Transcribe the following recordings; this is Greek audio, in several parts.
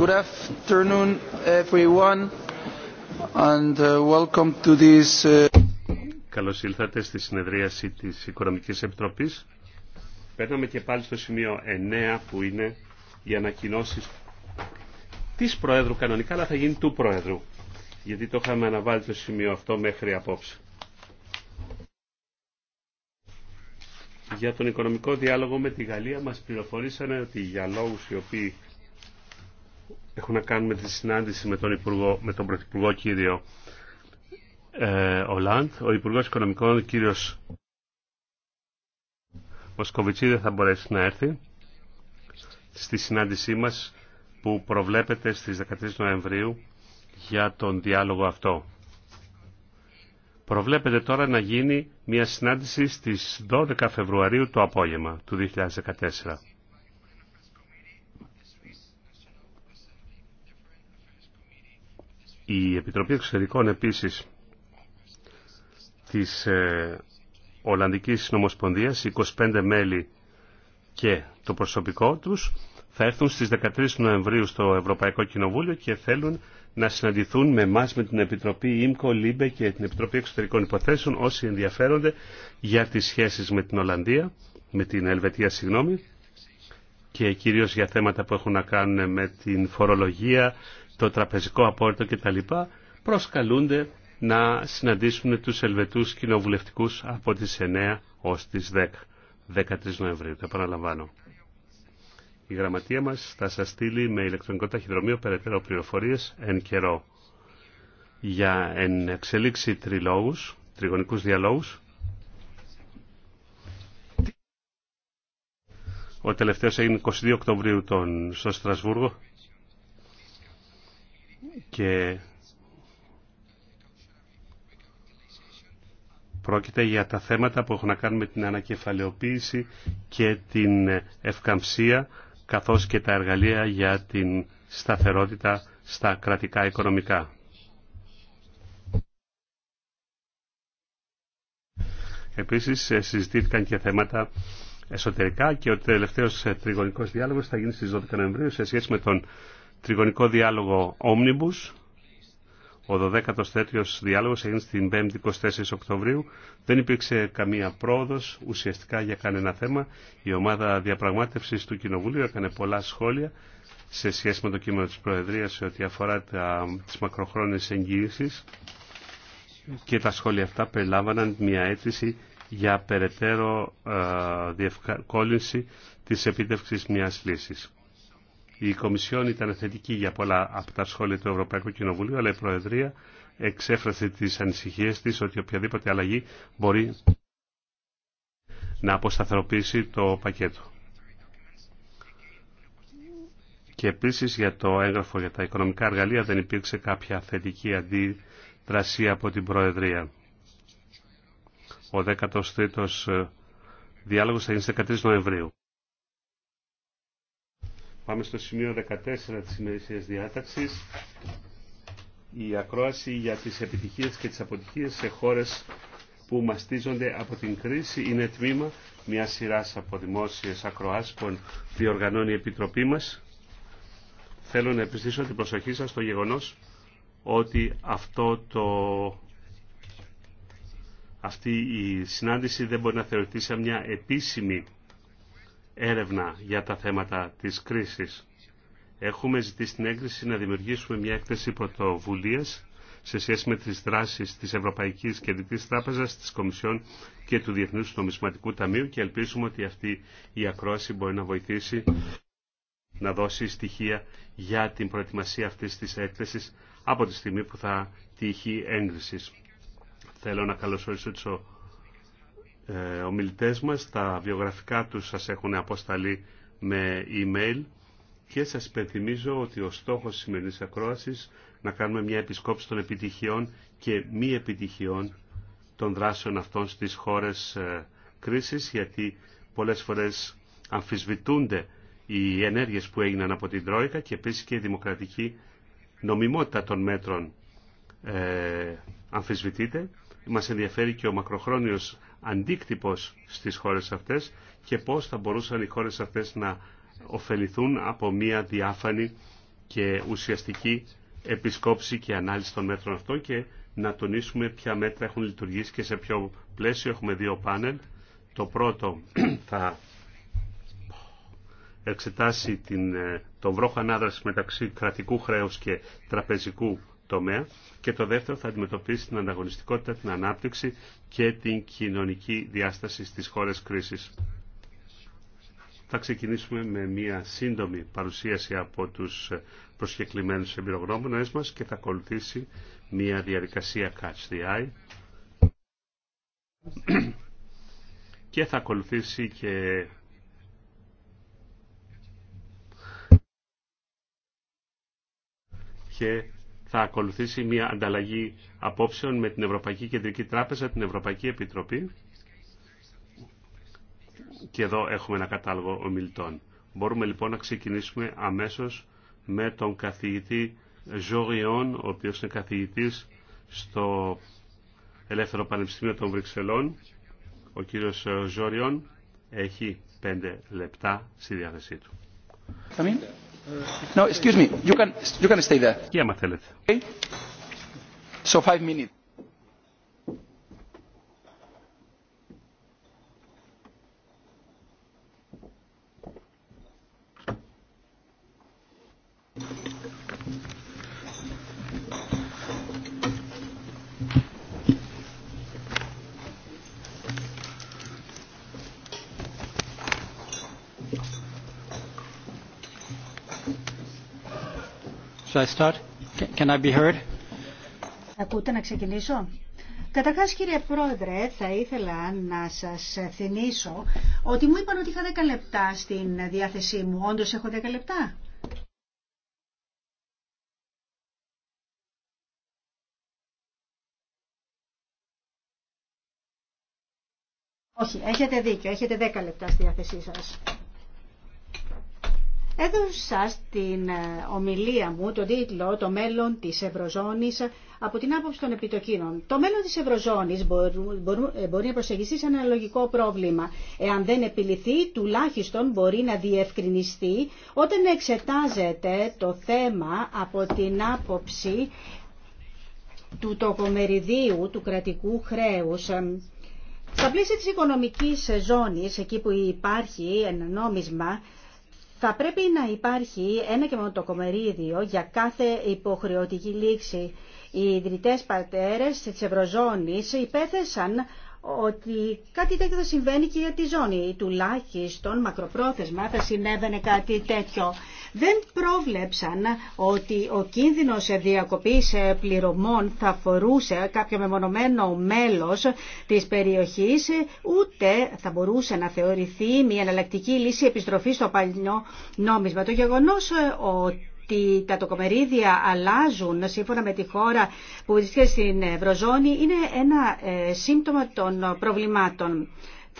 Good afternoon, uh, uh, Καλώς ήλθατε στη συνεδρίαση της Οικονομικής Επιτροπής. Παίρναμε και πάλι στο σημείο 9 που είναι οι ανακοινώσεις της Προέδρου κανονικά, αλλά θα γίνει του Προέδρου, γιατί το είχαμε αναβάλει το σημείο αυτό μέχρι απόψε. για τον οικονομικό διάλογο με τη Γαλλία μας πληροφορήσανε ότι για λόγους οι οποίοι έχουν να κάνουν με τη συνάντηση με τον, Υπουργό, με τον Πρωθυπουργό κύριο ε, Ολάντ. Ο Υπουργός Οικονομικών κύριος Μοσκοβιτσί θα μπορέσει να έρθει στη συνάντησή μας που προβλέπεται στις 13 Νοεμβρίου για τον διάλογο αυτό. Προβλέπεται τώρα να γίνει μια συνάντηση στις 12 Φεβρουαρίου το απόγευμα του 2014. Η Επιτροπή Εξωτερικών επίσης της ε, Ολλανδικής Νομοσπονδίας, 25 μέλη και το προσωπικό τους, θα έρθουν στις 13 Νοεμβρίου στο Ευρωπαϊκό Κοινοβούλιο και θέλουν να συναντηθούν με εμά, με την Επιτροπή ΙΜΚΟ, ΛΥΜΠΕ και την Επιτροπή Εξωτερικών Υποθέσεων όσοι ενδιαφέρονται για τις σχέσεις με την Ολλανδία, με την Ελβετία, συγγνώμη, και κυρίως για θέματα που έχουν να κάνουν με την φορολογία, το τραπεζικό απόρριτο κτλ. προσκαλούνται να συναντήσουν τους Ελβετούς κοινοβουλευτικούς από τις 9 ως τις 10, 13 Νοεμβρίου. Το επαναλαμβάνω. Η γραμματεία μας θα σας στείλει με ηλεκτρονικό ταχυδρομείο περαιτέρω πληροφορίες εν καιρό για εν εξελίξη τριλόγους, τριγωνικούς διαλόγους. Ο τελευταίος έγινε 22 Οκτωβρίου τον, στο Στρασβούργο και πρόκειται για τα θέματα που έχουν να κάνουν με την ανακεφαλαιοποίηση και την ευκαμψία καθώς και τα εργαλεία για την σταθερότητα στα κρατικά οικονομικά. Επίσης συζητήθηκαν και θέματα εσωτερικά και ο τελευταίος τριγωνικός διάλογος θα γίνει στις 12 Νοεμβρίου σε σχέση με τον τριγωνικό διάλογο Omnibus. Ο 12 ο τέτοιο διάλογος έγινε στην 5η 24 Οκτωβρίου. Δεν υπήρξε καμία πρόοδος ουσιαστικά για κανένα θέμα. Η 24 οκτωβριου δεν υπηρξε καμια προοδο ουσιαστικα για κανενα θεμα η ομαδα διαπραγματευση του Κοινοβουλίου έκανε πολλά σχόλια σε σχέση με το κείμενο της Προεδρίας σε ό,τι αφορά τι τις εγγύησει. και τα σχόλια αυτά περιλάμβαναν μια αίτηση για περαιτέρω ε, διευκόλυνση της επίτευξης μιας λύσης. Η Κομισιόν ήταν θετική για πολλά από τα σχόλια του Ευρωπαϊκού Κοινοβουλίου, αλλά η Προεδρία εξέφρασε τις ανησυχίες της ότι οποιαδήποτε αλλαγή μπορεί να αποσταθεροποιήσει το πακέτο. Και επίσης για το έγγραφο για τα οικονομικά εργαλεία δεν υπήρξε κάποια θετική αντίδραση από την Προεδρία. Ο 13ος διάλογος θα γίνει 13 Νοεμβρίου. Πάμε στο σημείο 14 της ημερησίας διάταξης. Η ακρόαση για τις επιτυχίες και τις αποτυχίες σε χώρες που μαστίζονται από την κρίση είναι τμήμα μια σειρά από δημόσιε ακροάσπων που διοργανώνει η Επιτροπή μας. Θέλω να επιστήσω την προσοχή σας στο γεγονός ότι αυτό το... αυτή η συνάντηση δεν μπορεί να θεωρηθεί σαν μια επίσημη έρευνα για τα θέματα της κρίσης. Έχουμε ζητήσει την έγκριση να δημιουργήσουμε μια έκθεση πρωτοβουλία σε σχέση με τις δράσεις της Ευρωπαϊκής Κεντρικής Τράπεζας, της Κομισιόν και του Διεθνούς Νομισματικού Ταμείου και ελπίζουμε ότι αυτή η ακρόαση μπορεί να βοηθήσει να δώσει στοιχεία για την προετοιμασία αυτής της έκθεσης από τη στιγμή που θα τύχει έγκρισης. Θέλω να καλωσορίσω ε, ομιλητές μας. Τα βιογραφικά τους σας έχουν αποσταλεί με email και σας υπενθυμίζω ότι ο στόχος της σημερινής ακρόασης να κάνουμε μια επισκόπηση των επιτυχιών και μη επιτυχιών των δράσεων αυτών στις χώρες ε, κρίσης γιατί πολλές φορές αμφισβητούνται οι ενέργειες που έγιναν από την Τρόικα και επίσης και η δημοκρατική νομιμότητα των μέτρων ε, αμφισβητείται. Μας ενδιαφέρει και ο μακροχρόνιος αντίκτυπος στις χώρες αυτές και πώς θα μπορούσαν οι χώρες αυτές να ωφεληθούν από μια διάφανη και ουσιαστική επισκόψη και ανάλυση των μέτρων αυτών και να τονίσουμε ποια μέτρα έχουν λειτουργήσει και σε ποιο πλαίσιο. Έχουμε δύο πάνελ. Το πρώτο θα εξετάσει την, ε, το βρόχο ανάδραση μεταξύ κρατικού χρέους και τραπεζικού τομέα και το δεύτερο θα αντιμετωπίσει την ανταγωνιστικότητα, την ανάπτυξη και την κοινωνική διάσταση στις χώρες κρίσης. Θα ξεκινήσουμε με μία σύντομη παρουσίαση από τους προσκεκλημένους εμπειρογνώμονες μας και θα ακολουθήσει μία διαδικασία Catch the Eye και θα ακολουθήσει και και θα ακολουθήσει μια ανταλλαγή απόψεων με την Ευρωπαϊκή Κεντρική Τράπεζα, την Ευρωπαϊκή Επιτροπή και εδώ έχουμε ένα κατάλογο ομιλητών. Μπορούμε λοιπόν να ξεκινήσουμε αμέσως με τον καθηγητή Ζωριόν, ο οποίος είναι καθηγητής στο Ελεύθερο Πανεπιστήμιο των Βρυξελών. Ο κύριος Ζωριόν έχει πέντε λεπτά στη διάθεσή του. No, excuse me. You can, you can stay there. Για, μα Okay. So five minutes. I start? Can I be heard? Ακούτε να ξεκινήσω. Καταρχάς κύριε Πρόεδρε, θα ήθελα να σας θυμίσω ότι μου είπαν ότι είχα 10 λεπτά στην διάθεσή μου. Όντως έχω 10 λεπτά. Όχι, έχετε δίκιο. Έχετε 10 λεπτά στη διάθεσή σας. Έδωσα στην ε, ομιλία μου τον τίτλο «Το μέλλον της Ευρωζώνης από την άποψη των επιτοκίνων». Το μέλλον της Ευρωζώνης ε, μπορεί να προσεγγιστεί σε ένα λογικό πρόβλημα. Εάν δεν επιληθεί, τουλάχιστον μπορεί να διευκρινιστεί όταν εξετάζεται το θέμα από την άποψη του τοκομεριδίου του κρατικού χρέους. Στα πλαίσια της οικονομικής ζώνης, εκεί που υπάρχει ένα νόμισμα, θα πρέπει να υπάρχει ένα και μόνο το κομερίδιο για κάθε υποχρεωτική λήξη. Οι ιδρυτές πατέρες της Ευρωζώνης υπέθεσαν ότι κάτι τέτοιο θα συμβαίνει και για τη ζώνη. Τουλάχιστον μακροπρόθεσμα θα συνέβαινε κάτι τέτοιο δεν πρόβλεψαν ότι ο κίνδυνος διακοπής πληρωμών θα φορούσε κάποιο μεμονωμένο μέλος της περιοχής, ούτε θα μπορούσε να θεωρηθεί μια εναλλακτική λύση επιστροφής στο παλινό νόμισμα. Το γεγονός ότι ότι τα τοκομερίδια αλλάζουν σύμφωνα με τη χώρα που βρίσκεται στην Ευρωζώνη είναι ένα ε, σύμπτωμα των προβλημάτων.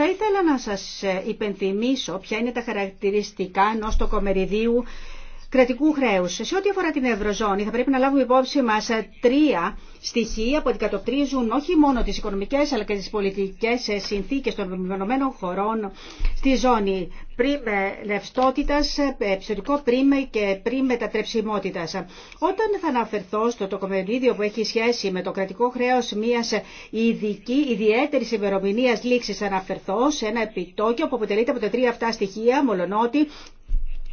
Θα ήθελα να σας ε, υπενθυμίσω ποια είναι τα χαρακτηριστικά ενός τοκομεριδίου κρατικού χρέους. Σε ό,τι αφορά την Ευρωζώνη θα πρέπει να λάβουμε υπόψη μας ε, τρία στοιχεία που αντικατοπτρίζουν όχι μόνο τις οικονομικές αλλά και τις πολιτικές ε, συνθήκες των μεμονωμένων χωρών στη ζώνη ε, ρευστότητα, επιστοτικό πριν και πριν μετατρεψιμότητα. Όταν θα αναφερθώ στο τοκομενίδιο που έχει σχέση με το κρατικό χρέο μια ειδική, ιδιαίτερη ημερομηνία λήξη, αναφερθώ σε ένα επιτόκιο που αποτελείται από τα τρία αυτά στοιχεία, μολονότι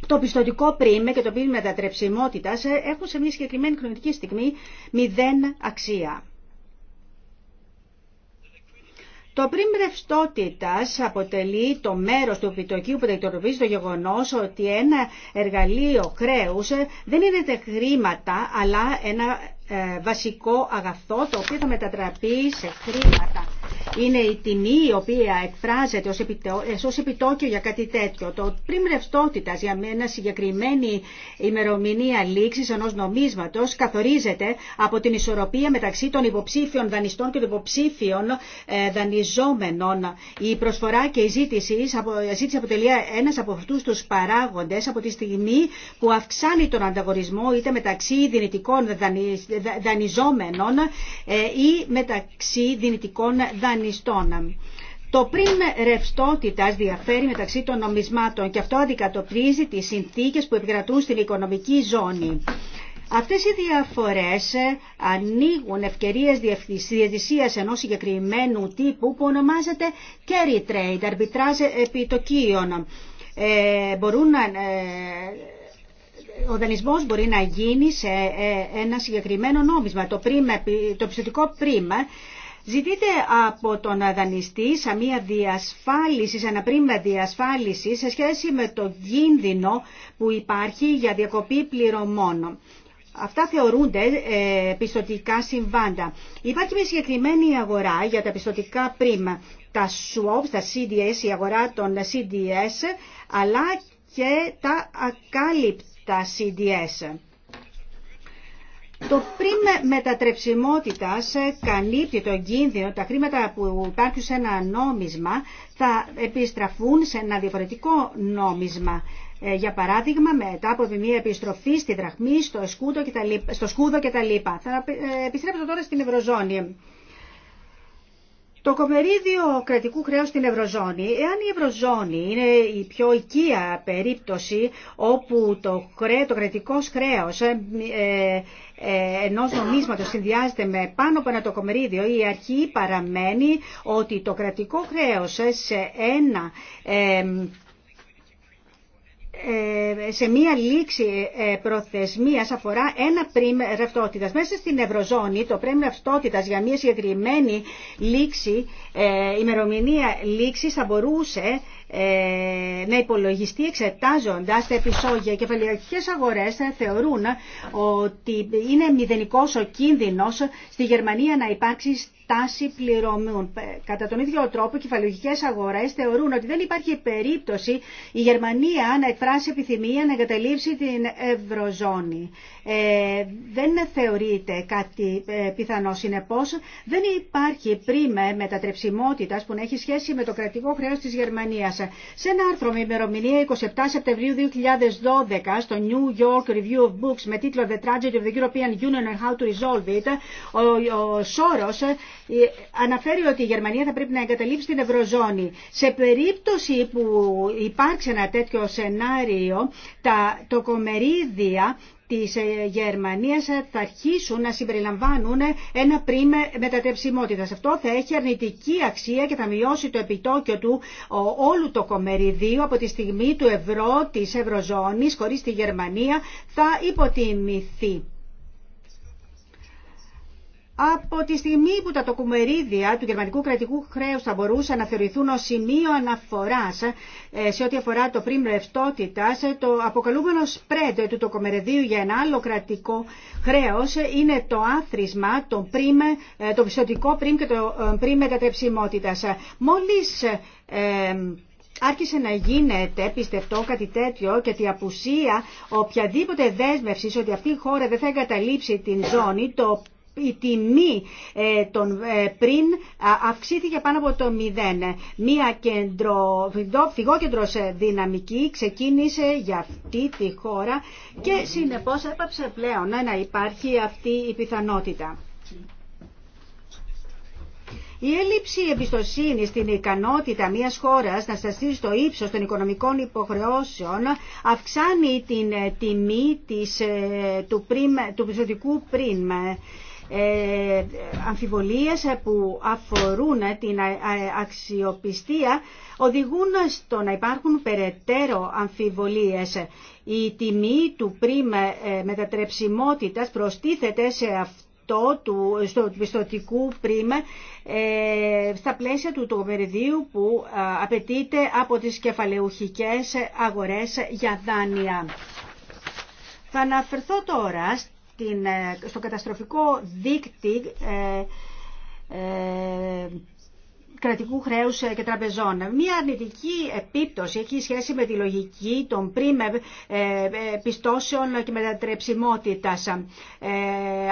το πιστοτικό πρίμε και το πρίμε μετατρεψιμότητα ε, έχουν σε μια συγκεκριμένη χρονική στιγμή μηδέν αξία. Το πριν ρευστότητα αποτελεί το μέρο του επιτοκίου που δεκτοροπίζει το γεγονό ότι ένα εργαλείο χρέου ε, δεν είναι χρήματα, αλλά ένα ε, βασικό αγαθό το οποίο θα μετατραπεί σε χρήματα. Είναι η τιμή η οποία εκφράζεται ως ε, επιτόκιο για κάτι τέτοιο. Το πριν ρευστότητα για μια συγκεκριμένη ημερομηνία λήξη ενό νομίσματο καθορίζεται από την ισορροπία μεταξύ των υποψήφιων δανειστών και των υποψήφιων ε, δανειζόμενων. Η προσφορά και η ζήτηση, η ζήτηση αποτελεί ένα από αυτού του παράγοντε από τη στιγμή που αυξάνει τον ανταγωνισμό είτε μεταξύ δυνητικών δανειστών δανειζόμενων ε, ή μεταξύ δυνητικών δανειστών. Το πριν ρευστότητα διαφέρει μεταξύ των νομισμάτων και αυτό αντικατοπτρίζει τις συνθήκες που επικρατούν στην οικονομική ζώνη. Αυτές οι διαφορές ε, ανοίγουν ευκαιρίες διευθυνσίας ενός συγκεκριμένου τύπου που ονομάζεται carry trade, arbitrage επιτοκίων. Ε, μπορούν να, ο δανεισμός μπορεί να γίνει σε ε, ένα συγκεκριμένο νόμισμα. Το, πρίμα, το πιστοτικό πρίμα ζητείται από τον δανειστή σε μια διασφάλιση, σε ένα πρίμα διασφάλιση σε σχέση με το κίνδυνο που υπάρχει για διακοπή πληρωμών. Αυτά θεωρούνται ε, πιστοτικά συμβάντα. Υπάρχει μια συγκεκριμένη αγορά για τα πιστοτικά πρίμα. Τα swaps, τα CDS, η αγορά των CDS, αλλά και τα ακάλυπτα τα CDS. Το πριν μετατρεψιμότητα ε, καλύπτει το κίνδυνο τα χρήματα που υπάρχουν σε ένα νόμισμα θα επιστραφούν σε ένα διαφορετικό νόμισμα. Ε, για παράδειγμα, μετά από μια επιστροφή στη δραχμή, στο τα κτλ. Στο σκούδο κτλ. Θα ε, επιστρέψω τώρα στην Ευρωζώνη. Το κομερίδιο κρατικού χρέους στην Ευρωζώνη, εάν η Ευρωζώνη είναι η πιο οικία περίπτωση όπου το, το κρατικό χρέος ε, ε, ε, ενός νομίσματος συνδυάζεται με πάνω από ένα το κομερίδιο, η αρχή παραμένει ότι το κρατικό χρέος σε ένα ε, ε, σε μία λήξη ε, προθεσμίας αφορά ένα πριμ ρευτότητας. Μέσα στην Ευρωζώνη το πριμ ρευτότητας για μία συγκεκριμένη λήξη, ε, ημερομηνία λήξης θα μπορούσε να υπολογιστεί εξετάζοντας τα επισόγια. Και οι αγορές θεωρούν ότι είναι μηδενικός ο κίνδυνος στη Γερμανία να υπάρξει τάση πληρωμών. Ε, κατά τον ίδιο τρόπο, οι κεφαλαιογικέ αγορέ θεωρούν ότι δεν υπάρχει περίπτωση η Γερμανία να εκφράσει επιθυμία να εγκαταλείψει την Ευρωζώνη. Ε, δεν θεωρείται κάτι ε, πιθανό. Συνεπώ, δεν υπάρχει πρίμε μετατρεψιμότητα που να έχει σχέση με το κρατικό χρέο τη Γερμανία. Σε ένα άρθρο με ημερομηνία 27 Σεπτεμβρίου 2012 στο New York Review of Books με τίτλο The Tragedy of the European Union and How to Resolve It, ο, ο ε, ε, αναφέρει ότι η Γερμανία θα πρέπει να εγκαταλείψει την Ευρωζώνη. Σε περίπτωση που υπάρξει ένα τέτοιο σενάριο, τα τοκομερίδια της ε, Γερμανίας ε, θα αρχίσουν να συμπεριλαμβάνουν ένα πρίμε Σε Αυτό θα έχει αρνητική αξία και θα μειώσει το επιτόκιο του όλου το κομεριδίου από τη στιγμή του ευρώ της Ευρωζώνης χωρίς τη Γερμανία θα υποτιμηθεί. Από τη στιγμή που τα τοκουμερίδια του γερμανικού κρατικού χρέους θα μπορούσαν να θεωρηθούν ως σημείο αναφοράς ε, σε ό,τι αφορά το πριν ρευστότητα, ε, το αποκαλούμενο spread του τοκομερεδίου για ένα άλλο κρατικό χρέος είναι το άθροισμα, το, πριμ, ε, το πιστοτικό πριμ και το πριμ μετατρεψιμότητας. Μόλις ε, Άρχισε να γίνεται πιστευτό κάτι τέτοιο και τη απουσία οποιαδήποτε δέσμευση ότι αυτή η χώρα δεν θα εγκαταλείψει την ζώνη, το η τιμή ε, των ε, πριν αυξήθηκε πάνω από το 0. Μία κέντρο, φυγόκεντρος ε, δυναμική ξεκίνησε για αυτή τη χώρα και συνεπώς έπαψε πλέον να υπάρχει αυτή η πιθανότητα. Η έλλειψη εμπιστοσύνη στην ικανότητα μιας χώρας να σταθεί στο ύψος των οικονομικών υποχρεώσεων αυξάνει την τιμή της, του, πριμ, του πιστοτικού πριν. Ε, αμφιβολίες ε, που αφορούν ε, την αξιοπιστία οδηγούν στο να υπάρχουν περαιτέρω αμφιβολίες. Η τιμή του πριμ μετατρεψιμότητας προστίθεται σε αυτό του, στο πιστοτικού πρίμα ε, στα πλαίσια του τοκοπεριδίου που απαιτείται από τις κεφαλαιουχικές αγορές για δάνεια. Θα αναφερθώ τώρα στην, ε, στο καταστροφικό δίκτυ ε, ε, κρατικού χρέους και τραπεζών. Μία αρνητική επίπτωση έχει σχέση με τη λογική των πριν πιστώσεων και μετατρεψιμότητας. Ε,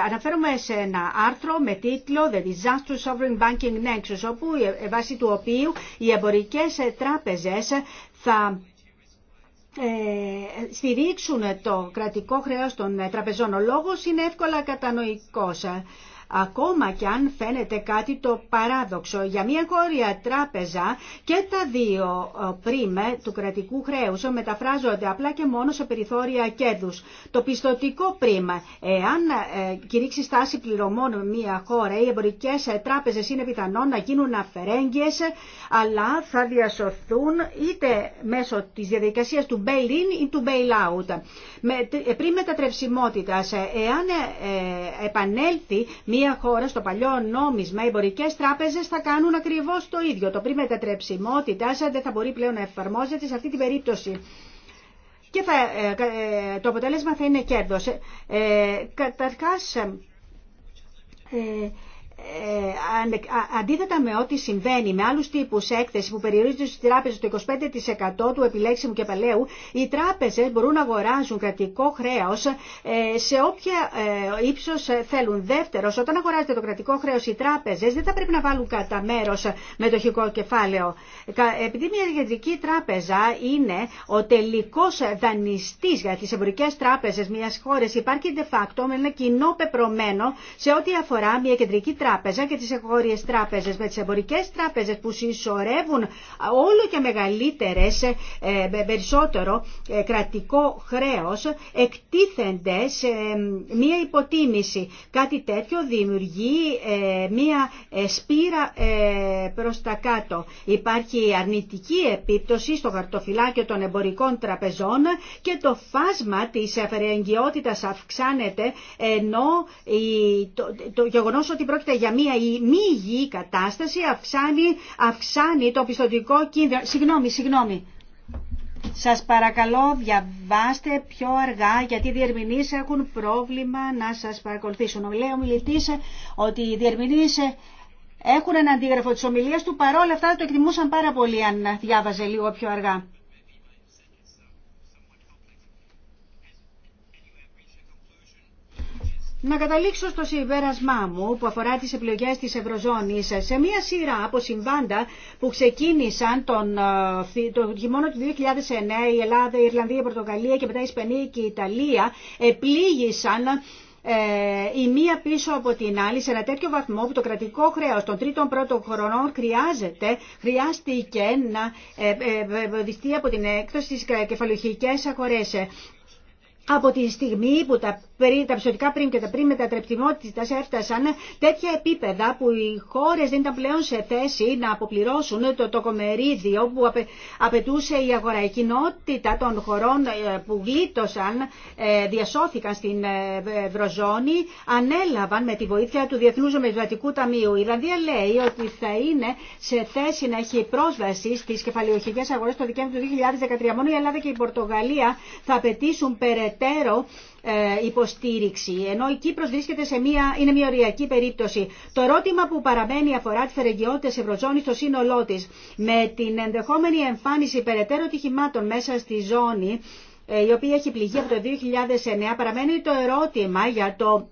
αναφέρομαι σε ένα άρθρο με τίτλο The Disaster Sovereign Banking Nexus, όπου, βάσει του οποίου οι εμπορικές τράπεζες θα ε, στηρίξουν το κρατικό χρέος των ε, τραπεζών. Ο λόγος είναι εύκολα κατανοητός ακόμα κι αν φαίνεται κάτι το παράδοξο. Για μια κόρια τράπεζα και τα δύο ε, πρίμε του κρατικού χρέους ε, μεταφράζονται απλά και μόνο σε περιθώρια κέρδους. Το πιστοτικό πρίμα, ε, εάν κηρύξει στάση πληρωμών μια χώρα, οι εμπορικέ τράπεζες είναι πιθανόν να γίνουν αφαιρέγγιες, αλλά θα διασωθούν είτε μέσω της διαδικασίας του bail-in ή του bail-out. Με, πριν εάν επανέλθει μία χώρα στο παλιό νόμισμα, οι εμπορικέ τράπεζε θα κάνουν ακριβώ το ίδιο. Το πριν μετατρεψιμότητα δεν θα μπορεί πλέον να εφαρμόζεται σε αυτή την περίπτωση. Και θα, ε, ε, το αποτέλεσμα θα είναι κέρδο. Ε, ε ε, αντίθετα με ό,τι συμβαίνει με άλλους τύπους έκθεση που περιορίζονται στις τράπεζες το 25% του επιλέξιμου κεφαλαίου, οι τράπεζες μπορούν να αγοράζουν κρατικό χρέος ε, σε όποια ε, ύψος θέλουν. Δεύτερος, όταν αγοράζεται το κρατικό χρέος οι τράπεζες δεν θα πρέπει να βάλουν κατά μέρος μετοχικό κεφάλαιο. Επειδή μια κεντρική τράπεζα είναι ο τελικός δανειστής για τις εμπορικές τράπεζες μιας χώρας, υπάρχει de facto με ένα κοινό πεπρωμένο σε ό,τι αφορά μια κεντρική τράπεζα τράπεζα και τις εγχώριες τράπεζες με τις εμπορικές τράπεζες που συσσωρεύουν όλο και μεγαλύτερες, ε, περισσότερο ε, κρατικό χρέος, εκτίθενται σε ε, μία υποτίμηση. Κάτι τέτοιο δημιουργεί μία σπήρα προς τα κάτω. Υπάρχει αρνητική επίπτωση στο χαρτοφυλάκιο των εμπορικών τραπεζών και το φάσμα της αφαιρεγγιότητας αυξάνεται ενώ το, το γεγονός ότι πρόκειται για μια μη υγιή κατάσταση αυξάνει, αυξάνει το πιστοτικό κίνδυνο. Συγγνώμη, συγγνώμη. Σας παρακαλώ διαβάστε πιο αργά γιατί οι διερμηνείς έχουν πρόβλημα να σας παρακολουθήσουν. Ο λέει ο ότι οι διερμηνείς έχουν ένα αντίγραφο της ομιλίας του παρόλα αυτά το εκτιμούσαν πάρα πολύ αν διάβαζε λίγο πιο αργά. να καταλήξω στο συμπέρασμά μου που αφορά τις επιλογές της Ευρωζώνης σε μια σειρά από συμβάντα που ξεκίνησαν τον, τον χειμώνα του 2009 η Ελλάδα, η Ιρλανδία, η Πορτογαλία και μετά η Ισπανία και η Ιταλία επλήγησαν η μία πίσω από την άλλη σε ένα τέτοιο βαθμό που το κρατικό χρέος των τρίτων πρώτων χρονών χρειάζεται, χρειάστηκε να ε, από την έκδοση στις κεφαλουχικές αγορές από τη στιγμή που τα, πριν, τα ψωτικά πριν και τα πριν μετατρεπτιμότητα έφτασαν τέτοια επίπεδα που οι χώρε δεν ήταν πλέον σε θέση να αποπληρώσουν το τοκομερίδιο που απαιτούσε η αγορά. Η κοινότητα των χωρών ε, που γλίτωσαν, ε, διασώθηκαν στην ε, Ευρωζώνη, ανέλαβαν με τη βοήθεια του Διεθνού Ζωμεζατικού Ταμείου. Η Ιρλανδία λέει ότι θα είναι σε θέση να έχει πρόσβαση στι κεφαλαιοχικέ αγορέ το Δεκέμβριο του 2013. Μόνο η Ελλάδα και η Πορτογαλία θα απαιτήσουν περαιτέρω περαιτέρω ε, υποστήριξη, ενώ η Κύπρος βρίσκεται σε μια, είναι μια οριακή περίπτωση. Το ερώτημα που παραμένει αφορά τις φερεγγιότητες Ευρωζώνης στο σύνολό της. Με την ενδεχόμενη εμφάνιση περαιτέρω τυχημάτων μέσα στη ζώνη, ε, η οποία έχει πληγεί από το 2009, παραμένει το ερώτημα για το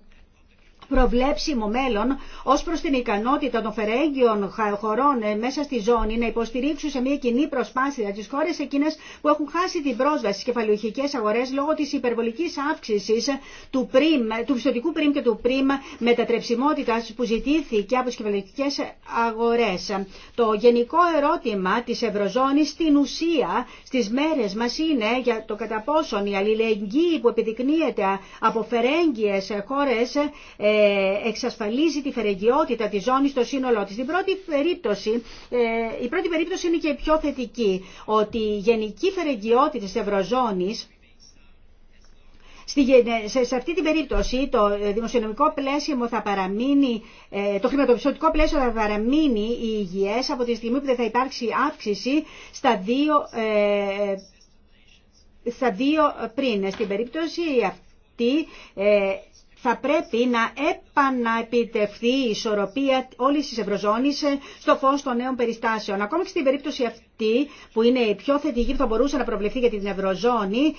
προβλέψιμο μέλλον ω προ την ικανότητα των φερέγγιων χωρών ε, μέσα στη ζώνη να υποστηρίξουν σε μια κοινή προσπάθεια τι χώρε εκείνε που έχουν χάσει την πρόσβαση στι κεφαλαιοχικέ αγορέ λόγω τη υπερβολική αύξηση του, πριμ, του πιστοτικού πριμ και του πριμ μετατρεψιμότητα που ζητήθηκε από τι κεφαλαιοχικέ αγορέ. Το γενικό ερώτημα τη Ευρωζώνη στην ουσία στι μέρε μα είναι για το κατά πόσον η αλληλεγγύη που επιδεικνύεται από φερέγγιε χώρε ε, ε, εξασφαλίζει τη φερεγγιότητα της ζώνης στο σύνολό της. πρώτη περίπτωση, ε, η πρώτη περίπτωση είναι και πιο θετική, ότι η γενική φερεγγιότητα της Ευρωζώνης ε, σε αυτή την περίπτωση το δημοσιονομικό πλαίσιο θα παραμείνει, το χρηματοπιστωτικό πλαίσιο θα παραμείνει υγιές από τη στιγμή που δεν θα υπάρξει αύξηση στα δύο, στα δύο πριν. Στην περίπτωση αυτή θα πρέπει να επαναεπιτευθεί η ισορροπία όλης της Ευρωζώνης στο φως των νέων περιστάσεων. Ακόμα και στην περίπτωση αυτή που είναι η πιο θετική που θα μπορούσε να προβλεφθεί για την Ευρωζώνη,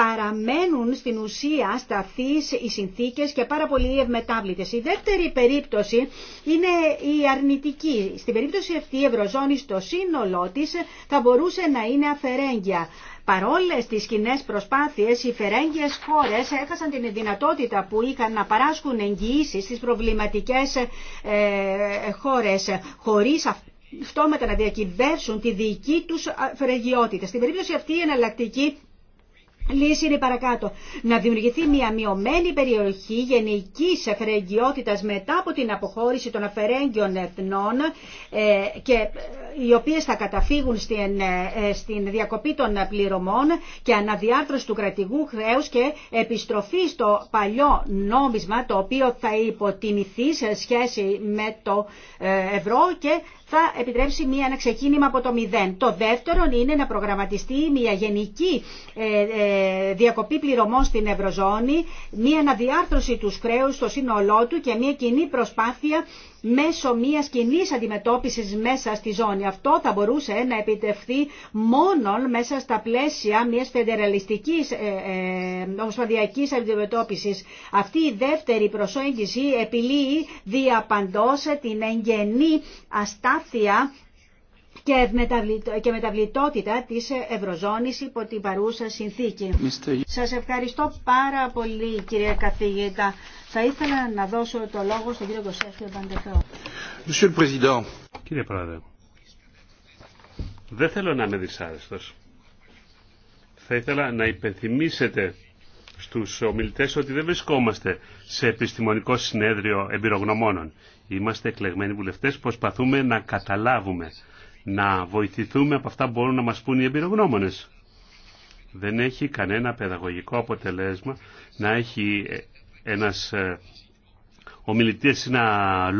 παραμένουν στην ουσία σταθείς οι συνθήκες και πάρα πολύ ευμετάβλητες. Η δεύτερη περίπτωση είναι η αρνητική. Στην περίπτωση αυτή η Ευρωζώνη στο σύνολό της θα μπορούσε να είναι αφαιρέγγια. Παρόλε τι κοινέ προσπάθειε, οι φερέγγιε χώρε έχασαν την δυνατότητα που είχαν να παράσχουν εγγυήσει στις προβληματικέ ε, χώρες χωρίς αυτόματα να διακυβεύσουν τη δική του φρεγιότητα. Στην περίπτωση αυτή η εναλλακτική Λύση είναι παρακάτω. Να δημιουργηθεί μια μειωμένη περιοχή γενική αφαιρεγγιότητα μετά από την αποχώρηση των αφαιρέγγιων εθνών ε, και ε, οι οποίε θα καταφύγουν ε, στην, διακοπή των πληρωμών και αναδιάρθρωση του κρατηγού χρέου και επιστροφή στο παλιό νόμισμα το οποίο θα υποτιμηθεί σε σχέση με το ευρώ και θα επιτρέψει μια, ένα ξεκίνημα από το μηδέν. Το δεύτερο είναι να προγραμματιστεί μια γενική ε, ε, διακοπή πληρωμών στην Ευρωζώνη, μια αναδιάρθρωση του χρέου στο σύνολό του και μια κοινή προσπάθεια μέσω μιας κοινή αντιμετώπιση μέσα στη ζώνη. Αυτό θα μπορούσε να επιτευχθεί μόνο μέσα στα πλαίσια μιας φεντεραλιστική ε, ε, ομοσπονδιακή αντιμετώπιση. Αυτή η δεύτερη προσέγγιση επιλύει διαπαντό την εγγενή αστάθεια και μεταβλητότητα της Ευρωζώνης υπό την παρούσα συνθήκη. Σας ευχαριστώ πάρα πολύ κύριε καθηγήτα. Θα ήθελα να δώσω το λόγο στον κύριο Κωσέφιο Παντεθέο. Κύριε Πρόεδρε, δεν θέλω να είμαι δυσάρεστος. Θα ήθελα να υπενθυμίσετε στους ομιλητές ότι δεν βρισκόμαστε σε επιστημονικό συνέδριο εμπειρογνωμόνων. Είμαστε εκλεγμένοι βουλευτές, προσπαθούμε να καταλάβουμε να βοηθηθούμε από αυτά που μπορούν να μας πούν οι εμπειρογνώμονες. Δεν έχει κανένα παιδαγωγικό αποτελέσμα να έχει ε, ένας ε, ομιλητής ένα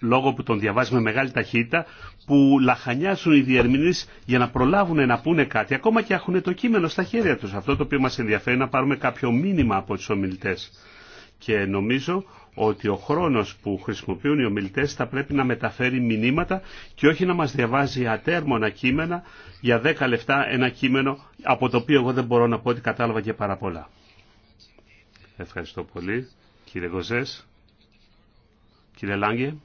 λόγο που τον διαβάζει με μεγάλη ταχύτητα που λαχανιάζουν οι διερμηνείς για να προλάβουν να πούνε κάτι ακόμα και έχουν το κείμενο στα χέρια τους. Αυτό το οποίο μας ενδιαφέρει να πάρουμε κάποιο μήνυμα από τους ομιλητές. Και νομίζω ότι ο χρόνος που χρησιμοποιούν οι ομιλητές θα πρέπει να μεταφέρει μηνύματα και όχι να μας διαβάζει ατέρμονα κείμενα για 10 λεπτά ένα κείμενο από το οποίο εγώ δεν μπορώ να πω ότι κατάλαβα και πάρα πολλά. Ευχαριστώ πολύ. Κύριε Γοζές. Κύριε Λάγκε.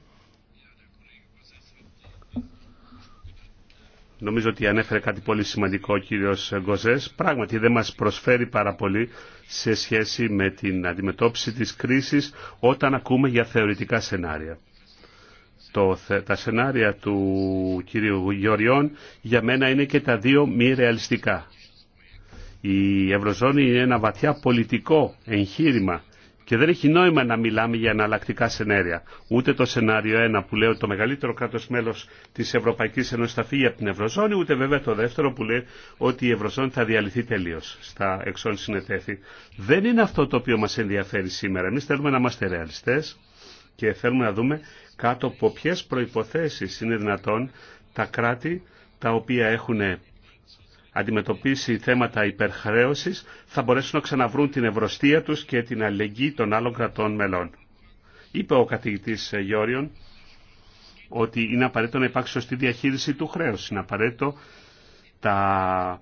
Νομίζω ότι ανέφερε κάτι πολύ σημαντικό ο κύριος Γκοζές. Πράγματι δεν μας προσφέρει πάρα πολύ σε σχέση με την αντιμετώπιση της κρίσης όταν ακούμε για θεωρητικά σενάρια. Το, τα σενάρια του κυρίου Γεωριών για μένα είναι και τα δύο μη ρεαλιστικά. Η Ευρωζώνη είναι ένα βαθιά πολιτικό εγχείρημα και δεν έχει νόημα να μιλάμε για εναλλακτικά σενάρια. Ούτε το σενάριο 1 που λέει ότι το μεγαλύτερο κράτο μέλο τη Ευρωπαϊκή Ένωση θα φύγει από την Ευρωζώνη, ούτε βέβαια το δεύτερο που λέει ότι η Ευρωζώνη θα διαλυθεί τελείω στα εξών συνετέθη. Δεν είναι αυτό το οποίο μα ενδιαφέρει σήμερα. Εμεί θέλουμε να είμαστε ρεαλιστέ και θέλουμε να δούμε κάτω από ποιε προποθέσει είναι δυνατόν τα κράτη τα οποία έχουν αντιμετωπίσει θέματα υπερχρέωσης θα μπορέσουν να ξαναβρούν την ευρωστία τους και την αλληλεγγύη των άλλων κρατών μελών. Είπε ο καθηγητής Γιώριον ότι είναι απαραίτητο να υπάρξει σωστή διαχείριση του χρέους. Είναι απαραίτητο τα...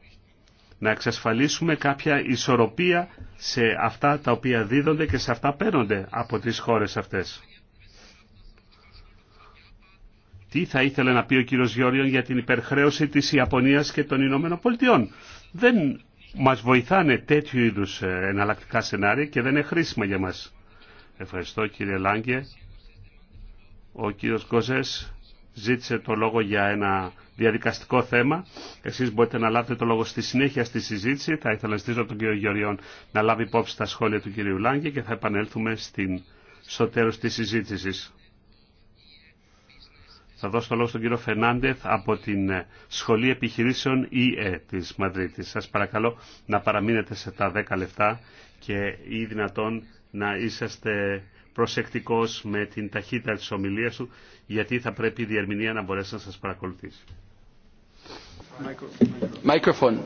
να εξασφαλίσουμε κάποια ισορροπία σε αυτά τα οποία δίδονται και σε αυτά παίρνονται από τις χώρες αυτές. Τι θα ήθελε να πει ο κύριος Γιώργιον για την υπερχρέωση της Ιαπωνίας και των Ηνωμένων Πολιτειών. Δεν μας βοηθάνε τέτοιου είδους ε, εναλλακτικά σενάρια και δεν είναι χρήσιμα για μας. Ευχαριστώ κύριε Λάγκε. Ο κύριος Κοζές ζήτησε το λόγο για ένα διαδικαστικό θέμα. Εσείς μπορείτε να λάβετε το λόγο στη συνέχεια στη συζήτηση. Θα ήθελα να ζητήσω τον κύριο Γιώργιον να λάβει υπόψη τα σχόλια του κυρίου Λάγκε και θα επανέλθουμε στην, στο τέλος της συζήτησης. Θα δώσω το λόγο στον κύριο Φερνάντεθ από την ε, Σχολή Επιχειρήσεων ΙΕ της Μαδρίτης. Σας παρακαλώ να παραμείνετε σε τα 10 λεπτά και ή δυνατόν να είσαστε προσεκτικός με την ταχύτητα της ομιλίας σου γιατί θα πρέπει η διερμηνία να μπορέσει να σας παρακολουθήσει. Microphone.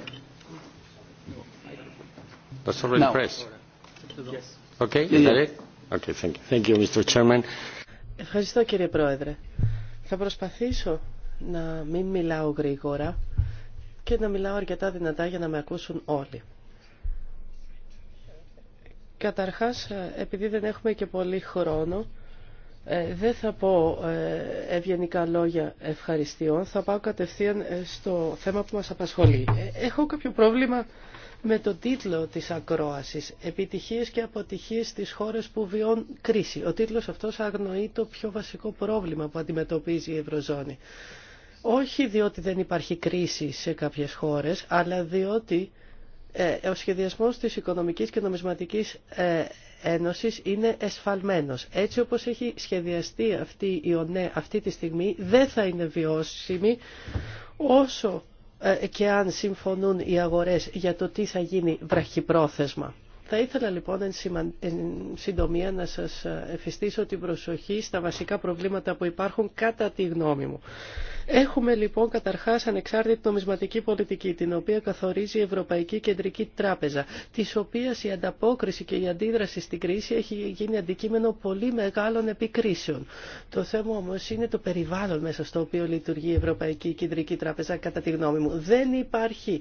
Ευχαριστώ κύριε Πρόεδρε. Θα προσπαθήσω να μην μιλάω γρήγορα και να μιλάω αρκετά δυνατά για να με ακούσουν όλοι. Καταρχάς, ε, επειδή δεν έχουμε και πολύ χρόνο, ε, δεν θα πω ε, ευγενικά λόγια ευχαριστειών, θα πάω κατευθείαν στο θέμα που μας απασχολεί. Έχω κάποιο πρόβλημα με τον τίτλο της ακρόασης «Επιτυχίες και αποτυχίες στις χώρες που βιώνουν κρίση». Ο τίτλος αυτός αγνοεί το πιο βασικό πρόβλημα που αντιμετωπίζει η Ευρωζώνη. Όχι διότι δεν υπάρχει κρίση σε κάποιες χώρες, αλλά διότι ε, ο σχεδιασμός της Οικονομικής και Νομισματικής ε, Ένωσης είναι εσφαλμένος. Έτσι όπως έχει σχεδιαστεί αυτή η ΟΝΕ αυτή τη στιγμή δεν θα είναι βιώσιμη όσο ε, και αν συμφωνούν οι αγορές για το τι θα γίνει βραχυπρόθεσμα. Θα ήθελα λοιπόν εν συντομία να σας ε, εφιστήσω την προσοχή στα βασικά προβλήματα που υπάρχουν κατά τη γνώμη μου. Έχουμε λοιπόν καταρχάς ανεξάρτητη νομισματική πολιτική, την οποία καθορίζει η Ευρωπαϊκή Κεντρική Τράπεζα, της οποίας η ανταπόκριση και η αντίδραση στην κρίση έχει γίνει αντικείμενο πολύ μεγάλων επικρίσεων. Το θέμα όμως είναι το περιβάλλον μέσα στο οποίο λειτουργεί η Ευρωπαϊκή Κεντρική Τράπεζα, κατά τη γνώμη μου. Δεν υπάρχει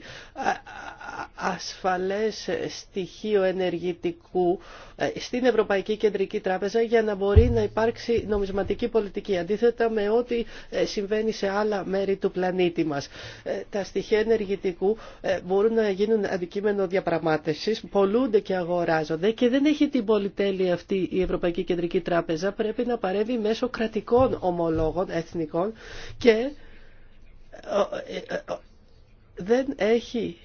ασφαλές στοιχείο ενεργητικού ε, στην Ευρωπαϊκή Κεντρική Τράπεζα για να μπορεί να υπάρξει νομισματική πολιτική. Αντίθετα με ό,τι ε, συμβαίνει σε άλλα μέρη του πλανήτη μας. Ε, τα στοιχεία ενεργητικού ε, μπορούν να γίνουν αντικείμενο διαπραγμάτευσης, πολλούνται και αγοράζονται και δεν έχει την πολυτέλεια αυτή η Ευρωπαϊκή Κεντρική Τράπεζα. Πρέπει να παρεύει μέσω κρατικών ομολόγων εθνικών και ε, δεν έχει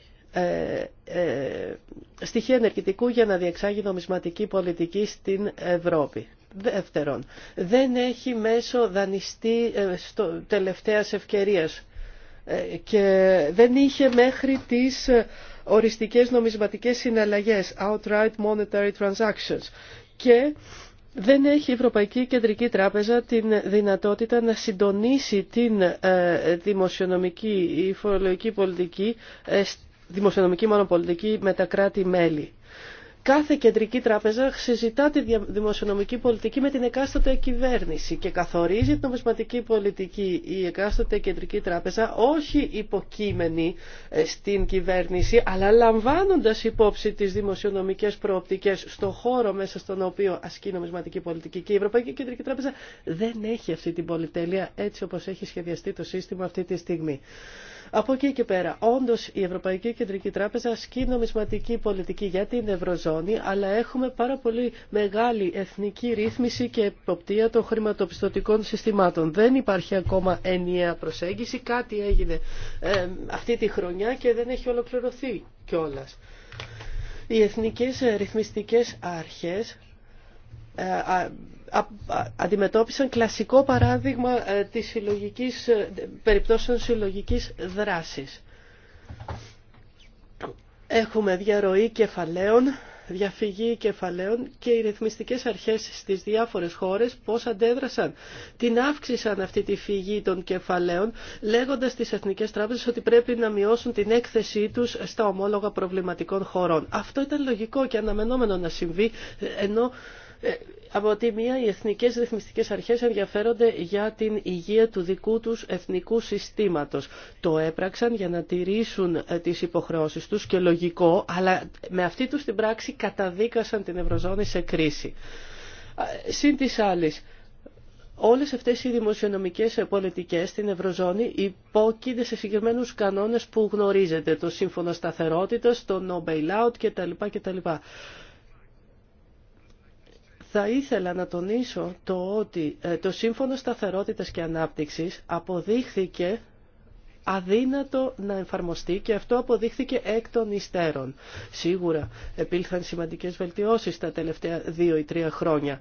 στοιχεία ενεργητικού για να διεξάγει νομισματική πολιτική στην Ευρώπη. Δεύτερον, δεν έχει μέσο δανειστή ε, στο τελευταίας ευκαιρίας ε, και δεν είχε μέχρι τις ε, οριστικές νομισματικές συναλλαγές, outright monetary transactions. Και δεν έχει η Ευρωπαϊκή Κεντρική Τράπεζα την δυνατότητα να συντονίσει την δημοσιονομική ή φορολογική πολιτική, δημοσιονομική μόνο πολιτική με τα κράτη-μέλη κάθε κεντρική τράπεζα συζητά τη δημοσιονομική πολιτική με την εκάστοτε κυβέρνηση και καθορίζει την νομισματική πολιτική η εκάστοτε κεντρική τράπεζα όχι υποκείμενη ε, στην κυβέρνηση αλλά λαμβάνοντας υπόψη τις δημοσιονομικές προοπτικές στο χώρο μέσα στον οποίο ασκεί η νομισματική πολιτική και η Ευρωπαϊκή Κεντρική Τράπεζα δεν έχει αυτή την πολυτέλεια έτσι όπως έχει σχεδιαστεί το σύστημα αυτή τη στιγμή. Από εκεί και πέρα, όντω η Ευρωπαϊκή Κεντρική Τράπεζα ασκεί νομισματική πολιτική για την Ευρωζώνη, αλλά έχουμε πάρα πολύ μεγάλη εθνική ρύθμιση και εποπτεία των χρηματοπιστωτικών συστημάτων. Δεν υπάρχει ακόμα ενιαία προσέγγιση. Κάτι έγινε ε, αυτή τη χρονιά και δεν έχει ολοκληρωθεί κιόλα. Οι εθνικές ρυθμιστικές άρχες ε, αντιμετώπισαν κλασικό παράδειγμα ε, της συλλογικής, ε, περιπτώσεων συλλογικής δράσης. Έχουμε διαρροή κεφαλαίων, διαφυγή κεφαλαίων και οι ρυθμιστικές αρχές στις διάφορες χώρες πώς αντέδρασαν. Την αύξησαν αυτή τη φυγή των κεφαλαίων λέγοντας στις εθνικές τράπεζες ότι πρέπει να μειώσουν την έκθεσή τους στα ομόλογα προβληματικών χωρών. Αυτό ήταν λογικό και αναμενόμενο να συμβεί ε, ενώ από τη μία οι εθνικές ρυθμιστικές αρχές ενδιαφέρονται για την υγεία του δικού τους εθνικού συστήματος. Το έπραξαν για να τηρήσουν ε, τις υποχρεώσεις τους και λογικό, αλλά με αυτή τους την πράξη καταδίκασαν την Ευρωζώνη σε κρίση. Συν της άλλης, όλες αυτές οι δημοσιονομικές ε, πολιτικές στην Ευρωζώνη υπόκεινται σε συγκεκριμένους κανόνες που γνωρίζετε, το σύμφωνο σταθερότητας, το no bailout κτλ. κτλ. Θα ήθελα να τονίσω το ότι ε, το Σύμφωνο Σταθερότητας και Ανάπτυξης αποδείχθηκε αδύνατο να εφαρμοστεί και αυτό αποδείχθηκε εκ των υστέρων. Σίγουρα επήλθαν σημαντικές βελτιώσεις τα τελευταία δύο ή τρία χρόνια.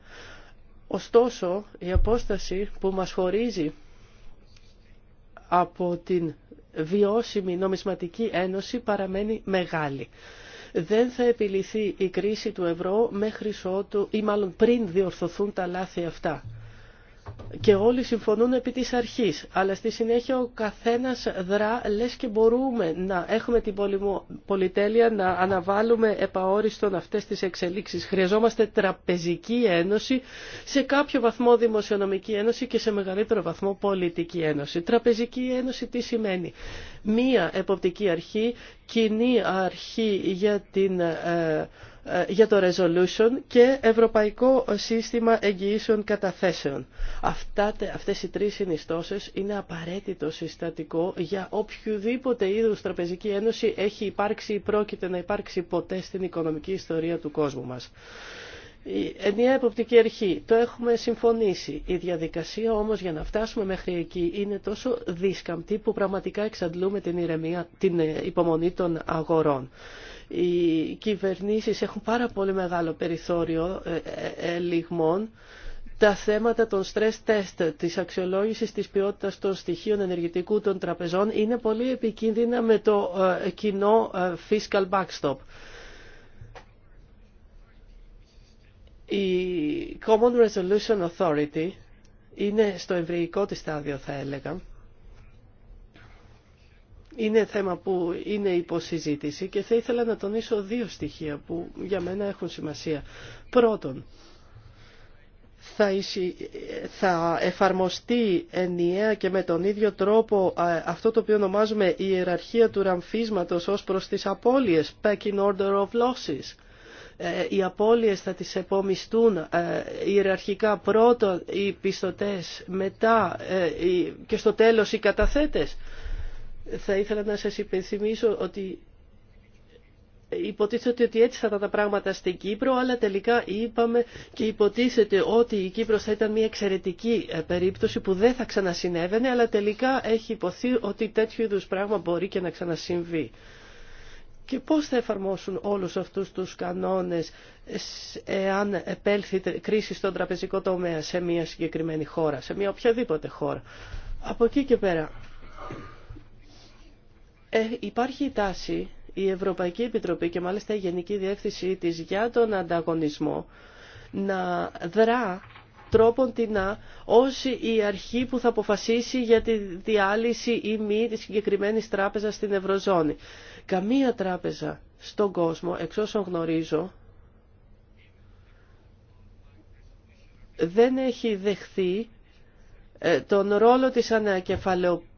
Ωστόσο, η απόσταση που μας χωρίζει από την βιώσιμη νομισματική ένωση παραμένει μεγάλη δεν θα επιληθεί η κρίση του ευρώ μέχρι ότου ή μάλλον πριν διορθωθούν τα λάθη αυτά και όλοι συμφωνούν επί της αρχής, αλλά στη συνέχεια ο καθένας δρά, λες και μπορούμε να έχουμε την πολυτέλεια να αναβάλουμε επαόριστον αυτές τις εξελίξεις. Χρειαζόμαστε τραπεζική ένωση, σε κάποιο βαθμό δημοσιονομική ένωση και σε μεγαλύτερο βαθμό πολιτική ένωση. Τραπεζική ένωση τι σημαίνει. Μία εποπτική αρχή, κοινή αρχή για την ε, για το resolution και ευρωπαϊκό σύστημα εγγυήσεων καταθέσεων. Αυτά, αυτές οι τρεις συνιστώσεις είναι απαραίτητο συστατικό για οποιοδήποτε είδους τραπεζική ένωση έχει υπάρξει ή πρόκειται να υπάρξει ποτέ στην οικονομική ιστορία του κόσμου μας ενιαία εποπτική αρχή, το έχουμε συμφωνήσει. Η διαδικασία όμως για να φτάσουμε μέχρι εκεί είναι τόσο δίσκαμπτη που πραγματικά εξαντλούμε την, ηρεμία, την ε, υπομονή των αγορών. Οι κυβερνήσεις έχουν πάρα πολύ μεγάλο περιθώριο ε, ε, ελιγμών. Τα θέματα των stress test, της αξιολόγησης της ποιότητας των στοιχείων ενεργητικού των τραπεζών είναι πολύ επικίνδυνα με το κοινό fiscal backstop. Η Common Resolution Authority είναι στο εμβρυϊκό της στάδιο θα έλεγα. Είναι θέμα που είναι υποσυζήτηση και θα ήθελα να τονίσω δύο στοιχεία που για μένα έχουν σημασία. Πρώτον, θα εφαρμοστεί ενιαία και με τον ίδιο τρόπο αυτό το οποίο ονομάζουμε η ιεραρχία του ραμφίσματος ως προς τις απώλειες, in order of losses ε, οι απώλειες θα τις επομιστούν ε, ιεραρχικά πρώτον οι πιστωτές, μετά ε, και στο τέλος οι καταθέτες. Θα ήθελα να σας υπενθυμίσω ότι υποτίθεται ότι έτσι θα ήταν τα πράγματα στην Κύπρο, αλλά τελικά είπαμε και υποτίθεται ότι η Κύπρος θα ήταν μια εξαιρετική περίπτωση που δεν θα ξανασυνέβαινε, αλλά τελικά έχει υποθεί ότι τέτοιου είδους πράγμα μπορεί και να ξανασυμβεί και πώς θα εφαρμόσουν όλους αυτούς τους κανόνες εάν επέλθει κρίση στον τραπεζικό τομέα σε μια συγκεκριμένη χώρα, σε μια οποιαδήποτε χώρα. Από εκεί και πέρα ε, υπάρχει η τάση, η Ευρωπαϊκή Επιτροπή και μάλιστα η Γενική Διεύθυνση της για τον ανταγωνισμό να δρά τρόπον την να, ως η αρχή που θα αποφασίσει για τη διάλυση ή μη της συγκεκριμένης τράπεζας στην Ευρωζώνη. Καμία τράπεζα στον κόσμο, εξ όσων γνωρίζω, δεν έχει δεχθεί ε, τον ρόλο της ανακεφαλαιοποίησης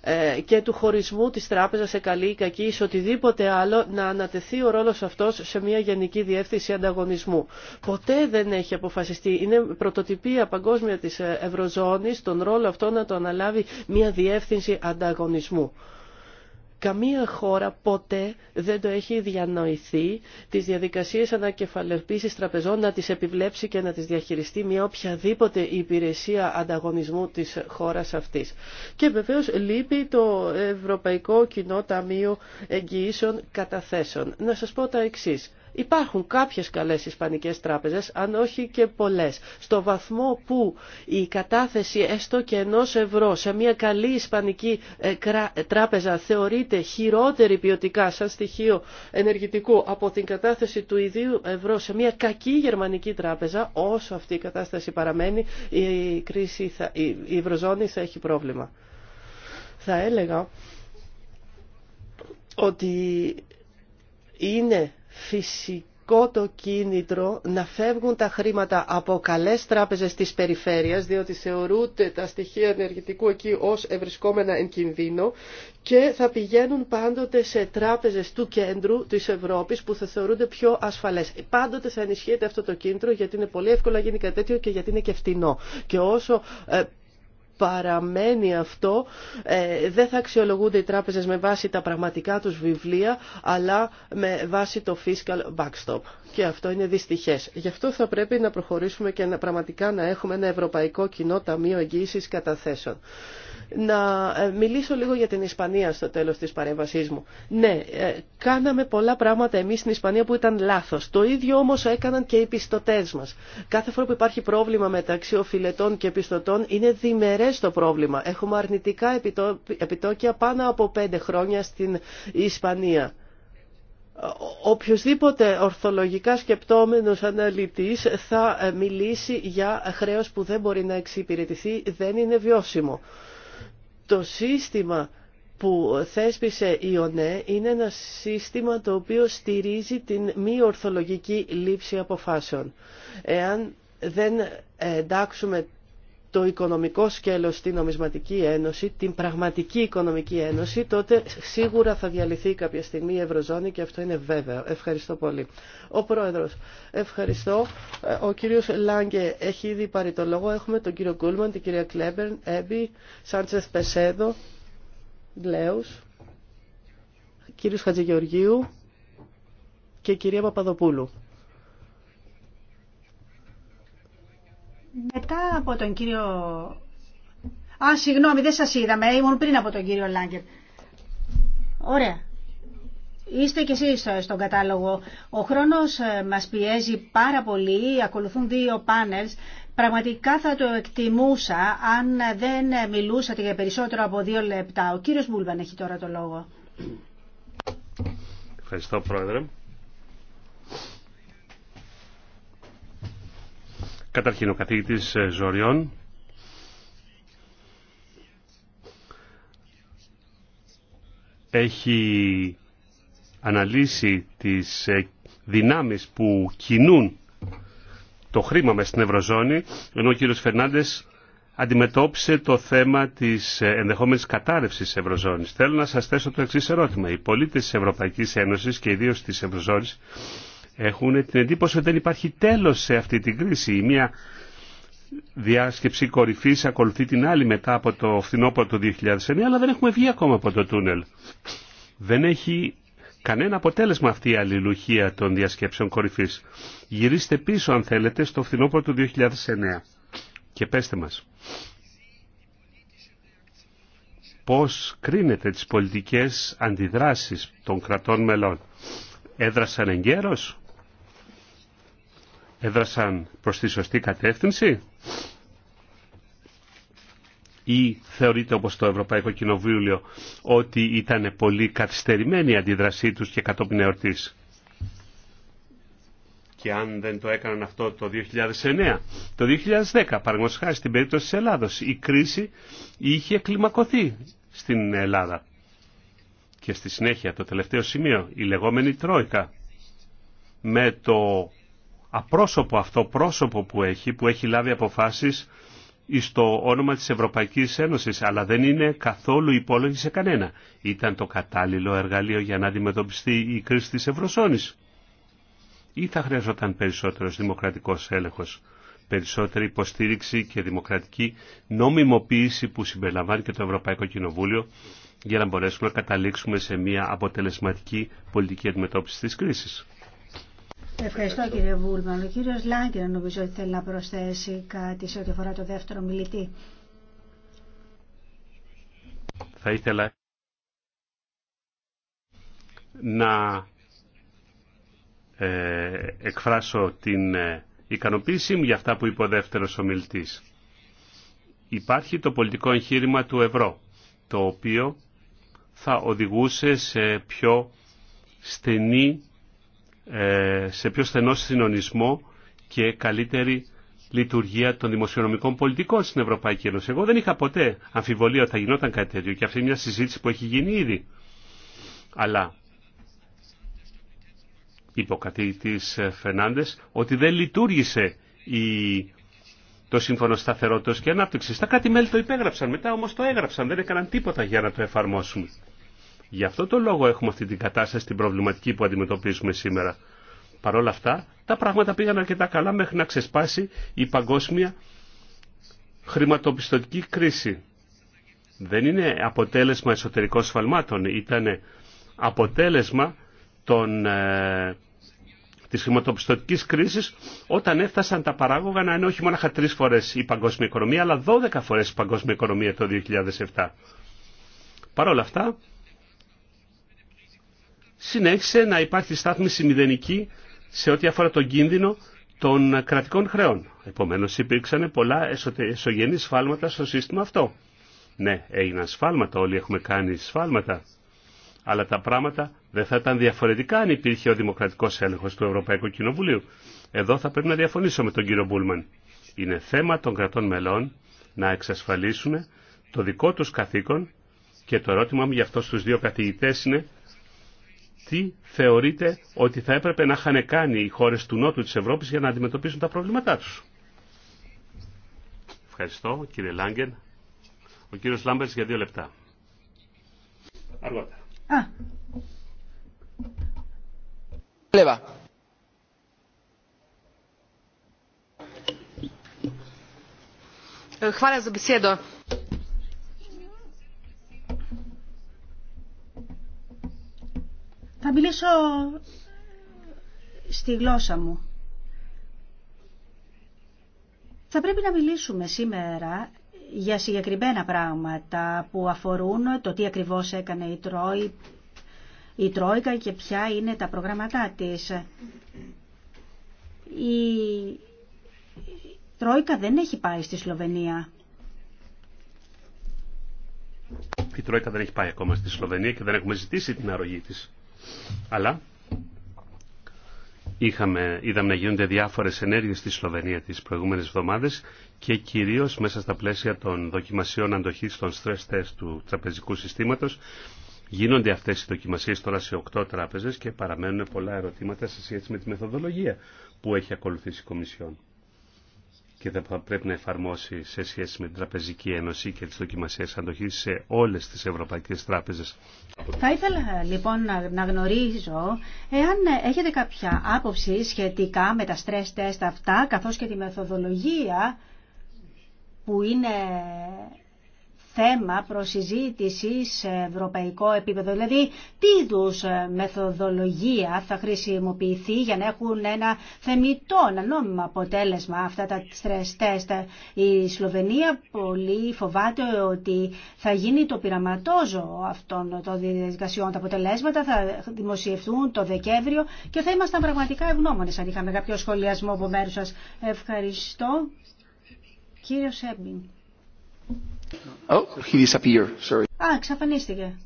ε, και του χωρισμού της τράπεζας σε καλή ή κακή ή σε οτιδήποτε άλλο να ανατεθεί ο ρόλος αυτός σε μια γενική διεύθυνση ανταγωνισμού. Ποτέ δεν έχει αποφασιστεί. Είναι πρωτοτυπία παγκόσμια της ε, Ευρωζώνης τον ρόλο αυτό να το αναλάβει μια διεύθυνση ανταγωνισμού. Καμία χώρα ποτέ δεν το έχει διανοηθεί τις διαδικασίες ανακεφαλαιοποίησης τραπεζών να τις επιβλέψει και να τις διαχειριστεί μια οποιαδήποτε υπηρεσία ανταγωνισμού της χώρας αυτής. Και βεβαίως λείπει το Ευρωπαϊκό Κοινό Ταμείο Εγγυήσεων Καταθέσεων. Να σας πω τα εξής. Υπάρχουν κάποιες καλές ισπανικές τράπεζες, αν όχι και πολλές. Στο βαθμό που η κατάθεση έστω και ενός ευρώ σε μια καλή ισπανική ε, τράπεζα θεωρείται χειρότερη ποιοτικά σαν στοιχείο ενεργητικού από την κατάθεση του ιδίου ευρώ σε μια κακή γερμανική τράπεζα, όσο αυτή η κατάσταση παραμένει, η, κρίση η ευρωζώνη θα έχει πρόβλημα. Θα έλεγα ότι είναι φυσικό το κίνητρο να φεύγουν τα χρήματα από καλές τράπεζες της περιφέρειας, διότι θεωρούνται τα στοιχεία ενεργητικού εκεί ως ευρισκόμενα εν κινδύνο και θα πηγαίνουν πάντοτε σε τράπεζες του κέντρου της Ευρώπης που θα θεωρούνται πιο ασφαλές. Πάντοτε θα ενισχύεται αυτό το κίνητρο γιατί είναι πολύ εύκολο να γίνει κάτι τέτοιο και γιατί είναι και φτηνό. Και όσο ε, παραμένει αυτό, ε, δεν θα αξιολογούνται οι τράπεζες με βάση τα πραγματικά τους βιβλία, αλλά με βάση το fiscal backstop. Και αυτό είναι δυστυχές. Γι' αυτό θα πρέπει να προχωρήσουμε και να, πραγματικά να έχουμε ένα ευρωπαϊκό κοινό ταμείο εγγύησης καταθέσεων να ε, μιλήσω λίγο για την Ισπανία στο τέλος της παρέμβασής μου. Ναι, ε, κάναμε πολλά πράγματα εμείς στην Ισπανία που ήταν λάθος. Το ίδιο όμως έκαναν και οι πιστωτές μας. Κάθε φορά που υπάρχει πρόβλημα μεταξύ οφηλετών και πιστωτών είναι διμερές το πρόβλημα. Έχουμε αρνητικά επιτόκια πάνω από πέντε χρόνια στην Ισπανία οποιοδήποτε ορθολογικά σκεπτόμενος αναλυτής θα ε, μιλήσει για χρέος που δεν μπορεί να εξυπηρετηθεί, δεν είναι βιώσιμο. Το σύστημα που θέσπισε η ΟΝΕ είναι ένα σύστημα το οποίο στηρίζει την μη ορθολογική λήψη αποφάσεων. Εάν δεν εντάξουμε το οικονομικό σκέλος στην νομισματική ένωση, την πραγματική οικονομική ένωση, τότε σίγουρα θα διαλυθεί κάποια στιγμή η Ευρωζώνη και αυτό είναι βέβαιο. Ευχαριστώ πολύ. Ο Πρόεδρος, ευχαριστώ. Ο κύριος Λάγκε έχει ήδη πάρει το λόγο. Έχουμε τον κύριο Κούλμαν, την κυρία Κλέμπερν, Έμπι, Σάντσεθ Πεσέδο, Λέους, κύριος Χατζηγεωργίου και κυρία Παπαδοπούλου. Μετά από τον κύριο... Α, συγγνώμη, δεν σας είδαμε. Ήμουν πριν από τον κύριο Λάγκερ. Ωραία. Είστε κι εσείς στον κατάλογο. Ο χρόνος ε, μας πιέζει πάρα πολύ. Ακολουθούν δύο πάνελς. Πραγματικά θα το εκτιμούσα αν δεν μιλούσατε για περισσότερο από δύο λεπτά. Ο κύριος Μπούλβαν έχει τώρα το λόγο. Ευχαριστώ, Πρόεδρε. Καταρχήν ο καθηγητής ε, Ζωριών έχει αναλύσει τις ε, δυνάμεις που κινούν το χρήμα μες στην Ευρωζώνη, ενώ ο κύριος Φερνάντες αντιμετώπισε το θέμα της ε, ενδεχόμενης κατάρρευσης της Ευρωζώνης. Θέλω να σας θέσω το εξής ερώτημα. Οι πολίτες της Ευρωπαϊκής Ένωσης και ιδίως της Ευρωζώνης έχουν την εντύπωση ότι δεν υπάρχει τέλος σε αυτή την κρίση. Η μία διάσκεψη κορυφής ακολουθεί την άλλη μετά από το φθινόπωρο του 2009, αλλά δεν έχουμε βγει ακόμα από το τούνελ. Δεν έχει κανένα αποτέλεσμα αυτή η αλληλουχία των διασκέψεων κορυφής. Γυρίστε πίσω αν θέλετε στο φθινόπωρο του 2009 και πέστε μας. Πώς κρίνετε τις πολιτικές αντιδράσεις των κρατών μελών. Έδρασαν εγκαίρως, έδρασαν προς τη σωστή κατεύθυνση ή θεωρείτε όπως το Ευρωπαϊκό Κοινοβούλιο ότι ήταν πολύ καθυστερημένη η θεωρειται οπως το ευρωπαικο κοινοβουλιο οτι ηταν πολυ καθυστερημενη η αντιδραση τους και κατόπιν εορτής. Και αν δεν το έκαναν αυτό το 2009, το 2010 παραγωγός στην περίπτωση της Ελλάδος η κρίση είχε κλιμακωθεί στην Ελλάδα. Και στη συνέχεια το τελευταίο σημείο η λεγόμενη Τρόικα με το απρόσωπο αυτό πρόσωπο που έχει, που έχει λάβει αποφάσεις στο όνομα της Ευρωπαϊκής Ένωσης, αλλά δεν είναι καθόλου υπόλογη σε κανένα. Ήταν το κατάλληλο εργαλείο για να αντιμετωπιστεί η κρίση της Ευρωσόνης. Ή θα χρειαζόταν περισσότερος δημοκρατικός έλεγχος, περισσότερη υποστήριξη και δημοκρατική νομιμοποίηση που συμπεριλαμβάνει και το Ευρωπαϊκό Κοινοβούλιο για να μπορέσουμε να καταλήξουμε σε μια αποτελεσματική πολιτική αντιμετώπιση της κρίσης. Ευχαριστώ κύριε Βούλμαν. Ο κύριο Λάγκερ νομίζω ότι θέλει να προσθέσει κάτι σε ό,τι αφορά το δεύτερο μιλητή. Θα ήθελα να ε, εκφράσω την ε, ικανοποίησή μου για αυτά που είπε ο δεύτερος ομιλητής. Υπάρχει το πολιτικό εγχείρημα του ευρώ, το οποίο θα οδηγούσε σε πιο στενή ε, σε πιο στενό συνονισμό και καλύτερη λειτουργία των δημοσιονομικών πολιτικών στην Ευρωπαϊκή Ένωση. Εγώ δεν είχα ποτέ αμφιβολία ότι θα γινόταν κάτι τέτοιο και αυτή είναι μια συζήτηση που έχει γίνει ήδη. Αλλά είπε ο καθηγητής ε, Φερνάντες ότι δεν λειτουργήσε η... το Σύμφωνο Σταθερότητας και Ανάπτυξης. Τα κάτι μέλη το υπέγραψαν, μετά όμως το έγραψαν, δεν έκαναν τίποτα για να το εφαρμόσουμε. Γι' αυτό το λόγο έχουμε αυτή την κατάσταση, την προβληματική που αντιμετωπίζουμε σήμερα. Παρ' όλα αυτά, τα πράγματα πήγαν αρκετά καλά μέχρι να ξεσπάσει η παγκόσμια χρηματοπιστωτική κρίση. Δεν είναι αποτέλεσμα εσωτερικών σφαλμάτων, ήταν αποτέλεσμα των, ε, της χρηματοπιστωτικής κρίσης όταν έφτασαν τα παράγωγα να είναι όχι μόνο τρεις φορές η παγκόσμια οικονομία, αλλά 12 φορές η παγκόσμια οικονομία το 2007. Παρ' όλα αυτά, συνέχισε να υπάρχει στάθμιση μηδενική σε ό,τι αφορά τον κίνδυνο των κρατικών χρεών. Επομένως υπήρξαν πολλά εσωγενή σφάλματα στο σύστημα αυτό. Ναι, έγιναν σφάλματα, όλοι έχουμε κάνει σφάλματα, αλλά τα πράγματα δεν θα ήταν διαφορετικά αν υπήρχε ο δημοκρατικό έλεγχο του Ευρωπαϊκού Κοινοβουλίου. Εδώ θα πρέπει να διαφωνήσω με τον κύριο Μπούλμαν. Είναι θέμα των κρατών μελών να εξασφαλίσουν το δικό του καθήκον και το ερώτημα μου για αυτό του δύο καθηγητέ είναι τι θεωρείτε ότι θα έπρεπε να είχαν κάνει οι χώρες του Νότου της Ευρώπης για να αντιμετωπίσουν τα προβλήματά τους. Ευχαριστώ κύριε Λάγκεν. Ο κύριος Λάμπερς για δύο λεπτά. Αργότερα. Α. Λέβα. Ευχαριστώ, za Θα μιλήσω στη γλώσσα μου. Θα πρέπει να μιλήσουμε σήμερα για συγκεκριμένα πράγματα που αφορούν το τι ακριβώς έκανε η, η Τρόικα και ποια είναι τα προγραμματά της. Η Τρόικα δεν έχει πάει στη Σλοβενία. Η Τρόικα δεν έχει πάει ακόμα στη Σλοβενία και δεν έχουμε ζητήσει την αρρωγή της. Αλλά είδαμε να γίνονται διάφορες ενέργειες στη Σλοβενία τις προηγούμενες εβδομάδες και κυρίως μέσα στα πλαίσια των δοκιμασιών αντοχής των stress test του τραπεζικού συστήματος Γίνονται αυτές οι δοκιμασίες τώρα σε οκτώ τράπεζες και παραμένουν πολλά ερωτήματα σε σχέση με τη μεθοδολογία που έχει ακολουθήσει η Κομισιόν και θα πρέπει να εφαρμόσει σε σχέση με την Τραπεζική Ένωση και τις δοκιμασίες αντοχής σε όλες τις ευρωπαϊκές τράπεζες. Θα ήθελα λοιπόν να γνωρίζω εάν έχετε κάποια άποψη σχετικά με τα stress test αυτά καθώς και τη μεθοδολογία που είναι θέμα προσυζήτηση σε ευρωπαϊκό επίπεδο. Δηλαδή, τι είδου ε, μεθοδολογία θα χρησιμοποιηθεί για να έχουν ένα θεμητό, ένα νόμιμο αποτέλεσμα αυτά τα stress test. Η Σλοβενία πολύ φοβάται ότι θα γίνει το πειραματόζωο αυτών των διαδικασιών. Τα αποτελέσματα θα δημοσιευτούν το Δεκέμβριο και θα ήμασταν πραγματικά ευγνώμονε αν είχαμε κάποιο σχολιασμό από μέρου σα. Ευχαριστώ. Κύριο Σέμπιν. Oh, he disappeared. Sorry. Α, εξαφανίστηκε.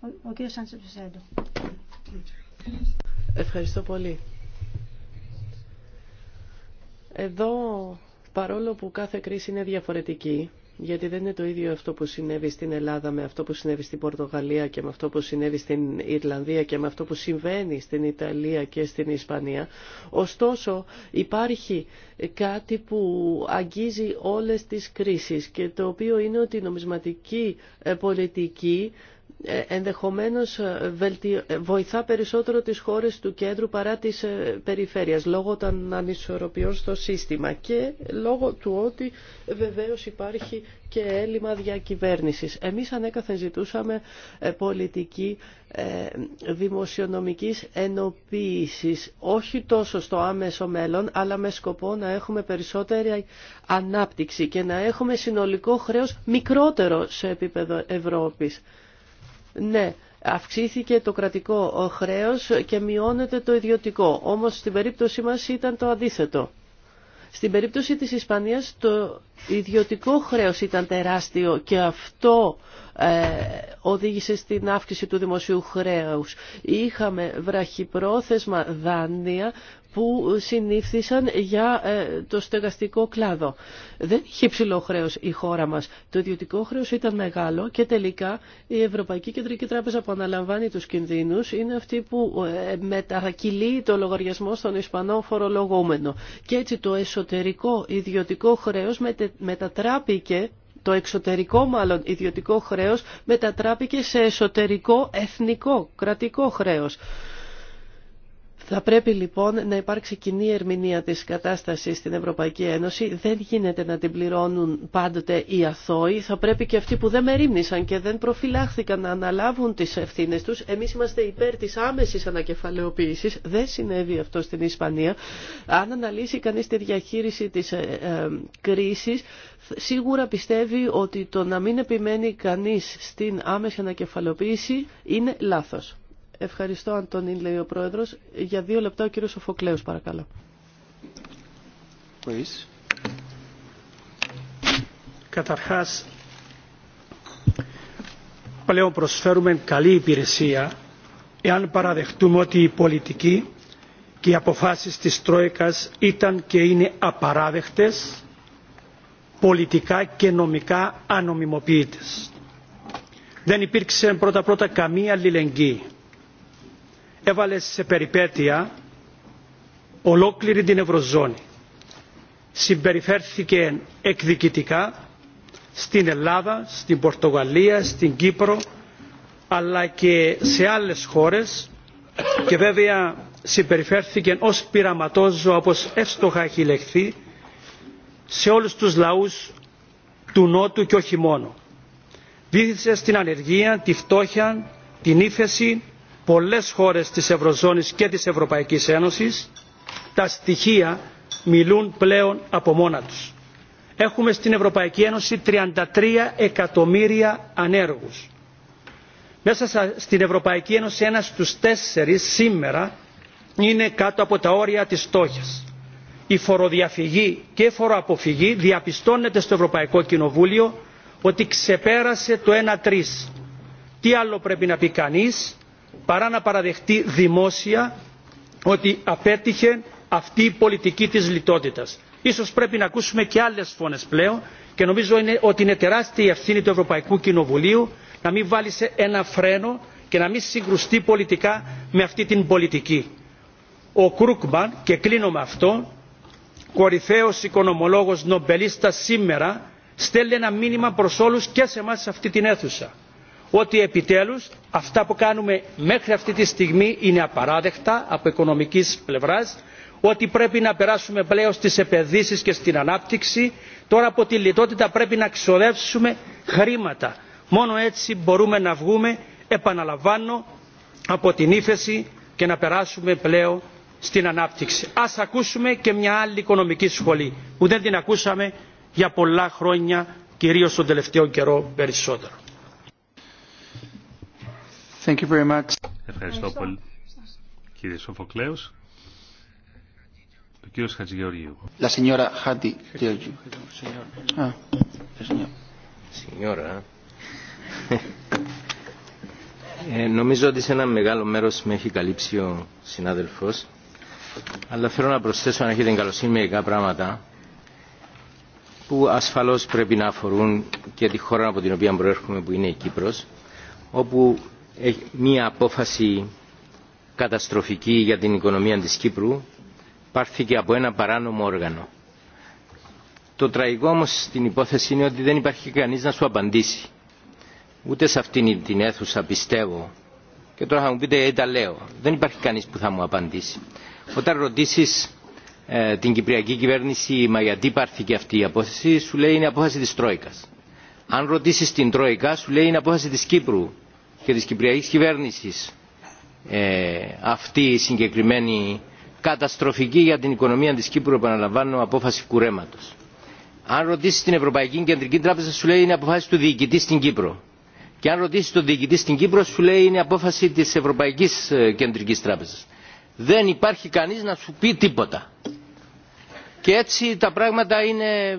Ο, ο κύριος Σάντσεπ Σέντο. Ευχαριστώ πολύ. Εδώ, παρόλο που κάθε κρίση είναι διαφορετική, γιατί δεν είναι το ίδιο αυτό που συνέβη στην Ελλάδα με αυτό που συνέβη στην Πορτογαλία και με αυτό που συνέβη στην Ιρλανδία και με αυτό που συμβαίνει στην Ιταλία και στην Ισπανία. Ωστόσο υπάρχει κάτι που αγγίζει όλες τις κρίσεις και το οποίο είναι ότι η νομισματική ε, πολιτική ε, ενδεχομένως ε, ε, βοηθά περισσότερο τις χώρες του κέντρου παρά τις περιφέρειες, λόγω των ανισορροπιών στο σύστημα και λόγω του ότι βεβαίως υπάρχει και έλλειμμα διακυβέρνησης. Εμείς ανέκαθεν ζητούσαμε πολιτική δημοσιονομικής ενοποίησης, όχι τόσο στο άμεσο μέλλον, αλλά με σκοπό να έχουμε περισσότερη ανάπτυξη και να έχουμε συνολικό χρέος μικρότερο σε επίπεδο Ευρώπης. Ναι, αυξήθηκε το κρατικό χρέος και μειώνεται το ιδιωτικό. Όμως στην περίπτωσή μας ήταν το αντίθετο. Στην περίπτωση της Ισπανίας το ιδιωτικό χρέος ήταν τεράστιο και αυτό ε, οδήγησε στην αύξηση του δημοσίου χρέους. Είχαμε βραχυπρόθεσμα δάνεια που συνήφθησαν για ε, το στεγαστικό κλάδο. Δεν είχε υψηλό χρέος η χώρα μας. Το ιδιωτικό χρέος ήταν μεγάλο και τελικά η Ευρωπαϊκή Κεντρική Τράπεζα που αναλαμβάνει τους κινδύνους είναι αυτή που ε, μετακυλεί το λογαριασμό στον Ισπανό φορολογούμενο. Και έτσι το εσωτερικό ιδιωτικό χρέος μετατράπηκε το εξωτερικό μάλλον ιδιωτικό χρέος μετατράπηκε σε εσωτερικό εθνικό κρατικό χρέος. Θα πρέπει λοιπόν να υπάρξει κοινή ερμηνεία της κατάστασης στην Ευρωπαϊκή Ένωση. Δεν γίνεται να την πληρώνουν πάντοτε οι αθώοι. Θα πρέπει και αυτοί που δεν μερίμνησαν και δεν προφυλάχθηκαν να αναλάβουν τις ευθύνες τους. Εμείς είμαστε υπέρ της άμεσης ανακεφαλαιοποίησης. Δεν συνέβη αυτό στην Ισπανία. Αν αναλύσει κανείς τη διαχείριση της ε, ε, κρίσης, σίγουρα πιστεύει ότι το να μην επιμένει κανείς στην άμεση ανακεφαλαιοποίηση είναι λάθος. Ευχαριστώ, Αντώνη, λέει ο Πρόεδρο. Για δύο λεπτά ο κύριο Σοφοκλέους, παρακαλώ. Καταρχά Καταρχάς, πλέον προσφέρουμε καλή υπηρεσία εάν παραδεχτούμε ότι η πολιτική και οι αποφάσεις της Τρόικας ήταν και είναι απαράδεκτες, πολιτικά και νομικά ανομιμοποιητές. Δεν υπήρξε πρώτα-πρώτα καμία αλληλεγγύη έβαλε σε περιπέτεια ολόκληρη την Ευρωζώνη. Συμπεριφέρθηκε εκδικητικά στην Ελλάδα, στην Πορτογαλία, στην Κύπρο αλλά και σε άλλες χώρες και βέβαια συμπεριφέρθηκε ως πειραματόζω όπως εύστοχα έχει λεχθεί σε όλους τους λαούς του Νότου και όχι μόνο. Βήθησε στην ανεργία, τη φτώχεια, την ύφεση, πολλές χώρες της Ευρωζώνης και της Ευρωπαϊκής Ένωσης, τα στοιχεία μιλούν πλέον από μόνα τους. Έχουμε στην Ευρωπαϊκή Ένωση 33 εκατομμύρια ανέργους. Μέσα στην Ευρωπαϊκή Ένωση ένας στους τέσσερις σήμερα είναι κάτω από τα όρια της στόχης. Η φοροδιαφυγή και η φοροαποφυγή διαπιστώνεται στο Ευρωπαϊκό Κοινοβούλιο ότι ξεπέρασε το 1-3. Τι άλλο πρέπει να πει κανείς παρά να παραδεχτεί δημόσια ότι απέτυχε αυτή η πολιτική της λιτότητας. Ίσως πρέπει να ακούσουμε και άλλες φωνές πλέον και νομίζω ότι είναι τεράστια η ευθύνη του Ευρωπαϊκού Κοινοβουλίου να μην βάλει σε ένα φρένο και να μην συγκρουστεί πολιτικά με αυτή την πολιτική. Ο Κρούκμαν, και κλείνω με αυτό, κορυφαίος οικονομολόγος νομπελίστας σήμερα, στέλνει ένα μήνυμα προς όλους και σε εμάς σε αυτή την αίθουσα ότι επιτέλους αυτά που κάνουμε μέχρι αυτή τη στιγμή είναι απαράδεκτα από οικονομικής πλευράς ότι πρέπει να περάσουμε πλέον στις επενδύσεις και στην ανάπτυξη τώρα από τη λιτότητα πρέπει να ξοδεύσουμε χρήματα. μόνο έτσι μπορούμε να βγούμε επαναλαμβάνω από την ύφεση και να περάσουμε πλέον στην ανάπτυξη. Ας ακούσουμε και μια άλλη οικονομική σχολή που δεν την ακούσαμε για πολλά χρόνια, κυρίως τον τελευταίο καιρό περισσότερο. Thank you very much. Ευχαριστώ, πολύ, κύριε Σοφοκλέους. Ο κύριος Χατζηγεωργίου. La señora Χάτι Γεωργίου. señora. Ε, νομίζω ότι σε ένα μεγάλο μέρος με έχει καλύψει ο συνάδελφος αλλά θέλω να προσθέσω αν έχετε καλοσύνη μερικά πράγματα που ασφαλώς πρέπει να αφορούν και τη χώρα από την οποία προέρχομαι που είναι η Κύπρος όπου μία απόφαση καταστροφική για την οικονομία της Κύπρου πάρθηκε από ένα παράνομο όργανο. Το τραγικό όμως στην υπόθεση είναι ότι δεν υπάρχει κανείς να σου απαντήσει. Ούτε σε αυτήν την αίθουσα πιστεύω. Και τώρα θα μου πείτε, «Ε, τα λέω. Δεν υπάρχει κανείς που θα μου απαντήσει. Όταν ρωτήσεις ε, την Κυπριακή κυβέρνηση μα γιατί πάρθηκε αυτή η απόφαση, σου λέει είναι απόφαση της Τρόικας. Αν ρωτήσεις την Τρόικα, σου λέει είναι απόφαση της Κύπρου και της Κυπριακής Κυβέρνησης ε, αυτή η συγκεκριμένη καταστροφική για την οικονομία της Κύπρου, επαναλαμβάνω, απόφαση κουρέματος. Αν ρωτήσει την Ευρωπαϊκή Κεντρική Τράπεζα, σου λέει είναι αποφάση του διοικητή στην Κύπρο. Και αν ρωτήσει τον διοικητή στην Κύπρο, σου λέει είναι απόφαση της Ευρωπαϊκής ε, Κεντρικής Τράπεζας Δεν υπάρχει κανεί να σου πει τίποτα. Και έτσι τα πράγματα είναι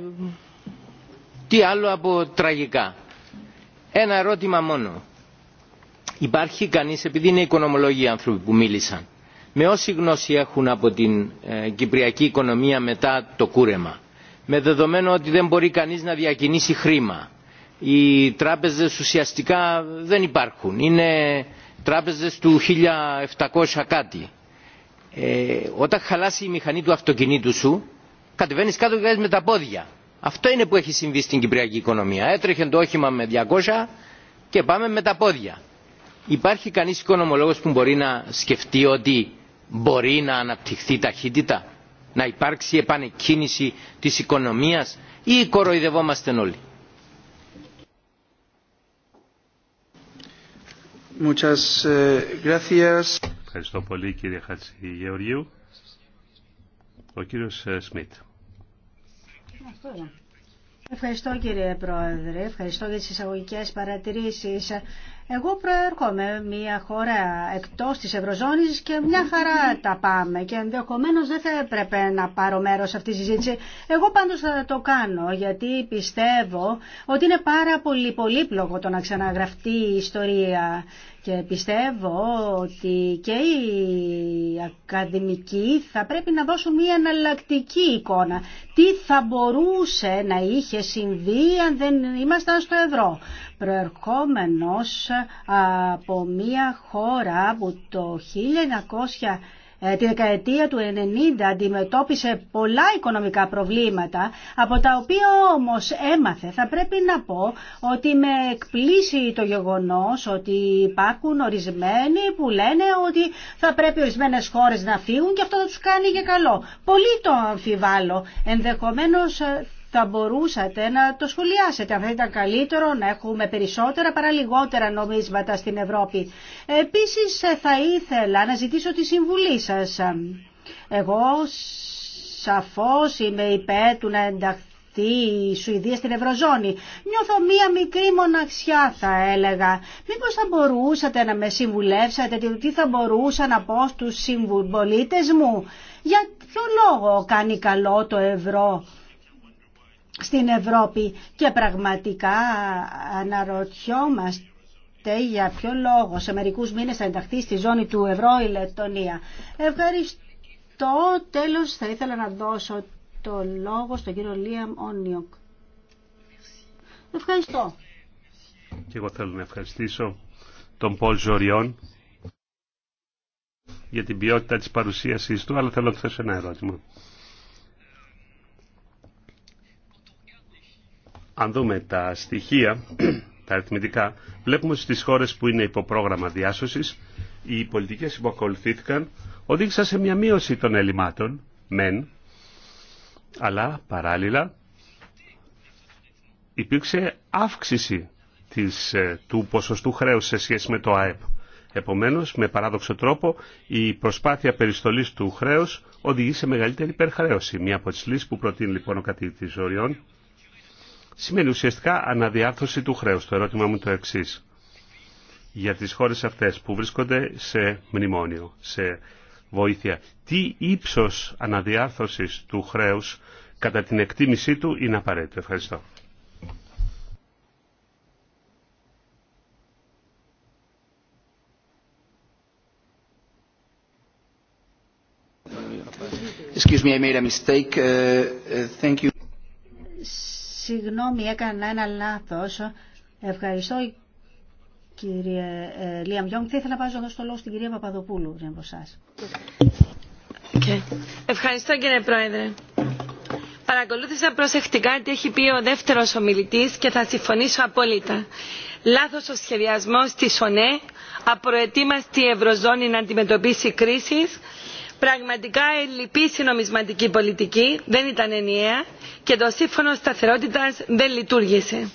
τι άλλο από τραγικά. Ένα ερώτημα μόνο. Υπάρχει κανεί επειδή είναι οικονομολόγοι οι άνθρωποι που μίλησαν, με όση γνώση έχουν από την ε, κυπριακή οικονομία μετά το κούρεμα, με δεδομένο ότι δεν μπορεί κανείς να διακινήσει χρήμα, οι τράπεζες ουσιαστικά δεν υπάρχουν, είναι τράπεζες του 1700 κάτι. Ε, όταν χαλάσει η μηχανή του αυτοκινήτου σου, κατεβαίνεις κάτω και με τα πόδια. Αυτό είναι που έχει συμβεί στην κυπριακή οικονομία. Έτρεχε το όχημα με 200 και πάμε με τα πόδια. Υπάρχει κανείς οικονομολόγος που μπορεί να σκεφτεί ότι μπορεί να αναπτυχθεί ταχύτητα, να υπάρξει επανεκκίνηση της οικονομίας ή κοροϊδευόμαστε όλοι. Ε, ευχαριστώ πολύ κύριε Ο κύριος ε, Σμιτ. Ευχαριστώ κύριε Πρόεδρε, ευχαριστώ για τις εισαγωγικές παρατηρήσεις. Εγώ προέρχομαι μια χώρα εκτός της Ευρωζώνης και μια χαρά τα πάμε και ενδεχομένως δεν θα έπρεπε να πάρω μέρος σε αυτή τη συζήτηση. Εγώ πάντως θα το κάνω γιατί πιστεύω ότι είναι πάρα πολύ πολύπλοκο το να ξαναγραφτεί η ιστορία και πιστεύω ότι και οι ακαδημικοί θα πρέπει να δώσουν μια εναλλακτική εικόνα. Τι θα μπορούσε να είχε συμβεί αν δεν ήμασταν στο ευρώ. Προερχόμενος από μια χώρα που το ε, τη δεκαετία του 90 αντιμετώπισε πολλά οικονομικά προβλήματα από τα οποία όμως έμαθε. Θα πρέπει να πω ότι με εκπλήσει το γεγονός ότι υπάρχουν ορισμένοι που λένε ότι θα πρέπει ορισμένες χώρες να φύγουν και αυτό θα τους κάνει για καλό. Πολύ το αμφιβάλλω. Ενδεχομένως ε, θα μπορούσατε να το σχολιάσετε. Αν θα ήταν καλύτερο να έχουμε περισσότερα παρά λιγότερα νομίσματα στην Ευρώπη. Επίσης ε, θα ήθελα να ζητήσω τη συμβουλή σας. Εγώ σαφώς είμαι υπέρ του να ενταχθεί η Σουηδία στην Ευρωζώνη. Νιώθω μία μικρή μοναξιά θα έλεγα. Μήπως θα μπορούσατε να με συμβουλεύσατε τι θα μπορούσα να πω στους συμπολίτε μου. Για ποιο λόγο κάνει καλό το ευρώ στην Ευρώπη και πραγματικά αναρωτιόμαστε για ποιο λόγο σε μερικού μήνε θα ενταχθεί στη ζώνη του ευρώ η Λετωνία. Ευχαριστώ. Τέλος θα ήθελα να δώσω το λόγο στον κύριο Λίαμ Όνιοκ. Ευχαριστώ. Και εγώ θέλω να ευχαριστήσω τον Πολ Ζωριών για την ποιότητα της παρουσίασής του, αλλά θέλω να θέσω ένα ερώτημα. Αν δούμε τα στοιχεία, τα αριθμητικά, βλέπουμε στις χώρες που είναι υπό πρόγραμμα διάσωσης, οι πολιτικές που ακολουθήθηκαν οδήγησαν σε μια μείωση των ελλημάτων, μεν, αλλά παράλληλα υπήρξε αύξηση της, ε, του ποσοστού χρέους σε σχέση με το ΑΕΠ. Επομένως, με παράδοξο τρόπο, η προσπάθεια περιστολής του χρέους οδηγεί σε μεγαλύτερη υπερχρέωση. Μία από τις λύσεις που προτείνει λοιπόν ο κατηγητής Ζωριών σημαίνει ουσιαστικά αναδιάρθρωση του χρέους. Το ερώτημα μου το εξή. Για τις χώρες αυτές που βρίσκονται σε μνημόνιο, σε βοήθεια, τι ύψος αναδιάρθρωσης του χρέους κατά την εκτίμησή του είναι απαραίτητο. Ευχαριστώ. Excuse me, I made a mistake. Uh, uh, thank you. Συγγνώμη, έκανα ένα λάθος. Ευχαριστώ, κύριε ε, Λία Μιόγκ. Θα ήθελα να πάω εδώ στο λόγο στην κυρία Παπαδοπούλου, πριν από εσάς. Okay. Ευχαριστώ, κύριε Πρόεδρε. Παρακολούθησα προσεκτικά τι έχει πει ο δεύτερος ομιλητής και θα συμφωνήσω απόλυτα. Λάθος ο σχεδιασμός της ΟΝΕ, απροετοίμαστη η Ευρωζώνη να αντιμετωπίσει κρίσεις, πραγματικά ελλειπής η νομισματική πολιτική δεν ήταν ενιαία και το σύμφωνο σταθερότητας δεν λειτουργήσε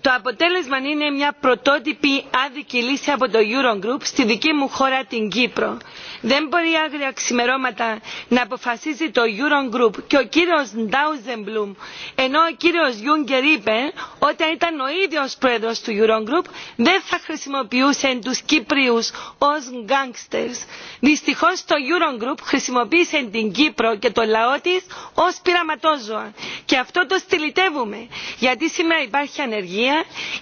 το αποτέλεσμα είναι μια πρωτότυπη άδικη λύση από το eurogroup στη δική μου χώρα την κύπρο. δεν μπορεί άγρια ξημερώματα να αποφασίζει το eurogroup και ο κύριος ντάουζεμπλουμ ενώ ο κύριος γιούγκερ είπε όταν ήταν ο ίδιος πρόεδρος του eurogroup δεν θα χρησιμοποιούσε τους κύπριους ως γκάγκστερς. δυστυχώς το eurogroup χρησιμοποίησε την κύπρο και το λαό της ως πειραματόζωα και αυτό το στυλιτεύουμε γιατί σήμερα υπάρχει ανεργία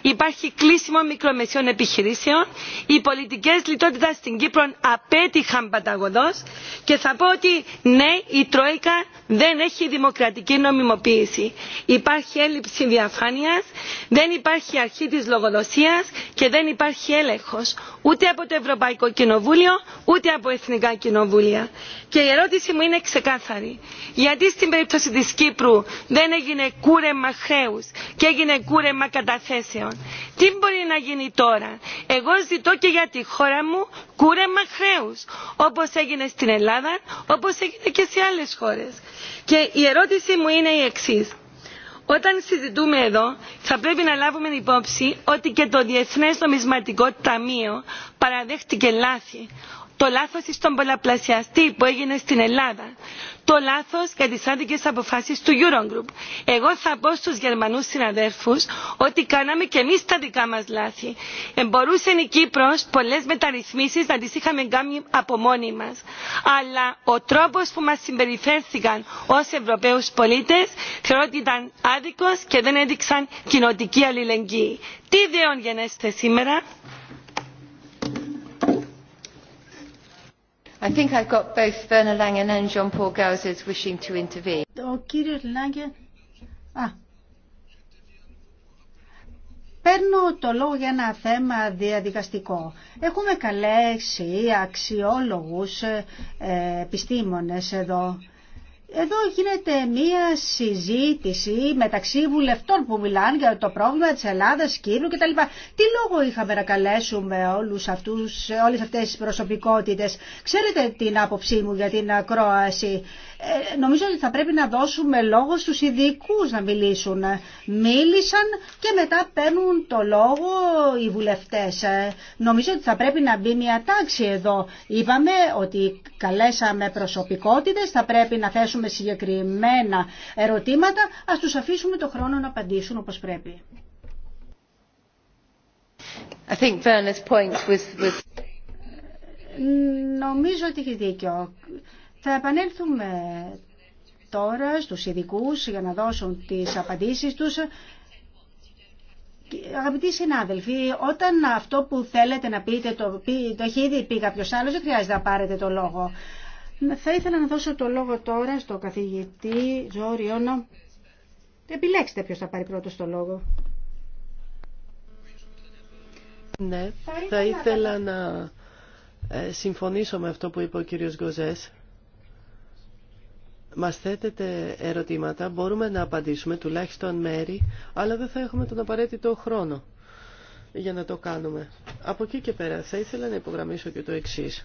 υπάρχει κλείσιμο μικρομεσαίων επιχειρήσεων οι πολιτικέ λιτότητα στην κύπρο απέτυχαν παταγωδώς και θα πω ότι ναι η τρόικα δεν έχει δημοκρατική νομιμοποίηση υπάρχει έλλειψη διαφάνεια, δεν υπάρχει αρχή τη λογοδοσία και δεν υπάρχει έλεγχο. ούτε από το ευρωπαϊκό κοινοβούλιο ούτε από εθνικά κοινοβούλια. και η ερώτηση μου είναι ξεκάθαρη γιατί στην περίπτωση τη κύπρου δεν έγινε κούρεμα χρέου και έγινε κούρεμα κατά τι μπορεί να γίνει τώρα. Εγώ ζητώ και για τη χώρα μου κούρεμα χρέου. όπως έγινε στην Ελλάδα, όπως έγινε και σε άλλες χώρες. Και η ερώτηση μου είναι η εξή: Όταν συζητούμε εδώ θα πρέπει να λάβουμε υπόψη ότι και το διεθνέ Νομισματικό Ταμείο παραδέχτηκε λάθη. Το λάθος στον πολλαπλασιαστή που έγινε στην Ελλάδα το λάθο για τι άδικε αποφάσει του Eurogroup. Εγώ θα πω στου Γερμανού συναδέρφους ότι κάναμε και εμεί τα δικά μα λάθη. Ε, Μπορούσε η Κύπρος πολλέ μεταρρυθμίσεις να τι είχαμε κάνει από μόνοι μας. Αλλά ο τρόπο που μα συμπεριφέρθηκαν ω Ευρωπαίου πολίτε, θεωρώ ότι ήταν άδικος και δεν έδειξαν κοινοτική αλληλεγγύη. Τι ιδέων γενέστε σήμερα Παίρνω το λόγο για ένα θέμα διαδικαστικό. Έχουμε καλέσει αξιόλογους ε, επιστήμονες εδώ εδώ γίνεται μία συζήτηση μεταξύ βουλευτών που μιλάνε για το πρόβλημα της Ελλάδας, Κίνου κτλ. Τι λόγο είχαμε να καλέσουμε όλους αυτούς, όλες αυτές τις προσωπικότητες. Ξέρετε την άποψή μου για την ακρόαση. Ε, νομίζω ότι θα πρέπει να δώσουμε λόγο στους ειδικού να μιλήσουν. Μίλησαν και μετά παίρνουν το λόγο οι βουλευτές. Ε, νομίζω ότι θα πρέπει να μπει μια τάξη εδώ. Είπαμε ότι καλέσαμε προσωπικότητες, θα πρέπει να θέσουμε συγκεκριμένα ερωτήματα. Ας τους αφήσουμε το χρόνο να απαντήσουν όπως πρέπει. I think point was... Νομίζω ότι έχει δίκιο. Θα επανέλθουμε τώρα στους ειδικού για να δώσουν τις απαντήσεις τους. Αγαπητοί συνάδελφοι, όταν αυτό που θέλετε να πείτε το, το έχει ήδη πει κάποιο άλλο, δεν χρειάζεται να πάρετε το λόγο. Θα ήθελα να δώσω το λόγο τώρα στο καθηγητή Ζώριον. Επιλέξτε ποιος θα πάρει πρώτος το λόγο. Ναι, θα ήθελα να ε, συμφωνήσω με αυτό που είπε ο κύριος Γκοζές μας θέτετε ερωτήματα, μπορούμε να απαντήσουμε τουλάχιστον μέρη, αλλά δεν θα έχουμε τον απαραίτητο χρόνο για να το κάνουμε. Από εκεί και πέρα θα ήθελα να υπογραμμίσω και το εξή.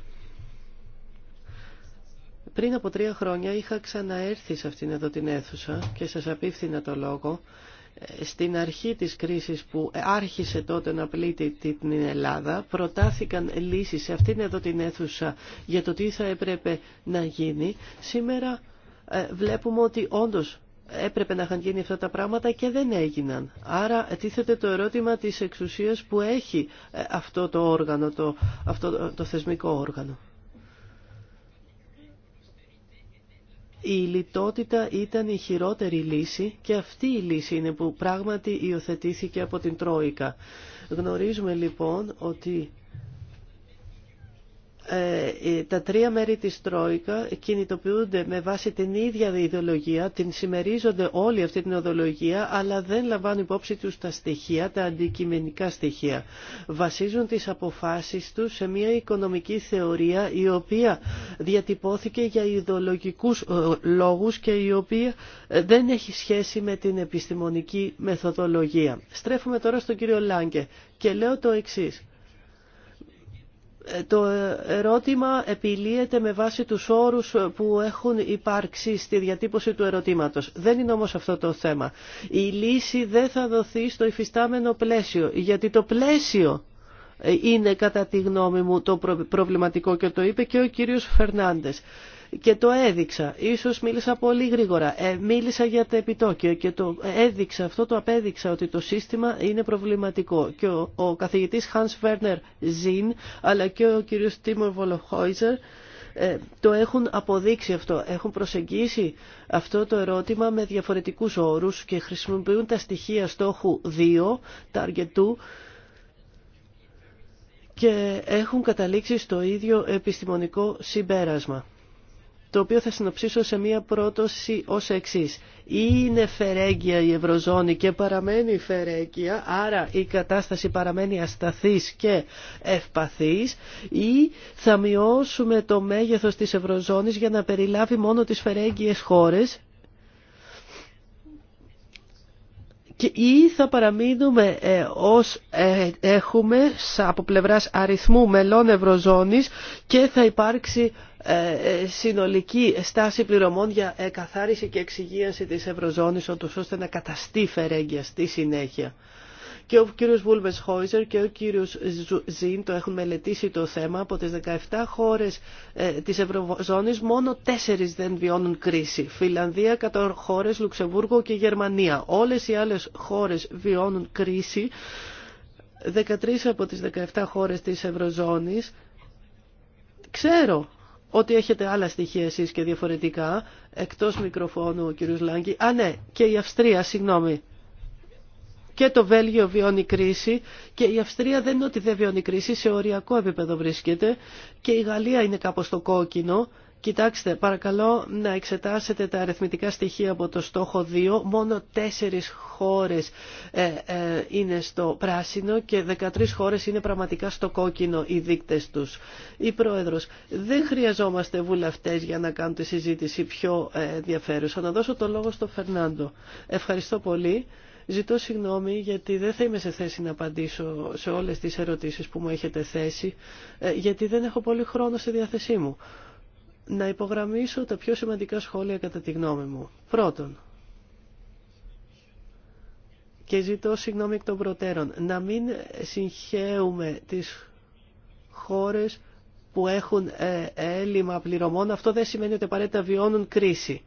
Πριν από τρία χρόνια είχα ξαναέρθει σε αυτήν εδώ την αίθουσα και σας απίφθηνα το λόγο ε, στην αρχή της κρίσης που άρχισε τότε να πλήττει την Ελλάδα προτάθηκαν λύσεις σε αυτήν εδώ την αίθουσα για το τι θα έπρεπε να γίνει. Σήμερα ε, βλέπουμε ότι όντως έπρεπε να είχαν γίνει αυτά τα πράγματα και δεν έγιναν. Άρα τίθεται το ερώτημα της εξουσίας που έχει ε, αυτό το όργανο, το, αυτό το θεσμικό όργανο. Η λιτότητα ήταν η χειρότερη λύση και αυτή η λύση είναι που πράγματι υιοθετήθηκε από την Τρόικα. Γνωρίζουμε λοιπόν ότι ε, ε, τα τρία μέρη της Τρόικα κινητοποιούνται με βάση την ίδια ιδεολογία, την συμμερίζονται όλη αυτή την οδολογία, αλλά δεν λαμβάνουν υπόψη τους τα στοιχεία, τα αντικειμενικά στοιχεία. Βασίζουν τις αποφάσεις τους σε μια οικονομική θεωρία η οποία διατυπώθηκε για ιδεολογικούς ε, λόγους και η οποία δεν έχει σχέση με την επιστημονική μεθοδολογία. Στρέφουμε τώρα στον κύριο Λάγκε και λέω το εξής. Το ερώτημα επιλύεται με βάση τους όρους που έχουν υπάρξει στη διατύπωση του ερωτήματος. Δεν είναι όμως αυτό το θέμα. Η λύση δεν θα δοθεί στο υφιστάμενο πλαίσιο, γιατί το πλαίσιο ε, είναι κατά τη γνώμη μου το προβληματικό και το είπε και ο κύριος Φερνάντες και το έδειξα. Ίσως μίλησα πολύ γρήγορα. Ε, μίλησα για τα επιτόκια και το έδειξα, αυτό το απέδειξα ότι το σύστημα είναι προβληματικό. Και ο, ο καθηγητής Hans Werner Zinn αλλά και ο κύριος Τίμορ Βολοχόιζερ ε, το έχουν αποδείξει αυτό, έχουν προσεγγίσει αυτό το ερώτημα με διαφορετικούς όρους και χρησιμοποιούν τα στοιχεία στόχου 2, target 2, και έχουν καταλήξει στο ίδιο επιστημονικό συμπέρασμα το οποίο θα συνοψίσω σε μία πρόταση ως εξής. Είναι φερέγγια η Ευρωζώνη και παραμένει φερέγγια, άρα η κατάσταση παραμένει ασταθής και ευπαθής ή θα μειώσουμε το μέγεθος της Ευρωζώνης για να περιλάβει μόνο τις φερέγγιες χώρες ή θα παραμείνουμε ε, ε έχουμε από πλευράς αριθμού μελών Ευρωζώνης και θα υπάρξει ε, ε, συνολική στάση πληρωμών για καθάριση και εξυγίαση της Ευρωζώνης ώστε να καταστεί φερέγγια στη συνέχεια. Και ο κύριος Βούλβες Χόιζερ και ο κύριος Ζιν το έχουν μελετήσει το θέμα. Από τις 17 χώρες ε, της Ευρωζώνης μόνο τέσσερις δεν βιώνουν κρίση. Φιλανδία, κατά χώρες, Λουξεμβούργο και Γερμανία. Όλες οι άλλες χώρες βιώνουν κρίση. 13 από τις 17 χώρες της Ευρωζώνης. Ξέρω ότι έχετε άλλα στοιχεία εσείς και διαφορετικά, εκτός μικροφώνου ο κύριος Λάγκη. Α, ναι, και η Αυστρία, συγγνώμη. Και το Βέλγιο βιώνει κρίση και η Αυστρία δεν είναι ότι δεν βιώνει κρίση, σε οριακό επίπεδο βρίσκεται και η Γαλλία είναι κάπως στο κόκκινο. Κοιτάξτε, παρακαλώ να εξετάσετε τα αριθμητικά στοιχεία από το στόχο 2. Μόνο 4 χώρες ε, ε, είναι στο πράσινο και 13 χώρες είναι πραγματικά στο κόκκινο οι δείκτες τους. Η Πρόεδρος, δεν χρειαζόμαστε βουλευτές για να κάνουν τη συζήτηση πιο ε, ενδιαφέρουσα. Να δώσω το λόγο στον Φερνάντο. Ευχαριστώ πολύ. Ζητώ συγγνώμη γιατί δεν θα είμαι σε θέση να απαντήσω σε όλες τις ερωτήσεις που μου έχετε θέσει, ε, γιατί δεν έχω πολύ χρόνο στη διάθεσή μου. Να υπογραμμίσω τα πιο σημαντικά σχόλια κατά τη γνώμη μου. Πρώτον, και ζητώ συγγνώμη εκ των προτέρων, να μην συγχαίουμε τις χώρες που έχουν ε, έλλειμμα πληρωμών. Αυτό δεν σημαίνει ότι απαραίτητα βιώνουν κρίση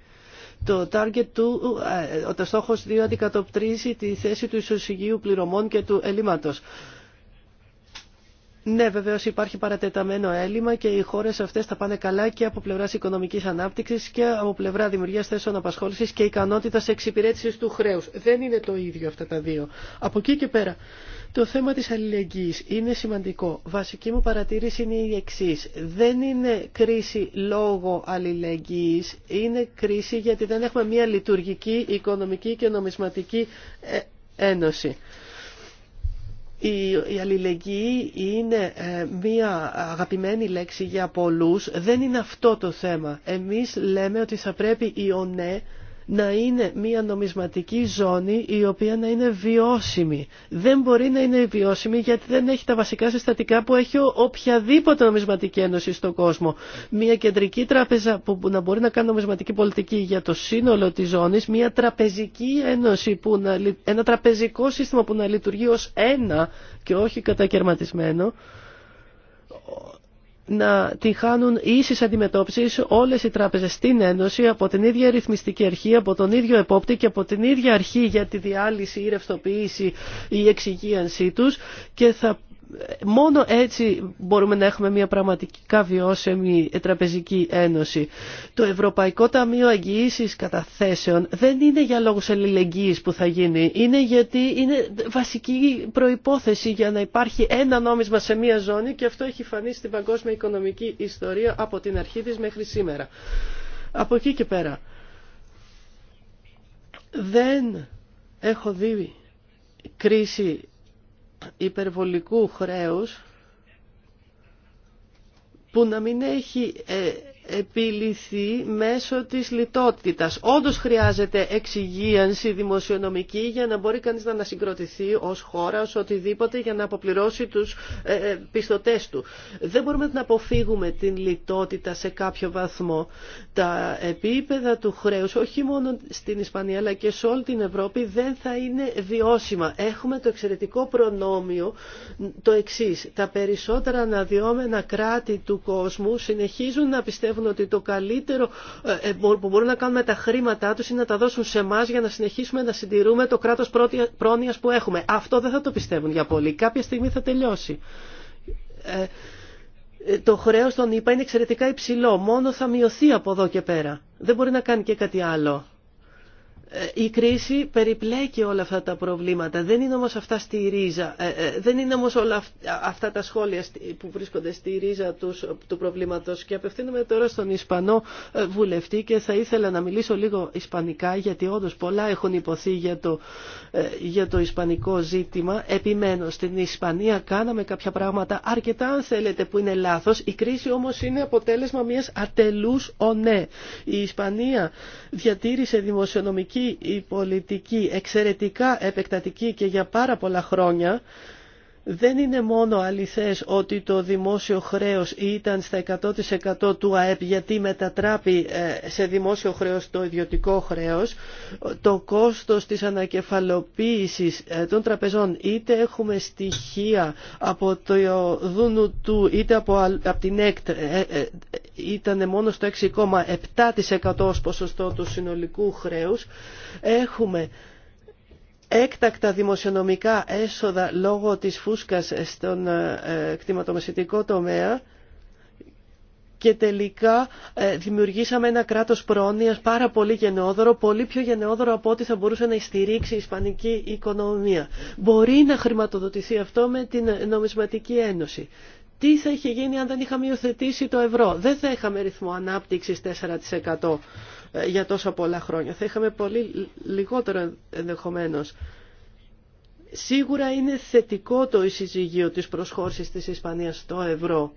το target του, ε, ε, ο στόχος 2 αντικατοπτρίζει τη θέση του ισοσυγείου πληρωμών και του ελλείμματος. Ναι, βεβαίω υπάρχει παρατεταμένο έλλειμμα και οι χώρε αυτέ θα πάνε καλά και από πλευρά οικονομική ανάπτυξη και από πλευρά δημιουργία θέσεων απασχόληση και ικανότητα εξυπηρέτηση του χρέου. Δεν είναι το ίδιο αυτά τα δύο. Από εκεί και πέρα. Το θέμα τη αλληλεγγύη είναι σημαντικό. Βασική μου παρατήρηση είναι η εξή. Δεν είναι κρίση λόγω αλληλεγγύη, είναι κρίση γιατί δεν έχουμε μια λειτουργική οικονομική και νομισματική ε, ένωση. Η αλληλεγγύη είναι ε, μία αγαπημένη λέξη για πολλούς. Δεν είναι αυτό το θέμα. Εμείς λέμε ότι θα πρέπει οι ΟΝΕ να είναι μια νομισματική ζώνη η οποία να είναι βιώσιμη. Δεν μπορεί να είναι βιώσιμη γιατί δεν έχει τα βασικά συστατικά που έχει οποιαδήποτε νομισματική ένωση στον κόσμο. Μια κεντρική τράπεζα που να μπορεί να κάνει νομισματική πολιτική για το σύνολο της ζώνης, μια τραπεζική ένωση, που ένα τραπεζικό σύστημα που να λειτουργεί ως ένα και όχι κατακαιρματισμένο, να τη χάνουν ίσης αντιμετώπισης όλες οι τράπεζες στην Ένωση από την ίδια ρυθμιστική αρχή, από τον ίδιο επόπτη και από την ίδια αρχή για τη διάλυση ή ρευστοποίηση ή εξυγίανσή τους και θα μόνο έτσι μπορούμε να έχουμε μια πραγματικά βιώσιμη τραπεζική ένωση. Το Ευρωπαϊκό Ταμείο Αγγιήσεις Καταθέσεων δεν είναι για λόγους αλληλεγγύης που θα γίνει. Είναι γιατί είναι βασική προϋπόθεση για να υπάρχει ένα νόμισμα σε μια ζώνη και αυτό έχει φανεί στην παγκόσμια οικονομική ιστορία από την αρχή της μέχρι σήμερα. Από εκεί και πέρα. Δεν έχω δει κρίση υπερβολικού χρέους που να μην έχει ε, επιληθεί μέσω της λιτότητας. Όντως χρειάζεται εξυγίανση δημοσιονομική για να μπορεί κανείς να ανασυγκροτηθεί ως χώρα, ως οτιδήποτε για να αποπληρώσει τους ε, ε, πιστωτές του. Δεν μπορούμε να αποφύγουμε την λιτότητα σε κάποιο βαθμό. Τα επίπεδα του χρέους, όχι μόνο στην Ισπανία αλλά και σε όλη την Ευρώπη, δεν θα είναι βιώσιμα. Έχουμε το εξαιρετικό προνόμιο το εξή. Τα περισσότερα αναδυόμενα κράτη του κόσμου συνεχίζουν να πιστεύουν πιστεύουν ότι το καλύτερο ε, ε, που μπορούν να κάνουν με τα χρήματά τους είναι να τα δώσουν σε εμά για να συνεχίσουμε να συντηρούμε το κράτος πρόνοιας που έχουμε. Αυτό δεν θα το πιστεύουν για πολύ. Κάποια στιγμή θα τελειώσει ε, το χρέος, των ΗΠΑ είναι εξαιρετικά υψηλό. Μόνο θα μειωθεί από εδώ και πέρα. Δεν μπορεί να κάνει και κάτι άλλο. Ε, η κρίση περιπλέκει όλα αυτά τα προβλήματα. Δεν είναι όμως αυτά στη ρίζα. Ε, ε, δεν είναι όμως όλα αυτά τα σχόλια που βρίσκονται στη ρίζα του προβλήματος. Και απευθύνομαι τώρα στον Ισπανό βουλευτή και θα ήθελα να μιλήσω λίγο ισπανικά γιατί όντως πολλά έχουν υποθεί για το, για το ισπανικό ζήτημα. Επιμένω, στην Ισπανία κάναμε κάποια πράγματα αρκετά αν θέλετε που είναι λάθος. Η κρίση όμως είναι αποτέλεσμα μιας ατελούς ονέ. Η Ισπανία διατήρησε δημοσιονομική η πολιτική εξαιρετικά επεκτατική και για πάρα πολλά χρόνια δεν είναι μόνο αληθές ότι το δημόσιο χρέος ήταν στα 100% του ΑΕΠ γιατί μετατράπει σε δημόσιο χρέος το ιδιωτικό χρέος. Το κόστος της ανακεφαλοποίησης ε, των τραπεζών είτε έχουμε στοιχεία από το ΔΝΤ του είτε από την ΕΚΤ ε, ε, ήταν μόνο στο 6,7% ως ποσοστό του συνολικού χρέους. Έχουμε έκτακτα δημοσιονομικά έσοδα λόγω της φούσκας στον ε, κτηματομεσητικό τομέα και τελικά ε, δημιουργήσαμε ένα κράτος πρόνοιας πάρα πολύ γενναιόδωρο, πολύ πιο γενναιόδωρο από ό,τι θα μπορούσε να στηρίξει η Ισπανική οικονομία. Μπορεί να χρηματοδοτηθεί αυτό με την Νομισματική Ένωση. Τι θα είχε γίνει αν δεν είχαμε υιοθετήσει το ευρώ. Δεν θα είχαμε ρυθμό ανάπτυξης 4% για τόσα πολλά χρόνια. Θα είχαμε πολύ λιγότερο ενδεχομένω. Σίγουρα είναι θετικό το εισηγείο της προσχώρησης της Ισπανίας στο ευρώ.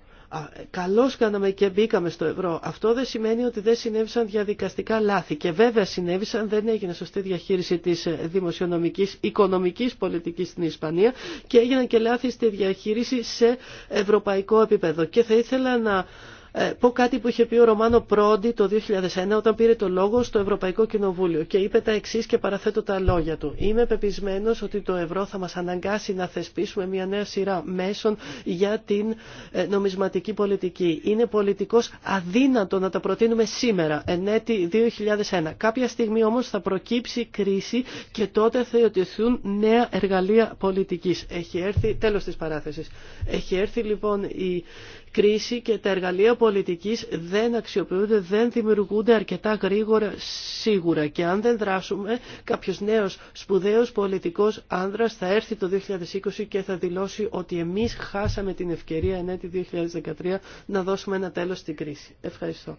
Καλώς κάναμε και μπήκαμε στο ευρώ. Αυτό δεν σημαίνει ότι δεν συνέβησαν διαδικαστικά λάθη. Και βέβαια συνέβησαν, δεν έγινε σωστή διαχείριση της δημοσιονομικής, οικονομικής πολιτικής στην Ισπανία και έγιναν και λάθη στη διαχείριση σε ευρωπαϊκό επίπεδο. Και θα ήθελα να ε, πω κάτι που είχε πει ο Ρωμάνο Πρόντι το 2001 όταν πήρε το λόγο στο Ευρωπαϊκό Κοινοβούλιο και είπε τα εξή και παραθέτω τα λόγια του. Είμαι πεπισμένο ότι το ευρώ θα μα αναγκάσει να θεσπίσουμε μια νέα σειρά μέσων για την ε, νομισματική πολιτική. Είναι πολιτικώ αδύνατο να τα προτείνουμε σήμερα, εν έτη 2001. Κάποια στιγμή όμω θα προκύψει κρίση και τότε θα υιοτηθούν νέα εργαλεία πολιτική. Έχει έρθει, τέλο τη παράθεση. Έχει έρθει λοιπόν η κρίση και τα εργαλεία πολιτικής δεν αξιοποιούνται, δεν δημιουργούνται αρκετά γρήγορα σίγουρα και αν δεν δράσουμε κάποιος νέος σπουδαίος πολιτικός άνδρας θα έρθει το 2020 και θα δηλώσει ότι εμείς χάσαμε την ευκαιρία εν έτη 2013 να δώσουμε ένα τέλος στην κρίση. Ευχαριστώ.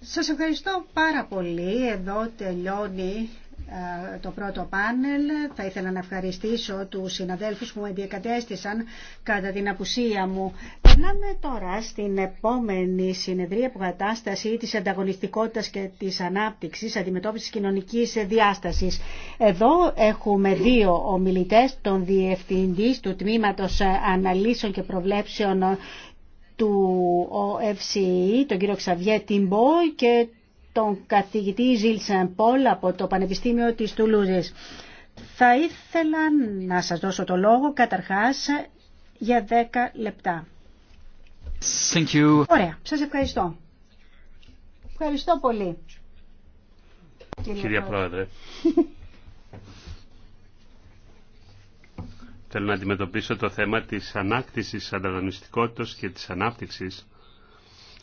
Σας ευχαριστώ πάρα πολύ. Εδώ τελειώνει το πρώτο πάνελ. Θα ήθελα να ευχαριστήσω τους συναδέλφους που με διακατέστησαν κατά την απουσία μου. Περνάμε τώρα στην επόμενη συνεδρία που κατάσταση της ανταγωνιστικότητας και της ανάπτυξης, αντιμετώπισης κοινωνικής διάστασης. Εδώ έχουμε δύο ομιλητές, τον Διευθυντή του Τμήματος Αναλύσεων και Προβλέψεων του ΟΕΦΣΥΗ, τον κύριο Ξαβιέ Τιμπό και τον καθηγητή Ζιλ Σεμπόλ από το Πανεπιστήμιο της Τουλούζης. Θα ήθελα να σας δώσω το λόγο καταρχάς για 10 λεπτά. Ωραία, σας ευχαριστώ. Ευχαριστώ πολύ. Κυρία Πρόεδρε. Θέλω να αντιμετωπίσω το θέμα της ανάκτησης ανταγωνιστικότητας και της ανάπτυξης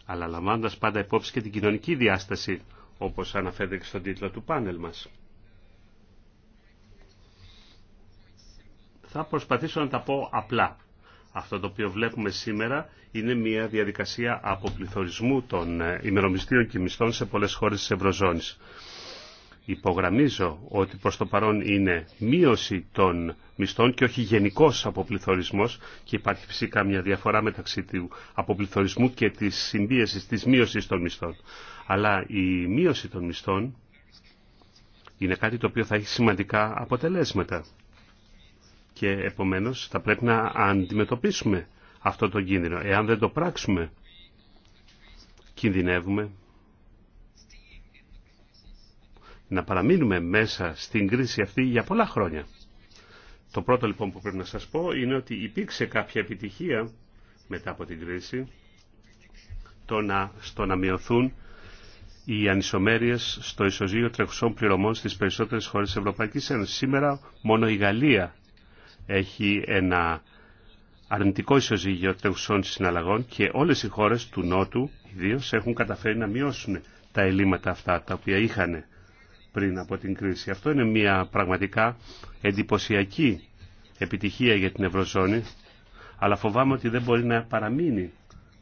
αλλά λαμβάνοντας πάντα υπόψη και την κοινωνική διάσταση, όπως αναφέρεται και στον τίτλο του πάνελ μας. Θα προσπαθήσω να τα πω απλά. Αυτό το οποίο βλέπουμε σήμερα είναι μια διαδικασία αποπληθωρισμού των ε, ημερομισθείων και μισθών σε πολλές χώρες της Ευρωζώνης. Υπογραμμίζω ότι προς το παρόν είναι μείωση των μισθών και όχι γενικός αποπληθωρισμός και υπάρχει φυσικά μια διαφορά μεταξύ του αποπληθωρισμού και της συμπίεσης, της μείωσης των μισθών. Αλλά η μείωση των μισθών είναι κάτι το οποίο θα έχει σημαντικά αποτελέσματα και επομένως θα πρέπει να αντιμετωπίσουμε αυτό το κίνδυνο. Εάν δεν το πράξουμε, κινδυνεύουμε να παραμείνουμε μέσα στην κρίση αυτή για πολλά χρόνια. Το πρώτο λοιπόν που πρέπει να σας πω είναι ότι υπήρξε κάποια επιτυχία μετά από την κρίση το να, στο να μειωθούν οι ανισομέρειες στο ισοζύγιο τρεχουσών πληρωμών στις περισσότερες χώρες της Ευρωπαϊκής Ένωσης. Σήμερα μόνο η Γαλλία έχει ένα αρνητικό ισοζύγιο τρεχουσών συναλλαγών και όλες οι χώρες του Νότου ιδίω έχουν καταφέρει να μειώσουν τα ελλείμματα αυτά τα οποία είχαν πριν από την κρίση. Αυτό είναι μια πραγματικά εντυπωσιακή επιτυχία για την Ευρωζώνη, αλλά φοβάμαι ότι δεν μπορεί να παραμείνει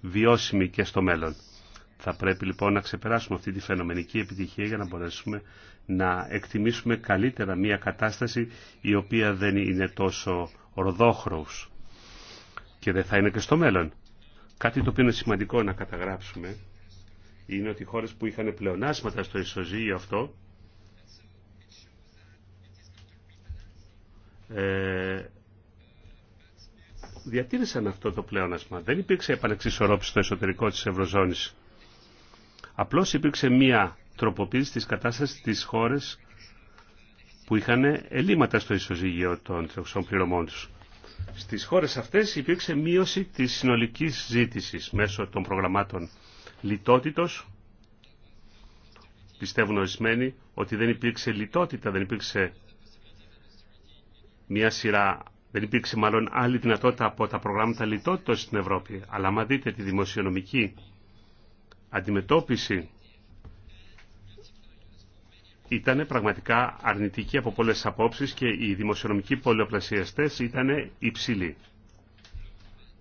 βιώσιμη και στο μέλλον. Θα πρέπει λοιπόν να ξεπεράσουμε αυτή τη φαινομενική επιτυχία για να μπορέσουμε να εκτιμήσουμε καλύτερα μια κατάσταση η οποία δεν είναι τόσο ροδόχρωους και δεν θα είναι και στο μέλλον. Κάτι το οποίο είναι σημαντικό να καταγράψουμε είναι ότι οι χώρες που είχαν πλεονάσματα στο ισοζύγιο αυτό ε, διατήρησαν αυτό το πλεόνασμα. Δεν υπήρξε επανεξισορρόπηση στο εσωτερικό της Ευρωζώνης. Απλώς υπήρξε μία τροποποίηση της κατάστασης της χώρες που είχαν ελλείμματα στο ισοζύγιο των τριωξών πληρωμών τους. Στις χώρες αυτές υπήρξε μείωση της συνολικής ζήτησης μέσω των προγραμμάτων λιτότητος. Πιστεύουν ορισμένοι ότι δεν υπήρξε λιτότητα, δεν υπήρξε μια σειρά, δεν υπήρξε μάλλον άλλη δυνατότητα από τα προγράμματα λιτότητα στην Ευρώπη. Αλλά άμα δείτε τη δημοσιονομική αντιμετώπιση ήταν πραγματικά αρνητική από πολλέ απόψει και οι δημοσιονομικοί πολιοπλασιαστές ήταν υψηλοί.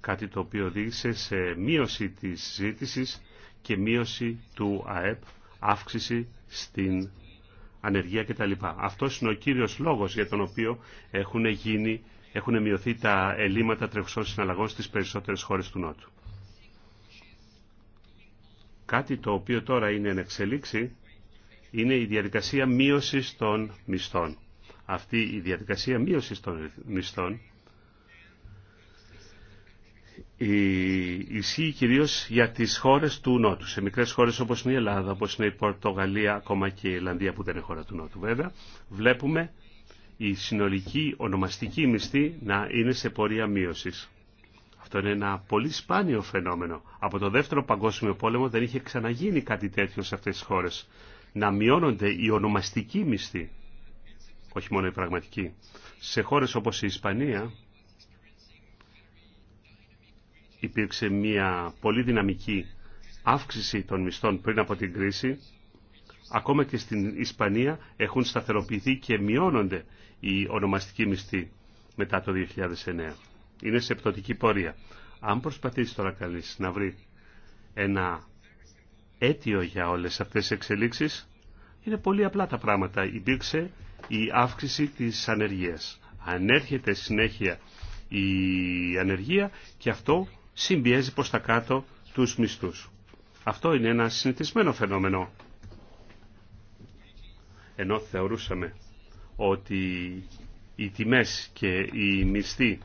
Κάτι το οποίο οδήγησε σε μείωση της ζήτησης και μείωση του ΑΕΠ, αύξηση στην ανεργία κτλ. Αυτό είναι ο κύριος λόγος για τον οποίο έχουν, γίνει, έχουν μειωθεί τα ελλείμματα τρεχουσών συναλλαγών στις περισσότερες χώρες του Νότου. Κάτι το οποίο τώρα είναι εν είναι η διαδικασία μείωσης των μισθών. Αυτή η διαδικασία μείωσης των μισθών ισχύει κυρίω για τι χώρε του Νότου, σε μικρέ χώρε όπω είναι η Ελλάδα, όπω είναι η Πορτογαλία, ακόμα και η Ιρλανδία που δεν είναι χώρα του Νότου βέβαια, βλέπουμε η συνολική ονομαστική μισθή να είναι σε πορεία μείωση. Αυτό είναι ένα πολύ σπάνιο φαινόμενο. Από το δεύτερο παγκόσμιο πόλεμο δεν είχε ξαναγίνει κάτι τέτοιο σε αυτέ τι χώρε, Να μειώνονται οι ονομαστικοί μισθοί, όχι μόνο οι πραγματικοί. Σε χώρε όπω η Ισπανία, υπήρξε μια πολύ δυναμική αύξηση των μισθών πριν από την κρίση. Ακόμα και στην Ισπανία έχουν σταθεροποιηθεί και μειώνονται οι ονομαστικοί μισθοί μετά το 2009. Είναι σε πτωτική πορεία. Αν προσπαθήσει τώρα κανείς να βρει ένα αίτιο για όλες αυτές τις εξελίξεις, είναι πολύ απλά τα πράγματα. Υπήρξε η αύξηση της ανεργίας. Ανέρχεται συνέχεια η ανεργία και αυτό συμπιέζει προς τα κάτω τους μισθούς. Αυτό είναι ένα συνηθισμένο φαινόμενο. Ενώ θεωρούσαμε ότι οι τιμές και οι μισθοί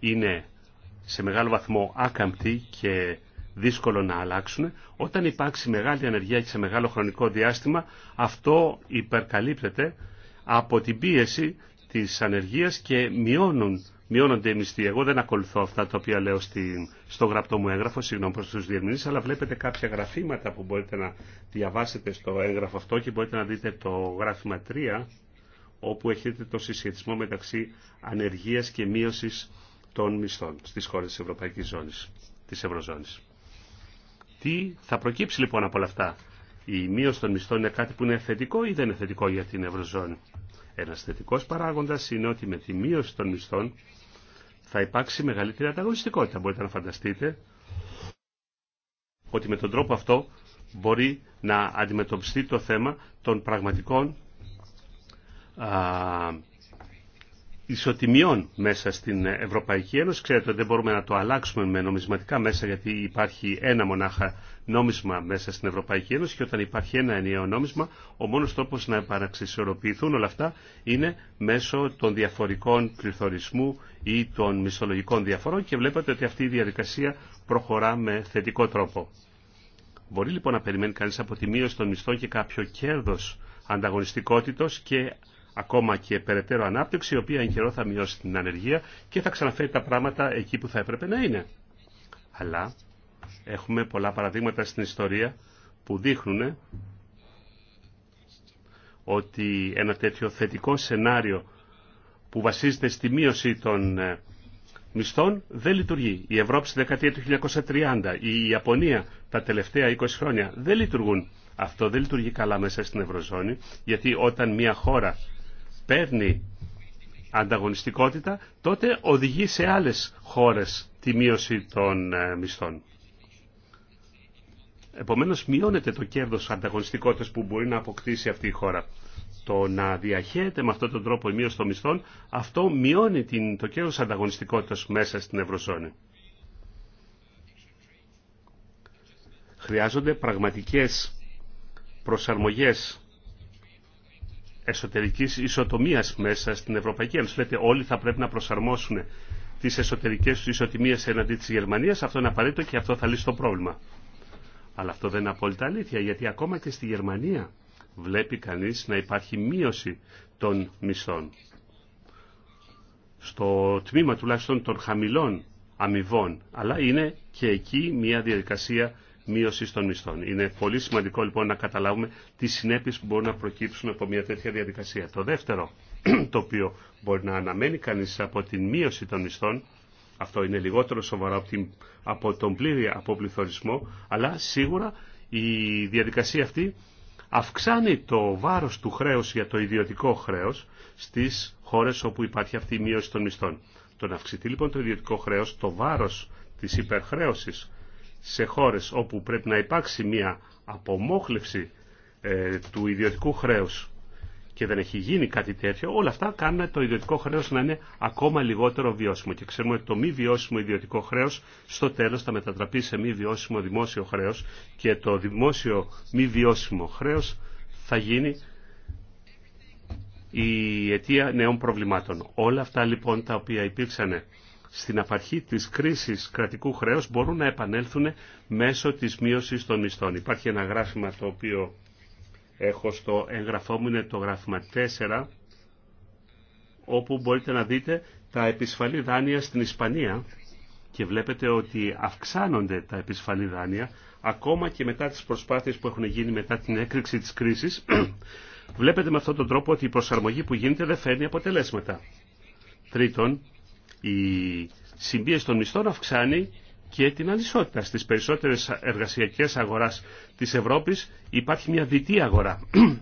είναι σε μεγάλο βαθμό άκαμπτοι και δύσκολο να αλλάξουν, όταν υπάρξει μεγάλη ανεργία και σε μεγάλο χρονικό διάστημα, αυτό υπερκαλύπτεται από την πίεση της ανεργίας και μειώνουν μειώνονται οι μισθοί. Εγώ δεν ακολουθώ αυτά τα οποία λέω στο γραπτό μου έγγραφο, συγγνώμη προ του διερμηνείς, αλλά βλέπετε κάποια γραφήματα που μπορείτε να διαβάσετε στο έγγραφο αυτό και μπορείτε να δείτε το γράφημα 3, όπου έχετε το συσχετισμό μεταξύ ανεργία και μείωση των μισθών στι χώρε τη Ευρωπαϊκή Ζώνης, Ευρωζώνης. Τι θα προκύψει λοιπόν από όλα αυτά. Η μείωση των μισθών είναι κάτι που είναι θετικό ή δεν είναι θετικό για την Ευρωζώνη. Ένα θετικό παράγοντα είναι ότι με τη μείωση των μισθών θα υπάρξει μεγαλύτερη ανταγωνιστικότητα. Μπορείτε να φανταστείτε ότι με τον τρόπο αυτό μπορεί να αντιμετωπιστεί το θέμα των πραγματικών ισοτιμιών μέσα στην Ευρωπαϊκή Ένωση. Ξέρετε ότι δεν μπορούμε να το αλλάξουμε με νομισματικά μέσα γιατί υπάρχει ένα μονάχα νόμισμα μέσα στην Ευρωπαϊκή Ένωση και όταν υπάρχει ένα ενιαίο νόμισμα ο μόνος τρόπος να επαναξισορροπηθούν όλα αυτά είναι μέσω των διαφορικών πληθωρισμού ή των μισθολογικών διαφορών και βλέπετε ότι αυτή η διαδικασία προχωρά με θετικό τρόπο. Μπορεί λοιπόν να περιμένει κανείς από τη μείωση των μισθών και κάποιο κέρδος ανταγωνιστικότητος και ακόμα και περαιτέρω ανάπτυξη, η οποία εν καιρό θα μειώσει την ανεργία και θα ξαναφέρει τα πράγματα εκεί που θα έπρεπε να είναι. Αλλά έχουμε πολλά παραδείγματα στην ιστορία που δείχνουν ότι ένα τέτοιο θετικό σενάριο που βασίζεται στη μείωση των ε, μισθών δεν λειτουργεί. Η Ευρώπη στη δεκαετία του 1930, η Ιαπωνία τα τελευταία 20 χρόνια δεν λειτουργούν. Αυτό δεν λειτουργεί καλά μέσα στην Ευρωζώνη, γιατί όταν μια χώρα παίρνει ανταγωνιστικότητα, τότε οδηγεί σε άλλες χώρες τη μείωση των ε, μισθών. Επομένως μειώνεται το κέρδος ανταγωνιστικότητας που μπορεί να αποκτήσει αυτή η χώρα. Το να διαχέεται με αυτόν τον τρόπο η μείωση των μισθών, αυτό μειώνει την, το κέρδος ανταγωνιστικότητας μέσα στην Ευρωζώνη. Χρειάζονται πραγματικές προσαρμογές εσωτερικής ισοτομίας μέσα στην Ευρωπαϊκή Ένωση. Λέτε όλοι θα πρέπει να προσαρμόσουν τις εσωτερικές του ισοτιμίες εναντί της Γερμανίας. Αυτό είναι απαραίτητο και αυτό θα λύσει το πρόβλημα. Αλλά αυτό δεν είναι απόλυτα αλήθεια γιατί ακόμα και στη Γερμανία βλέπει κανείς να υπάρχει μείωση των μισθών. Στο τμήμα τουλάχιστον των χαμηλών αμοιβών, αλλά είναι και εκεί μια διαδικασία μείωση των μισθών. Είναι πολύ σημαντικό λοιπόν να καταλάβουμε τι συνέπειε που μπορούν να προκύψουν από μια τέτοια διαδικασία. Το δεύτερο το οποίο μπορεί να αναμένει κανεί από την μείωση των μισθών αυτό είναι λιγότερο σοβαρό από, τον πλήρη αποπληθωρισμό, αλλά σίγουρα η διαδικασία αυτή αυξάνει το βάρος του χρέους για το ιδιωτικό χρέος στις χώρες όπου υπάρχει αυτή η μείωση των μισθών. Το να αυξηθεί λοιπόν το ιδιωτικό χρέος, το βάρο της υπερχρέωσης σε χώρες όπου πρέπει να υπάρξει μια απομόχλευση ε, του ιδιωτικού χρέους και δεν έχει γίνει κάτι τέτοιο, όλα αυτά κάνουν το ιδιωτικό χρέος να είναι ακόμα λιγότερο βιώσιμο. Και ξέρουμε ότι το μη βιώσιμο ιδιωτικό χρέος στο τέλος θα μετατραπεί σε μη βιώσιμο δημόσιο χρέος και το δημόσιο μη βιώσιμο χρέος θα γίνει η αιτία νέων προβλημάτων. Όλα αυτά λοιπόν τα οποία υπήρξαν στην απαρχή της κρίσης κρατικού χρέους μπορούν να επανέλθουν μέσω της μείωσης των μισθών. Υπάρχει ένα γράφημα το οποίο έχω στο εγγραφό μου, είναι το γράφημα 4, όπου μπορείτε να δείτε τα επισφαλή δάνεια στην Ισπανία και βλέπετε ότι αυξάνονται τα επισφαλή δάνεια ακόμα και μετά τις προσπάθειες που έχουν γίνει μετά την έκρηξη της κρίσης βλέπετε με αυτόν τον τρόπο ότι η προσαρμογή που γίνεται δεν φέρνει αποτελέσματα. Τρίτον, η συμπίεση των μισθών αυξάνει και την ανισότητα. Στις περισσότερες εργασιακές αγοράς της Ευρώπης υπάρχει μια δυτή αγορά.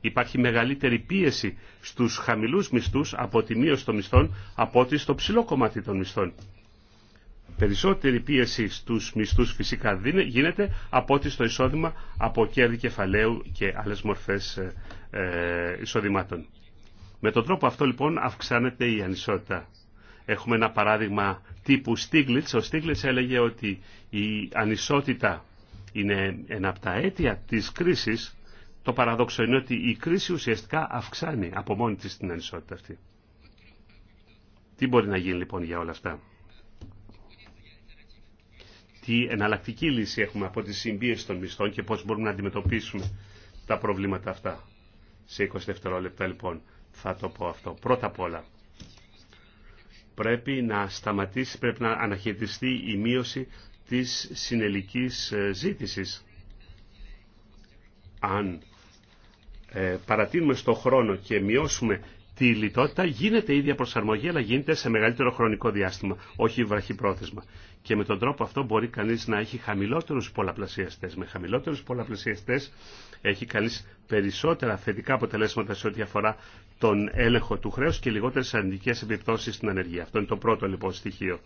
υπάρχει μεγαλύτερη πίεση στους χαμηλούς μισθούς από τη μείωση των μισθών από ότι στο ψηλό κομμάτι των μισθών. Περισσότερη πίεση στους μισθούς φυσικά γίνεται από ότι στο εισόδημα από κέρδη κεφαλαίου και άλλες μορφές ε, ε, εισοδημάτων. Με τον τρόπο αυτό λοιπόν αυξάνεται η ανισότητα. Έχουμε ένα παράδειγμα τύπου Στίγλιτς. Ο Στίγλιτς έλεγε ότι η ανισότητα είναι ένα από τα αίτια της κρίσης. Το παραδόξο είναι ότι η κρίση ουσιαστικά αυξάνει από μόνη της την ανισότητα αυτή. Τι μπορεί να γίνει λοιπόν για όλα αυτά. Τι εναλλακτική λύση έχουμε από τις συμπίεση των μισθών και πώς μπορούμε να αντιμετωπίσουμε τα προβλήματα αυτά. Σε 20 δευτερόλεπτα λοιπόν θα το πω αυτό. Πρώτα απ' όλα πρέπει να σταματήσει, πρέπει να αναχαιριστεί η μείωση της συνελικής ε, ζήτησης. Αν ε, παρατείνουμε στο χρόνο και μειώσουμε τη λιτότητα, γίνεται η ίδια προσαρμογή, αλλά γίνεται σε μεγαλύτερο χρονικό διάστημα, όχι βραχυπρόθεσμα. Και με τον τρόπο αυτό μπορεί κανείς να έχει χαμηλότερους πολλαπλασιαστές. Με χαμηλότερους πολλαπλασιαστές έχει κανείς περισσότερα θετικά αποτελέσματα σε ό,τι αφορά τον έλεγχο του χρέους και λιγότερες αρνητικές επιπτώσεις στην ανεργία. Αυτό είναι το πρώτο λοιπόν στοιχείο.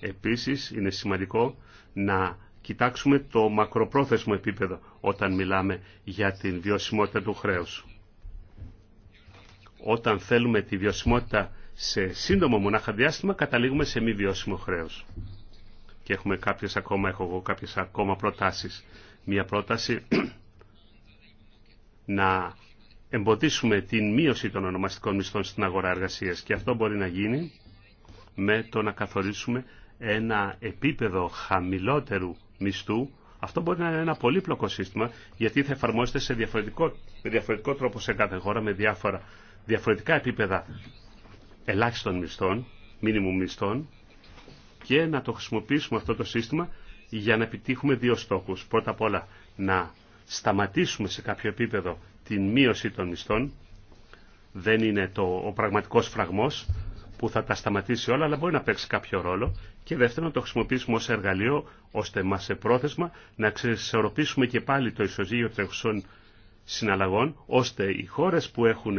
Επίσης είναι σημαντικό να κοιτάξουμε το μακροπρόθεσμο επίπεδο όταν μιλάμε για την βιωσιμότητα του χρέους. Όταν θέλουμε τη βιωσιμότητα σε σύντομο μονάχα διάστημα καταλήγουμε σε μη βιώσιμο χρέος και έχουμε κάποιες ακόμα, έχω εγώ κάποιες ακόμα προτάσεις. Μία πρόταση να εμποδίσουμε την μείωση των ονομαστικών μισθών στην αγορά εργασίας και αυτό μπορεί να γίνει με το να καθορίσουμε ένα επίπεδο χαμηλότερου μισθού αυτό μπορεί να είναι ένα πολύπλοκο σύστημα γιατί θα εφαρμόζεται σε διαφορετικό, με διαφορετικό τρόπο σε κάθε χώρα με διάφορα, διαφορετικά επίπεδα ελάχιστων μισθών, μήνυμου μισθών και να το χρησιμοποιήσουμε αυτό το σύστημα για να επιτύχουμε δύο στόχους. Πρώτα απ' όλα να σταματήσουμε σε κάποιο επίπεδο την μείωση των μισθών. Δεν είναι το, ο πραγματικός φραγμός που θα τα σταματήσει όλα, αλλά μπορεί να παίξει κάποιο ρόλο. Και δεύτερον, να το χρησιμοποιήσουμε ως εργαλείο, ώστε μας σε πρόθεσμα να ξεσορροπήσουμε και πάλι το ισοζύγιο τρεχουσών συναλλαγών, ώστε οι χώρες που έχουν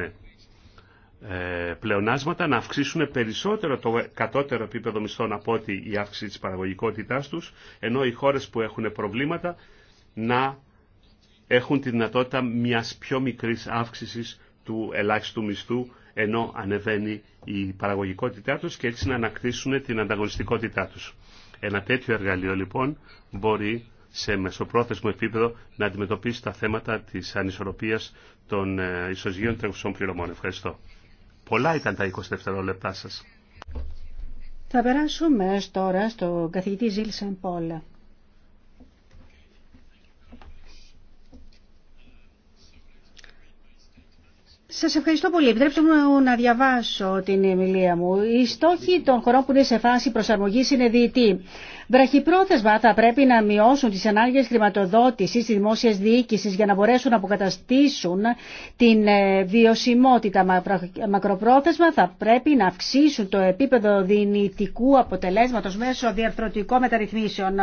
ε, πλεονάσματα να αυξήσουν περισσότερο το κατώτερο επίπεδο μισθών από ότι η αύξηση της παραγωγικότητάς τους, ενώ οι χώρες που έχουν προβλήματα να έχουν τη δυνατότητα μιας πιο μικρής αύξησης του ελάχιστου μισθού, ενώ ανεβαίνει η παραγωγικότητά τους και έτσι να ανακτήσουν την ανταγωνιστικότητά τους. Ένα τέτοιο εργαλείο λοιπόν μπορεί σε μεσοπρόθεσμο επίπεδο να αντιμετωπίσει τα θέματα της ανισορροπίας των ε, ισοζυγίων τρέχουσων πληρωμών. Ευχαριστώ. Πολλά ήταν τα 20 δευτερόλεπτά σας. Θα περάσουμε τώρα στο καθηγητή Ζήλ Σεν Σας ευχαριστώ πολύ. Επιτρέψτε μου να διαβάσω την εμιλία μου. Οι στόχοι των χωρών που είναι σε φάση προσαρμογής είναι διητοί. Βραχυπρόθεσμα θα πρέπει να μειώσουν τις ανάγκες χρηματοδότησης της δημόσιας διοίκησης για να μπορέσουν να αποκαταστήσουν την ε, βιωσιμότητα. Μακροπρόθεσμα θα πρέπει να αυξήσουν το επίπεδο δυνητικού αποτελέσματος μέσω διαρθρωτικών μεταρρυθμίσεων.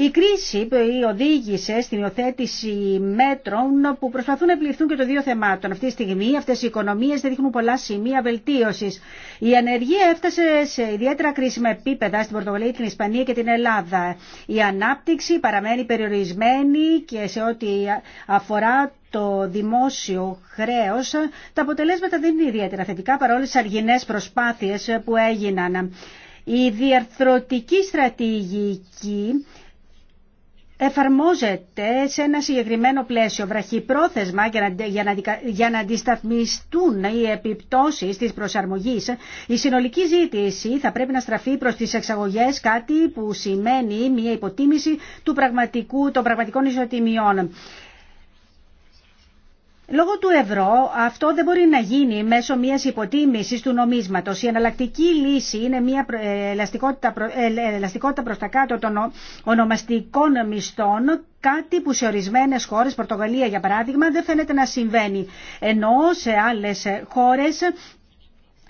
Η κρίση οδήγησε στην υιοθέτηση μέτρων που προσπαθούν να επιληφθούν και το δύο θεμάτων. Αυτή τη στιγμή αυτέ οι οικονομίε δεν δείχνουν πολλά σημεία βελτίωση. Η ανεργία έφτασε σε ιδιαίτερα κρίσιμα επίπεδα στην Πορτογαλία, την Ισπανία και την Ελλάδα. Η ανάπτυξη παραμένει περιορισμένη και σε ό,τι αφορά το δημόσιο χρέος, τα αποτελέσματα δεν είναι ιδιαίτερα θετικά παρόλε τι αργινέ προσπάθειες που έγιναν. Η διαρθρωτική στρατηγική εφαρμόζεται σε ένα συγκεκριμένο πλαίσιο βραχυπρόθεσμα για να, για για αντισταθμιστούν οι επιπτώσεις της προσαρμογής. Η συνολική ζήτηση θα πρέπει να στραφεί προς τις εξαγωγές κάτι που σημαίνει μια υποτίμηση του πραγματικού, των πραγματικών ισοτιμιών. Λόγω του ευρώ αυτό δεν μπορεί να γίνει μέσω μιας υποτίμησης του νομίσματος. Η εναλλακτική λύση είναι μια ελαστικότητα, ε, ελαστικότητα προς τα κάτω των ονομαστικών μισθών, κάτι που σε ορισμένες χώρες, Πορτογαλία για παράδειγμα, δεν φαίνεται να συμβαίνει. Ενώ σε άλλες χώρες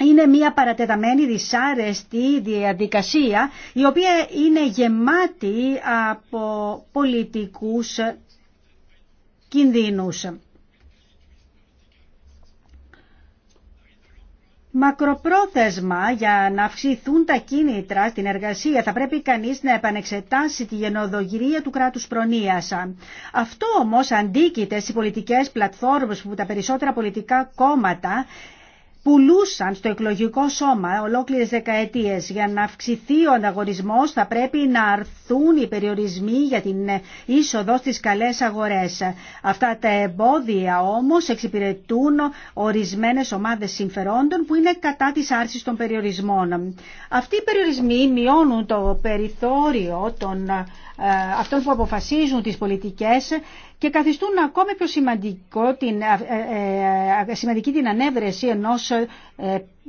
είναι μια παρατεταμένη δυσάρεστη διαδικασία η οποία είναι γεμάτη από πολιτικούς κινδύνους. μακροπρόθεσμα για να αυξηθούν τα κίνητρα στην εργασία θα πρέπει κανείς να επανεξετάσει τη γενοδογυρία του κράτους προνοίας. Αυτό όμως αντίκειται στις πολιτικές πλατφόρμες που τα περισσότερα πολιτικά κόμματα πουλούσαν στο εκλογικό σώμα ολόκληρες δεκαετίες. Για να αυξηθεί ο ανταγωνισμός θα πρέπει να αρθούν οι περιορισμοί για την είσοδο στις καλές αγορές. Αυτά τα εμπόδια όμως εξυπηρετούν ορισμένες ομάδες συμφερόντων που είναι κατά της άρσης των περιορισμών. Αυτοί οι περιορισμοί μειώνουν το περιθώριο των ε, αυτών που αποφασίζουν τις πολιτικές και καθιστούν ακόμη πιο σημαντικό την, ε, ε, σημαντική την ανέβρεση ενός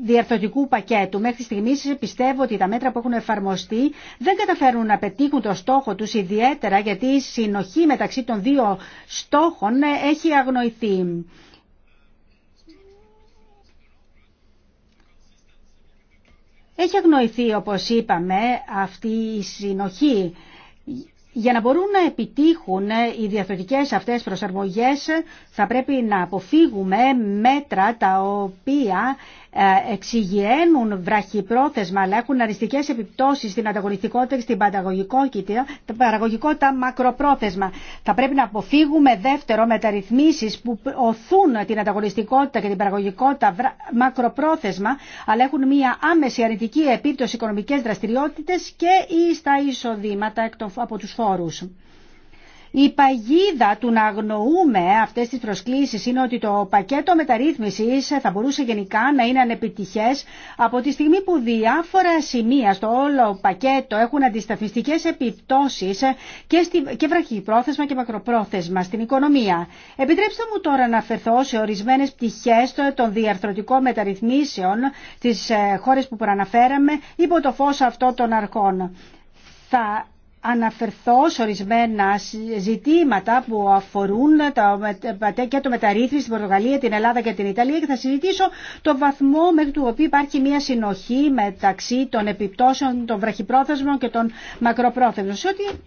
διαρθρωτικού πακέτου. Μέχρι στιγμή πιστεύω ότι τα μέτρα που έχουν εφαρμοστεί δεν καταφέρουν να πετύχουν το στόχο τους ιδιαίτερα γιατί η συνοχή μεταξύ των δύο στόχων έχει αγνοηθεί. Έχει αγνοηθεί, όπως είπαμε, αυτή η συνοχή για να μπορούν να επιτύχουν ε, οι διαφορετικέ αυτές προσαρμογές θα πρέπει να αποφύγουμε μέτρα τα οποία ε, εξηγιαίνουν βραχυπρόθεσμα αλλά έχουν αριστικές επιπτώσεις στην ανταγωνιστικότητα και στην παραγωγικότητα μακροπρόθεσμα. Θα πρέπει να αποφύγουμε δεύτερο μεταρρυθμίσεις που οθούν την ανταγωνιστικότητα και την παραγωγικότητα μακροπρόθεσμα αλλά έχουν μια άμεση αρνητική επίπτωση οικονομικές δραστηριότητες και στα εισοδήματα από τους φόρους. Η παγίδα του να αγνοούμε αυτές τις προσκλήσεις είναι ότι το πακέτο μεταρρύθμισης θα μπορούσε γενικά να είναι ανεπιτυχές από τη στιγμή που διάφορα σημεία στο όλο πακέτο έχουν αντισταθμιστικές επιπτώσεις και, στη, και βραχυπρόθεσμα και μακροπρόθεσμα στην οικονομία. Επιτρέψτε μου τώρα να αφαιθώ σε ορισμένες πτυχές των διαρθρωτικών μεταρρυθμίσεων στις ε, χώρες που προαναφέραμε υπό το φως αυτό των αρχών. Θα αναφερθώ σε ορισμένα ζητήματα που αφορούν τα, και το μεταρρύθμιση στην Πορτογαλία, την Ελλάδα και την Ιταλία και θα συζητήσω το βαθμό μέχρι του οποίου υπάρχει μια συνοχή μεταξύ των επιπτώσεων των βραχυπρόθεσμων και των μακροπρόθεσμων. Σε ό,τι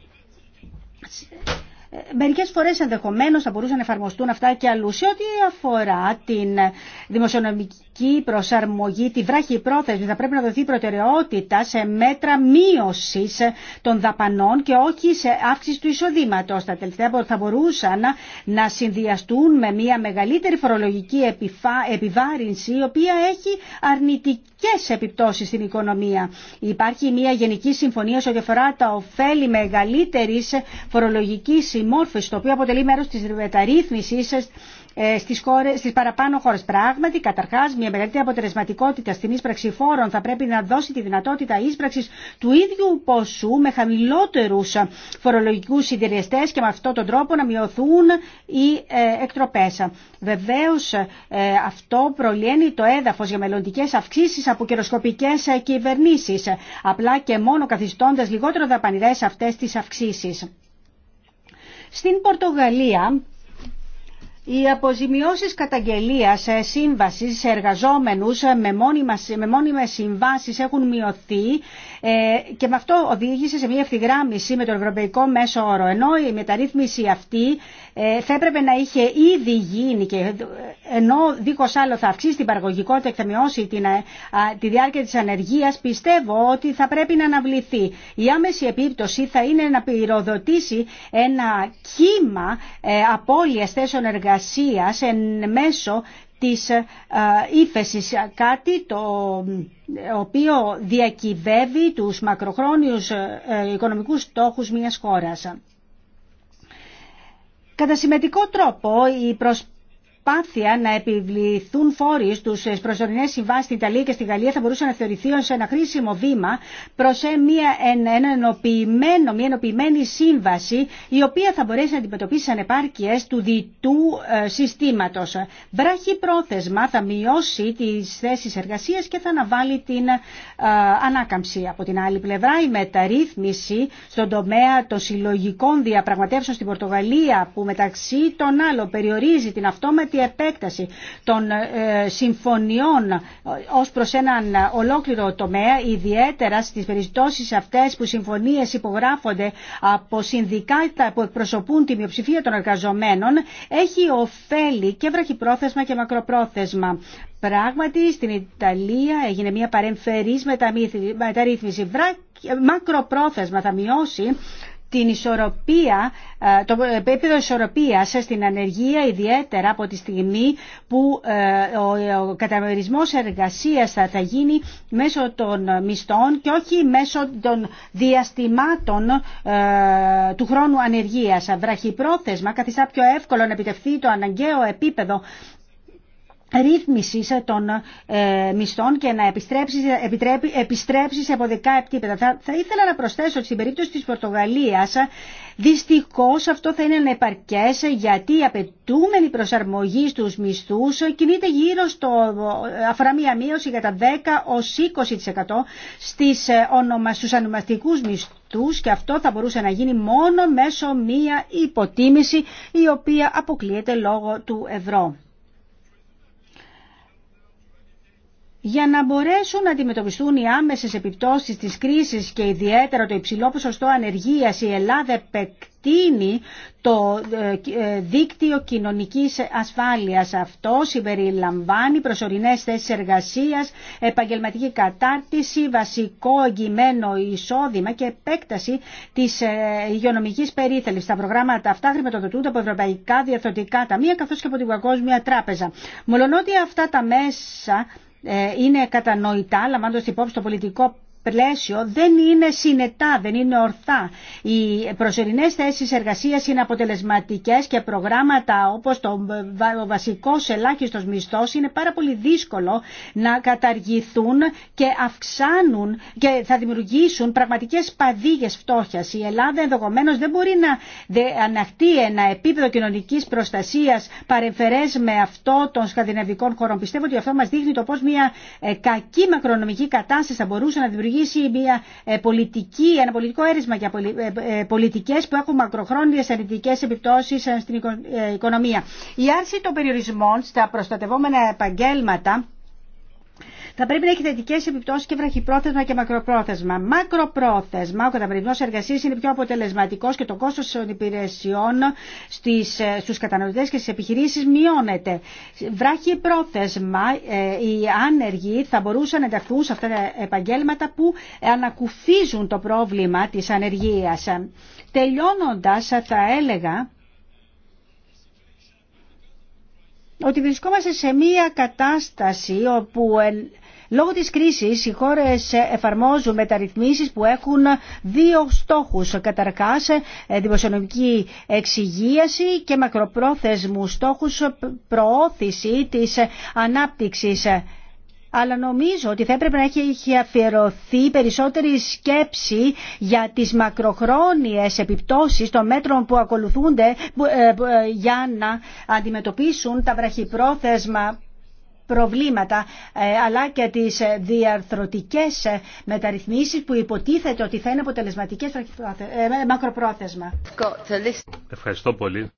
Μερικέ φορέ ενδεχομένω θα μπορούσαν να εφαρμοστούν αυτά και αλλού. Σε ό,τι αφορά την δημοσιονομική προσαρμογή, τη βράχη πρόθεση θα πρέπει να δοθεί προτεραιότητα σε μέτρα μείωση των δαπανών και όχι σε αύξηση του εισοδήματο. Τα τελευταία θα μπορούσαν να συνδυαστούν με μια μεγαλύτερη φορολογική επιβάρυνση, η οποία έχει αρνητικέ επιπτώσει στην οικονομία. Υπάρχει μια γενική συμφωνία σε ό,τι αφορά τα ωφέλη φορολογική συμφωνία πολυμόρφωση, το οποίο αποτελεί μέρο τη μεταρρύθμιση ε, στις, στις παραπάνω χώρε. Πράγματι, καταρχά, μια μεγαλύτερη αποτελεσματικότητα στην ίσπραξη φόρων θα πρέπει να δώσει τη δυνατότητα ίσπραξη του ίδιου ποσού με χαμηλότερου φορολογικού συντηρηστέ και με αυτόν τον τρόπο να μειωθούν οι ε, εκτροπέ. ε, αυτό προλύνει το έδαφο για μελλοντικέ αυξήσει από κεροσκοπικέ ε, κυβερνήσει, απλά και μόνο καθιστώντα λιγότερο δαπανηρές αυτέ τι αυξήσει. Στην Πορτογαλία οι αποζημιώσεις καταγγελίας ε, σύμβασης σε εργαζόμενους με μόνιμες συμβάσεις έχουν μειωθεί ε, και με αυτό οδήγησε σε μια ευθυγράμμιση με το ευρωπαϊκό μέσο όρο. Ενώ η μεταρρύθμιση αυτή ε, θα έπρεπε να είχε ήδη γίνει και ε, ενώ δίχω άλλο θα αυξήσει την παραγωγικότητα και θα μειώσει την, τη διάρκεια της ανεργία, πιστεύω ότι θα πρέπει να αναβληθεί. Η άμεση επίπτωση θα είναι να πυροδοτήσει ένα κύμα ε, θέσεων εργασία εν μέσω της ύφεση. Κάτι το οποίο διακυβεύει τους μακροχρόνιους ε, οικονομικούς στόχους μιας χώρας. Κατά τρόπο, η προσπάθεια προσπάθεια να επιβληθούν φόροι στου προσωρινέ συμβάσει στην Ιταλία και στη Γαλλία θα μπορούσε να θεωρηθεί ω ένα χρήσιμο βήμα προ ε, μια, ενοποιημένο, μια ενοποιημένη σύμβαση η οποία θα μπορέσει να αντιμετωπίσει τι ανεπάρκειε του διτού ε, συστήματο. Βράχει πρόθεσμα θα μειώσει τι θέσει εργασία και θα αναβάλει την ε, ανάκαμψη. Από την άλλη πλευρά, η μεταρρύθμιση στον τομέα των συλλογικών διαπραγματεύσεων στην Πορτογαλία που μεταξύ των άλλων περιορίζει την αυτόματη η επέκταση των ε, συμφωνιών ε, ως προς έναν ολόκληρο τομέα, ιδιαίτερα στις περιπτώσεις αυτές που συμφωνίες υπογράφονται από συνδικάτα που εκπροσωπούν τη μειοψηφία των εργαζομένων, έχει ωφέλη και βραχυπρόθεσμα και μακροπρόθεσμα. Πράγματι, στην Ιταλία έγινε μια παρεμφερής μεταρρύθμιση. Μακροπρόθεσμα θα μειώσει την ισορροπία, ε, το επίπεδο ισορροπίας στην ανεργία ιδιαίτερα από τη στιγμή που ε, ο καταμερισμός εργασίας θα γίνει μέσω των μισθών και όχι μέσω των διαστημάτων ε, του χρόνου ανεργίας. Βραχυπρόθεσμα καθιστά πιο εύκολο να επιτευχθεί το αναγκαίο επίπεδο ρύθμιση των ε, μισθών και να επιστρέψει, επιτρέπει, επιστρέψει σε αποδεκά επίπεδα. Θα, θα, ήθελα να προσθέσω ότι στην περίπτωση της Πορτογαλίας δυστυχώς αυτό θα είναι ανεπαρκές γιατί η απαιτούμενη προσαρμογή στους μισθούς κινείται γύρω στο αφορά μία μείωση κατά 10 ως 20% στις, ε, ονομα, στους μισθούς και αυτό θα μπορούσε να γίνει μόνο μέσω μία υποτίμηση η οποία αποκλείεται λόγω του ευρώ. για να μπορέσουν να αντιμετωπιστούν οι άμεσες επιπτώσεις της κρίσης και ιδιαίτερα το υψηλό ποσοστό ανεργίας, η Ελλάδα επεκτείνει το ε, ε, δίκτυο κοινωνικής ασφάλειας. Αυτό συμπεριλαμβάνει προσωρινές θέσεις εργασίας, επαγγελματική κατάρτιση, βασικό εγγυημένο εισόδημα και επέκταση της ε, υγειονομικής περίθαλψης. Τα προγράμματα αυτά χρηματοδοτούνται από ευρωπαϊκά διαθροτικά ταμεία καθώς και από την Παγκόσμια Τράπεζα. Μολονότι αυτά τα μέσα ε, είναι κατανοητά λαμβάνοντας υπόψη το πολιτικό πλαίσιο δεν είναι συνετά, δεν είναι ορθά. Οι προσωρινές θέσεις εργασίας είναι αποτελεσματικές και προγράμματα όπως το βασικό ελάχιστο μισθό είναι πάρα πολύ δύσκολο να καταργηθούν και αυξάνουν και θα δημιουργήσουν πραγματικές παδίγες φτώχειας. Η Ελλάδα ενδεχομένω δεν μπορεί να αναχτεί ένα επίπεδο κοινωνικής προστασίας παρεμφερές με αυτό των σκανδιναβικών χωρών. Πιστεύω ότι αυτό μας δείχνει το πώς μια ε, κακή μακρονομική κατάσταση θα μπορούσε να δημιουργήσει δημιουργήσει μια ε, πολιτική, ένα πολιτικό έρισμα για ε, ε, πολιτικές που έχουν μακροχρόνιες αρνητικές επιπτώσεις στην οικονομία. Η άρση των περιορισμών στα προστατευόμενα επαγγέλματα θα πρέπει να έχει θετικέ επιπτώσει και βραχυπρόθεσμα και μακροπρόθεσμα. Μακροπρόθεσμα, ο καταπληκτικό εργασία είναι πιο αποτελεσματικό και το κόστο των υπηρεσιών ε, στου κατανοητέ και στι επιχειρήσει μειώνεται. Βραχυπρόθεσμα, ε, οι άνεργοι θα μπορούσαν να ενταχθούν σε αυτά τα επαγγέλματα που ανακουφίζουν το πρόβλημα τη ανεργία. Τελειώνοντα, θα έλεγα ότι βρισκόμαστε σε μία κατάσταση όπου Λόγω της κρίσης οι χώρες εφαρμόζουν μεταρρυθμίσεις που έχουν δύο στόχους. Καταρχάς ε, δημοσιονομική εξυγίαση και μακροπρόθεσμους στόχους προώθηση της ανάπτυξης αλλά νομίζω ότι θα έπρεπε να έχει αφιερωθεί περισσότερη σκέψη για τις μακροχρόνιες επιπτώσεις των μέτρων που ακολουθούνται ε, ε, για να αντιμετωπίσουν τα βραχυπρόθεσμα προβλήματα ε, αλλά και τις ε, διαρθρωτικές ε, μεταρρυθμίσεις που υποτίθεται ότι θα είναι αποτελεσματικές μακροπρόθεσμα. Ευχαριστώ πολύ.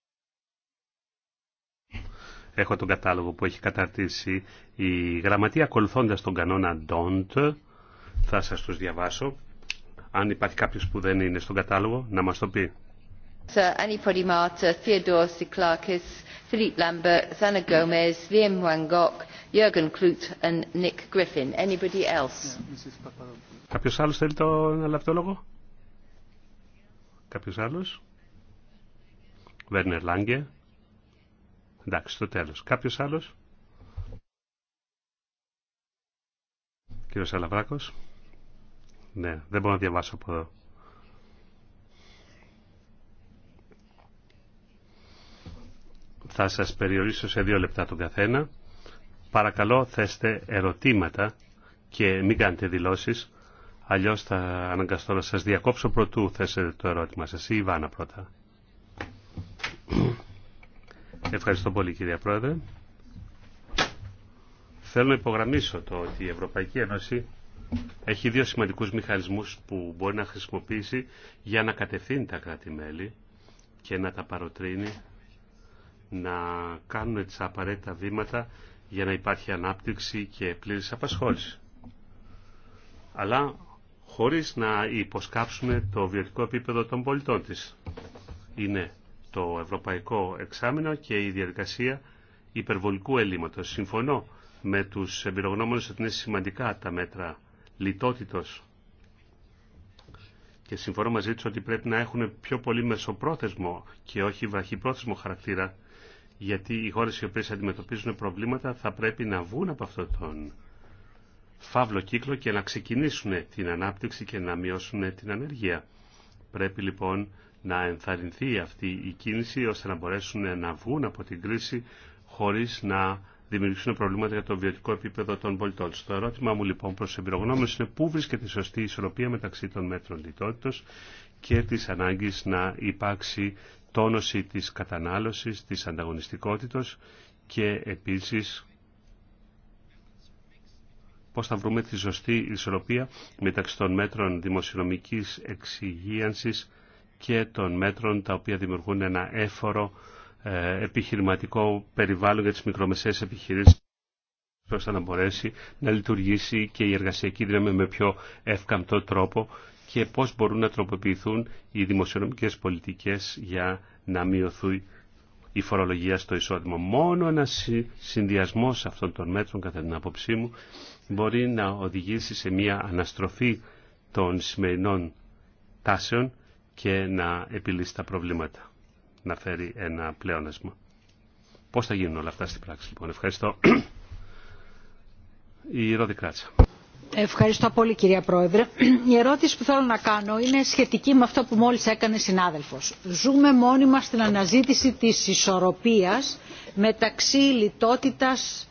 Έχω τον κατάλογο που έχει καταρτήσει η γραμματεία ακολουθώντας τον κανόνα DON'T. Θα σας τους διαβάσω. Αν υπάρχει κάποιος που δεν είναι στον κατάλογο, να μας το πει. Κάποιος άλλος θέλει τον να λάβει το λόγο? Κάποιος άλλος? Βέρνερ Λάγκε. Εντάξει, στο τέλος. Κάποιος άλλος? Κύριος Αλαβράκος. Ναι, δεν μπορώ να διαβάσω από εδώ. Θα σας περιορίσω σε δύο λεπτά τον καθένα. Παρακαλώ θέστε ερωτήματα και μην κάνετε δηλώσεις. Αλλιώς θα αναγκαστώ να σας διακόψω πρωτού θέσετε το ερώτημα σας. Η Ιβάνα πρώτα. Ευχαριστώ πολύ κύριε Πρόεδρε. Θέλω να υπογραμμίσω το ότι η Ευρωπαϊκή Ένωση έχει δύο σημαντικούς μηχανισμούς που μπορεί να χρησιμοποιήσει για να κατευθύνει τα κράτη-μέλη και να τα παροτρύνει να κάνουν τις απαραίτητα βήματα για να υπάρχει ανάπτυξη και πλήρης απασχόληση. Αλλά χωρίς να υποσκάψουν το βιωτικό επίπεδο των πολιτών της. Είναι το ευρωπαϊκό εξάμεινο και η διαδικασία υπερβολικού ελλείμματος. Συμφωνώ με τους εμπειρογνώμονες ότι είναι σημαντικά τα μέτρα λιτότητος και συμφωνώ μαζί τους ότι πρέπει να έχουν πιο πολύ μεσοπρόθεσμο και όχι βαχυπρόθεσμο χαρακτήρα γιατί οι χώρες οι οποίες αντιμετωπίζουν προβλήματα θα πρέπει να βγουν από αυτόν τον φαύλο κύκλο και να ξεκινήσουν την ανάπτυξη και να μειώσουν την ανεργία. Πρέπει λοιπόν να ενθαρρυνθεί αυτή η κίνηση ώστε να μπορέσουν να βγουν από την κρίση χωρίς να δημιουργήσουν προβλήματα για το βιωτικό επίπεδο των πολιτών. Στο ερώτημα μου λοιπόν προς εμπειρογνώμες είναι πού βρίσκεται η σωστή ισορροπία μεταξύ των μέτρων λιτότητος και της ανάγκης να υπάρξει τόνωση της κατανάλωσης, της ανταγωνιστικότητος και επίσης πώς θα βρούμε τη σωστή ισορροπία μεταξύ των μέτρων δημοσιονομικής εξυγίανσης και των μέτρων τα οποία δημιουργούν ένα έφορο ε, επιχειρηματικό περιβάλλον για τις μικρομεσαίες επιχειρήσεις ώστε να μπορέσει να λειτουργήσει και η εργασιακή δύναμη με πιο εύκαμπτο τρόπο και πώς μπορούν να τροποποιηθούν οι δημοσιονομικές πολιτικές για να μειωθεί η φορολογία στο εισόδημα. Μόνο ένα συνδυασμό αυτών των μέτρων, κατά την άποψή μου, μπορεί να οδηγήσει σε μια αναστροφή των σημερινών τάσεων και να επιλύσει τα προβλήματα, να φέρει ένα πλεόνασμα. Πώς θα γίνουν όλα αυτά στην πράξη, λοιπόν. Ευχαριστώ. Η Ρώδη Ευχαριστώ πολύ κυρία Πρόεδρε. Η ερώτηση που θέλω να κάνω είναι σχετική με αυτό που μόλις έκανε συνάδελφος. Ζούμε μόνιμα στην αναζήτηση της ισορροπίας μεταξύ λιτότητας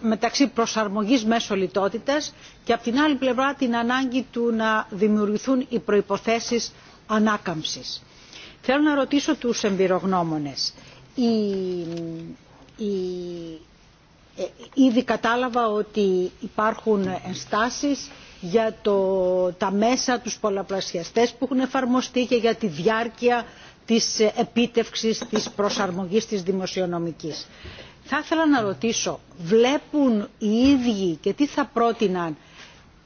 μεταξύ προσαρμογής μέσω λιτότητας και από την άλλη πλευρά την ανάγκη του να δημιουργηθούν οι προϋποθέσεις ανάκαμψης. Θέλω να ρωτήσω τους εμπειρογνώμονες ήδη κατάλαβα ότι υπάρχουν ενστάσεις για το, τα μέσα τους πολλαπλασιαστές που έχουν εφαρμοστεί και για τη διάρκεια της επίτευξης της προσαρμογής της δημοσιονομικής. Θα ήθελα να ρωτήσω, βλέπουν οι ίδιοι και τι θα πρότειναν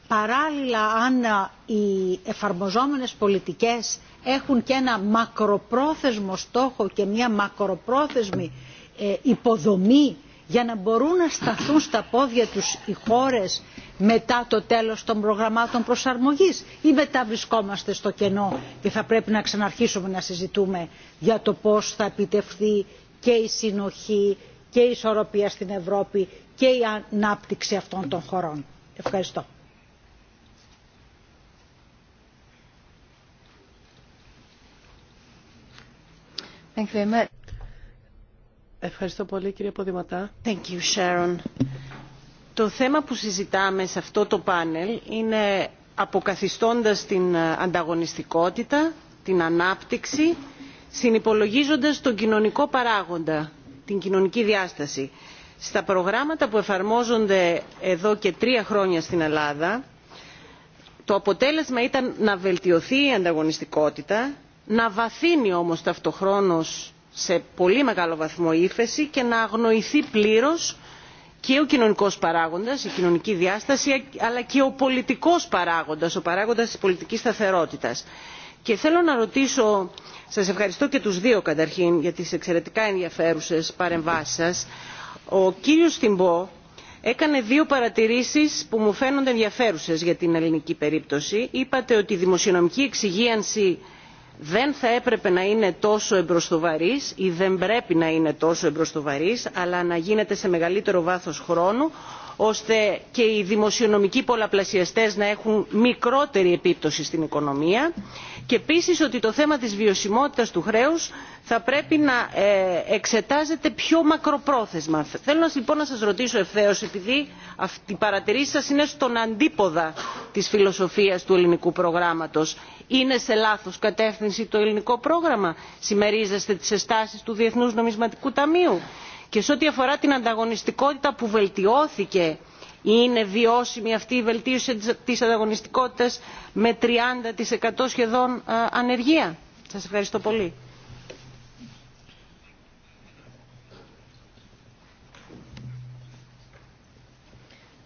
παράλληλα αν οι εφαρμοζόμενες πολιτικές έχουν και ένα μακροπρόθεσμο στόχο και μια μακροπρόθεσμη ε, υποδομή για να μπορούν να σταθούν στα πόδια τους οι χώρες μετά το τέλος των προγραμμάτων προσαρμογής ή μετά βρισκόμαστε στο κενό και θα πρέπει να ξαναρχίσουμε να συζητούμε για το πώς θα επιτευχθεί και η συνοχή και η ισορροπία στην Ευρώπη και η ανάπτυξη αυτών των χωρών. Ευχαριστώ. Thank you Ευχαριστώ πολύ κύριε Ποδηματά. Το θέμα που συζητάμε σε αυτό το πάνελ είναι αποκαθιστώντας την ανταγωνιστικότητα, την ανάπτυξη, συνυπολογίζοντας τον κοινωνικό παράγοντα, την κοινωνική διάσταση. Στα προγράμματα που εφαρμόζονται εδώ και τρία χρόνια στην Ελλάδα, το αποτέλεσμα ήταν να βελτιωθεί η ανταγωνιστικότητα, να βαθύνει όμως ταυτοχρόνως σε πολύ μεγάλο βαθμό ύφεση και να αγνοηθεί πλήρως και ο κοινωνικός παράγοντας, η κοινωνική διάσταση, αλλά και ο πολιτικός παράγοντας, ο παράγοντας της πολιτικής σταθερότητας. Και θέλω να ρωτήσω, σας ευχαριστώ και τους δύο καταρχήν για τις εξαιρετικά ενδιαφέρουσες παρεμβάσεις σας. Ο κύριος Τιμπό έκανε δύο παρατηρήσεις που μου φαίνονται ενδιαφέρουσες για την ελληνική περίπτωση. Είπατε ότι η δημοσιονομική εξυγίανση δεν θα έπρεπε να είναι τόσο εμπροστοβαρής ή δεν πρέπει να είναι τόσο εμπροστοβαρής αλλά να γίνεται σε μεγαλύτερο βάθος χρόνου ώστε και οι δημοσιονομικοί πολλαπλασιαστές να έχουν μικρότερη επίπτωση στην οικονομία και επίσης ότι το θέμα της βιωσιμότητας του χρέους θα πρέπει να ε, εξετάζεται πιο μακροπρόθεσμα. Θέλω λοιπόν να σας ρωτήσω ευθέως, επειδή οι παρατηρήσεις σας είναι στον αντίποδα της φιλοσοφίας του ελληνικού προγράμματος, είναι σε λάθος κατεύθυνση το ελληνικό πρόγραμμα, συμμερίζεστε τις εστάσεις του Διεθνούς Νομισματικού Ταμείου και σε ό,τι αφορά την ανταγωνιστικότητα που βελτιώθηκε είναι βιώσιμη αυτή η βελτίωση της ανταγωνιστικότητας με 30% σχεδόν ε, ανεργία. Σας ευχαριστώ πολύ.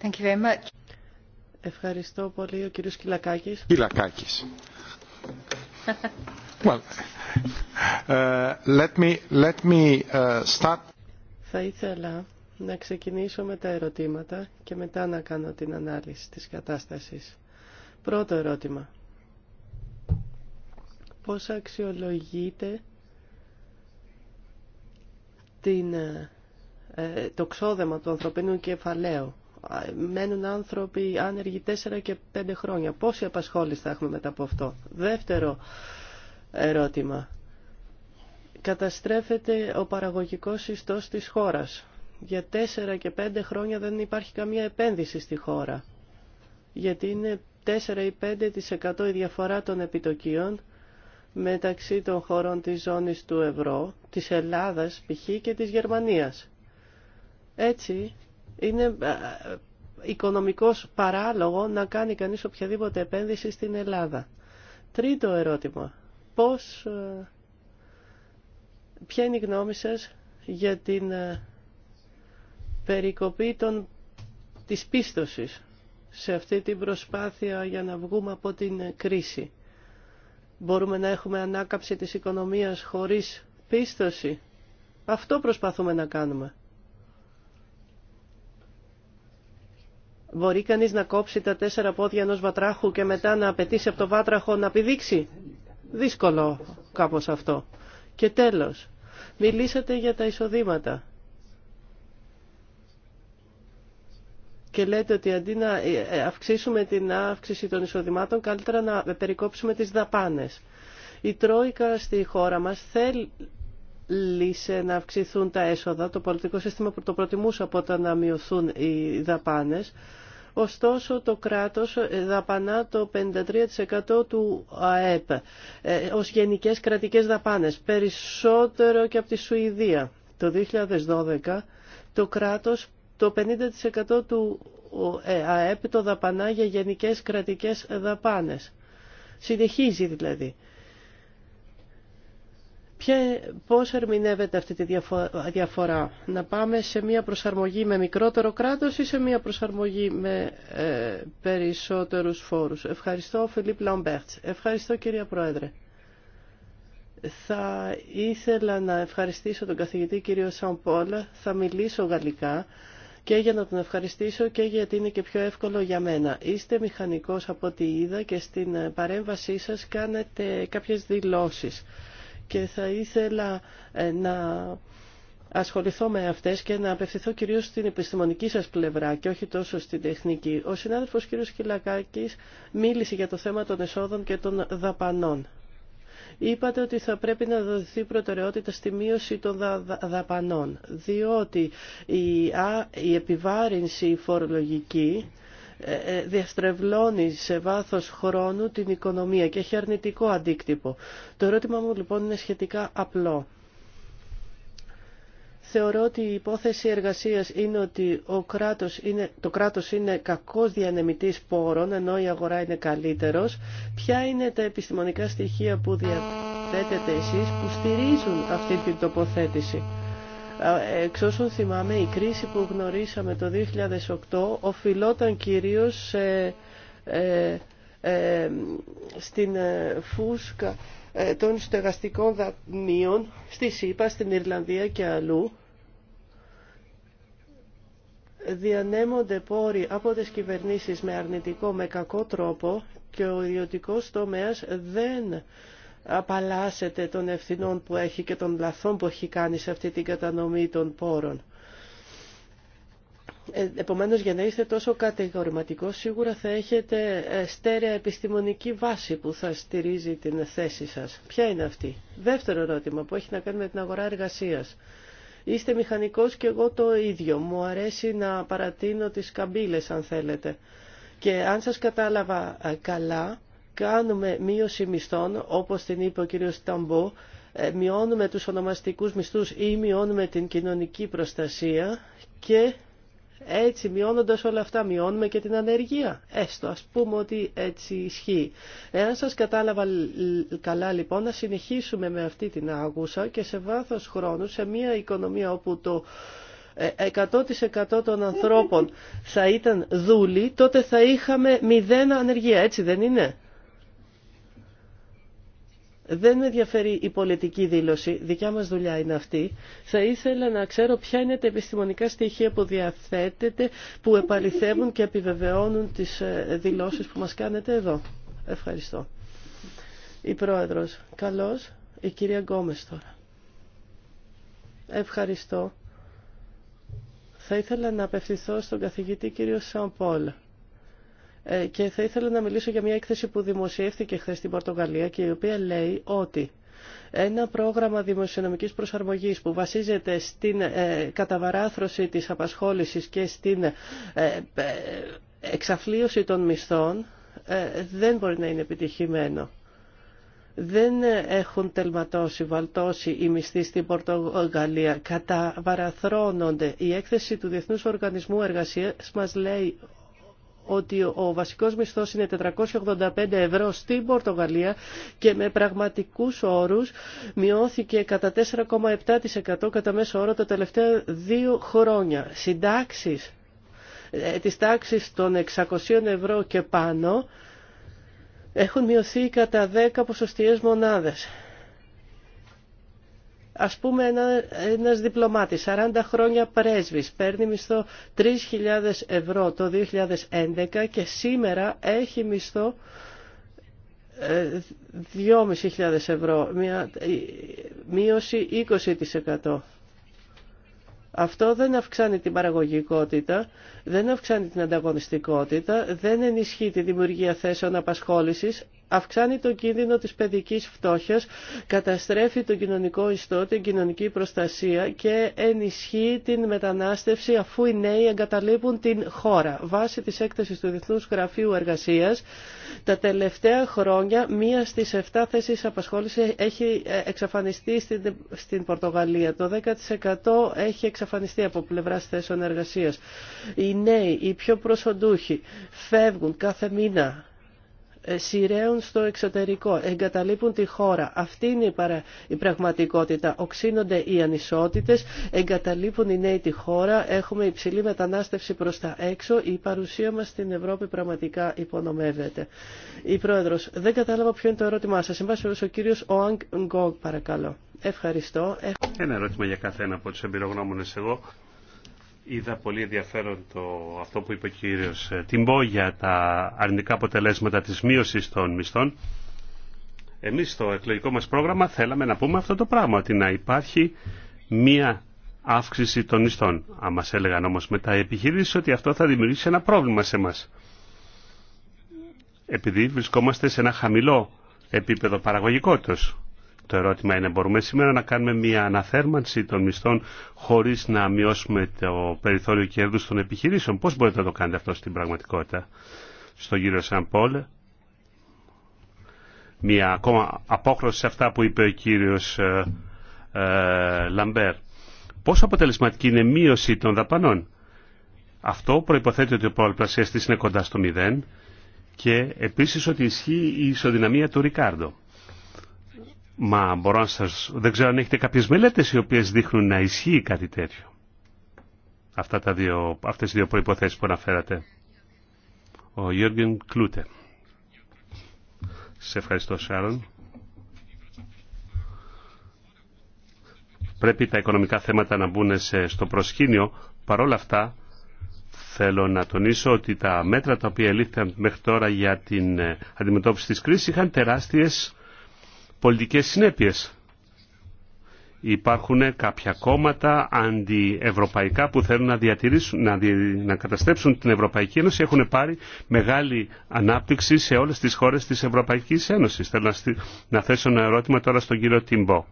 Thank you very much. Ευχαριστώ πολύ ο κύριος Κυλακάκης. Κυλακάκης. well, uh, let me, let me, uh, start. Θα ήθελα να ξεκινήσω με τα ερωτήματα και μετά να κάνω την ανάλυση της κατάστασης. Πρώτο ερώτημα. Πώς αξιολογείτε ε, το ξόδεμα του ανθρωπίνου κεφαλαίου. Μένουν άνθρωποι άνεργοι 4 και 5 χρόνια. Πόση απασχόληση θα έχουμε μετά από αυτό. Δεύτερο ερώτημα. Καταστρέφεται ο παραγωγικός ιστός της χώρας για τέσσερα και πέντε χρόνια δεν υπάρχει καμία επένδυση στη χώρα. Γιατί είναι 4 ή 5% η διαφορά των επιτοκίων μεταξύ των χωρών της ζώνης του ευρώ, της Ελλάδας π.χ. και της Γερμανίας. Έτσι είναι οικονομικός παράλογο να κάνει κανείς οποιαδήποτε επένδυση στην Ελλάδα. Τρίτο ερώτημα. Πώς, ε, ποια είναι η γνώμη σας για την ε, περικοπή των, της πίστοσης σε αυτή την προσπάθεια για να βγούμε από την κρίση. Μπορούμε να έχουμε ανάκαψη της οικονομίας χωρίς πίστοση. Αυτό προσπαθούμε να κάνουμε. Μπορεί κανείς να κόψει τα τέσσερα πόδια ενός βατράχου και μετά να απαιτήσει από το βάτραχο να πηδήξει. Δύσκολο κάπως αυτό. Και τέλος, μιλήσατε για τα εισοδήματα. και λέτε ότι αντί να ε, ε, αυξήσουμε την αύξηση των εισοδημάτων, καλύτερα να περικόψουμε τις δαπάνες. Η Τρόικα στη χώρα μας θέλει να αυξηθούν τα έσοδα, το πολιτικό σύστημα το προτιμούσε από τα να μειωθούν οι δαπάνες. Ωστόσο το κράτος ε, δαπανά το 53% του ΑΕΠ ε, ως γενικές κρατικές δαπάνες, περισσότερο και από τη Σουηδία. Το 2012 το κράτος το 50% του ε, ΑΕΠ το δαπανά για γενικές κρατικές δαπάνες. Συνεχίζει δηλαδή. Ποια, πώς ερμηνεύεται αυτή τη διαφορά, να πάμε σε μια προσαρμογή με μικρότερο κράτος ή σε μια προσαρμογή με ε, περισσότερους φόρους. Ευχαριστώ, Φιλίπ Λαμπέρτς. Ευχαριστώ, κυρία Πρόεδρε. Θα ήθελα να ευχαριστήσω τον καθηγητή κύριο Σαμπόλ. Θα μιλήσω γαλλικά και για να τον ευχαριστήσω και γιατί είναι και πιο εύκολο για μένα. Είστε μηχανικός από ό,τι είδα και στην ε, παρέμβασή σας κάνετε κάποιες δηλώσεις και θα ήθελα ε, να ασχοληθώ με αυτές και να απευθυνθώ κυρίως στην επιστημονική σας πλευρά και όχι τόσο στην τεχνική. Ο συνάδελφος κ. Κυλακάκης μίλησε για το θέμα των εσόδων και των δαπανών είπατε ότι θα πρέπει να δοθεί προτεραιότητα στη μείωση των δαπανών, διότι η επιβάρυνση φορολογική ε, ε, διαστρεβλώνει σε βάθος χρόνου την οικονομία και έχει αρνητικό αντίκτυπο. Το ερώτημα μου λοιπόν είναι σχετικά απλό. Θεωρώ ότι η υπόθεση εργασίας είναι ότι ο κράτος είναι, το κράτος είναι κακός διανεμητής πόρων, ενώ η αγορά είναι καλύτερος. Ποια είναι τα επιστημονικά στοιχεία που διαθέτετε εσείς που στηρίζουν αυτή την τοποθέτηση. Εξ όσων θυμάμαι, η κρίση που γνωρίσαμε το 2008 οφειλόταν κυρίως ε, ε, στην ε, φούσκα ε, των στεγαστικών δανείων στη ΣΥΠΑ, στην Ιρλανδία και αλλού διανέμονται πόροι από τις κυβερνήσεις με αρνητικό, με κακό τρόπο και ο ιδιωτικός τομέας δεν απαλλάσσεται των ευθυνών που έχει και των λαθών που έχει κάνει σε αυτή την κατανομή των πόρων. Ε, επομένως για να είστε τόσο κατηγορηματικό, σίγουρα θα έχετε ε, στέρεα επιστημονική βάση που θα στηρίζει την θέση σας. Ποια είναι αυτή. Δεύτερο ερώτημα που έχει να κάνει με την αγορά εργασίας. Είστε μηχανικός και εγώ το ίδιο. Μου αρέσει να παρατείνω τις καμπύλες αν θέλετε. Και αν σας κατάλαβα ε, καλά, κάνουμε μείωση μισθών, όπως την είπε ο κύριος Ταμπό, ε, μειώνουμε τους ονομαστικούς μισθούς ή μειώνουμε την κοινωνική προστασία και έτσι, μειώνοντας όλα αυτά, μειώνουμε και την ανεργία. Έστω, ας πούμε ότι έτσι ισχύει. Εάν σας κατάλαβα καλά, λοιπόν, να συνεχίσουμε με αυτή την άγουσα και σε βάθος χρόνου, σε μια οικονομία όπου το 100% ε, των ανθρώπων θα ήταν δούλοι, τότε θα είχαμε μηδέν ανεργία. Έτσι δεν είναι. Δεν με ενδιαφέρει η πολιτική δήλωση, δικιά μας δουλειά είναι αυτή. Θα ήθελα να ξέρω ποια είναι τα επιστημονικά στοιχεία που διαθέτεται, που επαληθεύουν και επιβεβαιώνουν τις ε, δηλώσεις που μας κάνετε εδώ. Ευχαριστώ. Η Πρόεδρος, καλώς, η κυρία Γκόμες τώρα. Ευχαριστώ. Θα ήθελα να απευθυνθώ στον καθηγητή κύριο Σαμπόλ. Ε, και θα ήθελα να μιλήσω για μια έκθεση που δημοσιεύθηκε χθε στην Πορτογαλία και η οποία λέει ότι ένα πρόγραμμα δημοσιονομικής προσαρμογής που βασίζεται στην ε, καταβαράθρωση της απασχόλησης και στην ε, εξαφλίωση των μισθών δεν μπορεί να είναι επιτυχημένο. Δεν έχουν τελματώσει, βαλτώσει οι μισθοί στην Πορτογαλία. Καταβαραθρώνονται. Η έκθεση του Διεθνούς Οργανισμού Εργασίας μας λέει ότι ο βασικός μισθός είναι 485 ευρώ στην Πορτογαλία και με πραγματικούς όρους μειώθηκε κατά 4,7% κατά μέσο όρο τα τελευταία δύο χρόνια. Συντάξεις ε, της τάξης των 600 ευρώ και πάνω έχουν μειωθεί κατά 10 ποσοστιαίες μονάδες. Ας πούμε ένα, ένας διπλωμάτης, 40 χρόνια πρέσβης, παίρνει μισθό 3.000 ευρώ το 2011 και σήμερα έχει μισθό 2.500 ε, ευρώ, μια μείωση 20%. Αυτό δεν αυξάνει την παραγωγικότητα, δεν αυξάνει την ανταγωνιστικότητα, δεν ενισχύει τη δημιουργία θέσεων απασχόλησης, αυξάνει το κίνδυνο της παιδικής φτώχειας, καταστρέφει τον κοινωνικό ιστό, την κοινωνική προστασία και ενισχύει την μετανάστευση αφού οι νέοι εγκαταλείπουν την χώρα. Βάσει της έκθεσης του Διεθνούς Γραφείου Εργασίας, τα τελευταία χρόνια μία στις 7 θέσεις απασχόληση έχει ε, εξαφανιστεί στην, στην Πορτογαλία. Το 10% έχει εξαφανιστεί από πλευράς θέσεων εργασίας. Οι νέοι, οι πιο προσοντούχοι φεύγουν κάθε μήνα ε, σειραίων στο εξωτερικό, εγκαταλείπουν τη χώρα. Αυτή είναι η πραγματικότητα. Οξύνονται οι ανισότητες, εγκαταλείπουν οι νέοι τη χώρα, έχουμε υψηλή μετανάστευση προς τα έξω, η παρουσία μας στην Ευρώπη πραγματικά υπονομεύεται. Η Πρόεδρος, δεν κατάλαβα ποιο είναι το ερώτημά σας. Συμβάσεις ο κύριος Οάνγκ Γκόγκ, παρακαλώ. Ευχαριστώ. Ε, ένα ερώτημα για καθένα από τους εμπειρογνώμονες εγώ Είδα πολύ ενδιαφέρον το, αυτό που είπε ο κύριος ε, Τιμπό για τα αρνητικά αποτελέσματα της μείωσης των μισθών. Εμείς στο εκλογικό μας πρόγραμμα θέλαμε να πούμε αυτό το πράγμα, ότι να υπάρχει μία αύξηση των μισθών. Αν μας έλεγαν όμως μετά οι επιχειρήσεις ότι αυτό θα δημιουργήσει ένα πρόβλημα σε μας. Επειδή βρισκόμαστε σε ένα χαμηλό επίπεδο παραγωγικότητας το ερώτημα είναι μπορούμε σήμερα να κάνουμε μια αναθέρμανση των μισθών χωρίς να μειώσουμε το περιθώριο κέρδους των επιχειρήσεων. Πώς μπορείτε να το κάνετε αυτό στην πραγματικότητα. Στον κύριο Πόλε. μια ακόμα απόχρωση σε αυτά που είπε ο κύριος ε, ε, Λαμπέρ. Πόσο αποτελεσματική είναι η μείωση των δαπανών. Αυτό προϋποθέτει ότι ο πολλαπλασιαστής είναι κοντά στο μηδέν και επίσης ότι ισχύει η ισοδυναμία του Ρικάρντο. Μα μπορώ να σας... Δεν ξέρω αν έχετε κάποιες μελέτες οι οποίες δείχνουν να ισχύει κάτι τέτοιο. Αυτά τα δύο, αυτές οι δύο προϋποθέσεις που αναφέρατε. Ο Γιώργιν Κλούτε. Σε ευχαριστώ Σάρον. Πρέπει τα οικονομικά θέματα να μπουν στο προσκήνιο. Παρ' όλα αυτά θέλω να τονίσω ότι τα μέτρα τα οποία ελήφθηκαν μέχρι τώρα για την ε, αντιμετώπιση της κρίσης είχαν τεράστιες πολιτικές συνέπειες. Υπάρχουν κάποια κόμματα αντιευρωπαϊκά που θέλουν να, διατηρήσουν, να, να καταστρέψουν την Ευρωπαϊκή Ένωση. Έχουν πάρει μεγάλη ανάπτυξη σε όλες τις χώρες της Ευρωπαϊκής Ένωσης. Θέλω να, θέσω ένα ερώτημα τώρα στον κύριο Τιμπό.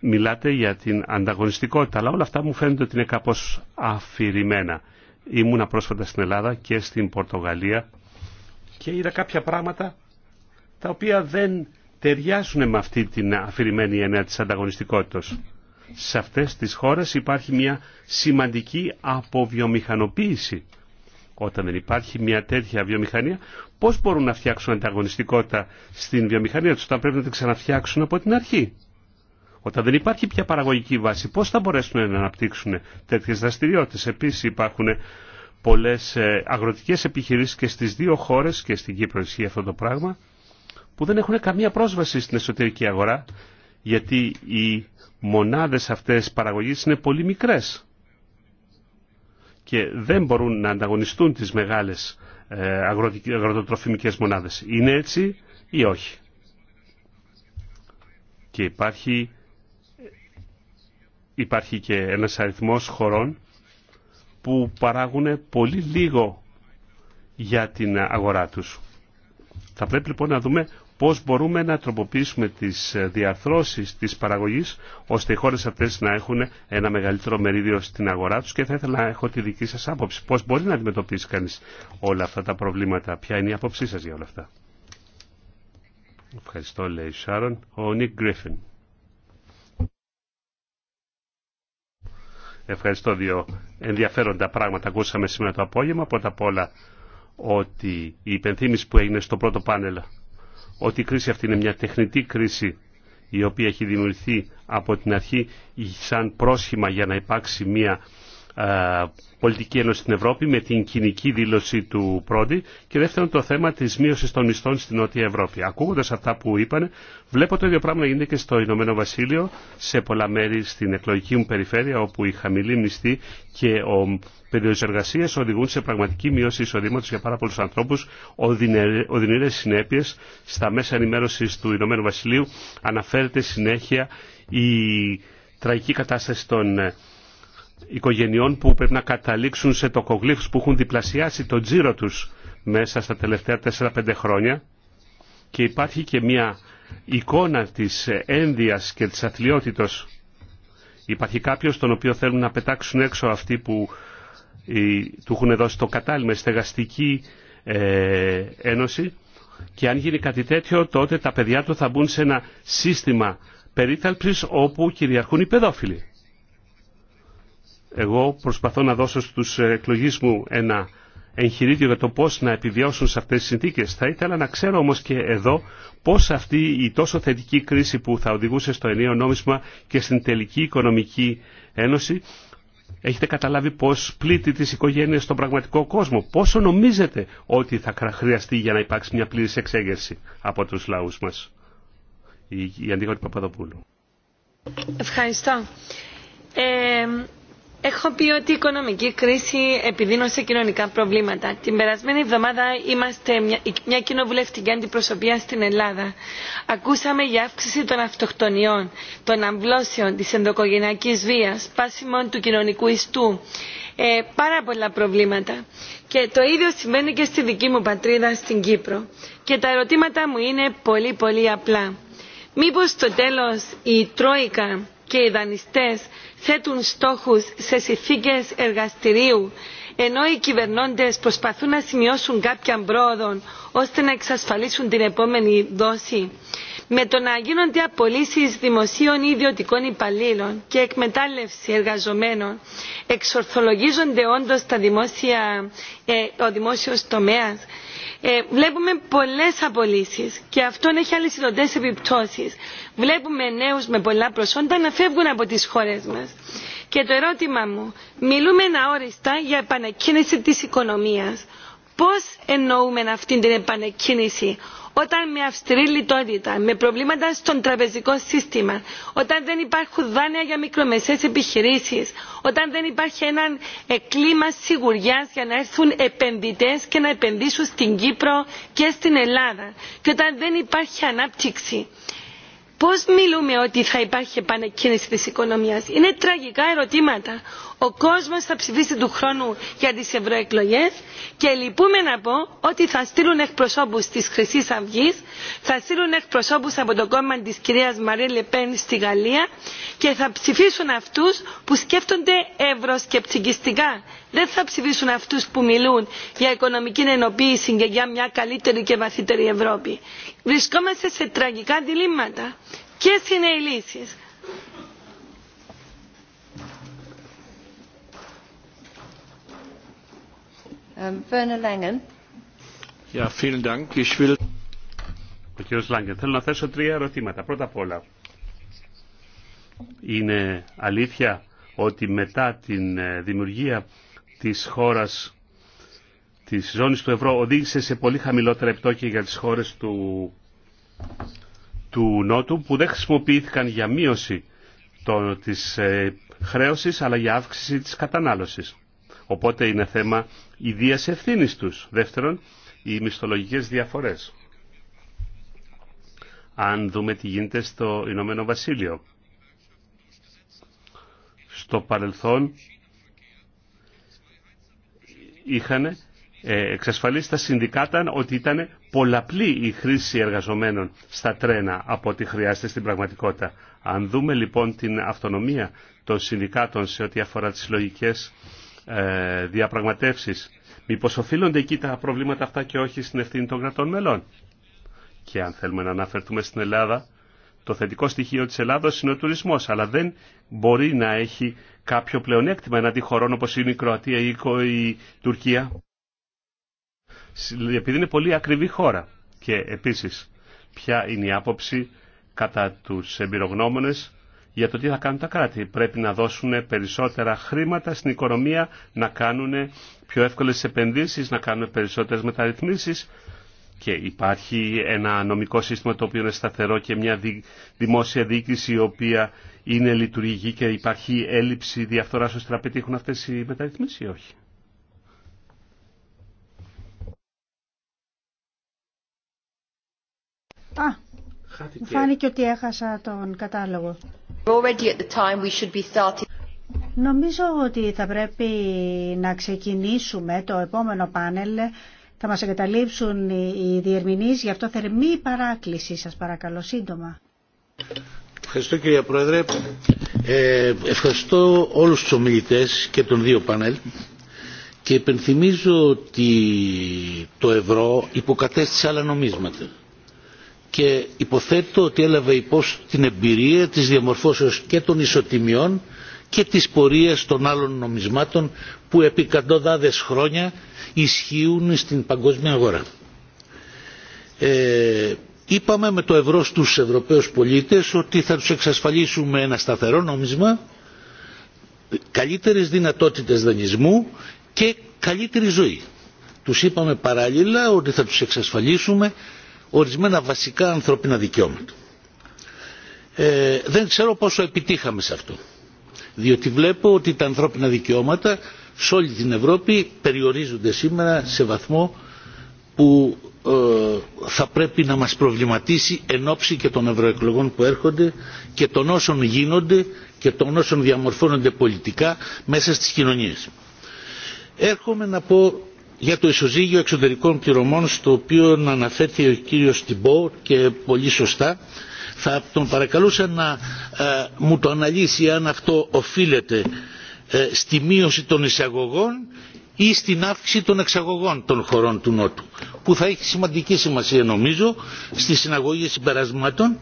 Μιλάτε για την ανταγωνιστικότητα, αλλά όλα αυτά μου φαίνεται ότι είναι κάπως αφηρημένα. Ήμουνα πρόσφατα στην Ελλάδα και στην Πορτογαλία και είδα κάποια πράγματα τα οποία δεν ταιριάσουν με αυτή την αφηρημένη έννοια της ανταγωνιστικότητας. Σε αυτές τις χώρες υπάρχει μια σημαντική αποβιομηχανοποίηση. Όταν δεν υπάρχει μια τέτοια βιομηχανία, πώς μπορούν να φτιάξουν ανταγωνιστικότητα στην βιομηχανία τους, όταν πρέπει να την ξαναφτιάξουν από την αρχή. Όταν δεν υπάρχει πια παραγωγική βάση, πώς θα μπορέσουν να αναπτύξουν τέτοιες δραστηριότητες. Επίσης υπάρχουν πολλές ε, αγροτικές επιχειρήσεις και στις δύο χώρες και στην Κύπρο ισχύει αυτό το πράγμα που δεν έχουν καμία πρόσβαση στην εσωτερική αγορά γιατί οι μονάδες αυτές παραγωγής είναι πολύ μικρές και δεν μπορούν να ανταγωνιστούν τις μεγάλες ε, αγροτοτροφημικές μονάδες. Είναι έτσι ή όχι. Και υπάρχει, υπάρχει και ένας αριθμός χωρών που παράγουν πολύ λίγο για την αγορά τους. Θα πρέπει λοιπόν να δούμε πώς μπορούμε να τροποποιήσουμε τις ε, διαρθρώσεις της παραγωγής ώστε οι χώρες αυτές να έχουν ένα μεγαλύτερο μερίδιο στην αγορά τους και θα ήθελα να έχω τη δική σας άποψη. Πώς μπορεί να αντιμετωπίσει κανείς όλα αυτά τα προβλήματα. Ποια είναι η άποψή σας για όλα αυτά. Ευχαριστώ λέει Σάρον. Ο Νίκ Γκρίφιν. Ευχαριστώ δύο ενδιαφέροντα πράγματα ακούσαμε σήμερα το απόγευμα. Πρώτα απ' όλα ότι η υπενθύμηση που έγινε στο πρώτο πάνελ ότι η κρίση αυτή είναι μια τεχνητή κρίση η οποία έχει δημιουργηθεί από την αρχή σαν πρόσχημα για να υπάρξει μια ε, πολιτική ένωση στην Ευρώπη με την κοινική δήλωση του πρώτη και δεύτερον το θέμα της μείωσης των μισθών στην Νότια Ευρώπη. Ακούγοντας αυτά που είπαν, βλέπω το ίδιο πράγμα να γίνεται και στο Ηνωμένο Βασίλειο σε πολλά μέρη στην εκλογική μου περιφέρεια όπου η χαμηλή μισθή και ο περίοδος εργασίας οδηγούν σε πραγματική μείωση εισοδήματος για πάρα πολλούς ανθρώπους, οδυνηρές συνέπειες στα μέσα ενημέρωση του Ηνωμένου Βασιλείου αναφέρεται συνέχεια η τραγική κατάσταση των οικογενειών που πρέπει να καταλήξουν σε τοκογλύφους που έχουν διπλασιάσει τον τζίρο τους μέσα στα τελευταία 4-5 χρόνια και υπάρχει και μια εικόνα της ένδυας και της αθλειότητος. Υπάρχει κάποιος τον οποίο θέλουν να πετάξουν έξω αυτοί που του έχουν δώσει το κατάλληλο στεγαστική ε, ένωση και αν γίνει κάτι τέτοιο τότε τα παιδιά του θα μπουν σε ένα σύστημα περίθαλψης όπου κυριαρχούν οι παιδόφιλοι. Εγώ προσπαθώ να δώσω στους εκλογείς μου ένα εγχειρίδιο για το πώς να επιβιώσουν σε αυτές τις συνθήκες. Θα ήθελα να ξέρω όμως και εδώ πώς αυτή η τόσο θετική κρίση που θα οδηγούσε στο ενίο νόμισμα και στην τελική οικονομική ένωση Έχετε καταλάβει πώς πλήττει τις οικογένειες στον πραγματικό κόσμο. Πόσο νομίζετε ότι θα χρειαστεί για να υπάρξει μια πλήρης εξέγερση από τους λαούς μας. Η, η Παπαδοπούλου. Ευχαριστώ. Ε, Έχω πει ότι η οικονομική κρίση επιδίνωσε κοινωνικά προβλήματα. Την περασμένη εβδομάδα είμαστε μια, μια κοινοβουλευτική αντιπροσωπεία στην Ελλάδα. Ακούσαμε για αύξηση των αυτοκτονιών, των αμβλώσεων, της ενδοκογενειακής βίας, πάσιμων του κοινωνικού ιστού, ε, πάρα πολλά προβλήματα. Και το ίδιο συμβαίνει και στη δική μου πατρίδα, στην Κύπρο. Και τα ερωτήματα μου είναι πολύ πολύ απλά. Μήπως στο τέλος η Τρόικα και οι δανειστές θέτουν στόχους σε συνθήκες εργαστηρίου ενώ οι κυβερνώντες προσπαθούν να σημειώσουν κάποια πρόοδο ώστε να εξασφαλίσουν την επόμενη δόση με το να γίνονται απολύσεις δημοσίων ή ιδιωτικών υπαλλήλων και εκμετάλλευση εργαζομένων εξορθολογίζονται όντως ε, ο δημόσιος τομέας ε, βλέπουμε πολλέ απολύσει και αυτό έχει αλυσιδωτέ επιπτώσει. Βλέπουμε νέου με πολλά προσόντα να φεύγουν από τι χώρε μα. Και το ερώτημα μου, μιλούμε αόριστα για επανακίνηση τη οικονομίας. Πώς εννοούμε αυτή την επανακίνηση όταν με αυστηρή λιτότητα, με προβλήματα στον τραπεζικό σύστημα, όταν δεν υπάρχουν δάνεια για μικρομεσαίες επιχειρήσεις, όταν δεν υπάρχει ένα κλίμα σιγουριάς για να έρθουν επενδυτές και να επενδύσουν στην Κύπρο και στην Ελλάδα και όταν δεν υπάρχει ανάπτυξη Πώ μιλούμε ότι θα υπάρχει επανεκκίνηση τη οικονομία, Είναι τραγικά ερωτήματα. Ο κόσμο θα ψηφίσει του χρόνου για τι ευρωεκλογέ και λυπούμε να πω ότι θα στείλουν εκπροσώπους τη χρυσή αυγή, θα στείλουν εκπροσώπους από το κόμμα τη κυρία Μαρή Λεπέν στη Γαλλία και θα ψηφίσουν αυτού που σκέφτονται ευρωσκεπτικιστικά δεν θα ψηφίσουν αυτούς που μιλούν για οικονομική ενοποίηση και για μια καλύτερη και βαθύτερη Ευρώπη. Βρισκόμαστε σε τραγικά διλήμματα. Ποιε είναι οι λύσεις. Ο Λάγκεν, θέλω να θέσω τρία ερωτήματα. Πρώτα απ' όλα, είναι αλήθεια ότι μετά την ε, δημιουργία της χώρας της ζώνης του ευρώ οδήγησε σε πολύ χαμηλότερα επιτόκια για τις χώρες του, του Νότου που δεν χρησιμοποιήθηκαν για μείωση το, της ε, χρέωσης αλλά για αύξηση της κατανάλωσης. Οπότε είναι θέμα ιδίας ευθύνης τους. Δεύτερον, οι μισθολογικές διαφορές. Αν δούμε τι γίνεται στο Ηνωμένο Βασίλειο. Στο παρελθόν είχαν ε, εξασφαλίσει τα συνδικάτα ότι ήταν πολλαπλή η χρήση εργαζομένων στα τρένα από ό,τι χρειάζεται στην πραγματικότητα. Αν δούμε λοιπόν την αυτονομία των συνδικάτων σε ό,τι αφορά τις λογικές ε, διαπραγματεύσεις, μήπως οφείλονται εκεί τα προβλήματα αυτά και όχι στην ευθύνη των κρατών μελών. Και αν θέλουμε να αναφερθούμε στην Ελλάδα, το θετικό στοιχείο της Ελλάδος είναι ο τουρισμός, αλλά δεν μπορεί να έχει κάποιο πλεονέκτημα εναντί χωρών όπως είναι η Κροατία ή η Τουρκία. Επειδή είναι πολύ ακριβή χώρα. Και επίσης, ποια είναι η άποψη κατά τους εμπειρογνώμονες για το τι θα κάνουν τα κράτη. Πρέπει να δώσουν περισσότερα χρήματα στην οικονομία, να κάνουν πιο εύκολες επενδύσεις, να κάνουν περισσότερες μεταρρυθμίσεις και υπάρχει ένα νομικό σύστημα το οποίο είναι σταθερό και μια δημόσια διοίκηση η οποία είναι λειτουργική και υπάρχει έλλειψη διαφθοράς ώστε να πετύχουν αυτές οι μεταρρυθμίσεις ή όχι. Α, μου φάνηκε ότι έχασα τον κατάλογο. Νομίζω ότι θα πρέπει να ξεκινήσουμε το επόμενο πάνελ θα μας εγκαταλείψουν οι διερμηνείς, γι' αυτό θερμή παράκληση σας παρακαλώ σύντομα. Ευχαριστώ κυρία Πρόεδρε. Ε, ευχαριστώ όλους τους ομιλητές και των δύο πάνελ και υπενθυμίζω ότι το ευρώ υποκατέστησε άλλα νομίσματα και υποθέτω ότι έλαβε υπόσχεση την εμπειρία της διαμορφώσεως και των ισοτιμιών και τις πορείες των άλλων νομισμάτων που επί χρόνια ισχύουν στην παγκόσμια αγορά. Ε, είπαμε με το ευρώ στους Ευρωπαίους πολίτες ότι θα τους εξασφαλίσουμε ένα σταθερό νόμισμα, καλύτερες δυνατότητες δανεισμού και καλύτερη ζωή. Τους είπαμε παράλληλα ότι θα τους εξασφαλίσουμε ορισμένα βασικά ανθρωπίνα δικαιώματα. Ε, δεν ξέρω πόσο επιτύχαμε σε αυτό διότι βλέπω ότι τα ανθρώπινα δικαιώματα σε όλη την Ευρώπη περιορίζονται σήμερα σε βαθμό που ε, θα πρέπει να μας προβληματίσει εν ώψη και των ευρωεκλογών που έρχονται και των όσων γίνονται και των όσων διαμορφώνονται πολιτικά μέσα στις κοινωνίες. Έρχομαι να πω για το ισοζύγιο εξωτερικών πληρωμών στο οποίο αναφέρθηκε ο κύριος Τιμπό και πολύ σωστά θα τον παρακαλούσα να ε, μου το αναλύσει αν αυτό οφείλεται ε, στη μείωση των εισαγωγών ή στην αύξηση των εξαγωγών των χωρών του Νότου που θα έχει σημαντική σημασία νομίζω στη συναγωγή συμπερασμάτων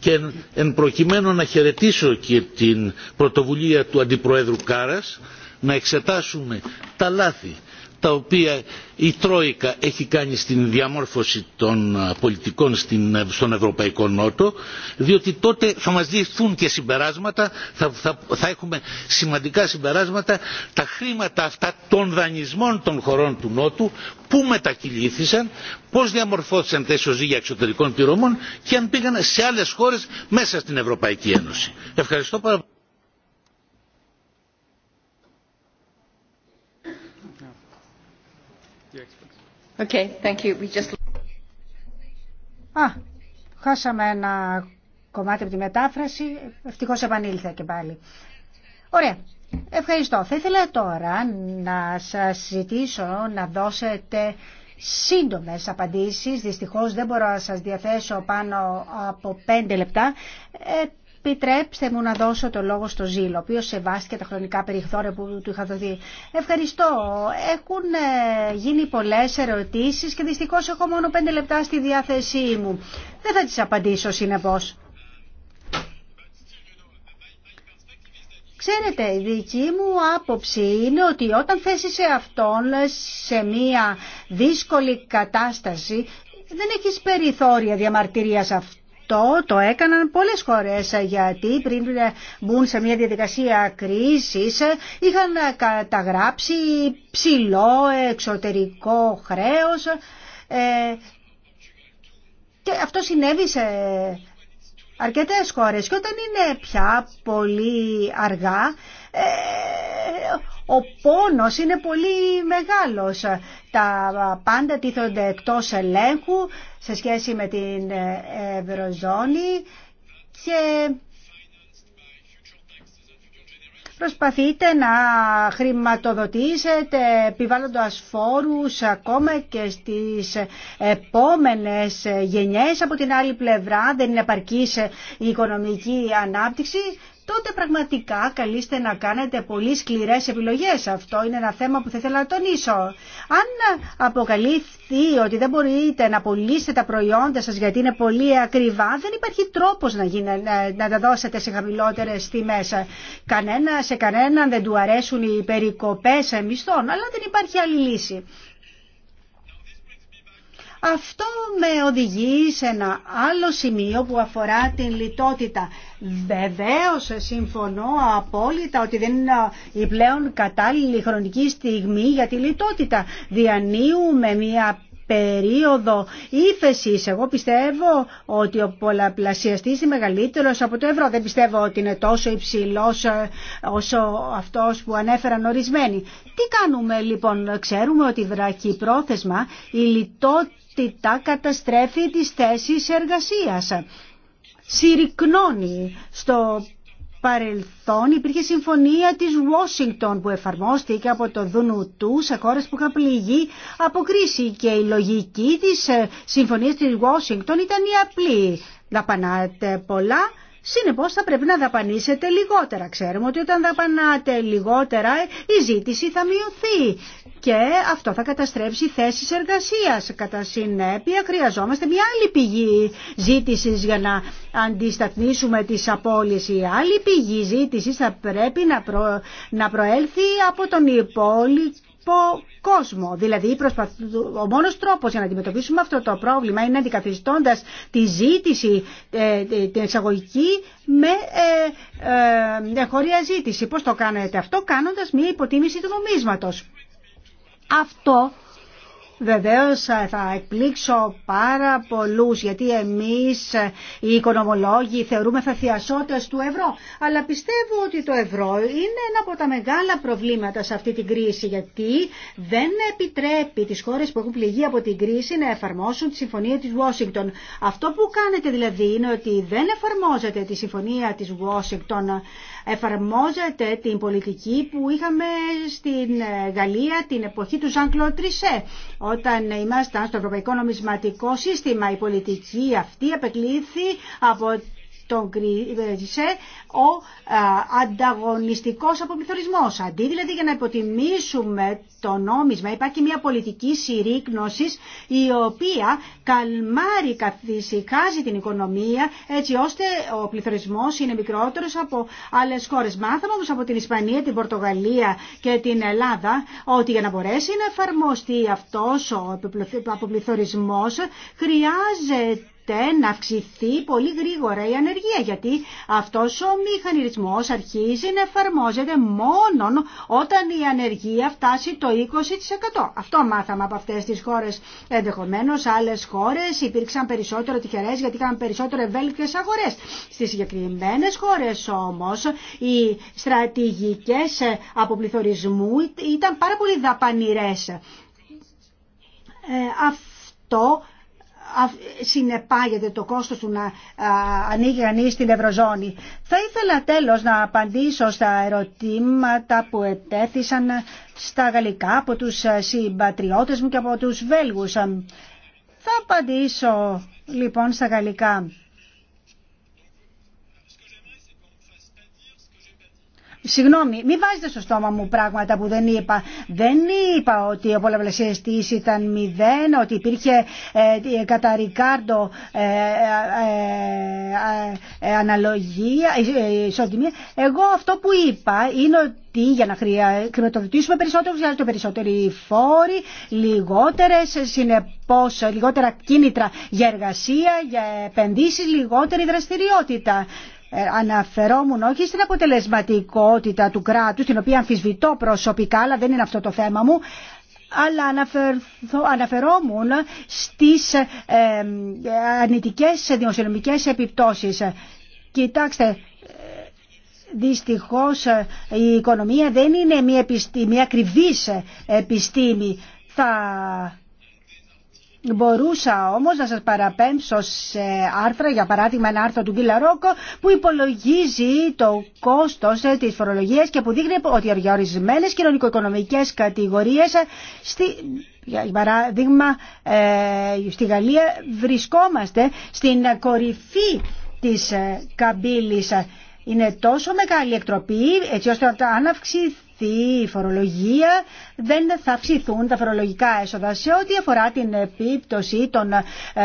και εν προκειμένου να χαιρετήσω και την πρωτοβουλία του Αντιπροέδρου Κάρας να εξετάσουμε τα λάθη τα οποία η Τρόικα έχει κάνει στην διαμόρφωση των ε, πολιτικών ε, στον Ευρωπαϊκό Νότο, διότι τότε θα μας διευθούν και συμπεράσματα, θα, έχουμε σημαντικά συμπεράσματα, τα χρήματα αυτά των δανεισμών των χωρών του Νότου, πού μετακυλήθησαν, πώς διαμορφώθησαν τα ισοζύγια εξωτερικών πληρωμών και αν πήγαν σε άλλες χώρες μέσα στην Ευρωπαϊκή Ένωση. Ευχαριστώ πάρα πολύ. Α, χάσαμε ένα κομμάτι από τη μετάφραση. Ευτυχώ επανήλθε και πάλι. Ωραία. Ευχαριστώ. Θα ήθελα τώρα να σα ζητήσω να δώσετε σύντομες απαντήσεις. Δυστυχώς δεν μπορώ να σας διαθέσω πάνω από πέντε λεπτά. Ε, επιτρέψτε μου να δώσω το λόγο στο Ζήλο, ο οποίο σεβάστηκε τα χρονικά περιχθώρια που του είχα δοθεί. Ευχαριστώ. Έχουν ε, γίνει πολλέ ερωτήσει και δυστυχώ έχω μόνο πέντε λεπτά στη διάθεσή μου. Δεν θα τι απαντήσω συνεπώ. Ξέρετε, η δική μου άποψη είναι ότι όταν θέσει σε αυτόν σε μία δύσκολη κατάσταση, δεν έχει περιθώρια διαμαρτυρίας αυτού αυτό το έκαναν πολλές χώρες γιατί πριν μπουν σε μια διαδικασία κρίσης είχαν καταγράψει ψηλό εξωτερικό χρέος ε, και αυτό συνέβη σε αρκετές χώρες και όταν είναι πια πολύ αργά ε, ο πόνος είναι πολύ μεγάλος. Τα πάντα τίθονται εκτός ελέγχου σε σχέση με την ε, Ευρωζώνη και προσπαθείτε να χρηματοδοτήσετε επιβάλλοντας φόρους ακόμα και στις επόμενες γενιές. Από την άλλη πλευρά δεν είναι επαρκής η οικονομική ανάπτυξη τότε πραγματικά καλείστε να κάνετε πολύ σκληρές επιλογές. Αυτό είναι ένα θέμα που θα ήθελα να τονίσω. Αν αποκαλύφθει ότι δεν μπορείτε να πουλήσετε τα προϊόντα σας γιατί είναι πολύ ακριβά, δεν υπάρχει τρόπος να, να τα δώσετε σε χαμηλότερες τιμές. Κανένα, σε κανέναν δεν του αρέσουν οι περικοπές μισθών, αλλά δεν υπάρχει άλλη λύση. Αυτό με οδηγεί σε ένα άλλο σημείο που αφορά την λιτότητα. Βεβαίω συμφωνώ απόλυτα ότι δεν είναι η πλέον κατάλληλη χρονική στιγμή για τη λιτότητα. Διανύουμε μια περίοδο ύφεση. Εγώ πιστεύω ότι ο πολλαπλασιαστή είναι μεγαλύτερο από το ευρώ. Δεν πιστεύω ότι είναι τόσο υψηλό ε, όσο αυτό που ανέφεραν ορισμένοι. Τι κάνουμε λοιπόν, ξέρουμε ότι βραχυπρόθεσμα η λιτότητα τά καταστρέφει τις θέσεις εργασίας. Συρρυκνώνει στο παρελθόν υπήρχε συμφωνία της Ουάσιγκτον που εφαρμόστηκε από το Δούνου του σε χώρες που είχαν πληγεί από κρίση και η λογική της ε, συμφωνίας της Ουάσιγκτον ήταν η απλή. Δαπανάτε πολλά Συνεπώς θα πρέπει να δαπανίσετε λιγότερα. Ξέρουμε ότι όταν δαπανάτε λιγότερα η ζήτηση θα μειωθεί και αυτό θα καταστρέψει θέσεις εργασίας. Κατά συνέπεια χρειαζόμαστε μια άλλη πηγή ζήτησης για να αντισταθμίσουμε τις απόλυση. Η άλλη πηγή ζήτησης θα πρέπει να, να προέλθει από τον υπόλοιπο κόσμο. Δηλαδή, ο μόνο τρόπο για να αντιμετωπίσουμε αυτό το πρόβλημα είναι αντικαθιστώντα τη ζήτηση, ε, την εισαγωγική με ε, ε, χωρία ζήτηση. Πώ το κάνετε αυτό, κάνοντα μία υποτίμηση του νομίσματος. Αυτό Βεβαίως ε, θα εκπλήξω πάρα πολλούς γιατί εμείς ε, οι οικονομολόγοι θεωρούμε θα του ευρώ. Αλλά πιστεύω ότι το ευρώ είναι ένα από τα μεγάλα προβλήματα σε αυτή την κρίση γιατί δεν επιτρέπει τις χώρες που έχουν πληγεί από την κρίση να εφαρμόσουν τη συμφωνία της Ουάσιγκτον. Αυτό που κάνετε δηλαδή είναι ότι δεν εφαρμόζεται τη συμφωνία της Ουάσιγκτον εφαρμόζεται την πολιτική που είχαμε στην ε, Γαλλία την εποχή του Ζαν Κλωτρισέ. Όταν ήμασταν στο Ευρωπαϊκό Νομισματικό Σύστημα η πολιτική αυτή απεκλήθη από τον ΚΡΙΣΕ ε, ο ε, ανταγωνιστικός αποπληθωρισμός. Αντί δηλαδή για να υποτιμήσουμε το νόμισμα υπάρχει μια πολιτική συρρήκνωσης η οποία καλμάρει, καθησυχάζει την οικονομία έτσι ώστε ο πληθωρισμός είναι μικρότερος από άλλες χώρες. Μάθαμε όμως από την Ισπανία, την Πορτογαλία και την Ελλάδα ότι για να μπορέσει να εφαρμοστεί αυτός ο αποπληθωρισμός χρειάζεται να αυξηθεί πολύ γρήγορα η ανεργία γιατί αυτός ο μηχανισμός αρχίζει να εφαρμόζεται μόνο όταν η ανεργία φτάσει το 20%. Αυτό μάθαμε από αυτές τις χώρες. Ενδεχομένω, άλλες χώρες υπήρξαν περισσότερο τυχερές γιατί είχαν περισσότερο ευέλικτες αγορές. Στις συγκεκριμένε χώρες όμως οι στρατηγικές αποπληθωρισμού ήταν πάρα πολύ δαπανηρές. Ε, αυτό συνεπάγεται το κόστος του να ανοίγει κανεί την Ευρωζώνη. Θα ήθελα τέλος να απαντήσω στα ερωτήματα που ετέθησαν στα γαλλικά από τους ε, συμπατριώτες μου και από τους Βέλγους. Θα απαντήσω λοιπόν στα γαλλικά. Συγγνώμη, μην βάζετε στο στόμα μου πράγματα που δεν είπα. Δεν είπα ότι ο πολλαπλασιαστή ήταν μηδέν, ότι υπήρχε ε, ε κατά Ρικάρντο ε, ε, ε, αναλογία, ισοτιμία. Εγώ αυτό που είπα είναι ότι για να χρηματοδοτήσουμε περισσότερο χρειάζονται περισσότεροι φόροι, λιγότερε συνεπώς, λιγότερα κίνητρα για εργασία, για επενδύσει, λιγότερη δραστηριότητα. Ε, αναφερόμουν όχι στην αποτελεσματικότητα του κράτους, την οποία αμφισβητώ προσωπικά, αλλά δεν είναι αυτό το θέμα μου, αλλά αναφερόμουν στις ε, ε, αρνητικές δημοσιονομικές επιπτώσεις. Κοιτάξτε, ε, δυστυχώς η οικονομία δεν είναι μια, επιστήμη, μια ακριβής επιστήμη. Θα Μπορούσα όμω να σα παραπέμψω σε άρθρα, για παράδειγμα ένα άρθρο του Ρόκο που υπολογίζει το κόστο ε, τη φορολογία και που δείχνει ότι για ορισμένε κοινωνικο κοινωνικο-οικονομικέ κατηγορίες ε, για παράδειγμα ε, στη Γαλλία βρισκόμαστε στην κορυφή της καμπύλη. είναι τόσο μεγάλη εκτροπή έτσι ώστε αν αυξηθεί αυξηθεί η φορολογία, δεν θα αυξηθούν τα φορολογικά έσοδα. Σε ό,τι αφορά την επίπτωση των ε, ε,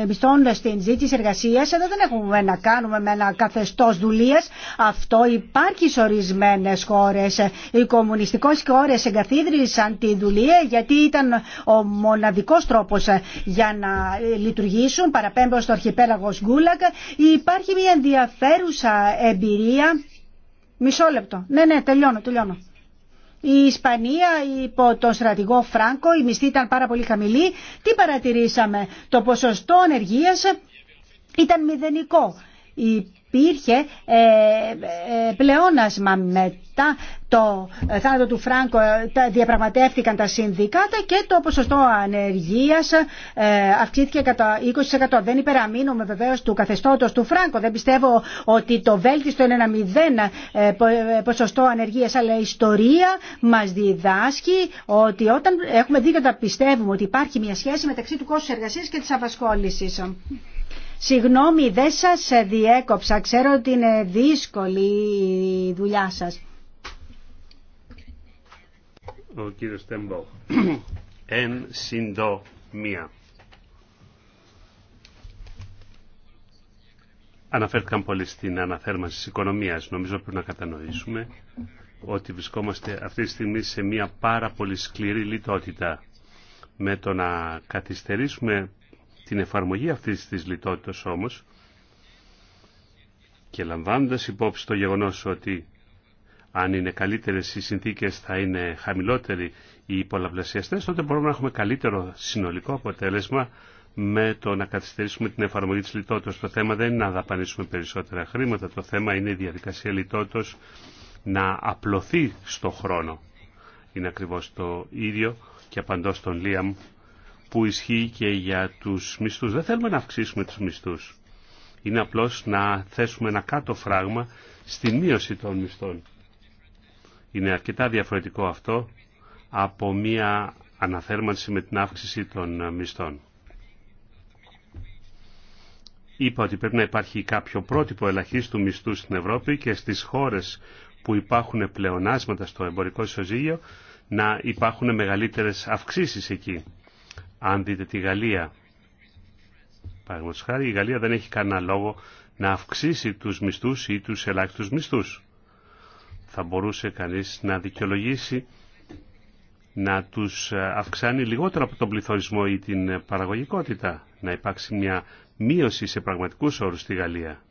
ε, μισθών στην ζήτηση εργασία. εδώ δεν έχουμε να κάνουμε με ένα καθεστώ δουλειά. Αυτό υπάρχει σε ορισμένες χώρε. Οι κομμουνιστικέ χώρε εγκαθίδρυσαν τη δουλεία γιατί ήταν ο μοναδικό τρόπο για να λειτουργήσουν. Παραπέμπω στο αρχιπέλαγο Γκούλαγκ. Υπάρχει μια ενδιαφέρουσα εμπειρία Μισό λεπτό. Ναι, ναι, τελειώνω, τελειώνω. Η Ισπανία υπό τον στρατηγό Φράγκο, η μισθή ήταν πάρα πολύ χαμηλή. Τι παρατηρήσαμε, το ποσοστό ανεργίας ήταν μηδενικό. Η υπήρχε ε, ε, πλεόνασμα μετά το θάνατο του Φράγκο ε, διαπραγματεύτηκαν τα συνδικάτα και το ποσοστό ανεργίας αυξήθηκε κατά 20%. Δεν υπεραμείνουμε βεβαίως του καθεστώτος του Φράνκο. Δεν πιστεύω ότι το βέλτιστο είναι ένα μηδέν ποσοστό ανεργίας αλλά η ιστορία μας διδάσκει ότι όταν έχουμε δίκιο να πιστεύουμε ότι υπάρχει μια σχέση μεταξύ του κόστου εργασίας και της απασχόλησης. Συγγνώμη, δεν σας διέκοψα. Ξέρω ότι είναι δύσκολη η δουλειά σας. Ο κύριος Τέμπο. Εν συντομία. Αναφέρθηκαν πολύ στην αναθέρμανση της οικονομίας. Νομίζω πρέπει να κατανοήσουμε ότι βρισκόμαστε αυτή τη στιγμή σε μια πάρα πολύ σκληρή λιτότητα. Με το να καθυστερήσουμε την εφαρμογή αυτής της λιτότητας όμως και λαμβάνοντας υπόψη το γεγονός ότι αν είναι καλύτερες οι συνθήκες θα είναι χαμηλότεροι οι πολλαπλασιαστές, τότε μπορούμε να έχουμε καλύτερο συνολικό αποτέλεσμα με το να καθυστερήσουμε την εφαρμογή της λιτότητας. Το θέμα δεν είναι να δαπανίσουμε περισσότερα χρήματα, το θέμα είναι η διαδικασία λιτότητας να απλωθεί στο χρόνο. Είναι ακριβώς το ίδιο και απαντώ στον Λίαμ που ισχύει και για τους μισθούς. Δεν θέλουμε να αυξήσουμε τους μισθούς. Είναι απλώς να θέσουμε ένα κάτω φράγμα στην μείωση των μισθών. Είναι αρκετά διαφορετικό αυτό από μία αναθέρμανση με την αύξηση των μισθών. Είπα ότι πρέπει να υπάρχει κάποιο πρότυπο ελαχίστου μισθού στην Ευρώπη και στις χώρες που υπάρχουν πλεονάσματα στο εμπορικό ισοζύγιο να υπάρχουν μεγαλύτερες αυξήσεις εκεί. Αν δείτε τη Γαλλία, παραδείγματος χάρη, η Γαλλία δεν έχει κανένα λόγο να αυξήσει τους μισθούς ή τους ελάχιστους μισθούς. Θα μπορούσε κανείς να δικαιολογήσει να τους ε, αυξάνει λιγότερο από τον πληθωρισμό ή την ε, παραγωγικότητα, να υπάρξει μια μείωση σε πραγματικούς όρους στη Γαλλία.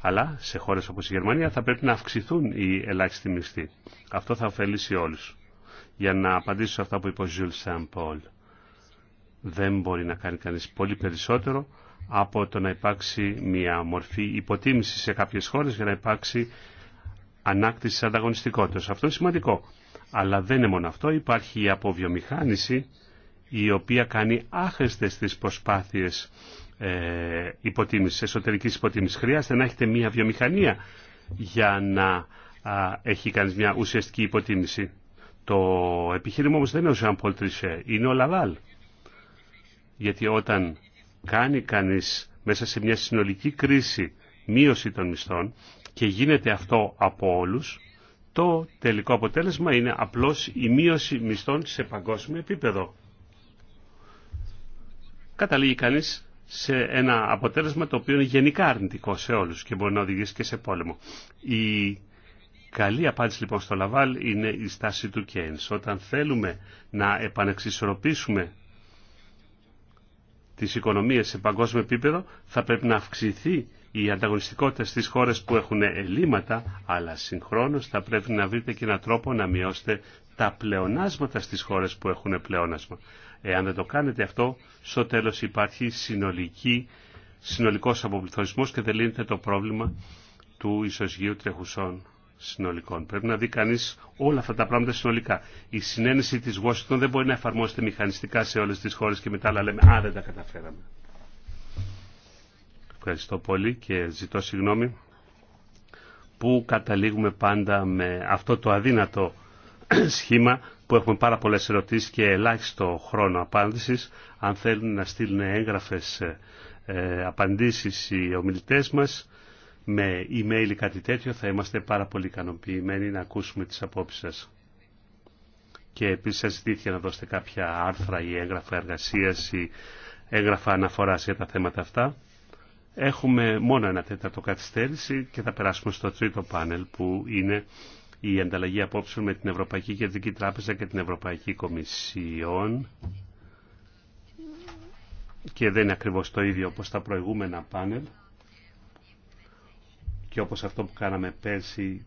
Αλλά σε χώρες όπως η Γερμανία θα πρέπει να αυξηθούν οι ελάχιστοι μισθοί. Αυτό θα ωφελήσει όλους για να απαντήσω σε αυτά που είπε ο Ζουλ Σαμπόλ. Δεν μπορεί να κάνει κανείς πολύ περισσότερο από το να υπάρξει μια μορφή υποτίμηση σε κάποιες χώρες για να υπάρξει ανάκτηση ανταγωνιστικότητας. Αυτό είναι σημαντικό. Αλλά δεν είναι μόνο αυτό. Υπάρχει η αποβιομηχάνηση η οποία κάνει άχρηστες τις προσπάθειες ε, υποτίμηση. εσωτερικής υποτίμησης. Χρειάζεται να έχετε μια βιομηχανία για να έχει κανείς μια ουσιαστική υποτίμηση. Το επιχείρημα όμως δεν είναι ο Ζαν Πολ είναι ο Λαβάλ. Γιατί όταν κάνει κανείς μέσα σε μια συνολική κρίση μείωση των μισθών και γίνεται αυτό από όλους, το τελικό αποτέλεσμα είναι απλώς η μείωση μισθών σε παγκόσμιο επίπεδο. Καταλήγει κανείς σε ένα αποτέλεσμα το οποίο είναι γενικά αρνητικό σε όλους και μπορεί να οδηγήσει και σε πόλεμο. Η Καλή απάντηση λοιπόν στο Λαβάλ είναι η στάση του Κέινς. Όταν θέλουμε να επανεξισορροπήσουμε τις οικονομίες σε παγκόσμιο επίπεδο, θα πρέπει να αυξηθεί η ανταγωνιστικότητα στις χώρες που έχουν ελλείμματα, αλλά συγχρόνως θα πρέπει να βρείτε και έναν τρόπο να μειώσετε τα πλεονάσματα στις χώρες που έχουν πλεονάσμα. Εάν δεν το κάνετε αυτό, στο τέλος υπάρχει συνολική, συνολικός αποπληθωρισμός και δεν λύνεται το πρόβλημα του ισοσγείου τρεχουσών συνολικών. Πρέπει να δει κανεί όλα αυτά τα πράγματα συνολικά. Η συνένεση τη Washington δεν μπορεί να εφαρμόζεται μηχανιστικά σε όλε τι χώρε και μετά λέμε Α, δεν τα καταφέραμε. Ευχαριστώ πολύ και ζητώ συγγνώμη που καταλήγουμε πάντα με αυτό το αδύνατο σχήμα που έχουμε πάρα πολλέ ερωτήσει και ελάχιστο χρόνο απάντηση. Αν θέλουν να στείλουν έγγραφε ε, ε, απαντήσεις οι ομιλητές μας με email ή κάτι τέτοιο θα είμαστε πάρα πολύ ικανοποιημένοι να ακούσουμε τις απόψεις σας. Και επίσης σας ζητήθηκε να δώσετε κάποια άρθρα ή έγγραφα εργασίας ή έγγραφα αναφοράς για τα θέματα αυτά. Έχουμε μόνο ένα τέταρτο καθυστέρηση και θα περάσουμε στο τρίτο πάνελ που είναι η ανταλλαγή απόψεων με την Ευρωπαϊκή Κεντρική Τράπεζα και την Ευρωπαϊκή Κομισιόν και δεν είναι ακριβώς το ίδιο όπως τα προηγούμενα πάνελ και όπως αυτό που κάναμε πέρσι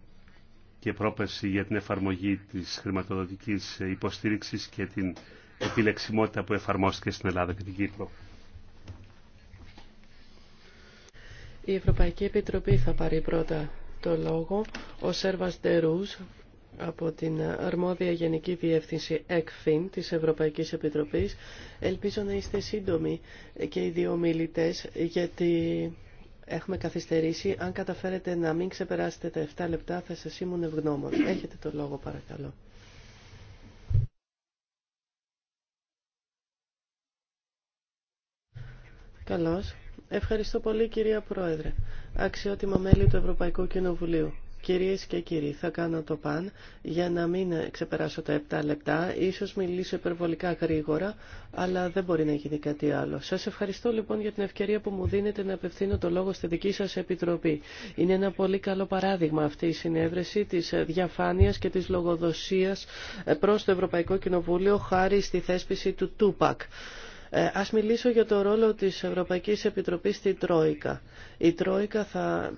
και πρόπεση για την εφαρμογή της χρηματοδοτικής υποστήριξης και την επιλεξιμότητα που εφαρμόστηκε στην Ελλάδα και την Κύπρο. Η Ευρωπαϊκή Επιτροπή θα πάρει πρώτα το λόγο. Ο Σέρβας Ντερούς από την αρμόδια Γενική Διεύθυνση ΕΚΦΙΝ της Ευρωπαϊκής Επιτροπής. Ελπίζω να είστε σύντομοι και οι δύο μιλητές γιατί Έχουμε καθυστερήσει. Αν καταφέρετε να μην ξεπεράσετε τα 7 λεπτά θα σα ήμουν ευγνώμων. Έχετε το λόγο παρακαλώ. Καλώς. Ευχαριστώ πολύ κυρία Πρόεδρε. Αξιότιμα μέλη του Ευρωπαϊκού Κοινοβουλίου. Κυρίες και κύριοι, θα κάνω το παν για να μην ξεπεράσω τα 7 λεπτά. Ίσως μιλήσω υπερβολικά γρήγορα, αλλά δεν μπορεί να γίνει κάτι άλλο. Σας ευχαριστώ λοιπόν για την ευκαιρία που μου δίνετε να απευθύνω το λόγο στη δική σας Επιτροπή. Είναι ένα πολύ καλό παράδειγμα αυτή η συνέβρεση της διαφάνειας και της λογοδοσίας προς το Ευρωπαϊκό Κοινοβούλιο χάρη στη θέσπιση του ΤΟΥΠΑΚ. Ε, ας μιλήσω για το ρόλο της Ευρωπαϊκής Επιτροπής στη Τρόικα. Η Τρόικα θα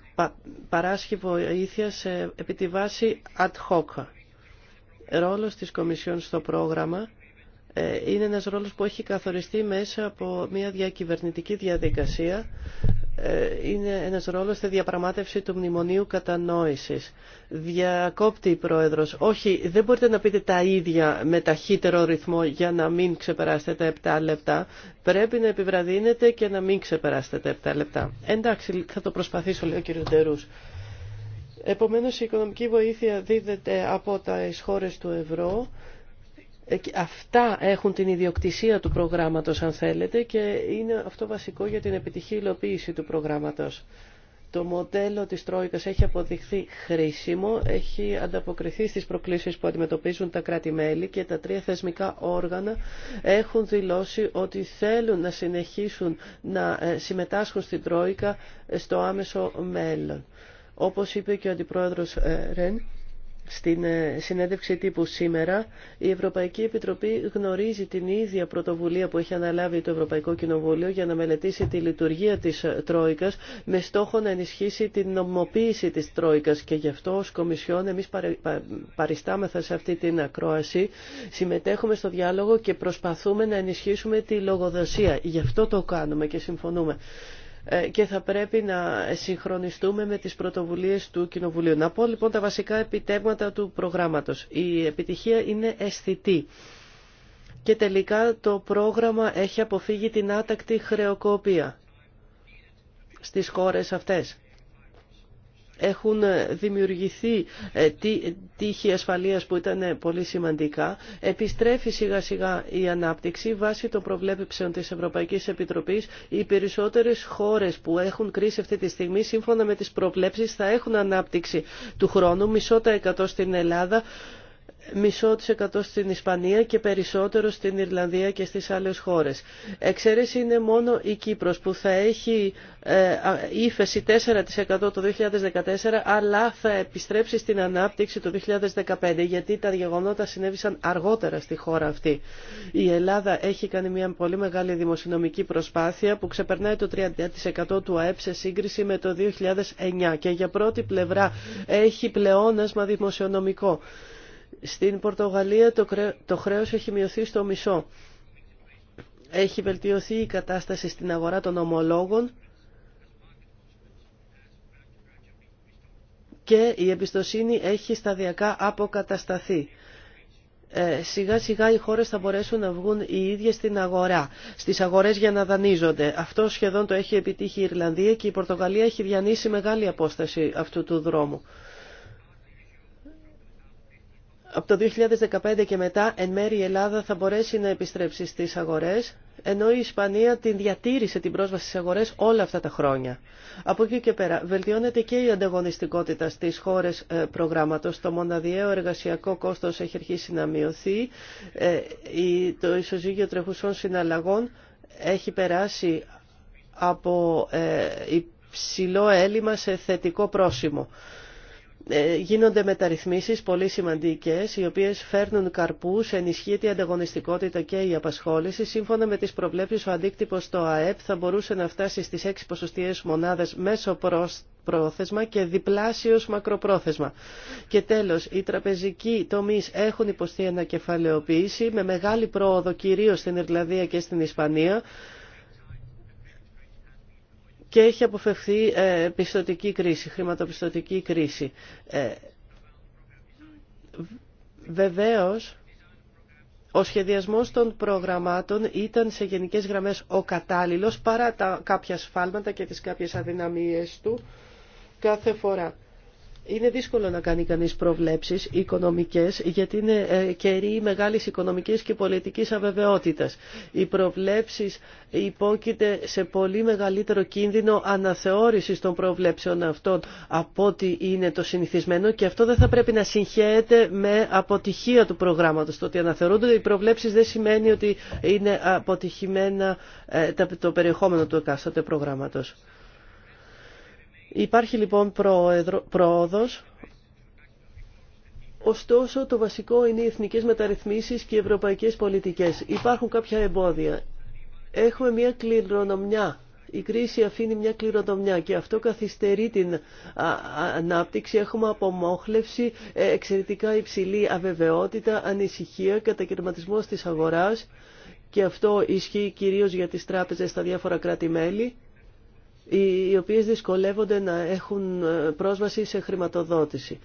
παράσχει βοήθεια σε, επί τη βάση ad hoc. Ρόλος της Κομισιόν στο πρόγραμμα ε, είναι ένας ρόλος που έχει καθοριστεί μέσα από μια διακυβερνητική διαδικασία ε, είναι ένας ρόλος στη διαπραγμάτευση του μνημονίου κατανόησης. Διακόπτη η Πρόεδρος. Όχι, δεν μπορείτε να πείτε τα ίδια με ταχύτερο ρυθμό για να μην ξεπεράσετε τα 7 λεπτά. Πρέπει να επιβραδύνετε και να μην ξεπεράσετε τα 7 λεπτά. Εντάξει, θα το προσπαθήσω, λέει ο κ. Ντερούς. Επομένως, η οικονομική βοήθεια δίδεται από τα χώρες του ευρώ Αυτά έχουν την ιδιοκτησία του προγράμματος αν θέλετε και είναι αυτό βασικό για την επιτυχή υλοποίηση του προγράμματος. Το μοντέλο της Τρόικας έχει αποδειχθεί χρήσιμο, έχει ανταποκριθεί στις προκλήσεις που αντιμετωπίζουν τα κράτη-μέλη και τα τρία θεσμικά όργανα έχουν δηλώσει ότι θέλουν να συνεχίσουν να ε, συμμετάσχουν στην Τρόικα στο άμεσο μέλλον. Όπως είπε και ο Αντιπρόεδρος ε, Ρεν, στην ε, συνέντευξη τύπου σήμερα, η Ευρωπαϊκή Επιτροπή γνωρίζει την ίδια πρωτοβουλία που έχει αναλάβει το Ευρωπαϊκό Κοινοβούλιο για να μελετήσει τη λειτουργία της ε, Τρόικας με στόχο να ενισχύσει την νομοποίηση της Τρόικας και γι' αυτό ως Κομισιόν εμείς παριστάμεθα σε αυτή την ακρόαση, συμμετέχουμε στο διάλογο και προσπαθούμε να ενισχύσουμε τη λογοδοσία. Γι' αυτό το κάνουμε και συμφωνούμε ε, και θα πρέπει να συγχρονιστούμε με τις πρωτοβουλίες του Κοινοβουλίου. Να πω λοιπόν τα βασικά επιτέγματα του προγράμματος. Η επιτυχία είναι αισθητή. Και τελικά το πρόγραμμα έχει αποφύγει την άτακτη χρεοκοπία στις χώρες αυτές έχουν δημιουργηθεί ε, τείχη ασφαλείας που ήταν ε, πολύ σημαντικά. Επιστρέφει σιγά σιγά η ανάπτυξη βάσει των προβλέψεων της Ευρωπαϊκής Επιτροπής. Οι περισσότερες χώρες που έχουν κρίση αυτή τη στιγμή σύμφωνα με τις προβλέψεις θα έχουν ανάπτυξη του χρόνου, μισό τα εκατό στην Ελλάδα, μισό της εκατό στην Ισπανία και περισσότερο στην Ιρλανδία και στις άλλες χώρες. Εξαίρεση είναι μόνο η Κύπρος που θα έχει ε, ύφεση 4% το 2014 αλλά θα επιστρέψει στην ανάπτυξη το 2015 γιατί τα γεγονότα συνέβησαν αργότερα στη χώρα αυτή. Η Ελλάδα έχει κάνει μια πολύ μεγάλη δημοσιονομική προσπάθεια που ξεπερνάει το 30% του ΑΕΠ σε σύγκριση με το 2009 και για πρώτη πλευρά έχει πλεόνασμα δημοσιονομικό. Στην Πορτογαλία το χρέος έχει μειωθεί στο μισό. Έχει βελτιωθεί η κατάσταση στην αγορά των ομολόγων και η εμπιστοσύνη έχει σταδιακά αποκατασταθεί. Ε, σιγά σιγά οι χώρες θα μπορέσουν να βγουν οι ίδιες στην αγορά, στις αγορές για να δανείζονται. Αυτό σχεδόν το έχει επιτύχει η Ιρλανδία και η Πορτογαλία έχει διανύσει μεγάλη απόσταση αυτού του δρόμου από το 2015 και μετά εν μέρει η Ελλάδα θα μπορέσει να επιστρέψει στις αγορές, ενώ η Ισπανία την διατήρησε την πρόσβαση στις αγορές όλα αυτά τα χρόνια. Από εκεί και πέρα βελτιώνεται και η ανταγωνιστικότητα στις χώρες ε, προγράμματος. Το μοναδιαίο εργασιακό κόστος έχει αρχίσει να μειωθεί, ε, το ισοζύγιο τρεχουσών συναλλαγών έχει περάσει από ε, υψηλό έλλειμμα σε θετικό πρόσημο. Ε, γίνονται μεταρρυθμίσεις πολύ σημαντικές, οι οποίες φέρνουν καρπούς, ενισχύεται η ανταγωνιστικότητα και η απασχόληση. Σύμφωνα με τις προβλέψεις, ο αντίκτυπος στο ΑΕΠ θα μπορούσε να φτάσει στις 6 ποσοστιαίες μονάδες μέσω πρόθεσμα και διπλάσιος μακροπρόθεσμα. Και τέλος, οι τραπεζικοί τομείς έχουν υποστεί ανακεφαλαιοποίηση με μεγάλη πρόοδο κυρίως στην Ιρλανδία και στην Ισπανία και έχει αποφευθεί ε, πιστοτική κρίση, χρηματοπιστωτική κρίση. Ε, βεβαίως, ο σχεδιασμός των προγραμμάτων ήταν σε γενικές γραμμές ο κατάλληλος παρά τα κάποια σφάλματα και τις κάποιες αδυναμίες του κάθε φορά. Είναι δύσκολο να κάνει κανείς προβλέψεις οικονομικές γιατί είναι ε, κερί μεγάλης οικονομικής και πολιτικής αβεβαιότητας. Οι προβλέψεις υπόκειται σε πολύ μεγαλύτερο κίνδυνο αναθεώρησης των προβλέψεων αυτών από ό,τι είναι το συνηθισμένο και αυτό δεν θα πρέπει να συγχαίεται με αποτυχία του προγράμματος. Το ότι αναθεωρούνται οι προβλέψεις δεν σημαίνει ότι είναι αποτυχημένα ε, το περιεχόμενο του εκάστοτε προγράμματος. Υπάρχει λοιπόν πρόοδος, Ωστόσο, το βασικό είναι οι εθνικές μεταρρυθμίσεις και οι ευρωπαϊκές πολιτικές. Υπάρχουν κάποια εμπόδια. Έχουμε μια κληρονομιά. Η κρίση αφήνει μια κληρονομιά και αυτό καθυστερεί την ανάπτυξη. Έχουμε απομόχλευση, ε, εξαιρετικά υψηλή αβεβαιότητα, ανησυχία, κατακαιρματισμό της αγοράς και αυτό ισχύει κυρίως για τις τράπεζες στα διάφορα κράτη-μέλη οι οποίες δυσκολεύονται να έχουν ε, πρόσβαση σε χρηματοδότηση.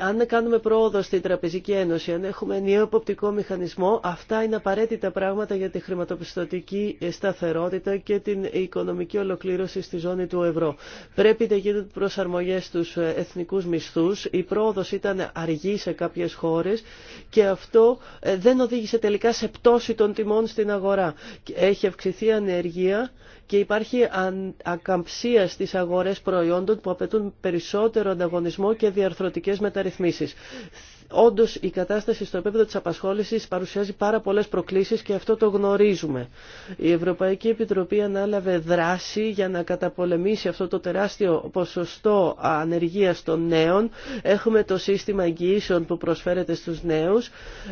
Αν κάνουμε πρόοδο στην Τραπεζική Ένωση, αν έχουμε ενιαίο εποπτικό μηχανισμό, αυτά είναι απαραίτητα πράγματα για τη χρηματοπιστωτική σταθερότητα και την οικονομική ολοκλήρωση στη ζώνη του ευρώ. Πρέπει να γίνουν προσαρμογές στους ε, εθνικούς μισθούς. Η πρόοδος ήταν αργή σε κάποιες χώρες και αυτό ε, δεν οδήγησε τελικά σε πτώση των τιμών στην αγορά. Έχει αυξηθεί η ανεργία και υπάρχει ακαμψία στις αγορές προϊόντων που απαιτούν περισσότερο ανταγωνισμό και διαρθρωτικές μεταρρυθμίσεις. Όντω, η κατάσταση στο επίπεδο τη απασχόληση παρουσιάζει πάρα πολλέ προκλήσει και αυτό το γνωρίζουμε. Η Ευρωπαϊκή Επιτροπή ανάλαβε δράση για να καταπολεμήσει αυτό το τεράστιο ποσοστό ανεργία των νέων. Έχουμε το σύστημα εγγυήσεων που προσφέρεται στου νέου.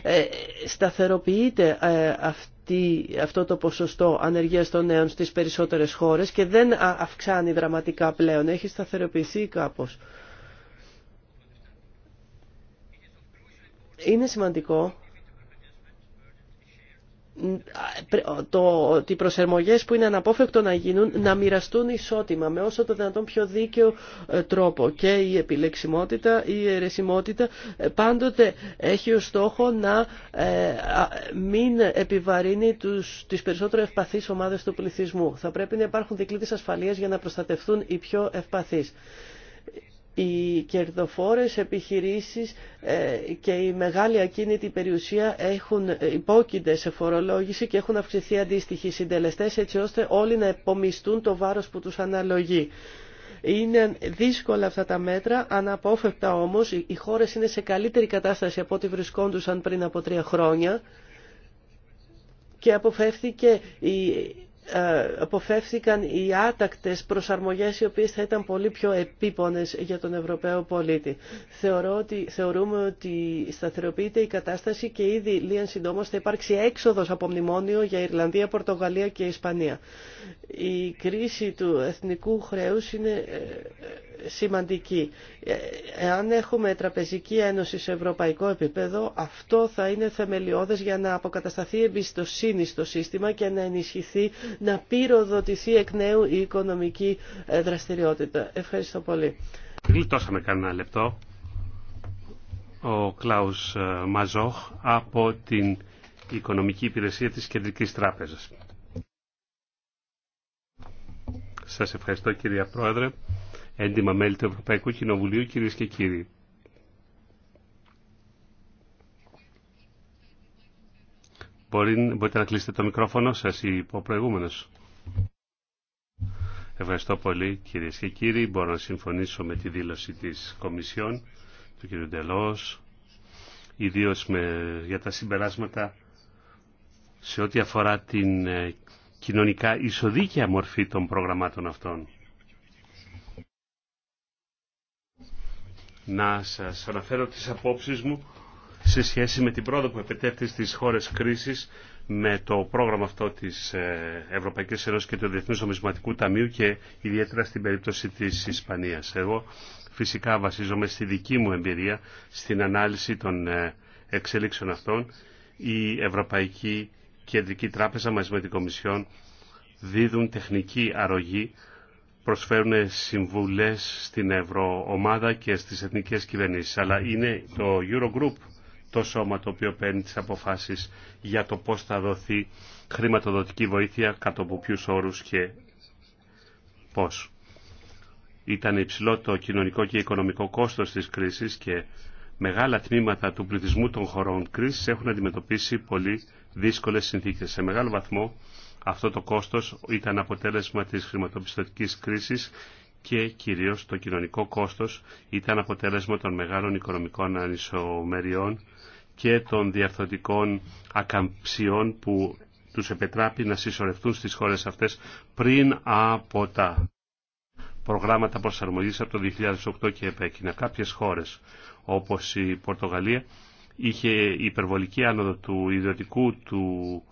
Ε, σταθεροποιείται ε, αυτό αυτή, αυτό το ποσοστό ανεργίας των νέων στις περισσότερες χώρες και δεν αυξάνει δραματικά πλέον, έχει σταθεροποιηθεί κάπως. Είναι σημαντικό το, ότι οι προσερμογές που είναι αναπόφευκτο να γίνουν να μοιραστούν ισότιμα με όσο το δυνατόν πιο δίκαιο ε, τρόπο και η επιλεξιμότητα, η αιρεσιμότητα ε, πάντοτε έχει ως στόχο να ε, μην επιβαρύνει τους, τις περισσότερο ευπαθείς ομάδες του πληθυσμού. Θα πρέπει να υπάρχουν δικλείδες ασφαλείας για να προστατευτούν οι πιο ευπαθείς οι κερδοφόρες επιχειρήσεις ε, και η μεγάλη ακίνητη περιουσία έχουν ε, υπόκεινται σε φορολόγηση και έχουν αυξηθεί αντίστοιχοι συντελεστές έτσι ώστε όλοι να επομιστούν το βάρος που τους αναλογεί. Είναι δύσκολα αυτά τα μέτρα, αναπόφευκτα όμως οι χώρες είναι σε καλύτερη κατάσταση από ό,τι βρισκόντουσαν πριν από τρία χρόνια και αποφεύθηκε η ε, αποφεύθηκαν οι άτακτες προσαρμογές οι οποίες θα ήταν πολύ πιο επίπονες για τον Ευρωπαίο πολίτη. Θεωρώ ότι, θεωρούμε ότι σταθεροποιείται η κατάσταση και ήδη λίγαν συντόμως θα υπάρξει έξοδος από μνημόνιο για Ιρλανδία, Πορτογαλία και Ισπανία. Η κρίση του εθνικού χρέους είναι ε, σημαντική. Ε, εάν έχουμε τραπεζική ένωση σε ευρωπαϊκό επίπεδο, αυτό θα είναι θεμελιώδες για να αποκατασταθεί εμπιστοσύνη στο σύστημα και να ενισχυθεί, να πυροδοτηθεί εκ νέου η οικονομική ε, δραστηριότητα. Ευχαριστώ πολύ. Γλιτώσαμε κανένα λεπτό. Ο Κλάους ε, Μαζόχ από την Οικονομική Υπηρεσία της Κεντρικής Τράπεζας. Σας ευχαριστώ κυρία Πρόεδρε έντιμα μέλη του Ευρωπαϊκού Κοινοβουλίου, κύριε και κύριοι. Μπορεί, μπορείτε να κλείσετε το μικρόφωνο σας ή ο προηγούμενος. Ευχαριστώ πολύ κυρίες και κύριοι. Μπορώ να συμφωνήσω με τη δήλωση της Κομισιόν του κ. Ντελός, ιδίως για τα συμπεράσματα σε ό,τι αφορά την ε, κοινωνικά ισοδίκαια μορφή των προγραμμάτων αυτών. να σας αναφέρω τις απόψεις μου σε σχέση με την πρόοδο που επιτεύχθη στις χώρες κρίσης με το πρόγραμμα αυτό της ε, Ευρωπαϊκής Ένωσης και του Διεθνούς Ομισματικού Ταμείου και ιδιαίτερα στην περίπτωση της Ισπανίας. Εγώ φυσικά βασίζομαι στη δική μου εμπειρία στην ανάλυση των ε, εξελίξεων αυτών. Η Ευρωπαϊκή Κεντρική Τράπεζα μαζί με την Κομισιόν δίδουν τεχνική αρρωγή προσφέρουν συμβουλές στην Ευρωομάδα και στις εθνικές κυβερνήσεις. Αλλά είναι το Eurogroup το σώμα το οποίο παίρνει τις αποφάσεις για το πώς θα δοθεί χρηματοδοτική βοήθεια, κατά από ποιους όρους και πώς. Ήταν υψηλό το κοινωνικό και οικονομικό κόστος της κρίσης και μεγάλα τμήματα του πληθυσμού των χωρών κρίσης έχουν αντιμετωπίσει πολύ δύσκολες συνθήκες. Σε μεγάλο βαθμό αυτό το κόστος ήταν αποτέλεσμα της χρηματοπιστωτικής κρίσης και κυρίως το κοινωνικό κόστος ήταν αποτέλεσμα των μεγάλων οικονομικών ανισομεριών και των διαρθωτικών ακαμψιών που τους επιτράπει να συσσωρευτούν στις χώρες αυτές πριν από τα προγράμματα προσαρμογής από το 2008 και επέκεινα. Κάποιες χώρες όπως η Πορτογαλία είχε υπερβολική άνοδο του ιδιωτικού του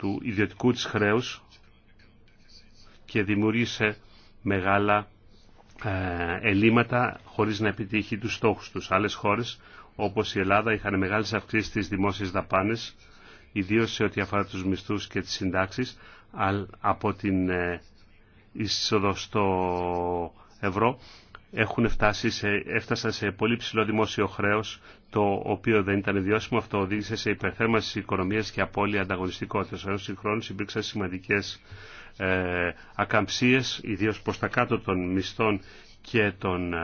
του ιδιωτικού της χρέους και δημιούργησε μεγάλα ε, ελλείμματα χωρίς να επιτύχει τους στόχους τους. Άλλες χώρες όπως η Ελλάδα είχαν μεγάλες αυξήσεις στις δημόσιες δαπάνες ιδίως σε ό,τι αφορά τους μισθούς και τις συντάξεις από την ε, είσοδο στο ευρώ έχουν φτάσει σε, έφτασαν σε πολύ ψηλό δημόσιο χρέο, το οποίο δεν ήταν ιδιώσιμο. Αυτό οδήγησε σε υπερθέρμανση τη οικονομία και απώλεια ανταγωνιστικότητα. Ενώ συγχρόνω υπήρξαν σημαντικέ ε, ακαμψίε, ιδίω προ τα κάτω των μισθών και των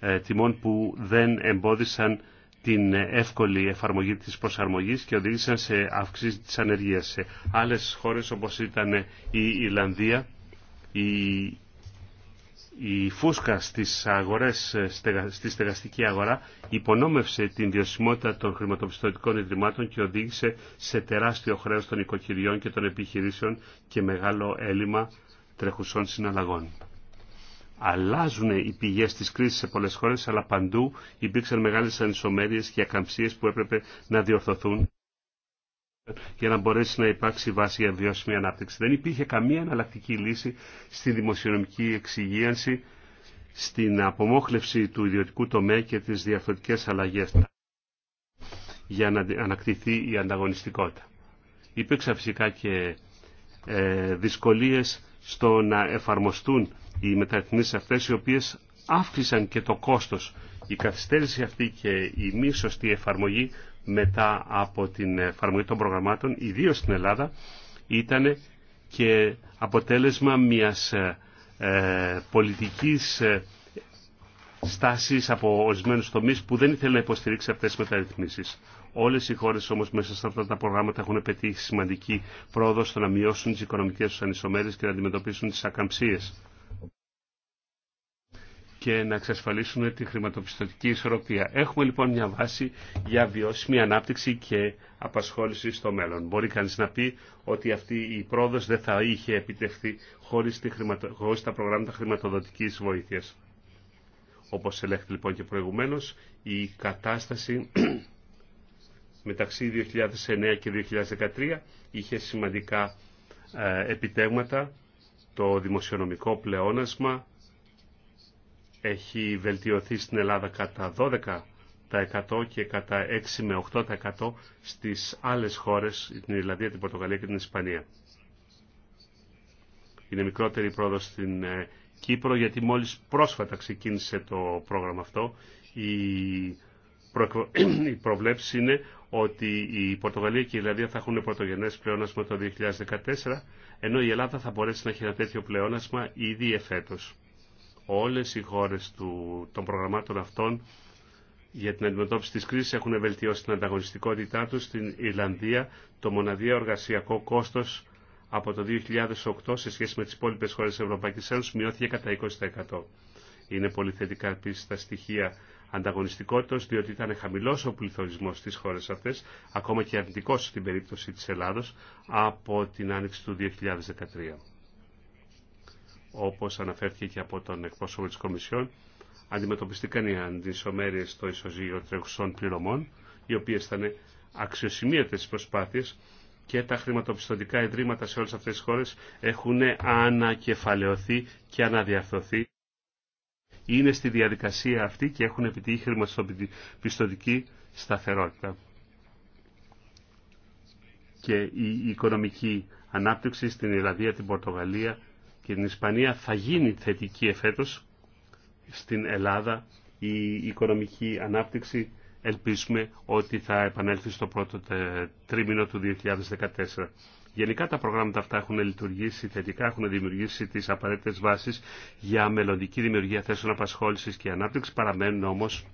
ε, τιμών που δεν εμπόδισαν την εύκολη εφαρμογή της προσαρμογής και οδήγησαν σε αύξηση της ανεργίας. Σε άλλες χώρες όπως ήταν η Ιρλανδία, η η φούσκα στις αγορές, ε, στη στεγαστική αγορά υπονόμευσε την βιωσιμότητα των χρηματοπιστωτικών ιδρυμάτων και οδήγησε σε τεράστιο χρέος των οικοκυριών και των επιχειρήσεων και μεγάλο έλλειμμα τρεχουσών συναλλαγών. Αλλάζουν οι πηγές της κρίσης σε πολλές χώρες, αλλά παντού υπήρξαν μεγάλες ανισομέρειες και ακαμψίες που έπρεπε να διορθωθούν για να μπορέσει να υπάρξει βάση για βιώσιμη ανάπτυξη. Δεν υπήρχε καμία εναλλακτική λύση στη δημοσιονομική εξυγίανση, στην απομόχλευση του ιδιωτικού τομέα και τις διαφορετικές αλλαγές για να ανακτηθεί η ανταγωνιστικότητα. Υπήρξαν φυσικά και ε, δυσκολίες στο να εφαρμοστούν οι μεταρρυθμίσεις αυτές οι οποίες αύξησαν και το κόστος. Η καθυστέρηση αυτή και η μη σωστή εφαρμογή μετά από την εφαρμογή των προγραμμάτων, ιδίω στην Ελλάδα, ήταν και αποτέλεσμα μιας ε, ε πολιτικής ε, στάσης από ορισμένους τομείς που δεν ήθελε να υποστηρίξει αυτές τις μεταρρυθμίσεις. Όλες οι χώρες όμως μέσα σε αυτά τα προγράμματα έχουν πετύχει σημαντική πρόοδο στο να μειώσουν τις οικονομικές τους ανισομέρειες και να αντιμετωπίσουν τις ακαμψίες και να εξασφαλίσουν τη χρηματοπιστωτική ισορροπία. Έχουμε λοιπόν μια βάση για βιώσιμη ανάπτυξη και απασχόληση στο μέλλον. Μπορεί κανείς να πει ότι αυτή η πρόοδος δεν θα είχε επιτευχθεί χωρίς, τα προγράμματα χρηματοδοτικής βοήθειας. Όπως ελέγχθη λοιπόν και προηγουμένως, η κατάσταση μεταξύ 2009 και 2013 είχε σημαντικά ε, επιτέγματα. Το δημοσιονομικό πλεόνασμα έχει βελτιωθεί στην Ελλάδα κατά 12% και κατά 6 με 8% στις άλλες χώρες, την Ιρλανδία, την Πορτογαλία και την Ισπανία. Είναι μικρότερη η πρόοδος στην ε, Κύπρο γιατί μόλις πρόσφατα ξεκίνησε το πρόγραμμα αυτό. Η προβλέψη είναι ότι η Πορτογαλία και η Ιρλανδία θα έχουν πρωτογενές πλεόνασμα το 2014 ενώ η Ελλάδα θα μπορέσει να έχει ένα τέτοιο πλεόνασμα ήδη εφέτος. Όλες οι χώρες του, των προγραμμάτων αυτών για την αντιμετώπιση της κρίσης έχουν βελτιώσει την ανταγωνιστικότητά τους στην Ιρλανδία. Το μοναδιαίο εργασιακό κόστος από το 2008 σε σχέση με τις υπόλοιπες χώρες της Ευρωπαϊκής Ένωσης μειώθηκε κατά 20%. Είναι πολύ θετικά επίση τα στοιχεία ανταγωνιστικότητα, διότι ήταν χαμηλός ο πληθωρισμός στι χώρε αυτέ, ακόμα και αρνητικός στην περίπτωση της Ελλάδος από την άνοιξη του 2013 όπως αναφέρθηκε και από τον εκπρόσωπο της Κομισιόν, αντιμετωπιστήκαν οι αντισωμέρειες στο ισοζύγιο τρέχουσων πληρωμών, οι οποίες ήταν αξιοσημείωτες τις προσπάθειες και τα χρηματοπιστωτικά ιδρύματα σε όλες αυτές τις χώρες έχουν ανακεφαλαιωθεί και αναδιαρθωθεί. Είναι στη διαδικασία αυτή και έχουν επιτύχει χρηματοπιστωτική σταθερότητα. Και η οικονομική ανάπτυξη στην Ιρλανδία, την Πορτογαλία και την Ισπανία θα γίνει θετική εφέτος. Στην Ελλάδα η οικονομική ανάπτυξη ελπίζουμε ότι θα επανέλθει στο πρώτο τρίμηνο του 2014. Γενικά τα προγράμματα αυτά έχουν λειτουργήσει θετικά, έχουν δημιουργήσει τις απαραίτητες βάσεις για μελλοντική δημιουργία θέσεων απασχόλησης και ανάπτυξη, παραμένουν όμως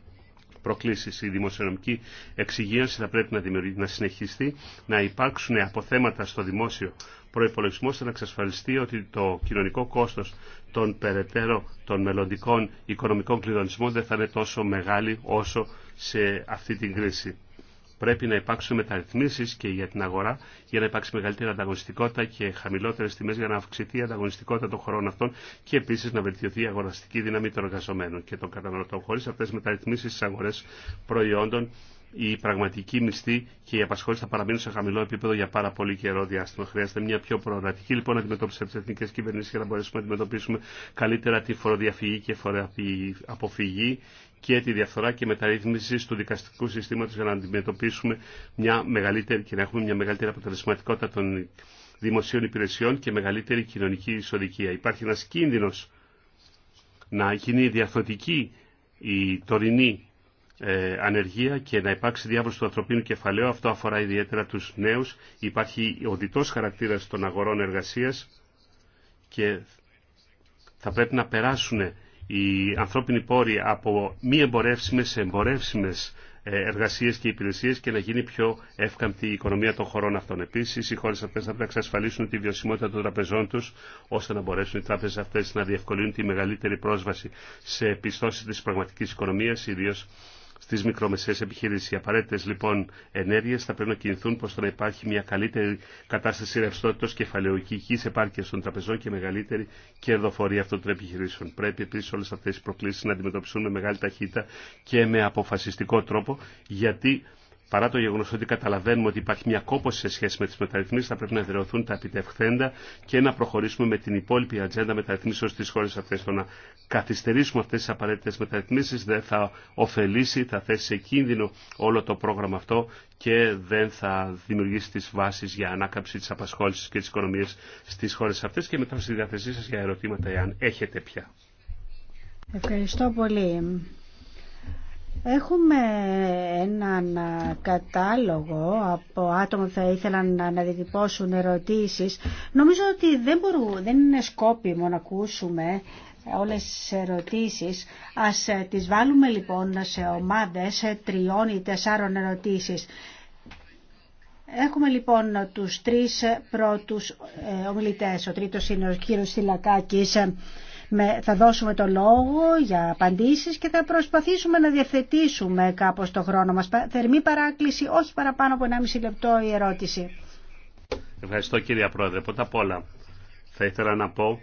προκλήσεις. Η δημοσιονομική εξυγίανση θα πρέπει να, να συνεχιστεί, να υπάρξουν αποθέματα στο δημόσιο προπολογισμό ώστε να εξασφαλιστεί ότι το κοινωνικό κόστος των περαιτέρω των μελλοντικών οικονομικών κλειδονισμών δεν θα είναι τόσο μεγάλη όσο σε αυτή την κρίση πρέπει να υπάρξουν μεταρρυθμίσει και για την αγορά για να υπάρξει μεγαλύτερη ανταγωνιστικότητα και χαμηλότερες τιμές για να αυξηθεί η ανταγωνιστικότητα των χωρών αυτών και επίσης να βελτιωθεί η αγοραστική δύναμη των εργαζομένων και των καταναλωτών. χωρί αυτέ τι μεταρρυθμίσεις στις αγορέ προϊόντων η πραγματική μισθή και η απασχόληση θα παραμείνουν σε χαμηλό επίπεδο για πάρα πολύ καιρό διάστημα. Χρειάζεται μια πιο προορατική λοιπόν αντιμετώπιση από τι εθνικέ κυβερνήσει για να μπορέσουμε να αντιμετωπίσουμε καλύτερα τη φοροδιαφυγή και φοροαποφυγή και τη διαφθορά και μεταρρύθμιση του δικαστικού συστήματο για να αντιμετωπίσουμε μια μεγαλύτερη και να έχουμε μια μεγαλύτερη αποτελεσματικότητα των δημοσίων υπηρεσιών και μεγαλύτερη κοινωνική ισοδικία. Υπάρχει ένα κίνδυνο να γίνει διαθωτική η τωρινή ε, ανεργία και να υπάρξει διάβρωση του ανθρωπίνου κεφαλαίου. Αυτό αφορά ιδιαίτερα τους νέους. Υπάρχει οδητός χαρακτήρας των αγορών εργασίας και θα πρέπει να περάσουν οι ανθρώπινοι πόροι από μη εμπορεύσιμες σε εμπορεύσιμες ε, εργασίες και υπηρεσίες και να γίνει πιο εύκαμπτη η οικονομία των χωρών αυτών. Επίσης, οι χώρες αυτές θα πρέπει να εξασφαλίσουν τη βιωσιμότητα των τραπεζών του ώστε να μπορέσουν οι τράπεζε αυτές να διευκολύνουν τη μεγαλύτερη πρόσβαση σε πιστώσει της πραγματικής οικονομίας, ιδίως στις μικρομεσαίε επιχειρήσεις. Οι απαραίτητε λοιπόν ενέργειες θα πρέπει να κινηθούν προς το να υπάρχει μια καλύτερη κατάσταση ρευστότητα κεφαλαιοκική επάρκεια των τραπεζών και μεγαλύτερη κερδοφορία αυτών των επιχειρήσεων. Πρέπει επίσης όλε αυτέ οι προκλήσει να αντιμετωπιστούν με μεγάλη ταχύτητα και με αποφασιστικό τρόπο γιατί παρά το γεγονό ότι καταλαβαίνουμε ότι υπάρχει μια κόπωση σε σχέση με τι μεταρρυθμίσει, θα πρέπει να εδραιωθούν τα επιτευχθέντα και να προχωρήσουμε με την υπόλοιπη ατζέντα μεταρρυθμίσεω στι χώρε αυτέ. Το να καθυστερήσουμε αυτέ τι απαραίτητε μεταρρυθμίσει δεν θα ωφελήσει, θα θέσει σε κίνδυνο όλο το πρόγραμμα αυτό και δεν θα δημιουργήσει τι βάσει για ανάκαμψη τη απασχόληση και τη οικονομία στι χώρε αυτέ. Και μετά στη διάθεσή σα για ερωτήματα, εάν έχετε πια. Ευχαριστώ πολύ. Έχουμε έναν κατάλογο από άτομα που θα ήθελαν να διατυπώσουν ερωτήσεις. Νομίζω ότι δεν, δεν είναι σκόπιμο να ακούσουμε όλες τις ερωτήσεις. Ας ε, τις βάλουμε λοιπόν σε ομάδες σε τριών ή τεσσάρων ερωτήσεις. Έχουμε λοιπόν τους τρεις πρώτους ε, ομιλητές. Ο τρίτος είναι ο κύριος Στυλακάκης ε, θα δώσουμε το λόγο για απαντήσεις και θα προσπαθήσουμε να διευθετήσουμε κάπως το χρόνο μας. Θερμή παράκληση, όχι παραπάνω από 1,5 λεπτό η ερώτηση. Ευχαριστώ κύριε Πρόεδρε. Πρώτα απ' όλα θα ήθελα να πω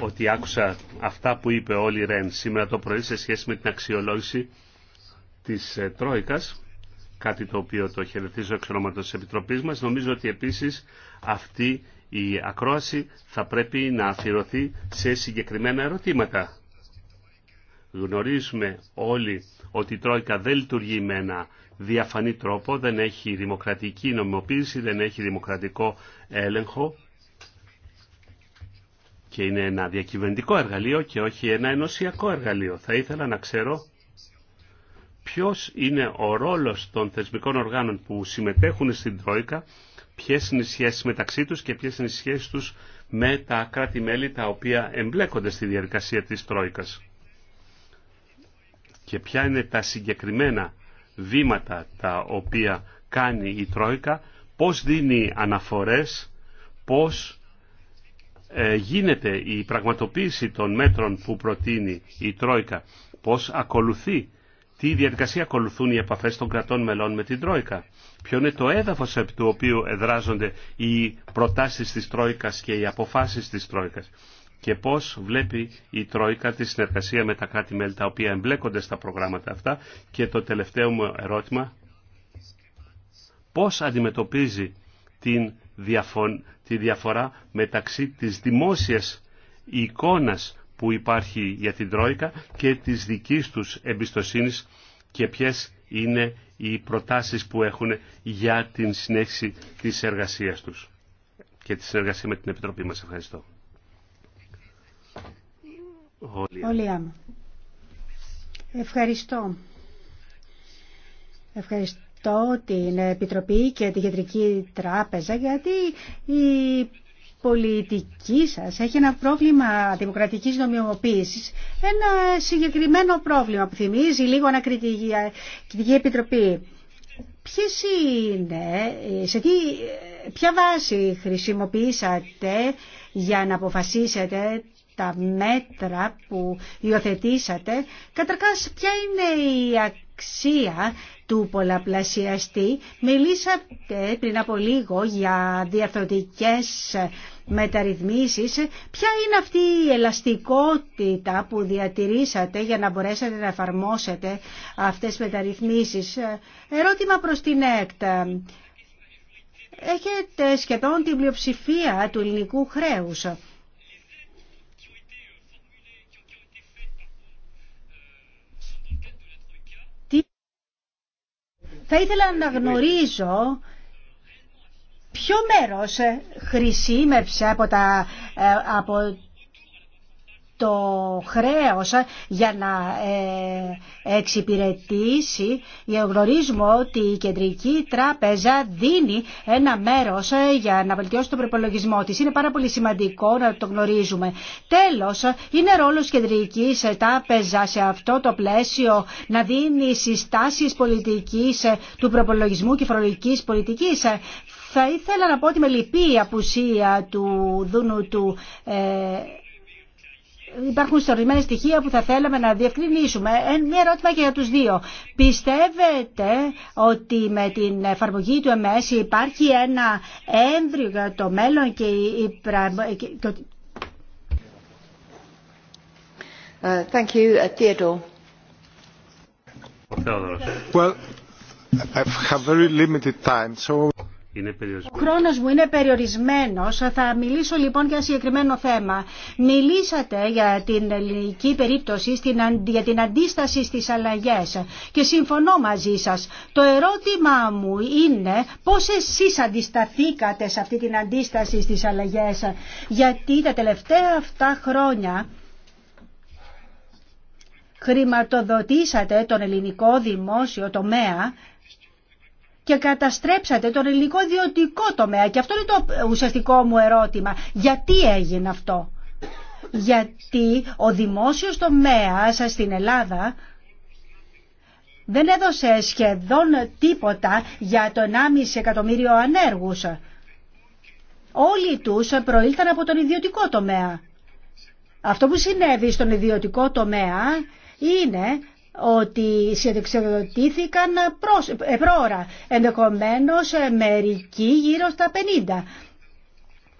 ότι άκουσα αυτά που είπε όλη η Ρεν σήμερα το πρωί σε σχέση με την αξιολόγηση της ε, Τρόικας, κάτι το οποίο το χαιρετίζω εξ ονόματος της Επιτροπής μας. Νομίζω ότι επίσης αυτή η ακρόαση θα πρέπει να αφιερωθεί σε συγκεκριμένα ερωτήματα. Γνωρίζουμε όλοι ότι η Τρόικα δεν λειτουργεί με ένα διαφανή τρόπο, δεν έχει δημοκρατική νομιμοποίηση, δεν έχει δημοκρατικό έλεγχο και είναι ένα διακυβερνητικό εργαλείο και όχι ένα ενωσιακό εργαλείο. Θα ήθελα να ξέρω ποιος είναι ο ρόλος των θεσμικών οργάνων που συμμετέχουν στην Τρόικα ποιες είναι οι σχέσεις μεταξύ τους και ποιες είναι οι σχέσεις τους με τα κράτη-μέλη τα οποία εμπλέκονται στη διαδικασία της Τρόικας. Και ποια είναι τα συγκεκριμένα βήματα τα οποία κάνει η Τρόικα, πώς δίνει αναφορές, πώς ε, γίνεται η πραγματοποίηση των μέτρων που προτείνει η Τρόικα, πώς ακολουθεί τι διαδικασία ακολουθούν οι επαφές των κρατών μελών με την Τρόικα. Ποιο είναι το έδαφος επί του οποίου εδράζονται οι προτάσεις της Τρόικας και οι αποφάσεις της Τρόικας. Και πώς βλέπει η Τρόικα τη συνεργασία με τα κράτη-μέλη τα οποία εμπλέκονται στα προγράμματα αυτά. Και το τελευταίο μου ερώτημα, πώς αντιμετωπίζει τη διαφορά μεταξύ της δημόσιας εικόνας που υπάρχει για την Τρόικα και της δικής τους εμπιστοσύνης και ποιες είναι οι προτάσεις που έχουν για την συνέχιση της εργασίας τους και τη συνεργασία με την Επιτροπή μας. Ευχαριστώ. Όλοι Ευχαριστώ. Ευχαριστώ την Επιτροπή και την Κεντρική Τράπεζα γιατί η πολιτική σας έχει ένα πρόβλημα δημοκρατικής νομιμοποίησης, ένα συγκεκριμένο πρόβλημα που θυμίζει λίγο ανακριτική επιτροπή. Ποιες είναι, σε τι, ποια βάση χρησιμοποιήσατε για να αποφασίσετε τα μέτρα που υιοθετήσατε, καταρχάς ποια είναι η αξία του πολλαπλασιαστή. Μιλήσατε πριν από λίγο για διαφορετικές μεταρρυθμίσεις. Ποια είναι αυτή η ελαστικότητα που διατηρήσατε για να μπορέσετε να εφαρμόσετε αυτές τις μεταρρυθμίσεις. Ερώτημα προς την ΕΚΤ. Έχετε σχεδόν την πλειοψηφία του ελληνικού χρέους. Θα ήθελα να γνωρίζω ποιο μέρος ε, χρησιμεύσε από, τα, ε, από το χρέος για να ε, εξυπηρετήσει. Ε, γνωρίζουμε ότι η Κεντρική Τράπεζα δίνει ένα μέρος ε, για να βελτιώσει τον προπολογισμό της. Είναι πάρα πολύ σημαντικό να το γνωρίζουμε. Τέλος, είναι ρόλος Κεντρικής Τράπεζα σε αυτό το πλαίσιο να δίνει συστάσεις πολιτικής του προπολογισμού και φορολογικής πολιτικής. Θα ήθελα να πω ότι με λυπή η απουσία του Δούνου του υπάρχουν σορισμένα στοιχεία που θα θέλαμε να διευκρινίσουμε. Μία ερώτημα και για τους δύο. Πιστεύετε ότι με την εφαρμογή του ΕΜΕΣ υπάρχει ένα έμβριο για το μέλλον και η, ε, Thank ε, είναι Ο χρόνος μου είναι περιορισμένος. Θα μιλήσω λοιπόν για ένα συγκεκριμένο θέμα. Μιλήσατε για την ελληνική περίπτωση, για την αντίσταση στις αλλαγές και συμφωνώ μαζί σας. Το ερώτημα μου είναι πώς εσείς αντισταθήκατε σε αυτή την αντίσταση στις αλλαγές. Γιατί τα τελευταία αυτά χρόνια χρηματοδοτήσατε τον ελληνικό δημόσιο τομέα και καταστρέψατε τον ελληνικό ιδιωτικό τομέα. Και αυτό είναι το ουσιαστικό μου ερώτημα. Γιατί έγινε αυτό. Γιατί ο δημόσιος τομέας στην Ελλάδα δεν έδωσε σχεδόν τίποτα για το 1,5 εκατομμύριο ανέργους. Όλοι τους προήλθαν από τον ιδιωτικό τομέα. Αυτό που συνέβη στον ιδιωτικό τομέα είναι ότι συνδεξιδοτήθηκαν ε, πρόωρα, ενδεχομένως ε, μερικοί γύρω στα 50.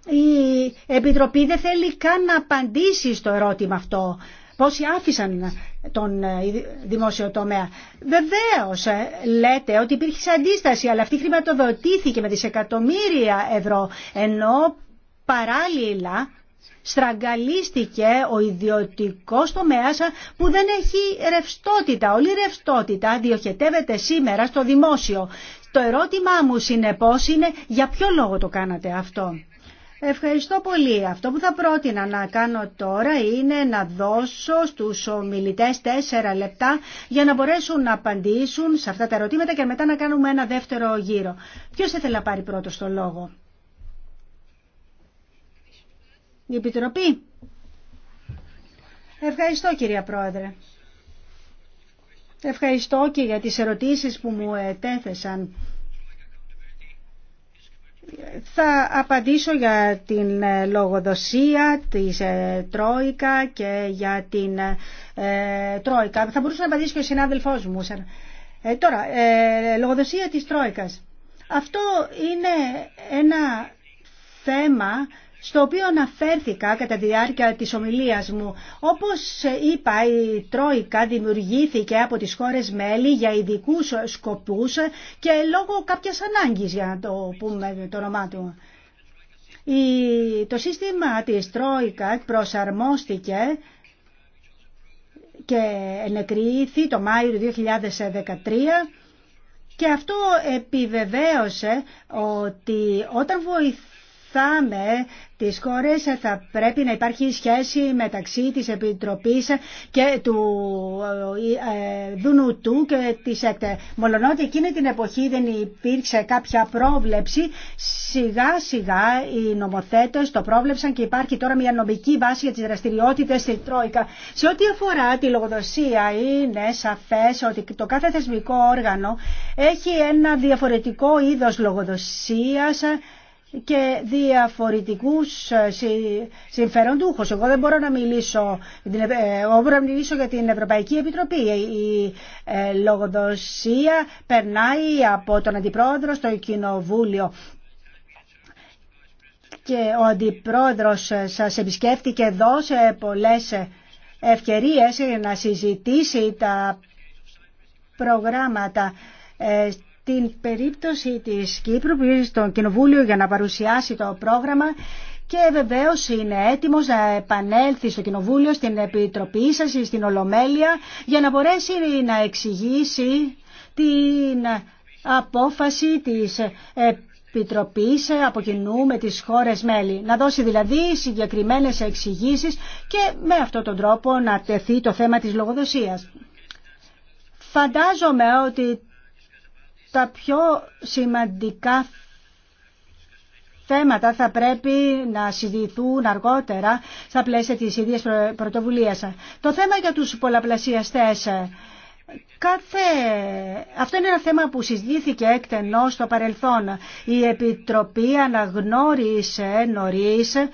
Η Επιτροπή δεν θέλει καν να απαντήσει στο ερώτημα αυτό. Πόσοι άφησαν τον ε, δημόσιο τομέα. Βεβαίω λέτε ότι υπήρχε αντίσταση, αλλά αυτή χρηματοδοτήθηκε με δισεκατομμύρια ευρώ, ενώ παράλληλα στραγγαλίστηκε ο ιδιωτικός τομέας που δεν έχει ρευστότητα. Όλη η ρευστότητα διοχετεύεται σήμερα στο δημόσιο. Το ερώτημά μου συνεπώς είναι για ποιο λόγο το κάνατε αυτό. Ευχαριστώ πολύ. Αυτό που θα πρότεινα να κάνω τώρα είναι να δώσω στους ομιλητές τέσσερα λεπτά για να μπορέσουν να απαντήσουν σε αυτά τα ερωτήματα και μετά να κάνουμε ένα δεύτερο γύρο. Ποιος θα ήθελε να πάρει πρώτο το λόγο. Η Επιτροπή. Ευχαριστώ κυρία Πρόεδρε. Ευχαριστώ και για τις ερωτήσεις που μου ετέθεσαν. Θα απαντήσω για την ε, λογοδοσία της ε, Τρόικα και για την ε, Τρόικα. Θα μπορούσε να απαντήσει και ο συνάδελφός μου. τώρα, λογοδοσία της Τρόικας. Αυτό είναι ένα θέμα στο οποίο αναφέρθηκα κατά τη διάρκεια της ομιλίας μου. Όπως είπα, η Τρόικα δημιουργήθηκε από τις χώρες μέλη για ειδικού σκοπούς και λόγω κάποιας ανάγκης, για να το πούμε το όνομά του. Το σύστημα της Τρόικα προσαρμόστηκε και ενεκρίθη το Μάιο του 2013 και αυτό επιβεβαίωσε ότι όταν βοηθούν με τις χώρες θα πρέπει να υπάρχει σχέση μεταξύ της Επιτροπής και του ε, ε, Δουνουτού και της ΕΚΤΕ. Μολονότι εκείνη την εποχή δεν υπήρξε κάποια πρόβλεψη, σιγά σιγά οι νομοθέτες το πρόβλεψαν και υπάρχει τώρα μια νομική βάση για τις δραστηριότητες στην Τρόικα. Σε ό,τι αφορά τη λογοδοσία είναι σαφές ότι το κάθε θεσμικό όργανο έχει ένα διαφορετικό είδος λογοδοσίας και διαφορετικούς ε, συμφεροντούχους. Εγώ δεν μπορώ να μιλήσω, ε, εγώ μπορώ να μιλήσω για την Ευρωπαϊκή Επιτροπή. Η ε, λογοδοσία περνάει από τον Αντιπρόεδρο στο Κοινοβούλιο και ο Αντιπρόεδρος σας επισκέφτηκε εδώ σε πολλές ευκαιρίες να συζητήσει τα προγράμματα την περίπτωση της Κύπρου που ήρθε στο Κοινοβούλιο για να παρουσιάσει το πρόγραμμα και βεβαίως είναι έτοιμος να επανέλθει στο Κοινοβούλιο, στην Επιτροπή σας ή στην Ολομέλεια για να μπορέσει να εξηγήσει την απόφαση της Επιτροπής από κοινού με τις χώρες μέλη. Να δώσει δηλαδή συγκεκριμένες εξηγήσει και με αυτόν τον τρόπο να τεθεί το θέμα της λογοδοσίας. Φαντάζομαι ότι τα πιο σημαντικά θέματα θα πρέπει να συζητηθούν αργότερα στα πλαίσια της ίδιας πρωτοβουλίας. Το θέμα για τους πολλαπλασιαστές. Κάθε... Αυτό είναι ένα θέμα που συζητήθηκε εκτενώς στο παρελθόν. Η Επιτροπή αναγνώρισε νωρίς ε,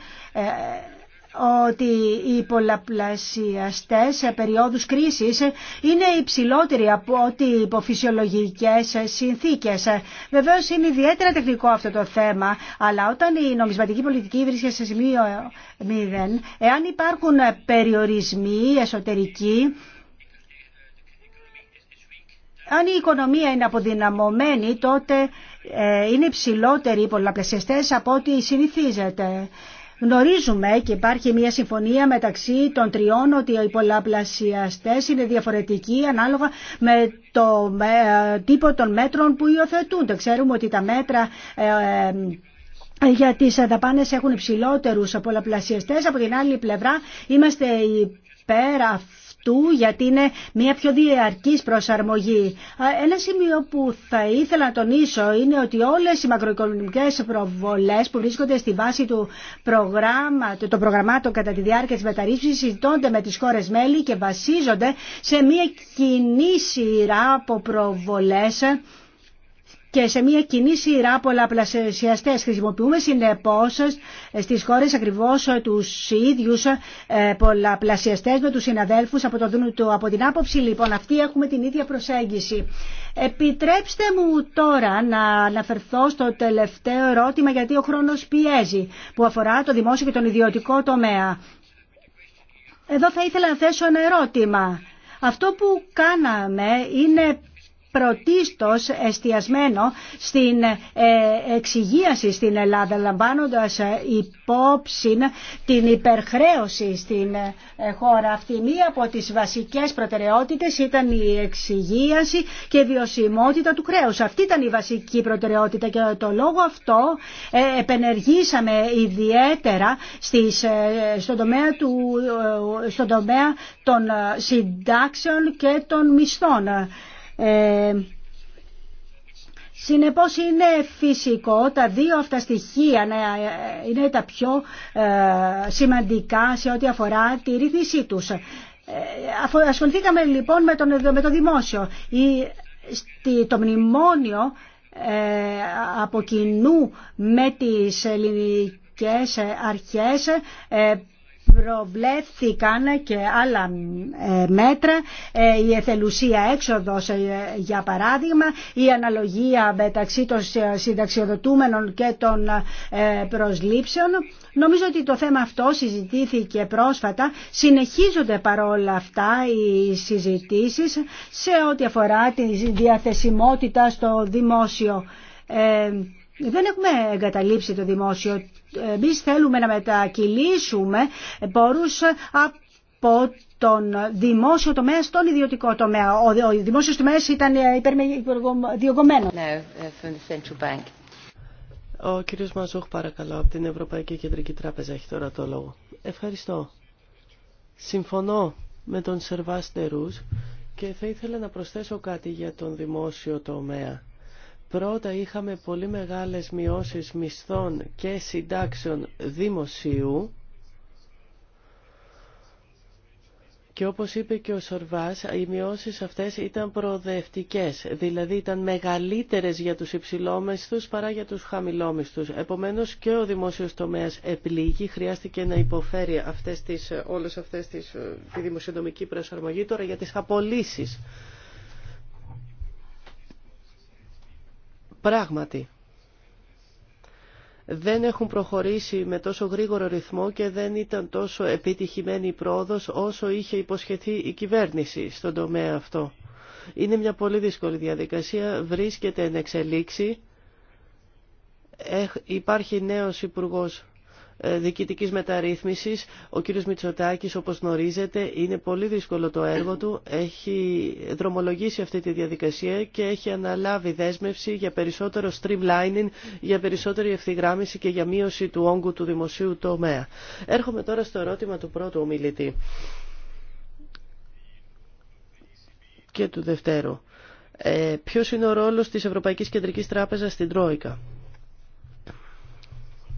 ότι οι πολλαπλασιαστές σε περιόδους κρίσης είναι υψηλότεροι από ό,τι υπό φυσιολογικές συνθήκες. Βεβαίως είναι ιδιαίτερα τεχνικό αυτό το θέμα, αλλά όταν η νομισματική πολιτική βρίσκεται σε σημείο μηδέν, εάν υπάρχουν περιορισμοί εσωτερικοί, αν η οικονομία είναι αποδυναμωμένη, τότε ε, είναι υψηλότεροι οι πολλαπλασιαστές από ό,τι συνηθίζεται. Γνωρίζουμε και υπάρχει μια συμφωνία μεταξύ των τριών ότι οι πολλαπλασιαστές είναι διαφορετικοί ανάλογα με το ε, τύπο των μέτρων που υιοθετούνται. Ξέρουμε ότι τα μέτρα ε, ε, για τις δαπάνες έχουν υψηλότερους πολλαπλασιαστές. Από την άλλη πλευρά είμαστε υπέρα γιατί είναι μια πιο διαρκής προσαρμογή. Ένα σημείο που θα ήθελα να τονίσω είναι ότι όλες οι μακροοικονομικές προβολές που βρίσκονται στη βάση του των προγραμμάτων κατά τη διάρκεια της μεταρρύψης συζητώνται με τις χώρες μέλη και βασίζονται σε μια κοινή σειρά από προβολές και σε μια κοινή σειρά πολλαπλασιαστέ. Χρησιμοποιούμε συνεπώ στις χώρες ακριβώς του ίδιου ε, πολλαπλασιαστέ με τους συναδέλφους από, το, από την άποψη λοιπόν αυτή έχουμε την ίδια προσέγγιση. Επιτρέψτε μου τώρα να αναφερθώ στο τελευταίο ερώτημα γιατί ο χρόνος πιέζει που αφορά το δημόσιο και τον ιδιωτικό τομέα. Εδώ θα ήθελα να θέσω ένα ερώτημα. Αυτό που κάναμε είναι πρωτίστως εστιασμένο στην ε, εξυγίαση στην Ελλάδα λαμβάνοντας ε, υπόψη την υπερχρέωση στην ε, χώρα αυτή. Μία από τις βασικές προτεραιότητες ήταν η εξυγίαση και η βιωσιμότητα του κρέους. Αυτή ήταν η βασική προτεραιότητα και το λόγο αυτό επενεργήσαμε ιδιαίτερα στις, στον, του, στον τομέα των συντάξεων και των μισθών. Ε, συνεπώς είναι φυσικό τα δύο αυτά στοιχεία να είναι τα πιο ε, σημαντικά σε ό,τι αφορά τη ρύθμισή τους. Ε, ασχοληθήκαμε λοιπόν με, τον, το δημόσιο. Η, το μνημόνιο από κοινού με τις ελληνικές αρχές προβλέφθηκαν και άλλα ε, μέτρα, ε, η εθελουσία έξοδος ε, για παράδειγμα, η αναλογία μεταξύ των συνταξιοδοτούμενων και των προσλήψεων. Νομίζω ότι το θέμα αυτό συζητήθηκε πρόσφατα. Συνεχίζονται παρόλα αυτά οι συζητήσεις σε ό,τι αφορά τη διαθεσιμότητα στο δημόσιο δεν έχουμε εγκαταλείψει το δημόσιο. Εμεί θέλουμε να μετακυλήσουμε πόρους από τον δημόσιο τομέα στον ιδιωτικό τομέα. Ο, δημόσιο δημόσιος τομέας ήταν υπερδιωγωμένο. Uh, ο κύριο Μαζούχ παρακαλώ από την Ευρωπαϊκή Κεντρική Τράπεζα έχει τώρα το λόγο. Ευχαριστώ. Συμφωνώ με τον Σερβάς Ντερούς και θα ήθελα να προσθέσω κάτι για τον δημόσιο τομέα. Πρώτα είχαμε πολύ μεγάλες μειώσεις μισθών και συντάξεων δημοσίου και όπως είπε και ο Σορβάς, οι μειώσεις αυτές ήταν προοδευτικές, δηλαδή ήταν μεγαλύτερες για τους υψηλόμεσθους παρά για τους χαμηλόμεσθους. Επομένως και ο δημόσιος τομέας επλήγει, χρειάστηκε να υποφέρει αυτές τις, όλες αυτές τις, ε, τη δημοσιονομική προσαρμογή τώρα για τις απολύσεις. Πράγματι, δεν έχουν προχωρήσει με τόσο γρήγορο ρυθμό και δεν ήταν τόσο επιτυχημένη η πρόοδος όσο είχε υποσχεθεί η κυβέρνηση στον τομέα αυτό. Είναι μια πολύ δύσκολη διαδικασία, βρίσκεται εν εξελίξη. Υπάρχει νέος υπουργός ε, διοικητικής μεταρρύθμισης. Ο κύριος Μητσοτάκη, όπως γνωρίζετε, είναι πολύ δύσκολο το έργο του. Έχει δρομολογήσει αυτή τη διαδικασία και έχει αναλάβει δέσμευση για περισσότερο streamlining, για περισσότερη ευθυγράμμιση και για μείωση του όγκου του δημοσίου τομέα. Έρχομαι τώρα στο ερώτημα του πρώτου ομιλητή και του δευτέρου. Ε, ποιος είναι ο ρόλος της Ευρωπαϊκής Κεντρικής Τράπεζας στην Τρόικα.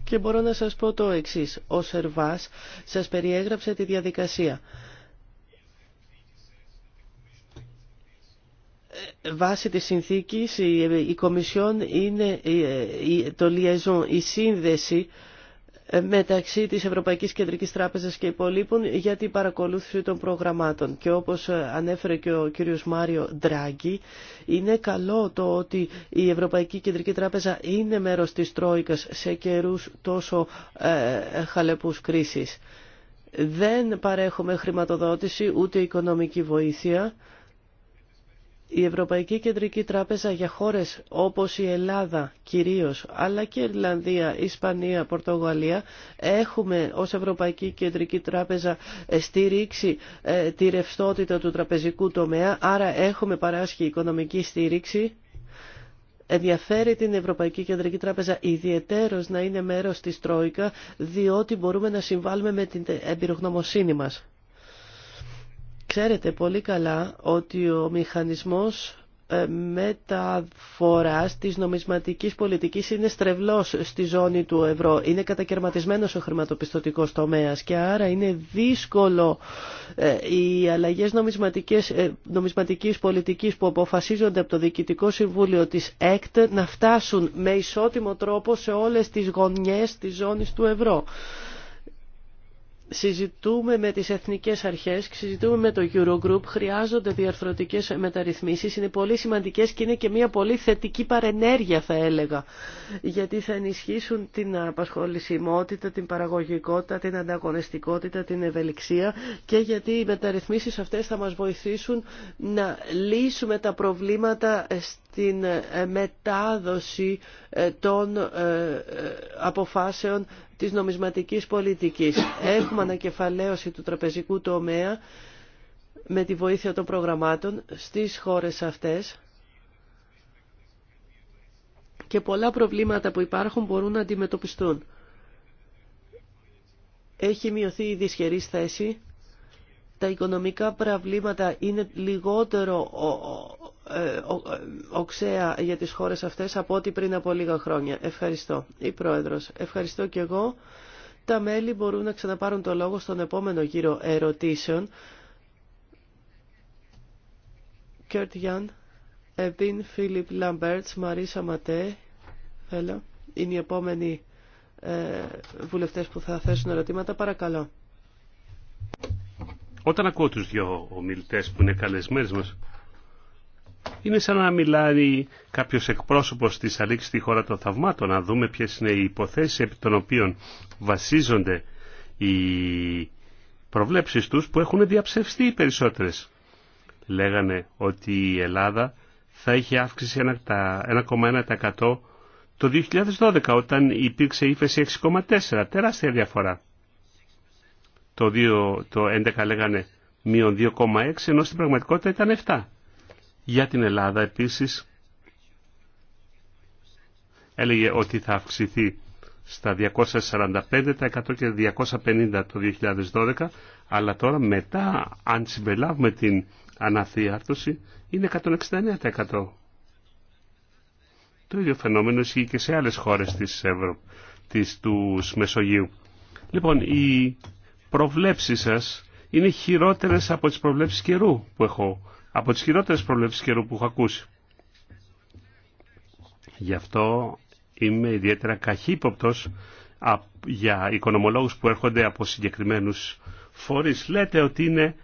Και μπορώ να σας πω το εξής. Ο Σερβάς σας περιέγραψε τη διαδικασία. Βάσει της συνθήκης η Κομισιόν είναι το liaison, η σύνδεση μεταξύ της Ευρωπαϊκής Κεντρικής Τράπεζας και υπολείπων για την παρακολούθηση των προγραμμάτων. Και όπως ε, ανέφερε και ο κύριος Μάριο Ντράγκη, είναι καλό το ότι η Ευρωπαϊκή Κεντρική Τράπεζα είναι μέρος της Τρόικας σε καιρούς τόσο ε, χαλεπούς κρίσης. Δεν παρέχουμε χρηματοδότηση ούτε οικονομική βοήθεια η Ευρωπαϊκή Κεντρική Τράπεζα για χώρες όπως η Ελλάδα κυρίως, αλλά και η Ιρλανδία, Ισπανία, Πορτογαλία, έχουμε ως Ευρωπαϊκή Κεντρική Τράπεζα ε, στηρίξει ε, τη ρευστότητα του τραπεζικού τομέα, άρα έχουμε παράσχει οικονομική στήριξη ενδιαφέρει την Ευρωπαϊκή Κεντρική Τράπεζα ιδιαιτέρως να είναι μέρος της Τρόικα, διότι μπορούμε να συμβάλλουμε με την εμπειρογνωμοσύνη μας. Ξέρετε πολύ καλά ότι ο μηχανισμός ε, μεταφοράς της νομισματικής πολιτικής είναι στρεβλός στη ζώνη του ευρώ. Είναι κατακαιρματισμένος ο χρηματοπιστωτικός τομέας και άρα είναι δύσκολο ε, οι αλλαγές νομισματικές, ε, νομισματικής πολιτικής που αποφασίζονται από το Διοικητικό Συμβούλιο της ΕΚΤ να φτάσουν με ισότιμο τρόπο σε όλες τις γωνιές της ζώνης του ευρώ συζητούμε με τις εθνικές αρχές, συζητούμε με το Eurogroup, χρειάζονται διαρθρωτικές μεταρρυθμίσεις, είναι πολύ σημαντικές και είναι και μια πολύ θετική παρενέργεια θα έλεγα, γιατί θα ενισχύσουν την απασχολησιμότητα, την παραγωγικότητα, την ανταγωνιστικότητα, την ευελιξία και γιατί οι μεταρρυθμίσεις αυτές θα μας βοηθήσουν να λύσουμε τα προβλήματα στην μετάδοση ε, των ε, ε, αποφάσεων της νομισματικής πολιτικής. Έχουμε ανακεφαλαίωση του τραπεζικού τομέα με τη βοήθεια των προγραμμάτων στις χώρες αυτές και πολλά προβλήματα που υπάρχουν μπορούν να αντιμετωπιστούν. Έχει μειωθεί η δυσχερή θέση. Τα οικονομικά προβλήματα είναι λιγότερο ε, ε, οξέα για τις χώρες αυτές από ό,τι πριν από λίγα χρόνια. Ευχαριστώ. Η Πρόεδρος. Ευχαριστώ και εγώ. Τα μέλη μπορούν να ξαναπάρουν το λόγο στον επόμενο γύρο ερωτήσεων. Κέρτ Γιάν, Εμπίν Φίλιπ Λαμπέρτς, Μαρίσα Ματέ, Έλα, είναι οι επόμενοι ε, βουλευτές που θα θέσουν ερωτήματα. Παρακαλώ. Όταν ακούω τους δύο ομιλητές που είναι καλεσμένοι μας, είναι σαν να μιλάει κάποιο εκπρόσωπο τη Αλήξη στη χώρα των θαυμάτων, να δούμε ποιε είναι οι υποθέσει επί των οποίων βασίζονται οι προβλέψει του που έχουν διαψευστεί οι περισσότερε. Λέγανε ότι η Ελλάδα θα είχε αύξηση 1,1% το 2012 όταν υπήρξε ύφεση 6,4, τεράστια διαφορά. Το, 2011 λέγανε μείον 2,6 ενώ στην πραγματικότητα ήταν 7. Για την Ελλάδα επίσης έλεγε ότι θα αυξηθεί στα 245% και 250% το 2012, αλλά τώρα μετά, αν συμπελάβουμε την αναθίαρθρωση, είναι 169%. Το ίδιο φαινόμενο ισχύει και σε άλλες χώρες της Ευρώπης, της, του Μεσογείου. Λοιπόν, οι προβλέψεις σας είναι χειρότερες από τις προβλέψεις καιρού που έχω από τις χειρότερες προβλέψεις καιρού που έχω ακούσει. Γι' αυτό είμαι ιδιαίτερα καχύποπτος για οικονομολόγους που έρχονται από συγκεκριμένους φορείς. Λέτε ότι είναι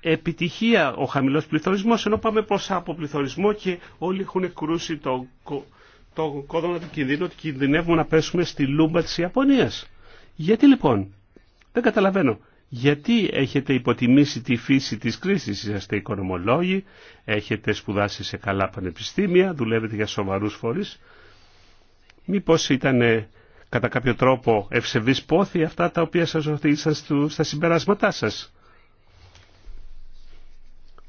επιτυχία ο χαμηλός πληθωρισμός, ενώ πάμε προς αποπληθωρισμό και όλοι έχουν κρούσει το, το κόδωνα του κινδύνου ότι κινδυνεύουμε να πέσουμε στη λούμπα της Ιαπωνίας. Γιατί λοιπόν, δεν καταλαβαίνω, γιατί έχετε υποτιμήσει τη φύση της κρίσης, είσαστε οικονομολόγοι, έχετε σπουδάσει σε καλά πανεπιστήμια, δουλεύετε για σοβαρούς φορείς. Μήπως ήταν ε, κατά κάποιο τρόπο ευσεβείς πόθη αυτά τα οποία σας οδήγησαν στα συμπεράσματά σας.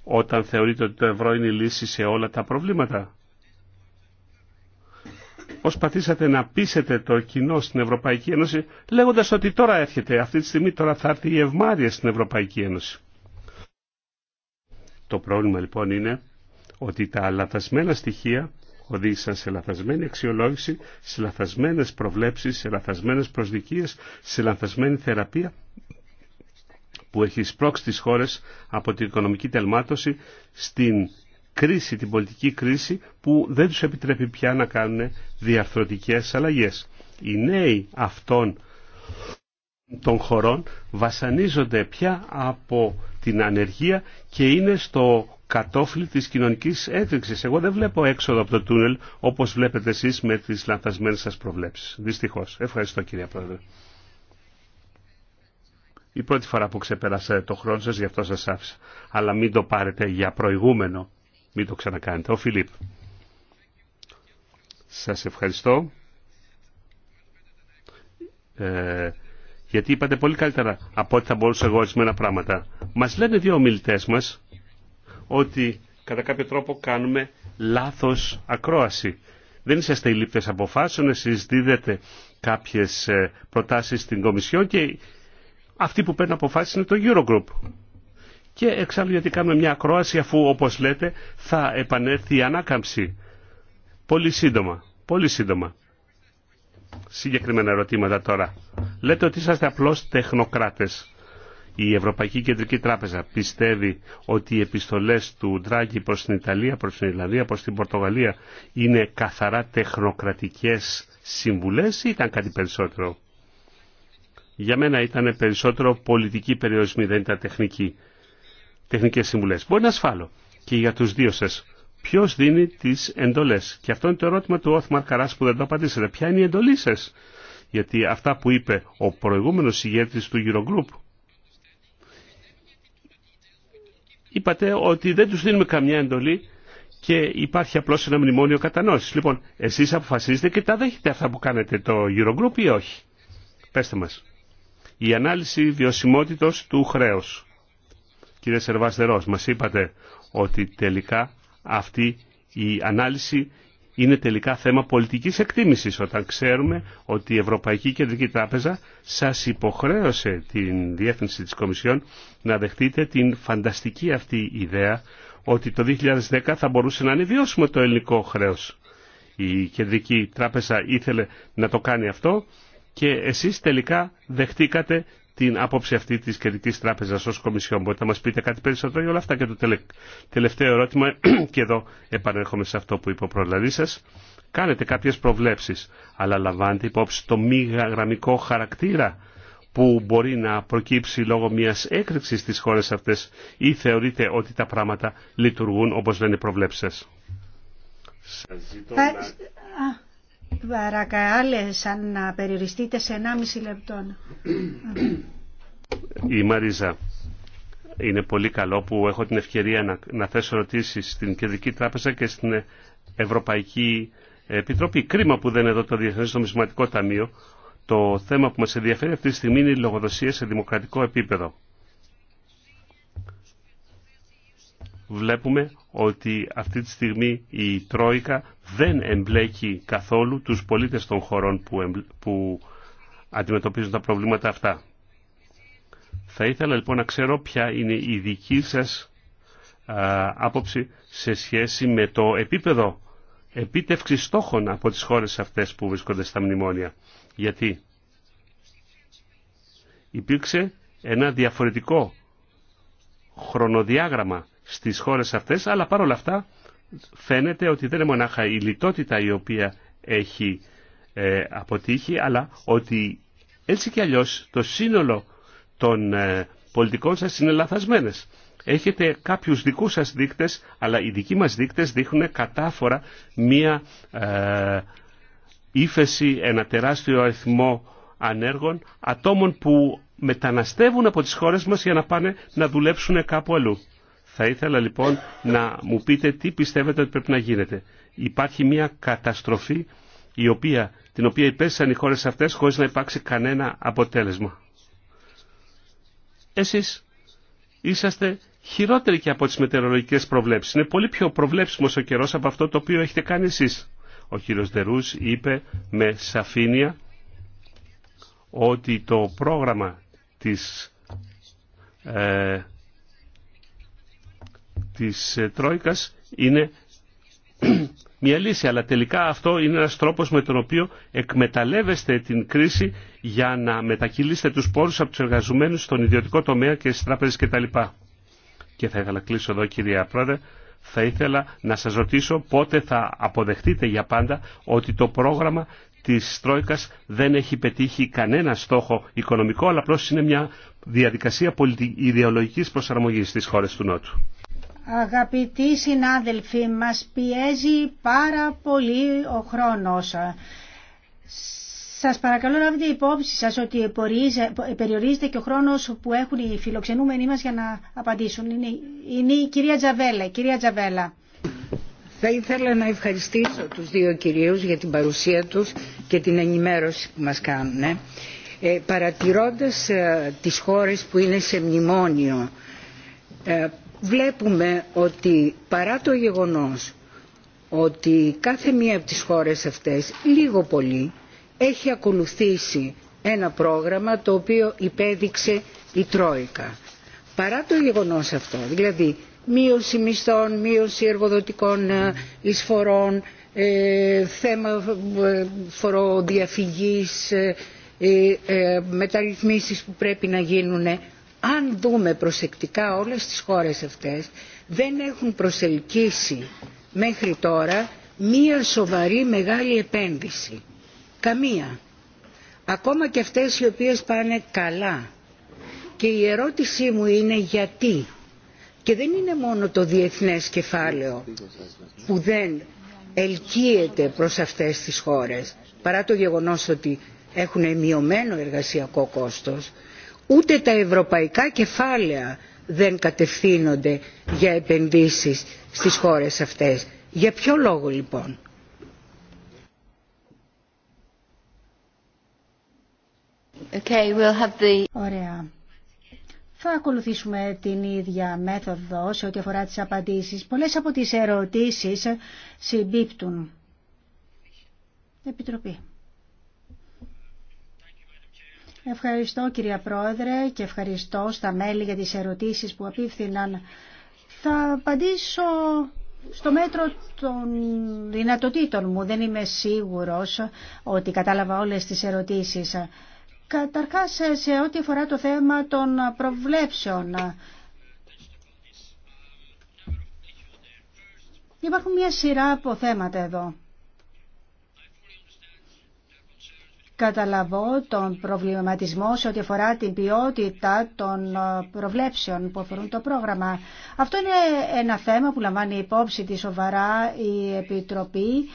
Όταν θεωρείτε ότι το ευρώ είναι η λύση σε όλα τα προβλήματα προσπαθήσατε να πείσετε το κοινό στην Ευρωπαϊκή Ένωση λέγοντας ότι τώρα έρχεται, αυτή τη στιγμή τώρα θα έρθει η ευμάρεια στην Ευρωπαϊκή Ένωση. Το πρόβλημα λοιπόν είναι ότι τα λαθασμένα στοιχεία οδήγησαν σε λαθασμένη αξιολόγηση, σε λαθασμένες προβλέψεις, σε λαθασμένες προσδικίες, σε λαθασμένη θεραπεία που έχει σπρώξει τις χώρες από την οικονομική τελμάτωση στην κρίση, την πολιτική κρίση που δεν τους επιτρέπει πια να κάνουν διαρθρωτικές αλλαγές. Οι νέοι αυτών των χωρών βασανίζονται πια από την ανεργία και είναι στο κατόφλι της κοινωνικής έκρηξης. Εγώ δεν βλέπω έξοδο από το τούνελ όπως βλέπετε εσείς με τις λανθασμένες σας προβλέψεις. Δυστυχώς. Ευχαριστώ κυρία Πρόεδρε. Η πρώτη φορά που ξεπεράσατε το χρόνο σας γι' αυτό σας άφησα. Αλλά μην το πάρετε για προηγούμενο. Μην το ξανακάνετε. Ο Φιλίπ. Σας ευχαριστώ. Ε, γιατί είπατε πολύ καλύτερα από ό,τι θα μπορούσα εγώ ορισμένα πράγματα. Μας λένε δύο ομιλητέ μας ότι κατά κάποιο τρόπο κάνουμε λάθος ακρόαση. Δεν είσαστε οι λήπτες αποφάσεων, εσείς δίδετε κάποιες ε, προτάσεις στην Κομισιόν και αυτοί που παίρνουν αποφάσεις είναι το Eurogroup και εξάλλου γιατί κάνουμε μια ακρόαση αφού όπως λέτε θα επανέλθει η ανάκαμψη. Πολύ σύντομα, πολύ σύντομα. Συγκεκριμένα ερωτήματα τώρα. Λέτε ότι είσαστε απλώς τεχνοκράτες. Η Ευρωπαϊκή Κεντρική Τράπεζα πιστεύει ότι οι επιστολές του Ντράγκη προς την Ιταλία, προς την Ιρλανδία, προς την Πορτογαλία είναι καθαρά τεχνοκρατικές συμβουλές ή ήταν κάτι περισσότερο. Για μένα ήταν περισσότερο πολιτική περιορισμή, δεν ήταν τεχνική τεχνικές συμβουλές. Μπορεί να ασφάλω και για τους δύο σας. Ποιο δίνει τι εντολές. Και αυτό είναι το ερώτημα του Όθμαρ Καράς που δεν το απαντήσατε. Ποια είναι η εντολή σα. Γιατί αυτά που είπε ο προηγούμενο ηγέτη του Eurogroup. Είπατε ότι δεν του δίνουμε καμιά εντολή και υπάρχει απλώ ένα μνημόνιο κατανόηση. Λοιπόν, εσεί αποφασίζετε και τα δέχετε αυτά που κάνετε το Eurogroup ή όχι. Πέστε μα. Η ανάλυση βιωσιμότητος του χρέους. Κύριε Σερβάστερός, μας είπατε ότι τελικά αυτή η ανάλυση είναι τελικά θέμα πολιτικής εκτίμησης όταν ξέρουμε ότι η Ευρωπαϊκή Κεντρική Τράπεζα σας υποχρέωσε την διεύθυνση της Κομισιόν να δεχτείτε την φανταστική αυτή ιδέα ότι το 2010 θα μπορούσε να είναι το ελληνικό χρέος. Η Κεντρική Τράπεζα ήθελε να το κάνει αυτό και εσείς τελικά δεχτήκατε την άποψη αυτή τη Κεντρική Τράπεζα ω Κομισιόν. Μπορείτε να μα πείτε κάτι περισσότερο για όλα αυτά. Και το τελευταίο ερώτημα, και εδώ επανέρχομαι σε αυτό που είπε ο προλαλή σα. Κάνετε κάποιε προβλέψει, αλλά λαμβάνετε υπόψη το μη γραμμικό χαρακτήρα που μπορεί να προκύψει λόγω μια έκρηξη στι χώρε αυτέ ή θεωρείτε ότι τα πράγματα λειτουργούν όπω λένε οι προβλέψει σα. ζητώ Παρακαλέσαν να περιοριστείτε σε 1,5 λεπτό. Η Μαρίζα, είναι πολύ καλό που έχω την ευκαιρία να, θέσω ερωτήσει στην Κεντρική Τράπεζα και στην Ευρωπαϊκή Επιτροπή. Κρίμα που δεν είναι εδώ το Διεθνές Νομισματικό Ταμείο. Το θέμα που μας ενδιαφέρει αυτή τη στιγμή είναι η λογοδοσία σε δημοκρατικό επίπεδο. βλέπουμε ότι αυτή τη στιγμή η Τρόικα δεν εμπλέκει καθόλου τους πολίτες των χωρών που, αντιμετωπίζουν τα προβλήματα αυτά. Θα ήθελα λοιπόν να ξέρω ποια είναι η δική σας άποψη σε σχέση με το επίπεδο επίτευξη στόχων από τις χώρες αυτές που βρίσκονται στα μνημόνια. Γιατί υπήρξε ένα διαφορετικό χρονοδιάγραμμα στις χώρες αυτές, αλλά παρόλα αυτά φαίνεται ότι δεν είναι μονάχα η λιτότητα η οποία έχει ε, αποτύχει, αλλά ότι έτσι κι αλλιώς το σύνολο των ε, πολιτικών σας είναι λαθασμένες. Έχετε κάποιους δικούς σας δείκτες, αλλά οι δικοί μας δείκτες δείχνουν κατάφορα μία ε, ύφεση, ένα τεράστιο αριθμό ανέργων, ατόμων που μεταναστεύουν από τις χώρες μας για να πάνε να δουλέψουν κάπου αλλού. Θα ήθελα λοιπόν να μου πείτε τι πιστεύετε ότι πρέπει να γίνεται. Υπάρχει μια καταστροφή η οποία, την οποία υπέστησαν οι χώρες αυτές χωρίς να υπάρξει κανένα αποτέλεσμα. Εσείς είσαστε χειρότεροι και από τις μετεωρολογικές προβλέψεις. Είναι πολύ πιο προβλέψιμος ο καιρός από αυτό το οποίο έχετε κάνει εσείς. Ο κύριο Δερούς είπε με σαφήνεια ότι το πρόγραμμα της ε, της ε, Τρόικας είναι μια λύση, αλλά τελικά αυτό είναι ένας τρόπος με τον οποίο εκμεταλλεύεστε την κρίση για να μετακυλήσετε τους πόρους από τους εργαζομένους στον ιδιωτικό τομέα και στις τράπεζες κτλ. Και θα ήθελα κλείσω εδώ κυρία Πρόεδρε, θα ήθελα να σας ρωτήσω πότε θα αποδεχτείτε για πάντα ότι το πρόγραμμα της Τρόικας δεν έχει πετύχει κανένα στόχο οικονομικό, αλλά απλώς είναι μια διαδικασία ιδεολογικής προσαρμογής στις χώρες του Νότου. Αγαπητοί συνάδελφοι, μας πιέζει πάρα πολύ ο χρόνος. Σας παρακαλώ να βρείτε υπόψη σας ότι περιορίζεται και ο χρόνος που έχουν οι φιλοξενούμενοι μας για να απαντήσουν. Είναι, η κυρία Τζαβέλα. Κυρία Τζαβέλα. Θα ήθελα να ευχαριστήσω τους δύο κυρίους για την παρουσία τους και την ενημέρωση που μας κάνουν. Ε, ε παρατηρώντας ε, χώρες που είναι σε μνημόνιο ε, βλέπουμε ότι παρά το γεγονός ότι κάθε μία από τις χώρες αυτές λίγο πολύ έχει ακολουθήσει ένα πρόγραμμα το οποίο υπέδειξε η Τρόικα. Παρά το γεγονός αυτό, δηλαδή μείωση μισθών, μείωση εργοδοτικών ε, εισφορών, ε, θέμα ε, φοροδιαφυγής, ε, μεταρρυθμίσεις που πρέπει να γίνουν αν δούμε προσεκτικά όλες τις χώρες αυτές δεν έχουν προσελκύσει μέχρι τώρα μία σοβαρή μεγάλη επένδυση. Καμία. Ακόμα και αυτές οι οποίες πάνε καλά. Και η ερώτησή μου είναι γιατί. Και δεν είναι μόνο το διεθνές κεφάλαιο που δεν ελκύεται προς αυτές τις χώρες παρά το γεγονός ότι έχουν μειωμένο εργασιακό κόστος ούτε τα ευρωπαϊκά κεφάλαια δεν κατευθύνονται για επενδύσεις στις χώρες αυτές. Για ποιο λόγο λοιπόν. Ωραία. Θα ακολουθήσουμε την ίδια μέθοδο σε ό,τι αφορά τις απαντήσεις. Πολλές από τις ερωτήσεις συμπίπτουν. Επιτροπή. Ευχαριστώ κυρία Πρόεδρε και ευχαριστώ στα μέλη για τις ερωτήσεις που απίφθηναν. Θα απαντήσω στο μέτρο των δυνατοτήτων μου. Δεν είμαι σίγουρος ότι κατάλαβα όλες τις ερωτήσεις. Καταρχάς σε ό,τι αφορά το θέμα των προβλέψεων. Υπάρχουν μια σειρά από θέματα εδώ. καταλαβώ τον προβληματισμό σε ό,τι αφορά την ποιότητα των ε, προβλέψεων που αφορούν το πρόγραμμα. Αυτό είναι ένα θέμα που λαμβάνει υπόψη τη σοβαρά η Επιτροπή.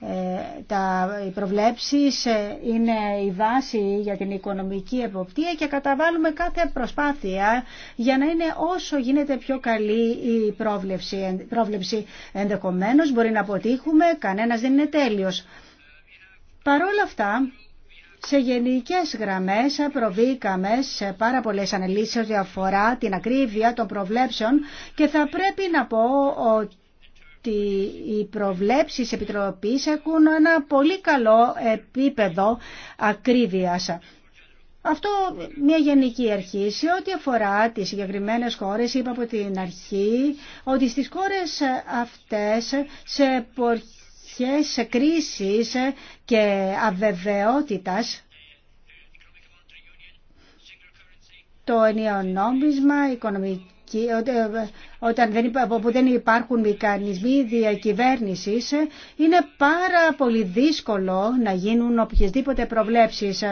Ε, τα, οι προβλέψεις ε, είναι η βάση για την οικονομική εποπτεία και καταβάλουμε κάθε προσπάθεια για να είναι όσο γίνεται πιο καλή η πρόβλεψη. πρόβλεψη. Ενδεχομένως μπορεί να αποτύχουμε, κανένας δεν είναι τέλειος. Παρόλα αυτά, σε γενικές γραμμές προβήκαμε σε πάρα πολλές αναλύσεις ό,τι αφορά την ακρίβεια των προβλέψεων και θα πρέπει να πω ότι οι προβλέψεις επιτροπής έχουν ένα πολύ καλό επίπεδο ακρίβειας. Αυτό μια γενική αρχή. Σε ό,τι αφορά τις συγκεκριμένες χώρες, είπα από την αρχή ότι στις χώρες αυτές σε σε κρίσης και αβεβαιότητας το ενιαίο νόμισμα, οικονομική όταν δεν, όπου δεν υπάρχουν μηχανισμοί διακυβέρνησης, είναι πάρα πολύ δύσκολο να γίνουν οποιασδήποτε προβλέψεις.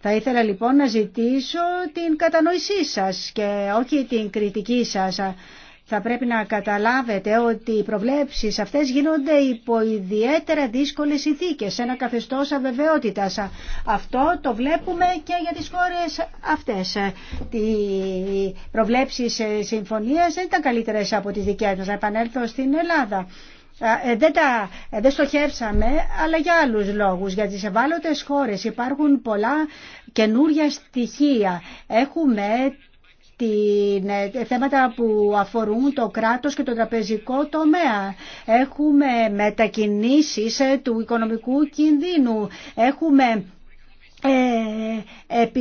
Θα ήθελα λοιπόν να ζητήσω την κατανοησή σας και όχι την κριτική σας θα πρέπει να καταλάβετε ότι οι προβλέψεις αυτές γίνονται υπό ιδιαίτερα δύσκολες συνθήκες, ένα καθεστώς αβεβαιότητας. Αυτό το βλέπουμε και για τις χώρες αυτές. Οι προβλέψεις συμφωνίας δεν ήταν καλύτερες από τις δικές μας. Να επανέλθω στην Ελλάδα. Ε, δεν, τα, ε, δεν στοχεύσαμε, αλλά για άλλους λόγους. Για τις ευάλωτες χώρες υπάρχουν πολλά καινούρια στοιχεία. Έχουμε ε, θέματα που αφορούν το κράτος και το τραπεζικό τομέα. Έχουμε μετακινήσεις ε, του οικονομικού κινδύνου. Έχουμε ε,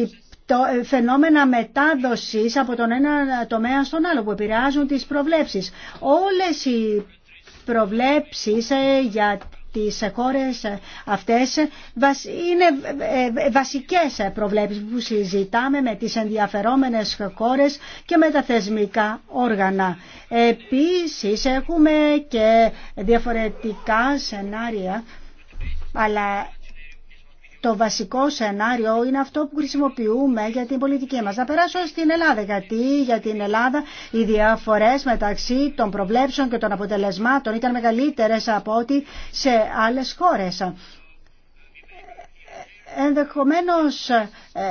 φαινόμενα μετάδοσης από τον ένα τομέα στον άλλο που επηρεάζουν τις προβλέψεις. Όλες οι προβλέψεις για τις χώρες αυτές είναι ε, ε, βασικές προβλέψεις που συζητάμε με τις ενδιαφερόμενες χώρες και με τα θεσμικά όργανα. Επίσης έχουμε και διαφορετικά σενάρια αλλά το βασικό σενάριο είναι αυτό που χρησιμοποιούμε για την πολιτική μας. Να περάσω στην Ελλάδα, γιατί για την Ελλάδα οι διαφορές μεταξύ των προβλέψεων και των αποτελεσμάτων ήταν μεγαλύτερες από ό,τι σε άλλες χώρες ενδεχομένως ε, ε,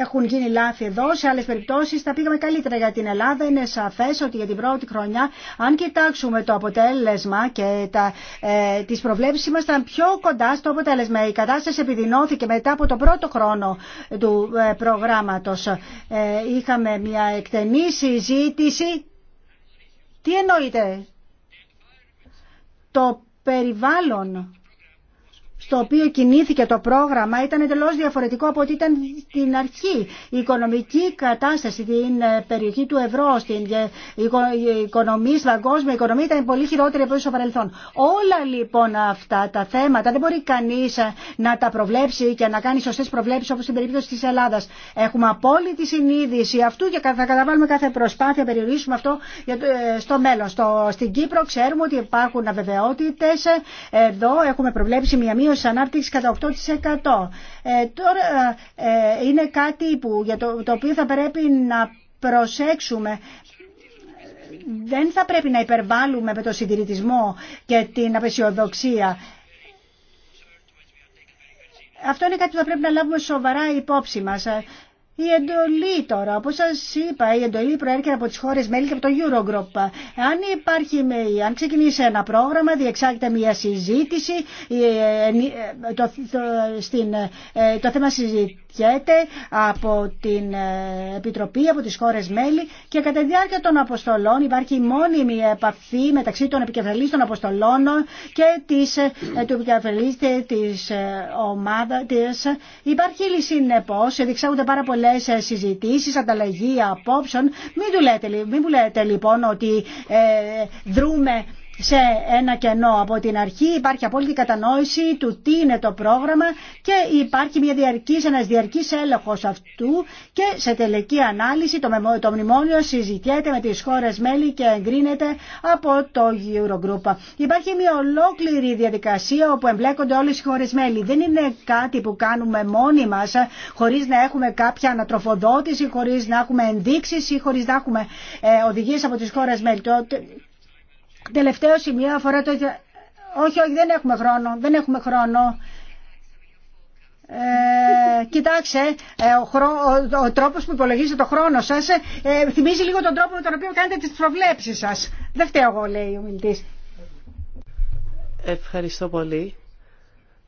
έχουν γίνει λάθη εδώ, σε άλλες περιπτώσεις τα πήγαμε καλύτερα για την Ελλάδα. Είναι σαφές ότι για την πρώτη χρονιά, αν κοιτάξουμε το αποτέλεσμα και τα, ε, τις προβλέψεις ήμασταν πιο κοντά στο αποτέλεσμα. Η κατάσταση επιδεινώθηκε μετά από τον πρώτο χρόνο του ε, προγράμματος. Ε, είχαμε μια εκτενή συζήτηση. Τι εννοείται? Το περιβάλλον στο οποίο κινήθηκε το πρόγραμμα ήταν εντελώ διαφορετικό από ό,τι ήταν στην αρχή. Η οικονομική κατάσταση στην ε, περιοχή του ευρώ, στην ε, ε, οικονομία, στην παγκόσμια οικονομία ήταν πολύ χειρότερη από ό,τι στο παρελθόν. Όλα λοιπόν αυτά τα θέματα δεν μπορεί κανεί να τα προβλέψει και να κάνει σωστέ προβλέψει όπω στην περίπτωση τη Ελλάδα. Έχουμε απόλυτη συνείδηση αυτού και θα καταβάλουμε κάθε προσπάθεια να περιορίσουμε αυτό στο μέλλον. στην Κύπρο ξέρουμε ότι υπάρχουν αβεβαιότητε. Εδώ έχουμε προβλέψει μια μείωση Τη ανάπτυξη κατά 8%. Ε, τώρα ε, ε, είναι κάτι που, για το, το οποίο θα πρέπει να προσέξουμε δεν θα πρέπει να υπερβάλλουμε με το συντηρητισμό και την απεσιοδοξία. Αυτό είναι κάτι που θα πρέπει να λάβουμε σοβαρά υπόψη μας. Η εντολή τώρα, όπω σα είπα, η εντολή προέρχεται από τις χώρες μέλη και από το Eurogroup. Αν, υπάρχει, αν ξεκινήσει ένα πρόγραμμα, διεξάγεται μια συζήτηση, ε, ε, το, το ε, θέμα συζήτησης από την ε, Επιτροπή, από τις χώρες μέλη και κατά τη διάρκεια των αποστολών υπάρχει μόνιμη επαφή μεταξύ των επικεφαλής των αποστολών και της, ε, του επικεφαλής της ε, ομάδας της. Υπάρχει συνεπώς, διεξάγονται πάρα πολλές συζητήσεις, ανταλλαγή απόψεων. Μην, μην μου λέτε λοιπόν ότι ε, δρούμε σε ένα κενό. Από την αρχή υπάρχει απόλυτη κατανόηση του τι είναι το πρόγραμμα και υπάρχει μια διαρκής, ένας διαρκής έλεγχος αυτού και σε τελική ανάλυση το, μνημόνιο συζητιέται με τις χώρες μέλη και εγκρίνεται από το Eurogroup. Υπάρχει μια ολόκληρη διαδικασία όπου εμπλέκονται όλες οι χώρες μέλη. Δεν είναι κάτι που κάνουμε μόνοι μας χωρίς να έχουμε κάποια ανατροφοδότηση, χωρίς να έχουμε ενδείξεις ή χωρίς να έχουμε ε, οδηγίες από τις χώρες μέλη. Τελευταίο σημείο αφορά το... Όχι, όχι, δεν έχουμε χρόνο. Δεν έχουμε χρόνο. Ε, κοιτάξτε, ε, ο, χρο... ο, τρόπος που υπολογίζετε το χρόνο σας ε, θυμίζει λίγο τον τρόπο με τον οποίο κάνετε τις προβλέψεις σας. Δεν φταίω εγώ, λέει ο μιλητής. Ευχαριστώ πολύ.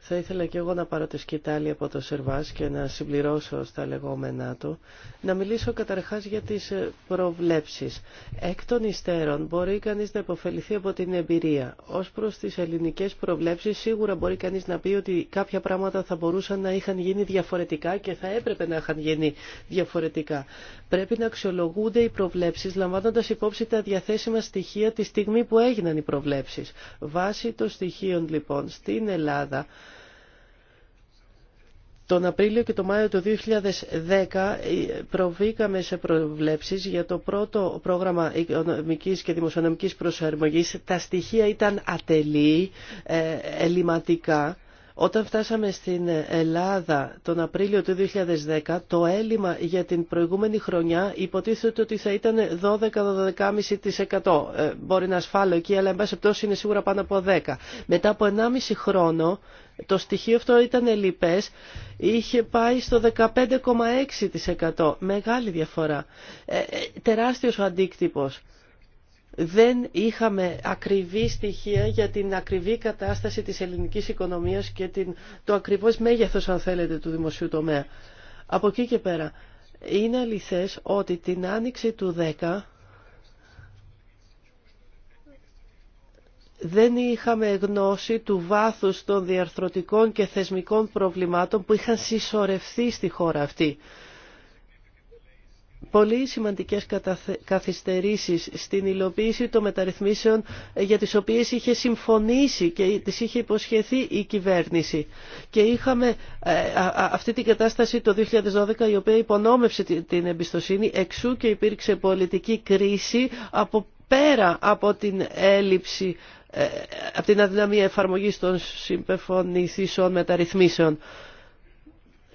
Θα ήθελα και εγώ να πάρω τη σκητάλη από το Σερβάς και να συμπληρώσω στα λεγόμενά του. Να μιλήσω καταρχάς για τις ε, προβλέψεις. Εκ των υστέρων μπορεί κανείς να υποφεληθεί από την εμπειρία. Ως προς τις ελληνικές προβλέψεις σίγουρα μπορεί κανείς να πει ότι κάποια πράγματα θα μπορούσαν να είχαν γίνει διαφορετικά και θα έπρεπε να είχαν γίνει διαφορετικά. Πρέπει να αξιολογούνται οι προβλέψεις λαμβάνοντας υπόψη τα διαθέσιμα στοιχεία τη στιγμή που έγιναν οι προβλέψεις. Βάσει των στοιχείων λοιπόν στην Ελλάδα τον Απρίλιο και τον Μάιο του 2010 ε, προβήκαμε σε προβλέψεις για το πρώτο πρόγραμμα οικονομικής και δημοσιονομικής προσαρμογής. Τα στοιχεία ήταν ατελή, ε, ελληματικά. Όταν φτάσαμε στην Ελλάδα τον Απρίλιο του 2010, το έλλειμμα για την προηγούμενη χρονιά υποτίθεται ότι θα ήταν 12-12,5%. Ε, μπορεί να ασφάλω εκεί, αλλά εν πάση πτώση είναι σίγουρα πάνω από 10. Μετά από 1,5 χρόνο το στοιχείο αυτό ήταν λοιπές, είχε πάει στο 15,6%. Μεγάλη διαφορά. Ε, ε τεράστιος αντίκτυπος. Δεν είχαμε ακριβή στοιχεία για την ακριβή κατάσταση της ελληνικής οικονομίας και την, το ακριβώς μέγεθος, αν θέλετε, του δημοσίου τομέα. Από εκεί και πέρα, είναι αληθές ότι την άνοιξη του 10 δεν είχαμε γνώση του βάθους των διαρθρωτικών και θεσμικών προβλημάτων που είχαν συσσωρευτεί στη χώρα αυτή. Πολύ σημαντικές καθυστερήσεις στην υλοποίηση των μεταρρυθμίσεων ε, για τις οποίες είχε συμφωνήσει και τις είχε υποσχεθεί η κυβέρνηση. Και είχαμε ε, αυτή την κατάσταση το 2012 η οποία υπονόμευσε την εμπιστοσύνη εξού και υπήρξε πολιτική κρίση από πέρα από την έλλειψη ε, από την αδυναμία εφαρμογής των συμπεφωνηθήσεων μεταρρυθμίσεων.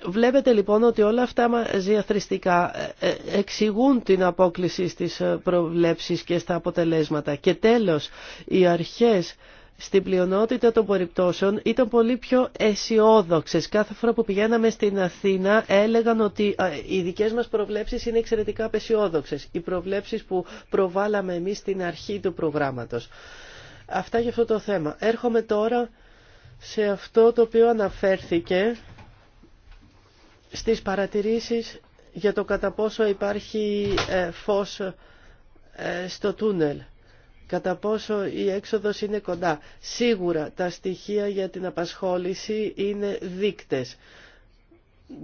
Βλέπετε λοιπόν ότι όλα αυτά μαζί αθρηστικά ε, ε, εξηγούν την απόκληση στις προβλέψεις και στα αποτελέσματα. Και τέλος, οι αρχές στην πλειονότητα των περιπτώσεων ήταν πολύ πιο αισιόδοξε. Κάθε φορά που πηγαίναμε στην Αθήνα έλεγαν ότι οι δικές μας προβλέψεις είναι εξαιρετικά απεσιόδοξες. Οι προβλέψεις που προβάλαμε εμείς στην αρχή του προγράμματος. Αυτά για αυτό το θέμα. Έρχομαι τώρα σε αυτό το οποίο αναφέρθηκε στις παρατηρήσεις για το κατά πόσο υπάρχει ε, φως ε, στο τούνελ κατά πόσο η έξοδος είναι κοντά. Σίγουρα τα στοιχεία για την απασχόληση είναι δίκτες.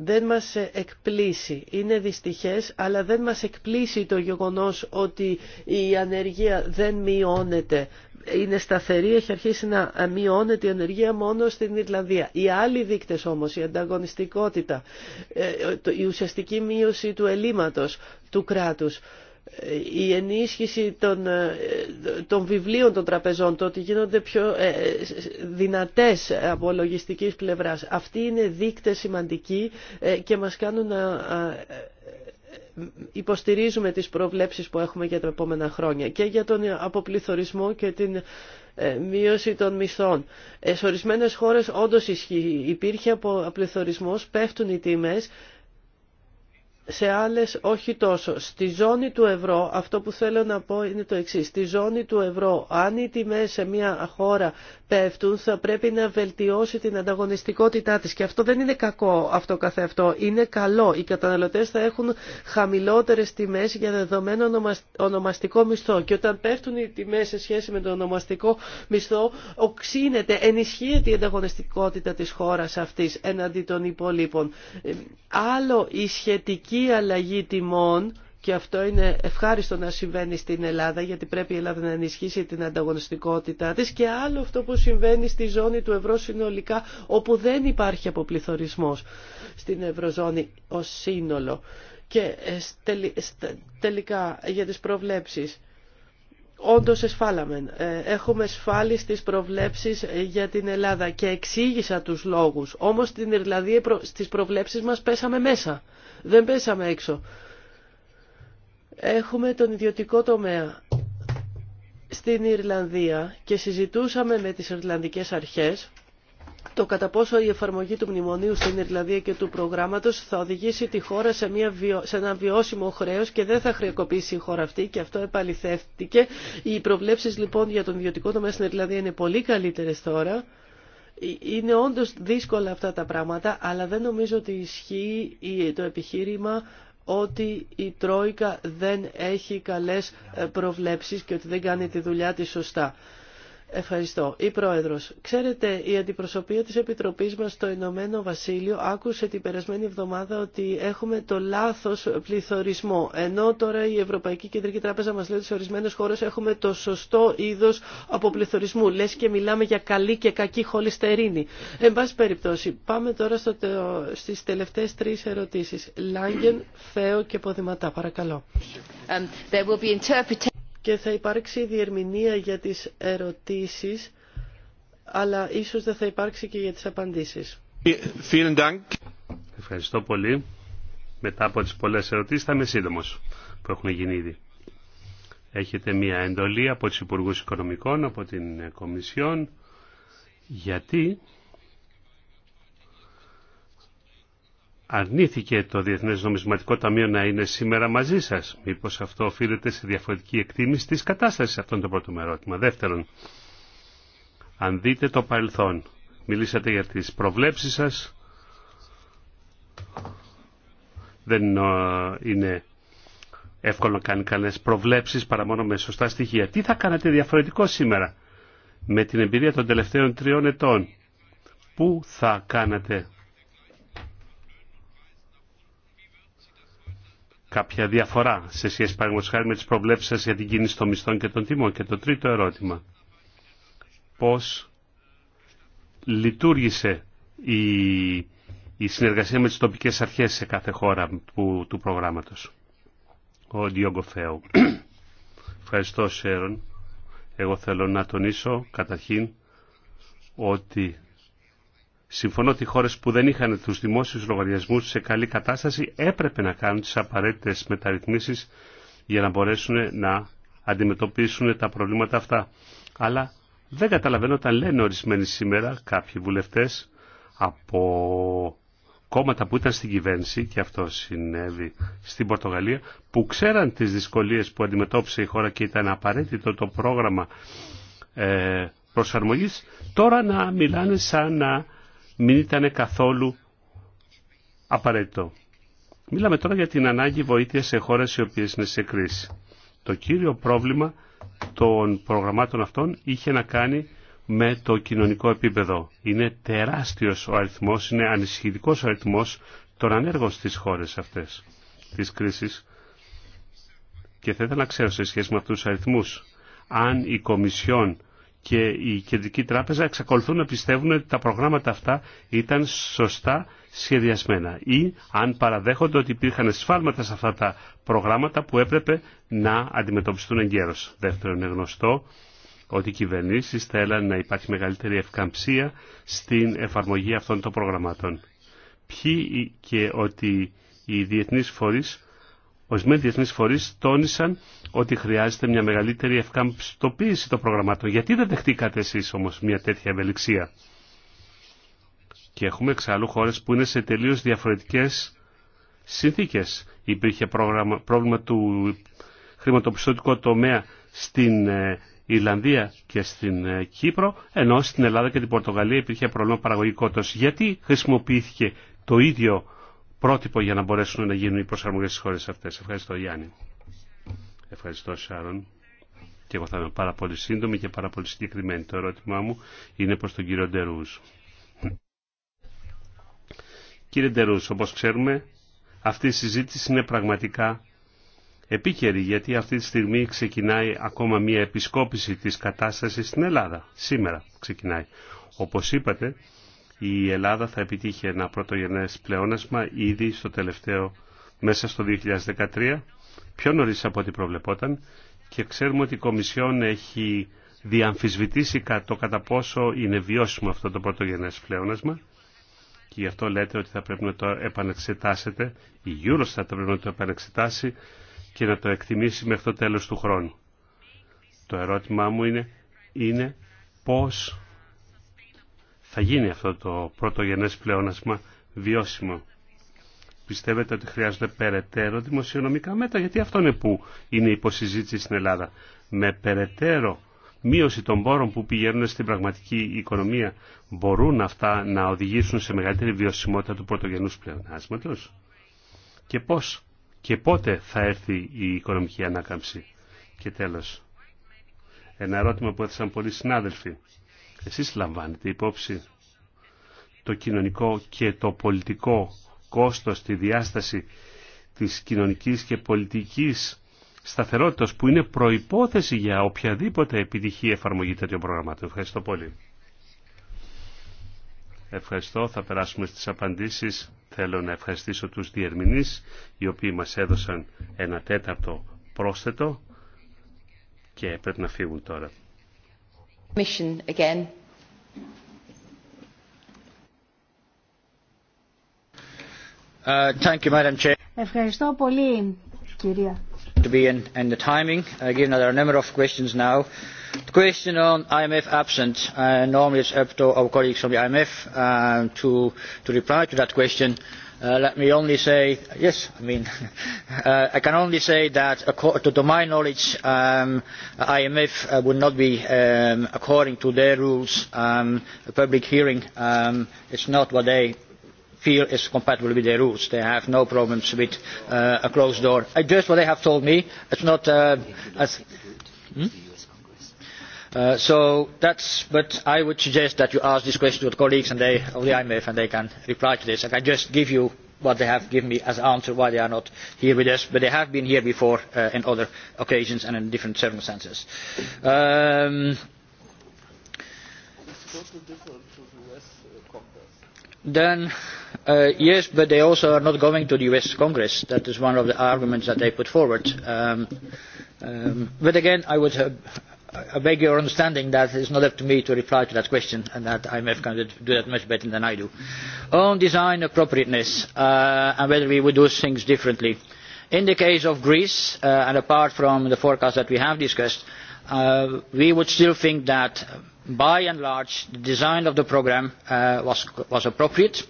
Δεν μας εκπλήσει. Είναι δυστυχές, αλλά δεν μας εκπλήσει το γεγονός ότι η ανεργία δεν μειώνεται είναι σταθερή, έχει αρχίσει να μειώνεται η ανεργία μόνο στην Ιρλανδία. Οι άλλοι δείκτες όμως, η ανταγωνιστικότητα, ε, η ουσιαστική μείωση του ελλείμματος του κράτους, ε, η ενίσχυση των, ε, των βιβλίων των τραπεζών, το ότι γίνονται πιο δυνατές από λογιστικής πλευράς. Αυτοί είναι δείκτες σημαντικοί και μας κάνουν να υποστηρίζουμε τις προβλέψεις που έχουμε για τα επόμενα χρόνια και για τον αποπληθωρισμό και την ε, μείωση των μισθών. Ε, σε ορισμένες χώρες όντως ισχύει. Υπήρχε αποπληθωρισμός, πέφτουν οι τιμές, σε άλλες όχι τόσο. Στη ζώνη του ευρώ, αυτό που θέλω να πω είναι το εξής, στη ζώνη του ευρώ, αν οι τιμές σε μια χώρα πέφτουν θα πρέπει να βελτιώσει την ανταγωνιστικότητά της. Και αυτό δεν είναι κακό αυτό αυτό. είναι καλό. Οι καταναλωτές θα έχουν χαμηλότερες τιμές για δεδομένο ονομαστικό μισθό. Και όταν πέφτουν οι τιμές σε σχέση με τον ονομαστικό μισθό, οξύνεται, ενισχύεται η ανταγωνιστικότητα της χώρας αυτής εναντί των υπολείπων. Ε, άλλο η σχετική αλλαγή τιμών, και αυτό είναι ευχάριστο να συμβαίνει στην Ελλάδα γιατί πρέπει η Ελλάδα να ενισχύσει την ανταγωνιστικότητά της και άλλο αυτό που συμβαίνει στη ζώνη του ευρώ συνολικά όπου δεν υπάρχει αποπληθωρισμός στην ευρωζώνη ως σύνολο. Και ε, ε, τελικά για τις προβλέψεις. Όντως εσφάλαμε. Ε, έχουμε εσφάλει στις προβλέψεις για την Ελλάδα και εξήγησα τους λόγους. Όμως στην Ιρλανδία στις προβλέψεις μας πέσαμε μέσα. Δεν πέσαμε έξω έχουμε τον ιδιωτικό τομέα στην Ιρλανδία και συζητούσαμε με τις Ιρλανδικές αρχές το κατά πόσο η εφαρμογή του μνημονίου στην Ιρλανδία και του προγράμματος θα οδηγήσει τη χώρα σε, μια σε ένα βιώσιμο χρέος και δεν θα χρεοκοπήσει η χώρα αυτή και αυτό επαληθεύτηκε. Οι προβλέψεις λοιπόν για τον ιδιωτικό τομέα στην Ιρλανδία είναι πολύ καλύτερες τώρα. Ε, είναι όντως δύσκολα αυτά τα πράγματα, αλλά δεν νομίζω ότι ισχύει το επιχείρημα ότι η Τρόικα δεν έχει καλές ε, προβλέψεις και ότι δεν κάνει τη δουλειά της σωστά. Ευχαριστώ. Η Πρόεδρος, ξέρετε, η αντιπροσωπεία της Επιτροπής μας στο Ηνωμένο Βασίλειο άκουσε την περασμένη εβδομάδα ότι έχουμε το λάθος πληθωρισμό. Ενώ τώρα η Ευρωπαϊκή Κεντρική Τράπεζα μας λέει ότι σε ορισμένε χώρες έχουμε το σωστό είδος αποπληθωρισμού. Λες και μιλάμε για καλή και κακή χολυστερίνη. Εν πάση περιπτώσει, πάμε τώρα στι στις τελευταίες τρεις ερωτήσεις. Λάγγεν, Θέο και Ποδηματά. Παρακαλώ. Um, και θα υπάρξει διερμηνία για τις ερωτήσεις, αλλά ίσως δεν θα υπάρξει και για τις απαντήσεις. Ευχαριστώ πολύ. Μετά από τις πολλές ερωτήσεις θα είμαι σύντομο που έχουν γίνει ήδη. Έχετε μία εντολή από τους Υπουργούς Οικονομικών, από την Κομισιόν, γιατί αρνήθηκε το Διεθνές Νομισματικό Ταμείο να είναι σήμερα μαζί σας. Μήπως αυτό οφείλεται σε διαφορετική εκτίμηση της κατάστασης. Αυτό είναι το πρώτο ερώτημα. Δεύτερον, αν δείτε το παρελθόν, μιλήσατε για τις προβλέψεις σας, δεν ε, είναι εύκολο να κάνει κανένας προβλέψεις παρά μόνο με σωστά στοιχεία. Τι θα κάνατε διαφορετικό σήμερα με την εμπειρία των τελευταίων τριών ετών. Πού θα κάνατε κάποια διαφορά σε σχέση παραγωγός χάρη με τις προβλέψεις σας για την κίνηση των μισθών και των τιμών. Και το τρίτο ερώτημα, πώς λειτουργήσε η, η συνεργασία με τις τοπικές αρχές σε κάθε χώρα που, του προγράμματος. Ο Διόγκο Φέου. Ευχαριστώ Σέρον. Εγώ θέλω να τονίσω καταρχήν ότι Συμφωνώ ότι οι χώρες που δεν είχαν τους δημόσιους λογαριασμούς σε καλή κατάσταση έπρεπε να κάνουν τις απαραίτητες μεταρρυθμίσεις για να μπορέσουν να αντιμετωπίσουν τα προβλήματα αυτά. Αλλά δεν καταλαβαίνω όταν λένε ορισμένοι σήμερα κάποιοι βουλευτές από κόμματα που ήταν στην κυβέρνηση και αυτό συνέβη στην Πορτογαλία που ξέραν τις δυσκολίες που αντιμετώπισε η χώρα και ήταν απαραίτητο το πρόγραμμα ε, προσαρμογής τώρα να μιλάνε σαν να μην ήταν καθόλου απαραίτητο. Μίλαμε τώρα για την ανάγκη βοήθεια σε χώρες οι οποίες είναι σε κρίση. Το κύριο πρόβλημα των προγραμμάτων αυτών είχε να κάνει με το κοινωνικό επίπεδο. Είναι τεράστιος ο αριθμός, είναι ανησυχητικός ο αριθμός των ανέργων στις χώρες αυτές της κρίσης. Και θα ήθελα να ξέρω σε σχέση με αυτούς τους αριθμούς, αν η Κομισιόν και η Κεντρική Τράπεζα εξακολουθούν να πιστεύουν ότι τα προγράμματα αυτά ήταν σωστά σχεδιασμένα ή αν παραδέχονται ότι υπήρχαν σφάλματα σε αυτά τα προγράμματα που έπρεπε να αντιμετωπιστούν εγκαίρως. Δεύτερον, είναι γνωστό ότι οι κυβερνήσεις θέλαν να υπάρχει μεγαλύτερη ευκαμψία στην εφαρμογή αυτών των προγραμμάτων. Ποιοι και ότι οι διεθνείς φορείς Ορισμένοι διεθνεί φορεί τόνισαν ότι χρειάζεται μια μεγαλύτερη ευκαμπιστοποίηση των προγραμμάτων. Γιατί δεν δεχτήκατε εσεί όμω μια τέτοια ευελιξία. Και έχουμε εξάλλου χώρε που είναι σε τελείω διαφορετικέ συνθήκε. Υπήρχε πρόγραμμα, πρόβλημα του χρηματοπιστωτικού τομέα στην ε, Ιρλανδία και στην ε, Κύπρο, ενώ στην Ελλάδα και την Πορτογαλία υπήρχε πρόβλημα παραγωγικότητα. Γιατί χρησιμοποιήθηκε το ίδιο πρότυπο για να μπορέσουν να γίνουν οι προσαρμογές στις χώρες αυτές. Ευχαριστώ Γιάννη. Ευχαριστώ Σάρων. Και εγώ θα είμαι πάρα πολύ σύντομη και πάρα πολύ συγκεκριμένη. Το ερώτημά μου είναι προς τον κύριο Ντερούζ. Κύριε Ντερούζ, όπως ξέρουμε, αυτή η συζήτηση είναι πραγματικά επίκαιρη, γιατί αυτή τη στιγμή ξεκινάει ακόμα μία επισκόπηση της κατάστασης στην Ελλάδα. Σήμερα ξεκινάει. Όπως είπατε, η Ελλάδα θα επιτύχει ένα πρωτογενές πλεόνασμα ήδη στο τελευταίο μέσα στο 2013, πιο νωρίς από ό,τι προβλεπόταν και ξέρουμε ότι η Κομισιόν έχει διαμφισβητήσει το κατά πόσο είναι βιώσιμο αυτό το πρωτογενές πλεόνασμα και γι' αυτό λέτε ότι θα πρέπει να το επανεξετάσετε, η Eurostat θα πρέπει να το επανεξετάσει και να το εκτιμήσει μέχρι το τέλος του χρόνου. Το ερώτημά μου είναι, είναι πώς θα γίνει αυτό το πρωτογενές πλεόνασμα βιώσιμο. Πιστεύετε ότι χρειάζονται περαιτέρω δημοσιονομικά μέτρα, γιατί αυτό είναι που είναι υποσυζήτηση στην Ελλάδα. Με περαιτέρω μείωση των πόρων που πηγαίνουν στην πραγματική οικονομία, μπορούν αυτά να οδηγήσουν σε μεγαλύτερη βιωσιμότητα του πρωτογενούς πλεονάσματος. Και πώς και πότε θα έρθει η οικονομική ανάκαμψη. Και τέλος, ένα ερώτημα που έθεσαν πολλοί συνάδελφοι. Εσείς λαμβάνετε υπόψη το κοινωνικό και το πολιτικό κόστος, τη διάσταση της κοινωνικής και πολιτικής σταθερότητας που είναι προϋπόθεση για οποιαδήποτε επιτυχή εφαρμογή τέτοιων προγραμμάτων. Ευχαριστώ πολύ. Ευχαριστώ. Θα περάσουμε στις απαντήσεις. Θέλω να ευχαριστήσω τους διερμηνείς, οι οποίοι μας έδωσαν ένα τέταρτο πρόσθετο και πρέπει να φύγουν τώρα. Commission again. Thank you, Madam Chair. Ευχαριστώ πολύ, κυρία. To be in, in the timing, uh, given that there are a number of questions now. The question on IMF absent, uh, normally it's up to our colleagues from the IMF uh, to, to reply to that question Let me only say, yes, I mean, I can only say that to my knowledge, IMF would not be, according to their rules, a public hearing. It's not what they feel is compatible with their rules. They have no problems with a closed door. Just what they have told me. It's not. So but I would suggest that you ask this question to the colleagues and of the IMF, and they can reply to this. I can just give you what they have given me as an answer why they are not here with us, but they have been here before on other occasions and in different circumstances. Then, yes, but they also are not going to the US Congress. That is one of the arguments that they put forward. But again, I would I beg your understanding that it is not up to me to reply to that question and that IMF can do that much better than I do. On design appropriateness and whether we would do things differently. In the case of Greece, and apart from the forecast that we have discussed, we would still think that by and large the design of the programme was appropriate.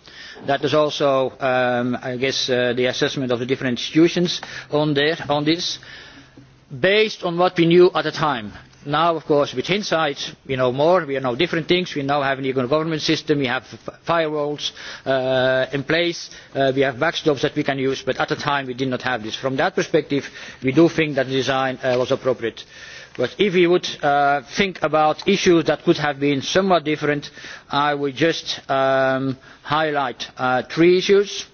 That is also, I guess, the assessment of the different institutions on this, based on what we knew at the time now of course with hindsight we know more we know different things we now have an economic government system we have firewalls in place we have backstops that we can use but at the time we did not have this. from that perspective we do think that the design was appropriate but if we would think about issues that could have been somewhat different i would just highlight three issues.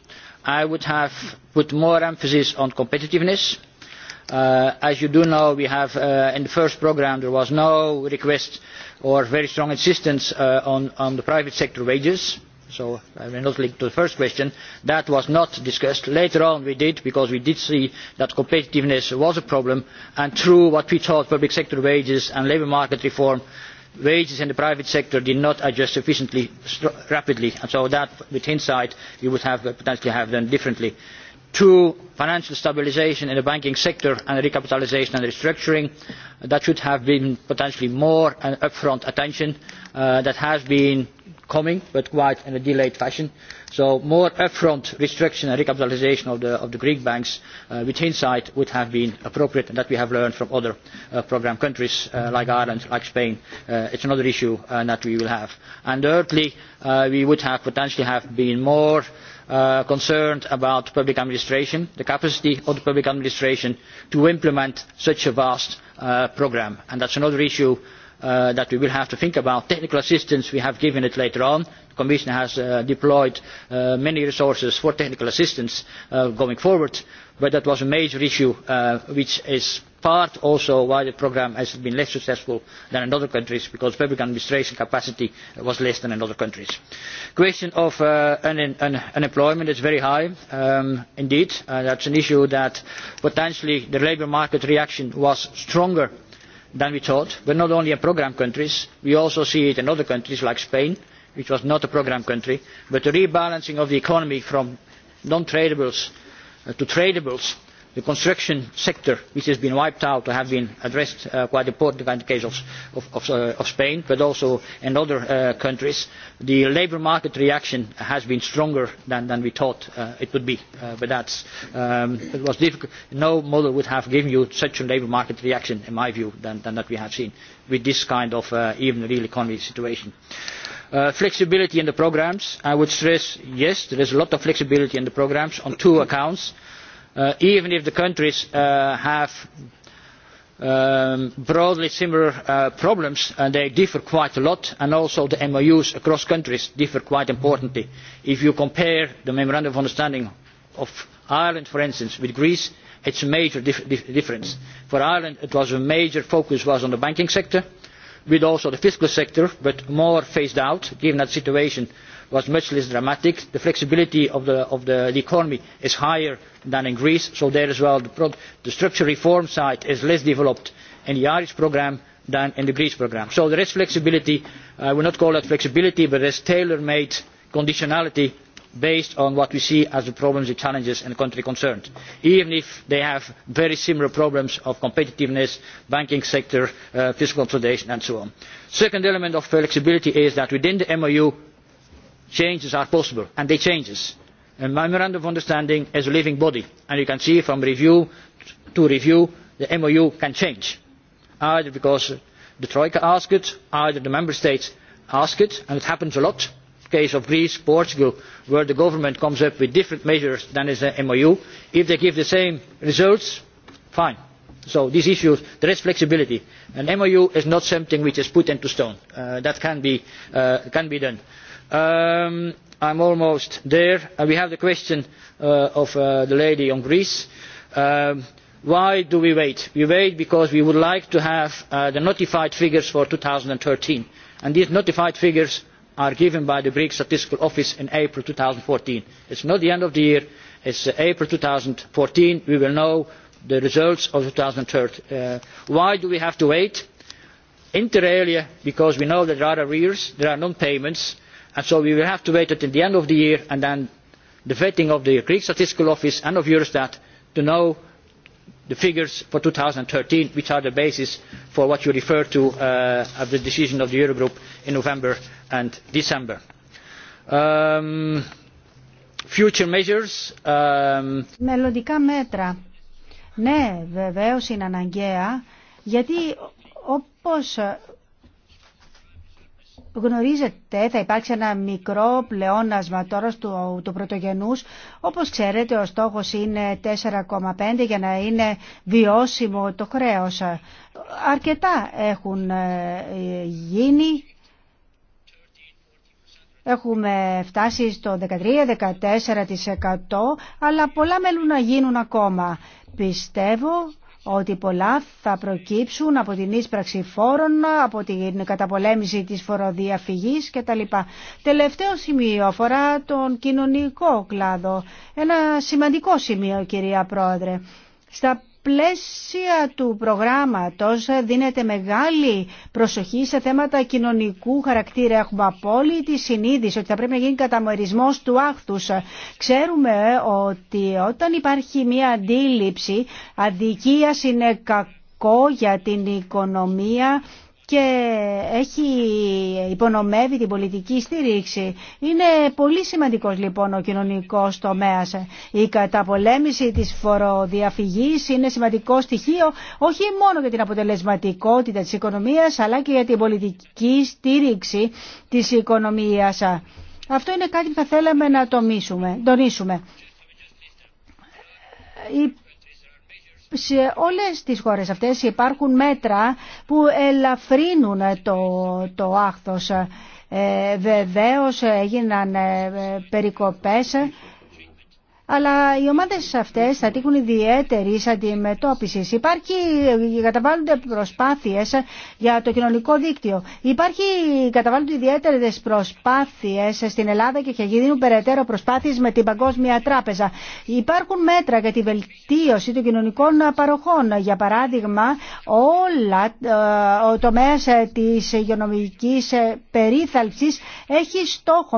i would have put more emphasis on competitiveness As you do know, we have in the first programme there was no request or very strong insistence on the private sector wages, so I will not link to the first question. That was not discussed. Later on we did, because we did see that competitiveness was a problem, and through what we thought public sector wages and labour market reform, wages in the private sector did not adjust sufficiently rapidly, and so that, with hindsight, we would have potentially have done differently to financial stabilisation in the banking sector and recapitalisation and restructuring that should have been potentially more upfront attention that has been coming but quite in a delayed fashion so more upfront restructuring and recapitalisation of the greek banks with hindsight would have been appropriate and that we have learned from other programme countries like ireland like spain. it is another issue that we will have. and thirdly we would have potentially have been more concerned about public administration the capacity of the public administration to implement such a vast programme and that is another issue that we will have to think about. technical assistance we have given it later on the commission has deployed many resources for technical assistance going forward but that was a major issue which is part also why the programme has been less successful than in other countries because public administration capacity was less than in other countries. the question of unemployment is very high indeed. that is an issue that potentially the labour market reaction was stronger than we thought but not only in programme countries we also see it in other countries like spain which was not a programme country but the rebalancing of the economy from non tradables to tradables the construction sector, which has been wiped out, has been addressed quite important in the case of Spain, but also in other countries. The labour market reaction has been stronger than we thought it would be, but that was difficult. No model would have given you such a labour market reaction, in my view, than that we have seen with this kind of even real economy situation. Flexibility in the programmes, I would stress, yes, there is a lot of flexibility in the programmes on two accounts even if the countries have broadly similar problems and they differ quite a lot and also the MOUs across countries differ quite importantly. If you compare the Memorandum of Understanding of Ireland, for instance, with Greece, it is a major difference. For Ireland it was a major focus was on the banking sector, with also the fiscal sector, but more phased out, given that the situation was much less dramatic. The flexibility of the economy is higher than in Greece, so there as well the structural reform side is less developed in the Irish programme than in the greek programme. So there is flexibility. I will not call it flexibility, but there is tailor-made conditionality based on what we see as the problems and challenges in the country concerned even if they have very similar problems of competitiveness banking sector fiscal consolidation and so on. the second element of flexibility is that within the mou changes are possible and they change. a memorandum of understanding is a living body and you can see from review to review the mou can change either because the troika asks it either the member states ask it and it happens a lot in the case of greece portugal where the government comes up with different measures than is the mou if they give the same results fine. so these issues there is flexibility. an mou is not something which is put into stone that can be done. I am almost there. We have the question of the lady on Greece. Why do we wait? We wait because we would like to have the notified figures for 2013. And these notified figures are given by the Greek Statistical Office in April 2014. is not the end of the year. is April 2014. We will know the results of 2013. Why do we have to wait? Inter alia, because we know that there are arrears, there are non-payments and so we will have to wait until the end of the year and then the vetting of the greek statistical office and of eurostat to know the figures for 2013 which are the basis for what you refer to as the decision of the eurogroup in november and december. future measures μελλοντικά μέτρα ναι γνωρίζετε θα υπάρξει ένα μικρό πλεόνασμα τώρα του, του πρωτογενούς. Όπως ξέρετε ο στόχος είναι 4,5 για να είναι βιώσιμο το χρέος. Αρκετά έχουν ε, γίνει. Έχουμε φτάσει στο 13-14% αλλά πολλά μέλουν να γίνουν ακόμα. Πιστεύω ότι πολλά θα προκύψουν από την ίσπραξη φόρων, από την καταπολέμηση της φοροδιαφυγής κτλ. Τελευταίο σημείο αφορά τον κοινωνικό κλάδο. Ένα σημαντικό σημείο κυρία Πρόεδρε. Στα πλαίσια του προγράμματος δίνεται μεγάλη προσοχή σε θέματα κοινωνικού χαρακτήρα. Έχουμε απόλυτη συνείδηση ότι θα πρέπει να γίνει καταμερισμός του άχθους. Ξέρουμε ότι όταν υπάρχει μία αντίληψη, αδικίας είναι κακό για την οικονομία, και έχει υπονομεύει την πολιτική στήριξη. Είναι πολύ σημαντικός λοιπόν ο κοινωνικός τομέας. Η καταπολέμηση της φοροδιαφυγής είναι σημαντικό στοιχείο όχι μόνο για την αποτελεσματικότητα της οικονομίας αλλά και για την πολιτική στήριξη της οικονομίας. Αυτό είναι κάτι που θα θέλαμε να τονίσουμε σε όλες τις χώρες αυτές υπάρχουν μέτρα που ελαφρύνουν το, το άχθος. Ε, έγιναν ε, περικοπές αλλά οι ομάδε αυτέ θα τύχουν ιδιαίτερη αντιμετώπιση. Υπάρχει, καταβάλλονται προσπάθειες για το κοινωνικό δίκτυο. Υπάρχει, καταβάλλονται ιδιαίτερε προσπάθειες στην Ελλάδα και θα γίνουν περαιτέρω προσπάθειες με την Παγκόσμια Τράπεζα. Υπάρχουν μέτρα για τη βελτίωση των κοινωνικών παροχών. Για παράδειγμα, όλα ε, ο τομέα ε, τη υγειονομική ε, περιθαλψη έχει στόχο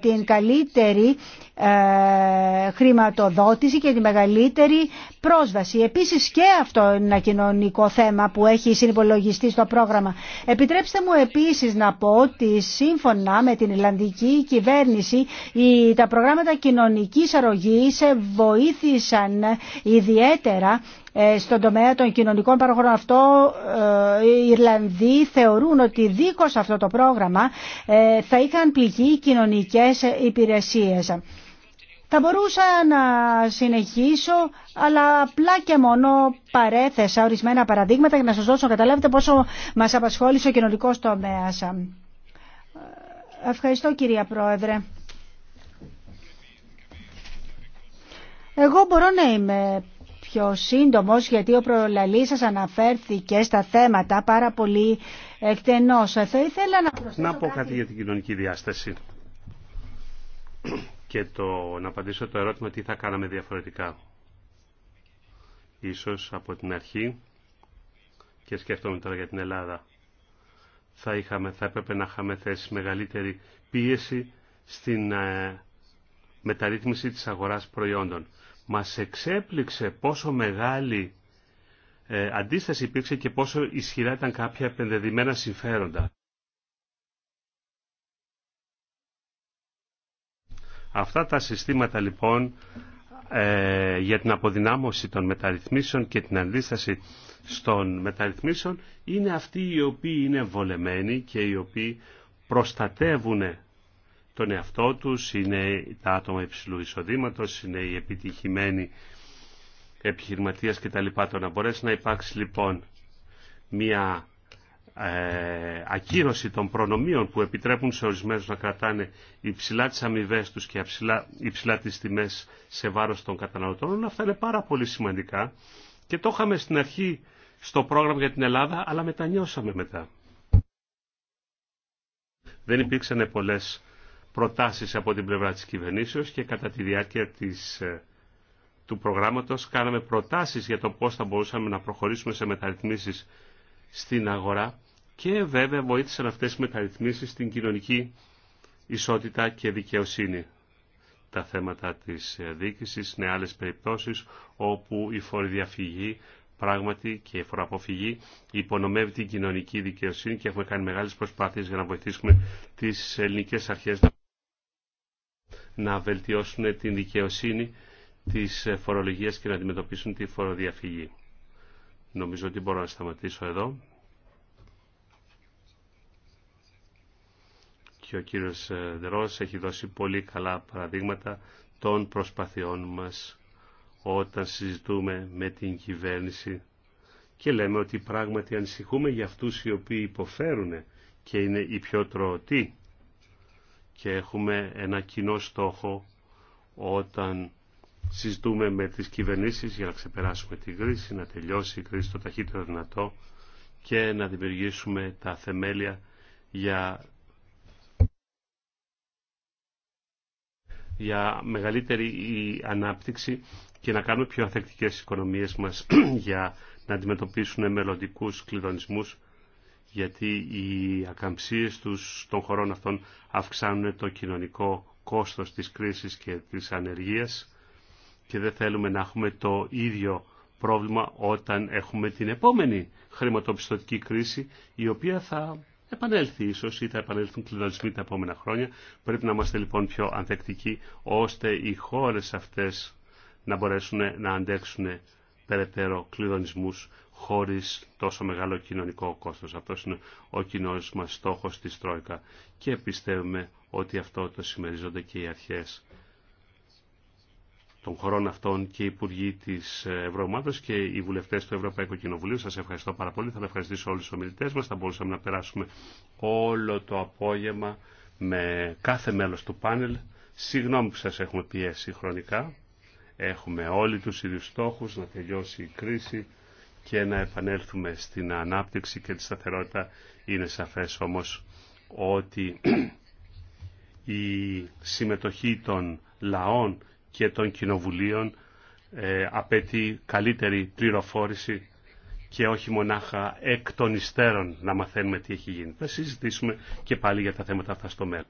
την καλύτερη ε, χρηματοδότηση και τη μεγαλύτερη πρόσβαση. Επίσης και αυτό είναι ένα κοινωνικό θέμα που έχει συνυπολογιστεί στο πρόγραμμα. Επιτρέψτε μου επίσης να πω ότι σύμφωνα με την Ιρλανδική κυβέρνηση τα προγράμματα κοινωνικής αρρωγής βοήθησαν ιδιαίτερα ε, στον τομέα των κοινωνικών παροχών αυτό ε, οι Ιρλανδοί θεωρούν ότι δίκως αυτό το πρόγραμμα θα είχαν πληγεί κοινωνικές υπηρεσίες. Θα μπορούσα να συνεχίσω, αλλά απλά και μόνο παρέθεσα ορισμένα παραδείγματα για να σας δώσω να καταλάβετε πόσο μας απασχόλησε ο κοινωνικός τομέας. Ευχαριστώ κυρία Πρόεδρε. Εγώ μπορώ να είμαι πιο σύντομος γιατί ο προλαλής σας αναφέρθηκε στα θέματα πάρα πολύ εκτενώς. Θα ήθελα να προσθέσω Να πω κάτι για την κοινωνική διάσταση και το, να απαντήσω το ερώτημα τι θα κάναμε διαφορετικά. Ίσως από την αρχή και σκέφτομαι τώρα για την Ελλάδα θα, είχαμε, θα έπρεπε να είχαμε θέσει μεγαλύτερη πίεση στην ε, μεταρρύθμιση της αγοράς προϊόντων. Μας εξέπληξε πόσο μεγάλη ε, αντίσταση υπήρξε και πόσο ισχυρά ήταν κάποια επενδεδημένα συμφέροντα. Αυτά τα συστήματα λοιπόν ε, για την αποδυνάμωση των μεταρρυθμίσεων και την αντίσταση των μεταρρυθμίσεων είναι αυτοί οι οποίοι είναι βολεμένοι και οι οποίοι προστατεύουν τον εαυτό τους, είναι τα άτομα υψηλού εισοδήματος, είναι οι επιτυχημένοι επιχειρηματίας κτλ. Το να μπορέσει να υπάρξει λοιπόν μια ε, ακύρωση των προνομίων που επιτρέπουν σε ορισμένους να κρατάνε υψηλά τις αμοιβέ τους και υψηλά, υψηλά τις τιμές σε βάρος των καταναλωτών. Αυτά είναι πάρα πολύ σημαντικά και το είχαμε στην αρχή στο πρόγραμμα για την Ελλάδα, αλλά μετανιώσαμε μετά. Δεν υπήρξαν πολλές προτάσεις από την πλευρά της κυβερνήσεως και κατά τη διάρκεια της, ε, του προγράμματος κάναμε προτάσεις για το πώς θα μπορούσαμε να προχωρήσουμε σε μεταρρυθμίσεις στην αγορά και βέβαια βοήθησαν αυτές οι μεταρρυθμίσεις στην κοινωνική ισότητα και δικαιοσύνη. Τα θέματα της ε, διοίκησης είναι άλλες περιπτώσεις όπου η φοροδιαφυγή πράγματι και η φοροαποφυγή υπονομεύει την κοινωνική δικαιοσύνη και έχουμε κάνει μεγάλες προσπάθειες για να βοηθήσουμε τις ελληνικές αρχές να βελτιώσουν την δικαιοσύνη της ε, φορολογίας και να αντιμετωπίσουν τη φοροδιαφυγή. Νομίζω ότι μπορώ να σταματήσω εδώ. Και ο κύριος ε, Δερός έχει δώσει πολύ καλά παραδείγματα των προσπαθειών μας όταν συζητούμε με την κυβέρνηση και λέμε ότι πράγματι ανησυχούμε για αυτούς οι οποίοι υποφέρουν και είναι οι πιο τροωτοί και έχουμε ένα κοινό στόχο όταν συζητούμε με τις κυβερνήσεις για να ξεπεράσουμε τη κρίση, να τελειώσει η κρίση το ταχύτερο δυνατό και να δημιουργήσουμε τα θεμέλια για, για μεγαλύτερη η ανάπτυξη και να κάνουμε πιο αθεκτικές οικονομίες μας για να αντιμετωπίσουν μελλοντικού κλειδονισμούς γιατί οι ακαμψίες τους των χωρών αυτών αυξάνουν το κοινωνικό κόστος της κρίσης και της ανεργίας και δεν θέλουμε να έχουμε το ίδιο πρόβλημα όταν έχουμε την επόμενη χρηματοπιστωτική κρίση η οποία θα επανέλθει ίσως ή θα επανέλθουν κλειδονισμοί τα επόμενα χρόνια. Πρέπει να είμαστε λοιπόν πιο ανθεκτικοί ώστε οι χώρες αυτές να μπορέσουν να αντέξουν περαιτέρω κλειδονισμούς χωρίς τόσο μεγάλο κοινωνικό κόστος. Αυτό είναι ο κοινό μας στόχος της Τρόικα και πιστεύουμε ότι αυτό το συμμερίζονται και οι αρχές των χωρών αυτών και οι υπουργοί τη Ευρωομάδα και οι βουλευτέ του Ευρωπαϊκού Κοινοβουλίου. Σα ευχαριστώ πάρα πολύ. Θα ευχαριστήσω όλου του ομιλητέ μα. Θα μπορούσαμε να περάσουμε όλο το απόγευμα με κάθε μέλο του πάνελ. Συγγνώμη που σα έχουμε πιέσει χρονικά. Έχουμε όλοι του ίδιου στόχου να τελειώσει η κρίση και να επανέλθουμε στην ανάπτυξη και τη σταθερότητα. Είναι σαφέ όμω ότι η συμμετοχή των λαών και των κοινοβουλίων ε, απαιτεί καλύτερη πληροφόρηση και όχι μονάχα εκ των υστέρων να μαθαίνουμε τι έχει γίνει. Θα συζητήσουμε και πάλι για τα θέματα αυτά στο μέλλον.